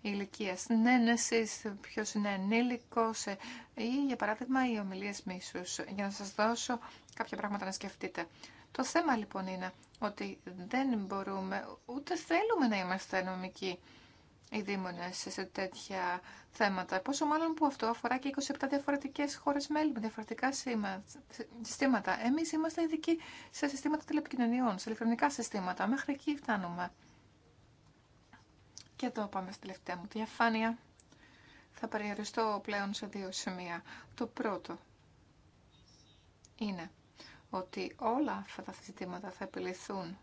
η ηλικία συνένεση, ποιο είναι ενήλικο ή για παράδειγμα οι ομιλίε μίσου Για να σας δώσω κάποια πράγματα να σκεφτείτε. Το θέμα λοιπόν είναι ότι δεν μπορούμε ούτε θέλουμε να είμαστε νομικοί οι δήμονες σε τέτοια θέματα. Πόσο μάλλον που αυτό αφορά και 27 διαφορετικές χώρες μέλη με διαφορετικά συστήματα. Εμείς είμαστε ειδικοί σε συστήματα τηλεπικοινωνιών, σε ηλεκτρονικά συστήματα. Μέχρι εκεί φτάνουμε. Και εδώ πάμε στη τελευταία μου διαφάνεια. Θα περιοριστώ πλέον σε δύο σημεία. Το πρώτο είναι ότι όλα αυτά τα συστήματα θα επιληθούν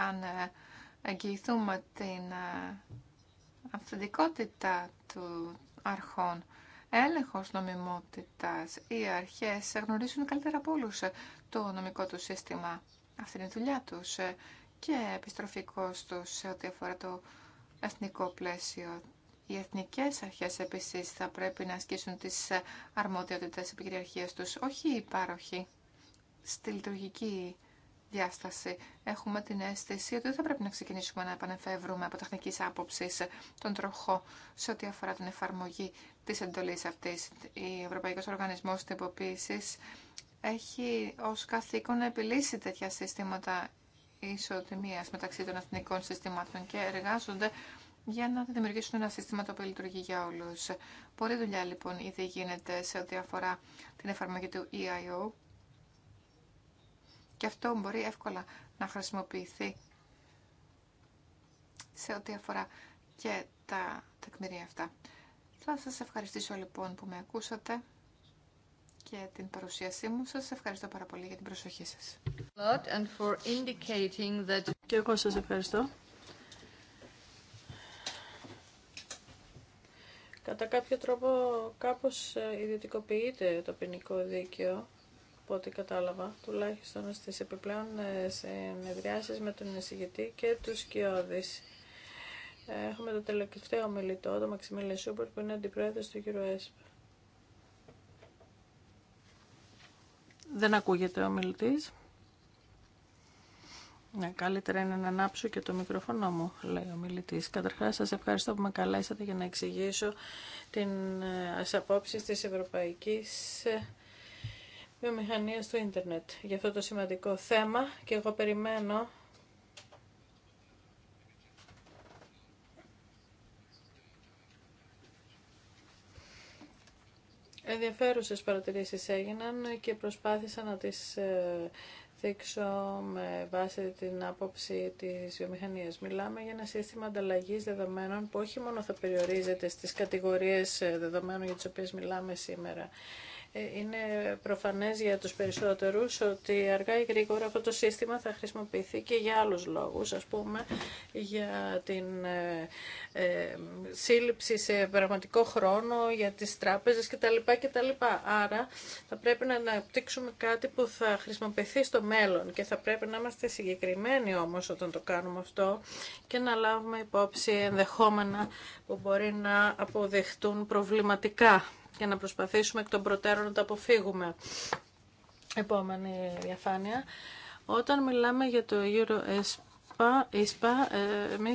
αν ε, εγγυηθούμε την ε, αυθεντικότητα του αρχών, έλεγχος νομιμότητας, οι αρχές γνωρίζουν καλύτερα από όλους ε, το νομικό του σύστημα. Αυτή είναι η δουλειά τους και επιστροφή κόστος σε ό,τι αφορά το εθνικό πλαίσιο. Οι εθνικές αρχές επίσης θα πρέπει να ασκήσουν τις αρμοδιότητες επικυριαρχίας τους, όχι οι υπάροχοι στη λειτουργική διάσταση έχουμε την αίσθηση ότι δεν θα πρέπει να ξεκινήσουμε να επανεφεύρουμε από τεχνική άποψη τον τροχό σε ό,τι αφορά την εφαρμογή τη εντολή αυτή. Ο Ευρωπαϊκό Οργανισμό Τυποποίηση έχει ω καθήκον να επιλύσει τέτοια συστήματα ισοτιμία μεταξύ των εθνικών συστημάτων και εργάζονται για να δημιουργήσουν ένα σύστημα το οποίο λειτουργεί για όλου. Πολλή δουλειά λοιπόν ήδη γίνεται σε ό,τι αφορά την εφαρμογή του EIO και αυτό μπορεί εύκολα να χρησιμοποιηθεί σε ό,τι αφορά και τα τεκμηρία αυτά. Θα σας ευχαριστήσω λοιπόν που με ακούσατε και την παρουσίασή μου. Σας ευχαριστώ πάρα πολύ για την προσοχή σας. Και εγώ σας ευχαριστώ. Κατά κάποιο τρόπο κάπως ε, ιδιωτικοποιείται το ποινικό δίκαιο από ό,τι κατάλαβα, τουλάχιστον στι επιπλέον ε, συνεδριάσει με τον εισηγητή και τους Κιώδης. Έχουμε το τελευταίο μιλητό, το Μαξιμίλη Σούπερ, που είναι αντιπρόεδρος του κ. ΕΣΠ. Δεν ακούγεται ο μιλητή. Ναι, καλύτερα είναι να ανάψω και το μικρόφωνο μου, λέει ο μιλητή. Καταρχά σα ευχαριστώ που με καλέσατε για να εξηγήσω ε, τι απόψει τη Ευρωπαϊκή. Ε, Βιομηχανία του ίντερνετ για αυτό το σημαντικό θέμα και εγώ περιμένω Ενδιαφέρουσες παρατηρήσεις έγιναν και προσπάθησα να τις δείξω με βάση την άποψη της βιομηχανίας. Μιλάμε για ένα σύστημα ανταλλαγή δεδομένων που όχι μόνο θα περιορίζεται στις κατηγορίες ε, δεδομένων για τις οποίες μιλάμε σήμερα ε, είναι προφανές για τους περισσότερους ότι αργά ή γρήγορα αυτό το σύστημα θα χρησιμοποιηθεί και για άλλους λόγους, ας πούμε για την ε, ε, σύλληψη σε πραγματικό χρόνο, για τις τράπεζες κτλ. κτλ. Άρα θα πρέπει να αναπτύξουμε κάτι που θα χρησιμοποιηθεί στο μέλλον και θα πρέπει να είμαστε συγκεκριμένοι όμως όταν το κάνουμε αυτό και να λάβουμε υπόψη ενδεχόμενα που μπορεί να αποδεχτούν προβληματικά για να προσπαθήσουμε εκ των προτέρων να τα αποφύγουμε. Επόμενη διαφάνεια. Όταν μιλάμε για το Euro ΕΣΠΑ, ε,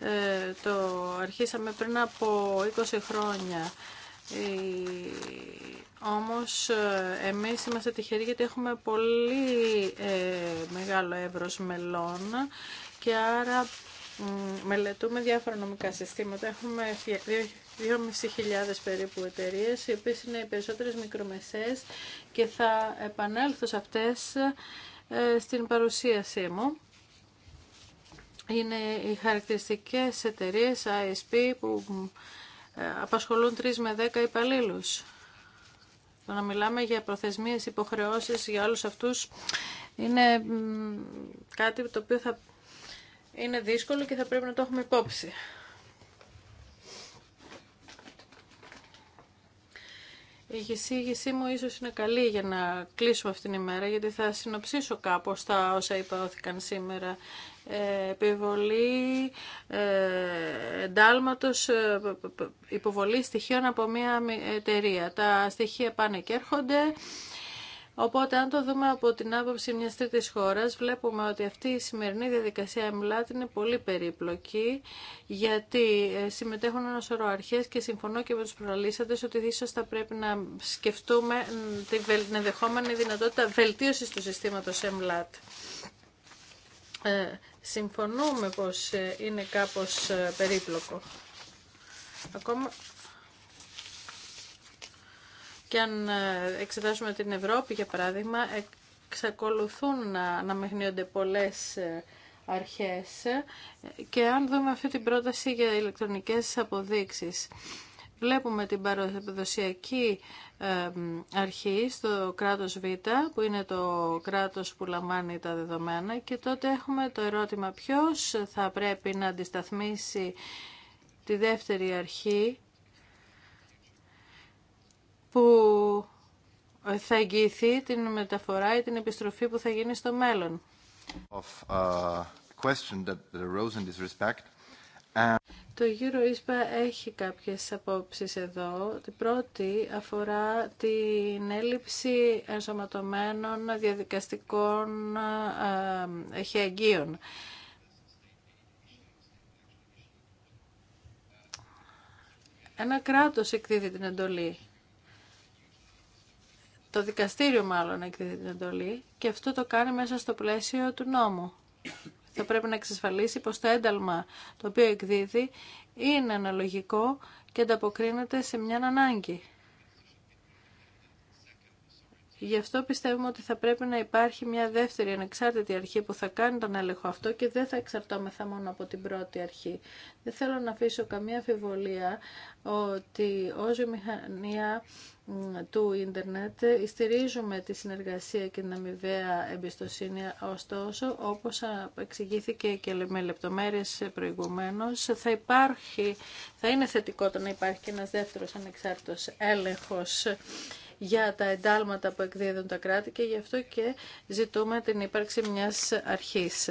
ε, το αρχίσαμε πριν από 20 χρόνια. Ε, όμως ε, εμείς είμαστε τυχεροί γιατί έχουμε πολύ μεγάλο εύρος μελών και άρα μελετούμε διάφορα νομικά συστήματα. Έχουμε 2.500 περίπου εταιρείε, οι οποίε είναι οι περισσότερε μικρομεσαίε και θα επανέλθω σε αυτέ ε, στην παρουσίασή μου. Είναι οι χαρακτηριστικές εταιρείε ISP που ε, απασχολούν 3 με 10 υπαλλήλου. Το να μιλάμε για προθεσμίες, υποχρεώσεις για όλους αυτούς είναι κάτι το οποίο θα είναι δύσκολο και θα πρέπει να το έχουμε υπόψη. Η εισήγησή μου ίσως είναι καλή για να κλείσουμε αυτήν την ημέρα, γιατί θα συνοψίσω κάπως τα όσα υπόθηκαν σήμερα. Ε, επιβολή ε, ε υποβολή στοιχείων από μια εταιρεία. Τα στοιχεία πάνε και έρχονται. Οπότε αν το δούμε από την άποψη μιας τρίτη χώρας βλέπουμε ότι αυτή η σημερινή διαδικασία ΕΜΛΑΤ είναι πολύ περίπλοκη γιατί ε, συμμετέχουν ένα σωρό αρχές και συμφωνώ και με του ότι ίσως θα πρέπει να σκεφτούμε την ενδεχόμενη δυνατότητα βελτίωσης του συστήματος ΕΜΛΑΤ. Ε, συμφωνούμε πως ε, είναι κάπως περίπλοκο. Ακόμα και αν ε, εξετάσουμε την Ευρώπη, για παράδειγμα, εξακολουθούν να, αναμεχνύονται πολλές ε, αρχές ε, και αν δούμε αυτή την πρόταση για ηλεκτρονικές αποδείξεις. Βλέπουμε την παραδοσιακή αρχή στο κράτος Β, που είναι το κράτος που λαμβάνει τα δεδομένα και τότε έχουμε το ερώτημα ποιος θα πρέπει να αντισταθμίσει τη δεύτερη αρχή που ε, θα εγγυηθεί την μεταφορά ή την επιστροφή που θα γίνει στο μέλλον. Uh, respect. Το γύρο ΙΣΠΑ έχει κάποιες απόψεις εδώ. Την πρώτη αφορά την έλλειψη ενσωματωμένων διαδικαστικών ε, εχεγγύων. Ένα κράτος εκδίδει την εντολή το δικαστήριο μάλλον εκδίδει την εντολή και αυτό το κάνει μέσα στο πλαίσιο του νόμου. Θα πρέπει να εξασφαλίσει πως το ένταλμα το οποίο εκδίδει είναι αναλογικό και ανταποκρίνεται σε μια ανάγκη. Γι' αυτό πιστεύουμε ότι θα πρέπει να υπάρχει μια δεύτερη ανεξάρτητη αρχή που θα κάνει τον έλεγχο αυτό και δεν θα εξαρτώμεθα μόνο από την πρώτη αρχή. Δεν θέλω να αφήσω καμία αφιβολία ότι ως μηχανία του ίντερνετ στηρίζουμε τη συνεργασία και την αμοιβαία εμπιστοσύνη ωστόσο όπως εξηγήθηκε και με λεπτομέρειες προηγουμένως θα υπάρχει, θα είναι θετικό το να υπάρχει και ένας δεύτερος ανεξάρτητος έλεγχος για τα εντάλματα που εκδίδουν τα κράτη και γι' αυτό και ζητούμε την ύπαρξη μιας αρχής.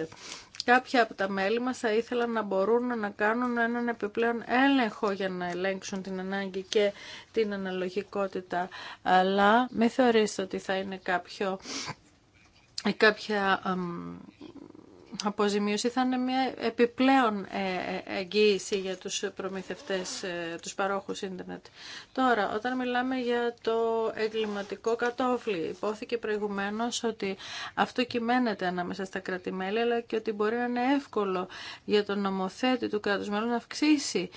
Κάποια από τα μέλη μας θα ήθελαν να μπορούν να κάνουν έναν επιπλέον έλεγχο για να ελέγξουν την ανάγκη και την αναλογικότητα, αλλά μην θεωρήσετε ότι θα είναι κάποιο, κάποια αποζημίωση θα είναι μια επιπλέον ε, ε, εγγύηση για τους προμηθευτές, ε, τους παρόχους ίντερνετ. Τώρα, όταν μιλάμε για το εγκληματικό κατόφλι, υπόθηκε προηγουμένως ότι αυτό κυμαίνεται ανάμεσα στα κρατημέλη, αλλά και ότι μπορεί να είναι εύκολο για τον νομοθέτη του κράτους μέλου να αυξήσει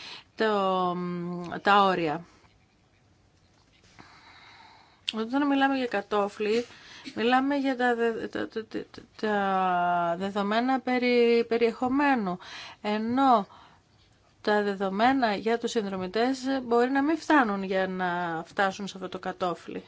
τα όρια. Όταν μιλάμε για κατόφλι, Μιλάμε για τα, τα, τα, τα δεδομένα περι, περιεχομένου, ενώ τα δεδομένα για τους συνδρομητές μπορεί να μην φτάνουν για να φτάσουν σε αυτό το κατόφλι.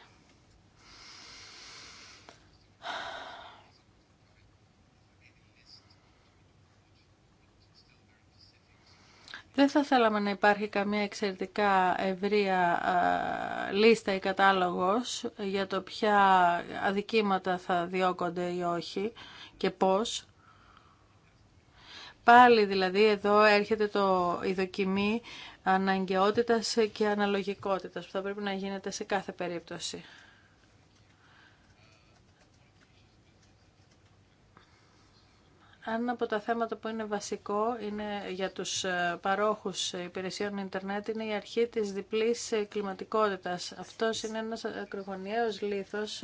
Δεν θα θέλαμε να υπάρχει καμία εξαιρετικά ευρεία λίστα ή κατάλογος για το ποια αδικήματα θα διώκονται ή όχι και πώς. Πάλι δηλαδή εδώ έρχεται το, η δοκιμή αναγκαιότητας και αναλογικότητας που θα πρέπει να γίνεται σε κάθε περίπτωση. Ένα από τα θέματα που είναι βασικό είναι για τους ε, παρόχους υπηρεσιών Ιντερνετ είναι η αρχή της διπλής ε, κλιματικότητας. Αυτός είναι ένας ακρογωνιαίος λήθος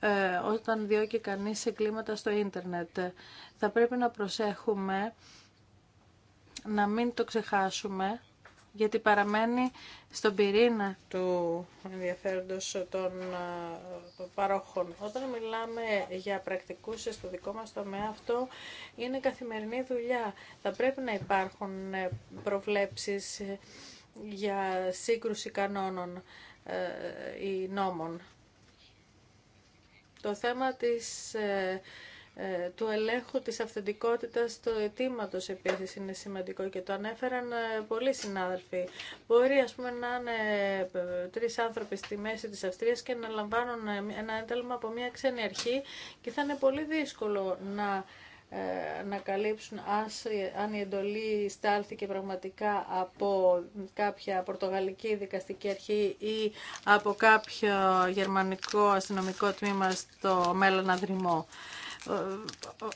ε, όταν διώκει κανείς σε κλίματα στο ίντερνετ. Θα πρέπει να προσέχουμε να μην το ξεχάσουμε γιατί παραμένει στον πυρήνα του ενδιαφέροντος ε, των παρόχων. Όταν μιλάμε για πρακτικούς στο δικό μας τομέα, αυτό είναι καθημερινή δουλειά. Θα πρέπει να υπάρχουν ε, προβλέψεις ε, για σύγκρουση κανόνων ή νόμων. Το θέμα της ε, του ελέγχου της αυθεντικότητας του αιτήματο επίσης είναι σημαντικό και το ανέφεραν ε, πολλοί συνάδελφοι. Μπορεί ας πούμε να είναι ε, τρεις άνθρωποι στη μέση της Αυστρίας και να λαμβάνουν ένα ένταλμα από μια ξένη αρχή και θα είναι πολύ δύσκολο να να καλύψουν αν η εντολή στάλθηκε πραγματικά από κάποια πορτογαλική δικαστική αρχή ή από κάποιο γερμανικό αστυνομικό τμήμα στο μέλλον αδρυμό.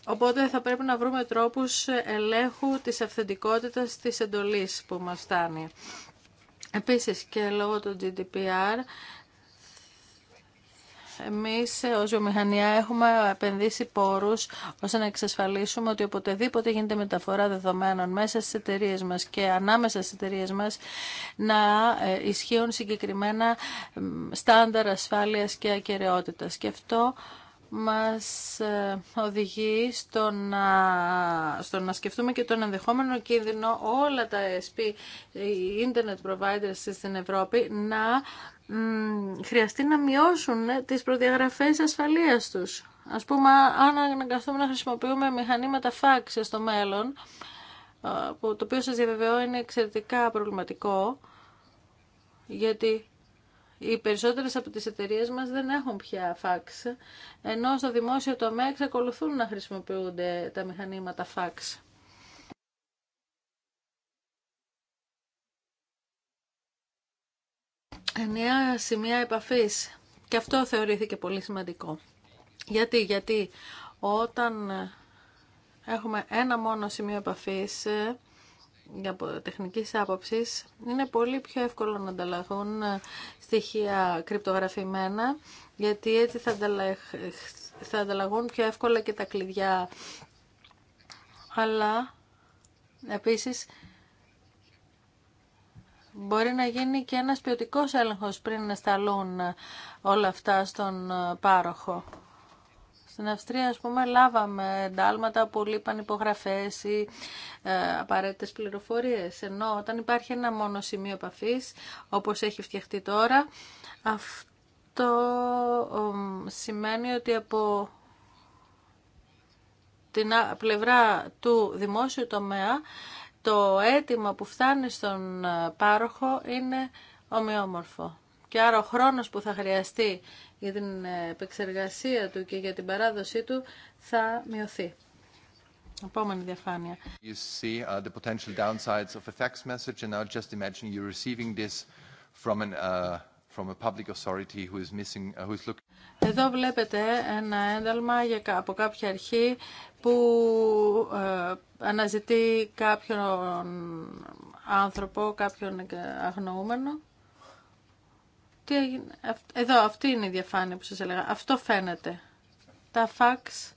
Οπότε θα πρέπει να βρούμε τρόπους ελέγχου της αυθεντικότητας της εντολής που μας φτάνει. Επίσης και λόγω του GDPR εμείς ως βιομηχανία έχουμε επενδύσει πόρους ώστε να εξασφαλίσουμε ότι οποτεδήποτε γίνεται μεταφορά δεδομένων μέσα στις εταιρείε μας και ανάμεσα στις εταιρείε μας να ε, ισχύουν συγκεκριμένα στάνταρ ασφάλειας και ακαιρεότητας. Και αυτό μας ε, οδηγεί στο να, στο να σκεφτούμε και τον ενδεχόμενο κίνδυνο όλα τα οι Internet Providers στην Ευρώπη, να χρειαστεί να μειώσουν τις προδιαγραφές ασφαλείας τους. Ας πούμε, αν αναγκαστούμε να χρησιμοποιούμε μηχανήματα fax στο μέλλον, ε, το οποίο σας διαβεβαιώ είναι εξαιρετικά προβληματικό, γιατί οι περισσότερες από τις εταιρείες μας δεν έχουν πια φάξ, ενώ στο δημόσιο τομέα εξακολουθούν να χρησιμοποιούνται τα μηχανήματα φάξ. Ενιαία σημεία επαφής. Και αυτό θεωρήθηκε πολύ σημαντικό. Γιατί, γιατί όταν έχουμε ένα μόνο σημείο επαφής, από τεχνικής άποψη είναι πολύ πιο εύκολο να ανταλλαγούν ε, στοιχεία κρυπτογραφημένα γιατί έτσι θα, ανταλλαγούν πιο εύκολα και τα κλειδιά. Αλλά επίσης μπορεί να γίνει και ένας ποιοτικό έλεγχος πριν να σταλούν ε, όλα αυτά στον ε, πάροχο. Στην Αυστρία, ας πούμε, λάβαμε εντάλματα που λείπαν υπογραφές ή ε, απαραίτητες πληροφορίες. Ενώ όταν υπάρχει ένα μόνο σημείο επαφής, όπως έχει φτιαχτεί τώρα, αυτό σημαίνει ότι από την πλευρά του δημόσιου τομέα, το αίτημα που φτάνει στον ε, πάροχο είναι ομοιόμορφο. Και άρα ο χρόνος που θα χρειαστεί για την επεξεργασία του και για την παράδοσή του θα μειωθεί. Επόμενη διαφάνεια. You see uh, the potential downsides of a fax message and now just imagine you're receiving this from an uh, from a public authority who is missing uh, who is looking εδώ βλέπετε ένα ένταλμα για, από κάποια αρχή που ε, αναζητεί κάποιον άνθρωπο, κάποιον αγνοούμενο. Τι Εδώ, αυτή είναι η διαφάνεια που σας έλεγα. Αυτό φαίνεται. Τα φαξ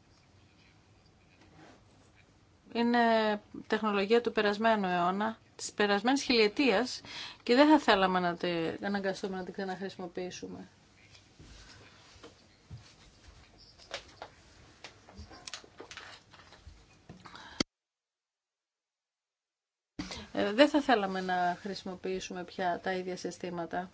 είναι τεχνολογία του περασμένου αιώνα, της περασμένης χιλιετίας και δεν θα θέλαμε να την αναγκαστούμε να την ξαναχρησιμοποιήσουμε. Ε, δεν θα θέλαμε να χρησιμοποιήσουμε πια τα ίδια συστήματα.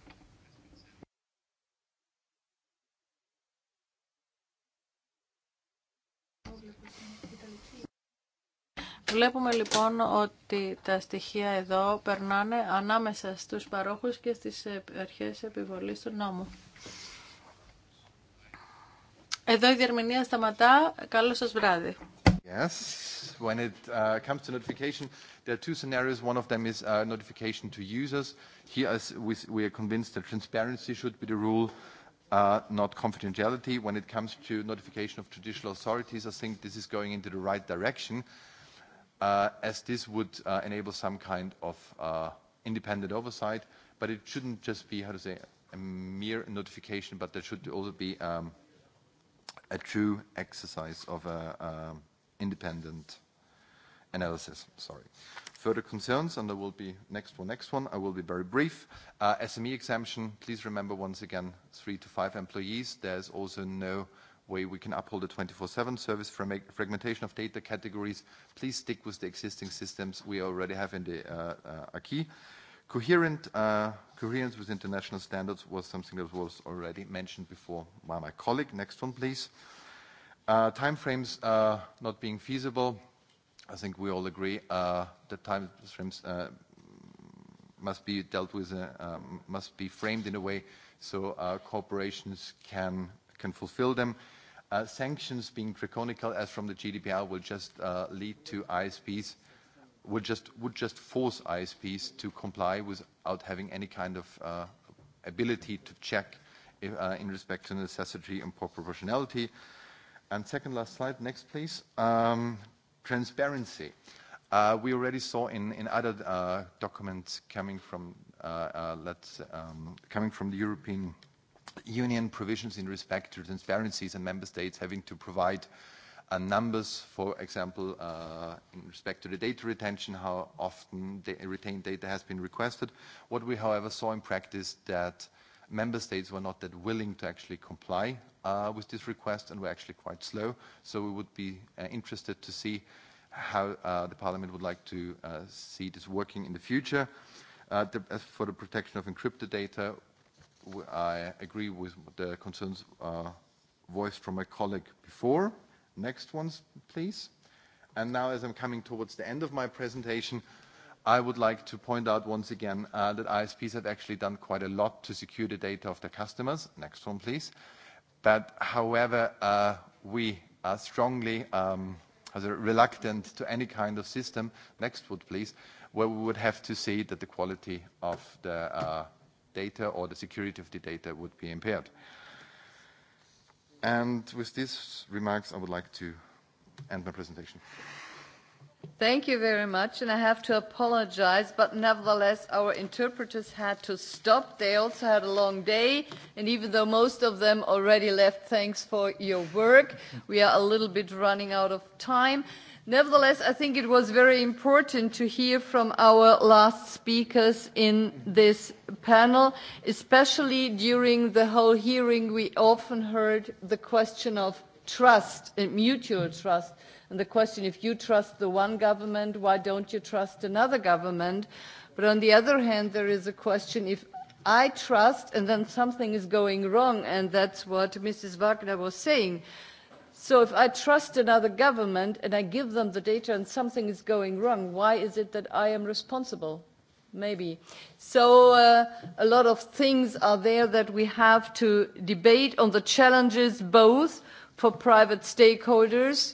Βλέπουμε λοιπόν ότι τα στοιχεία εδώ περνάνε ανάμεσα στους παρόχους και στις αρχές επιβολής του νόμου. Εδώ η διερμηνία σταματά. Καλό σας βράδυ. Yes, when it uh, comes to notification, there are two scenarios. One of them is uh, notification to users. Here, as we, we are convinced that transparency should be the rule, uh, not confidentiality. When it comes to notification of judicial authorities, I think this is going into the right direction as this would enable some kind of independent oversight. But it shouldn't just be, how to say, a mere notification, but there should also be a true exercise of independent analysis. Sorry. Further concerns, and there will be next one, next one. I will be very brief. SME exemption, please remember once again, three to five employees. There's also no way we can uphold a 24/7 service fragmentation of data categories. Please stick with the existing systems we already have in the acquis. Coherent coherence with international standards was something that was already mentioned before by my colleague. Next one, please. Time frames not being feasible. I think we all agree that time frames must be dealt with, must be framed in a way so corporations can can fulfill them sanctions being draconical as from the GDPR will just lead to ISPs, would just would just force ISPs to comply without having any kind of ability to check in respect to necessity and proportionality. And second last slide, next please. Transparency. We already saw in in other documents coming from let's coming from the European union provisions in respect to transparencies and member states having to provide numbers, for example, in respect to the data retention, how often the retained data has been requested. What we, however, saw in practice that member states were not that willing to actually comply with this request and were actually quite slow. So we would be interested to see how the Parliament would like to see this working in the future. For the protection of encrypted data, I agree with the concerns voiced from my colleague before. Next ones, please. And now, as I'm coming towards the end of my presentation, I would like to point out once again that ISPs have actually done quite a lot to secure the data of their customers. Next one, please. But however, we are strongly reluctant to any kind of system, next one, please, where we would have to see that the quality of the data or the security of the data would be impaired. And with these remarks, I would like to end my presentation. Thank you very much, and I have to apologize, but nevertheless, our interpreters had to stop. They also had a long day, and even though most of them already left, thanks for your work. We are a little bit running out of time. Nevertheless, I think it was very important to hear from our last speakers in this panel, especially during the whole hearing we often heard the question of trust and mutual trust and the question if you trust the one government, why don't you trust another government? But on the other hand, there is a question if I trust and then something is going wrong, and that's what Mrs. Wagner was saying So if I trust another government and I give them the data and something is going wrong, why is it that I am responsible? Maybe. So a lot of things are there that we have to debate on the challenges both for private stakeholders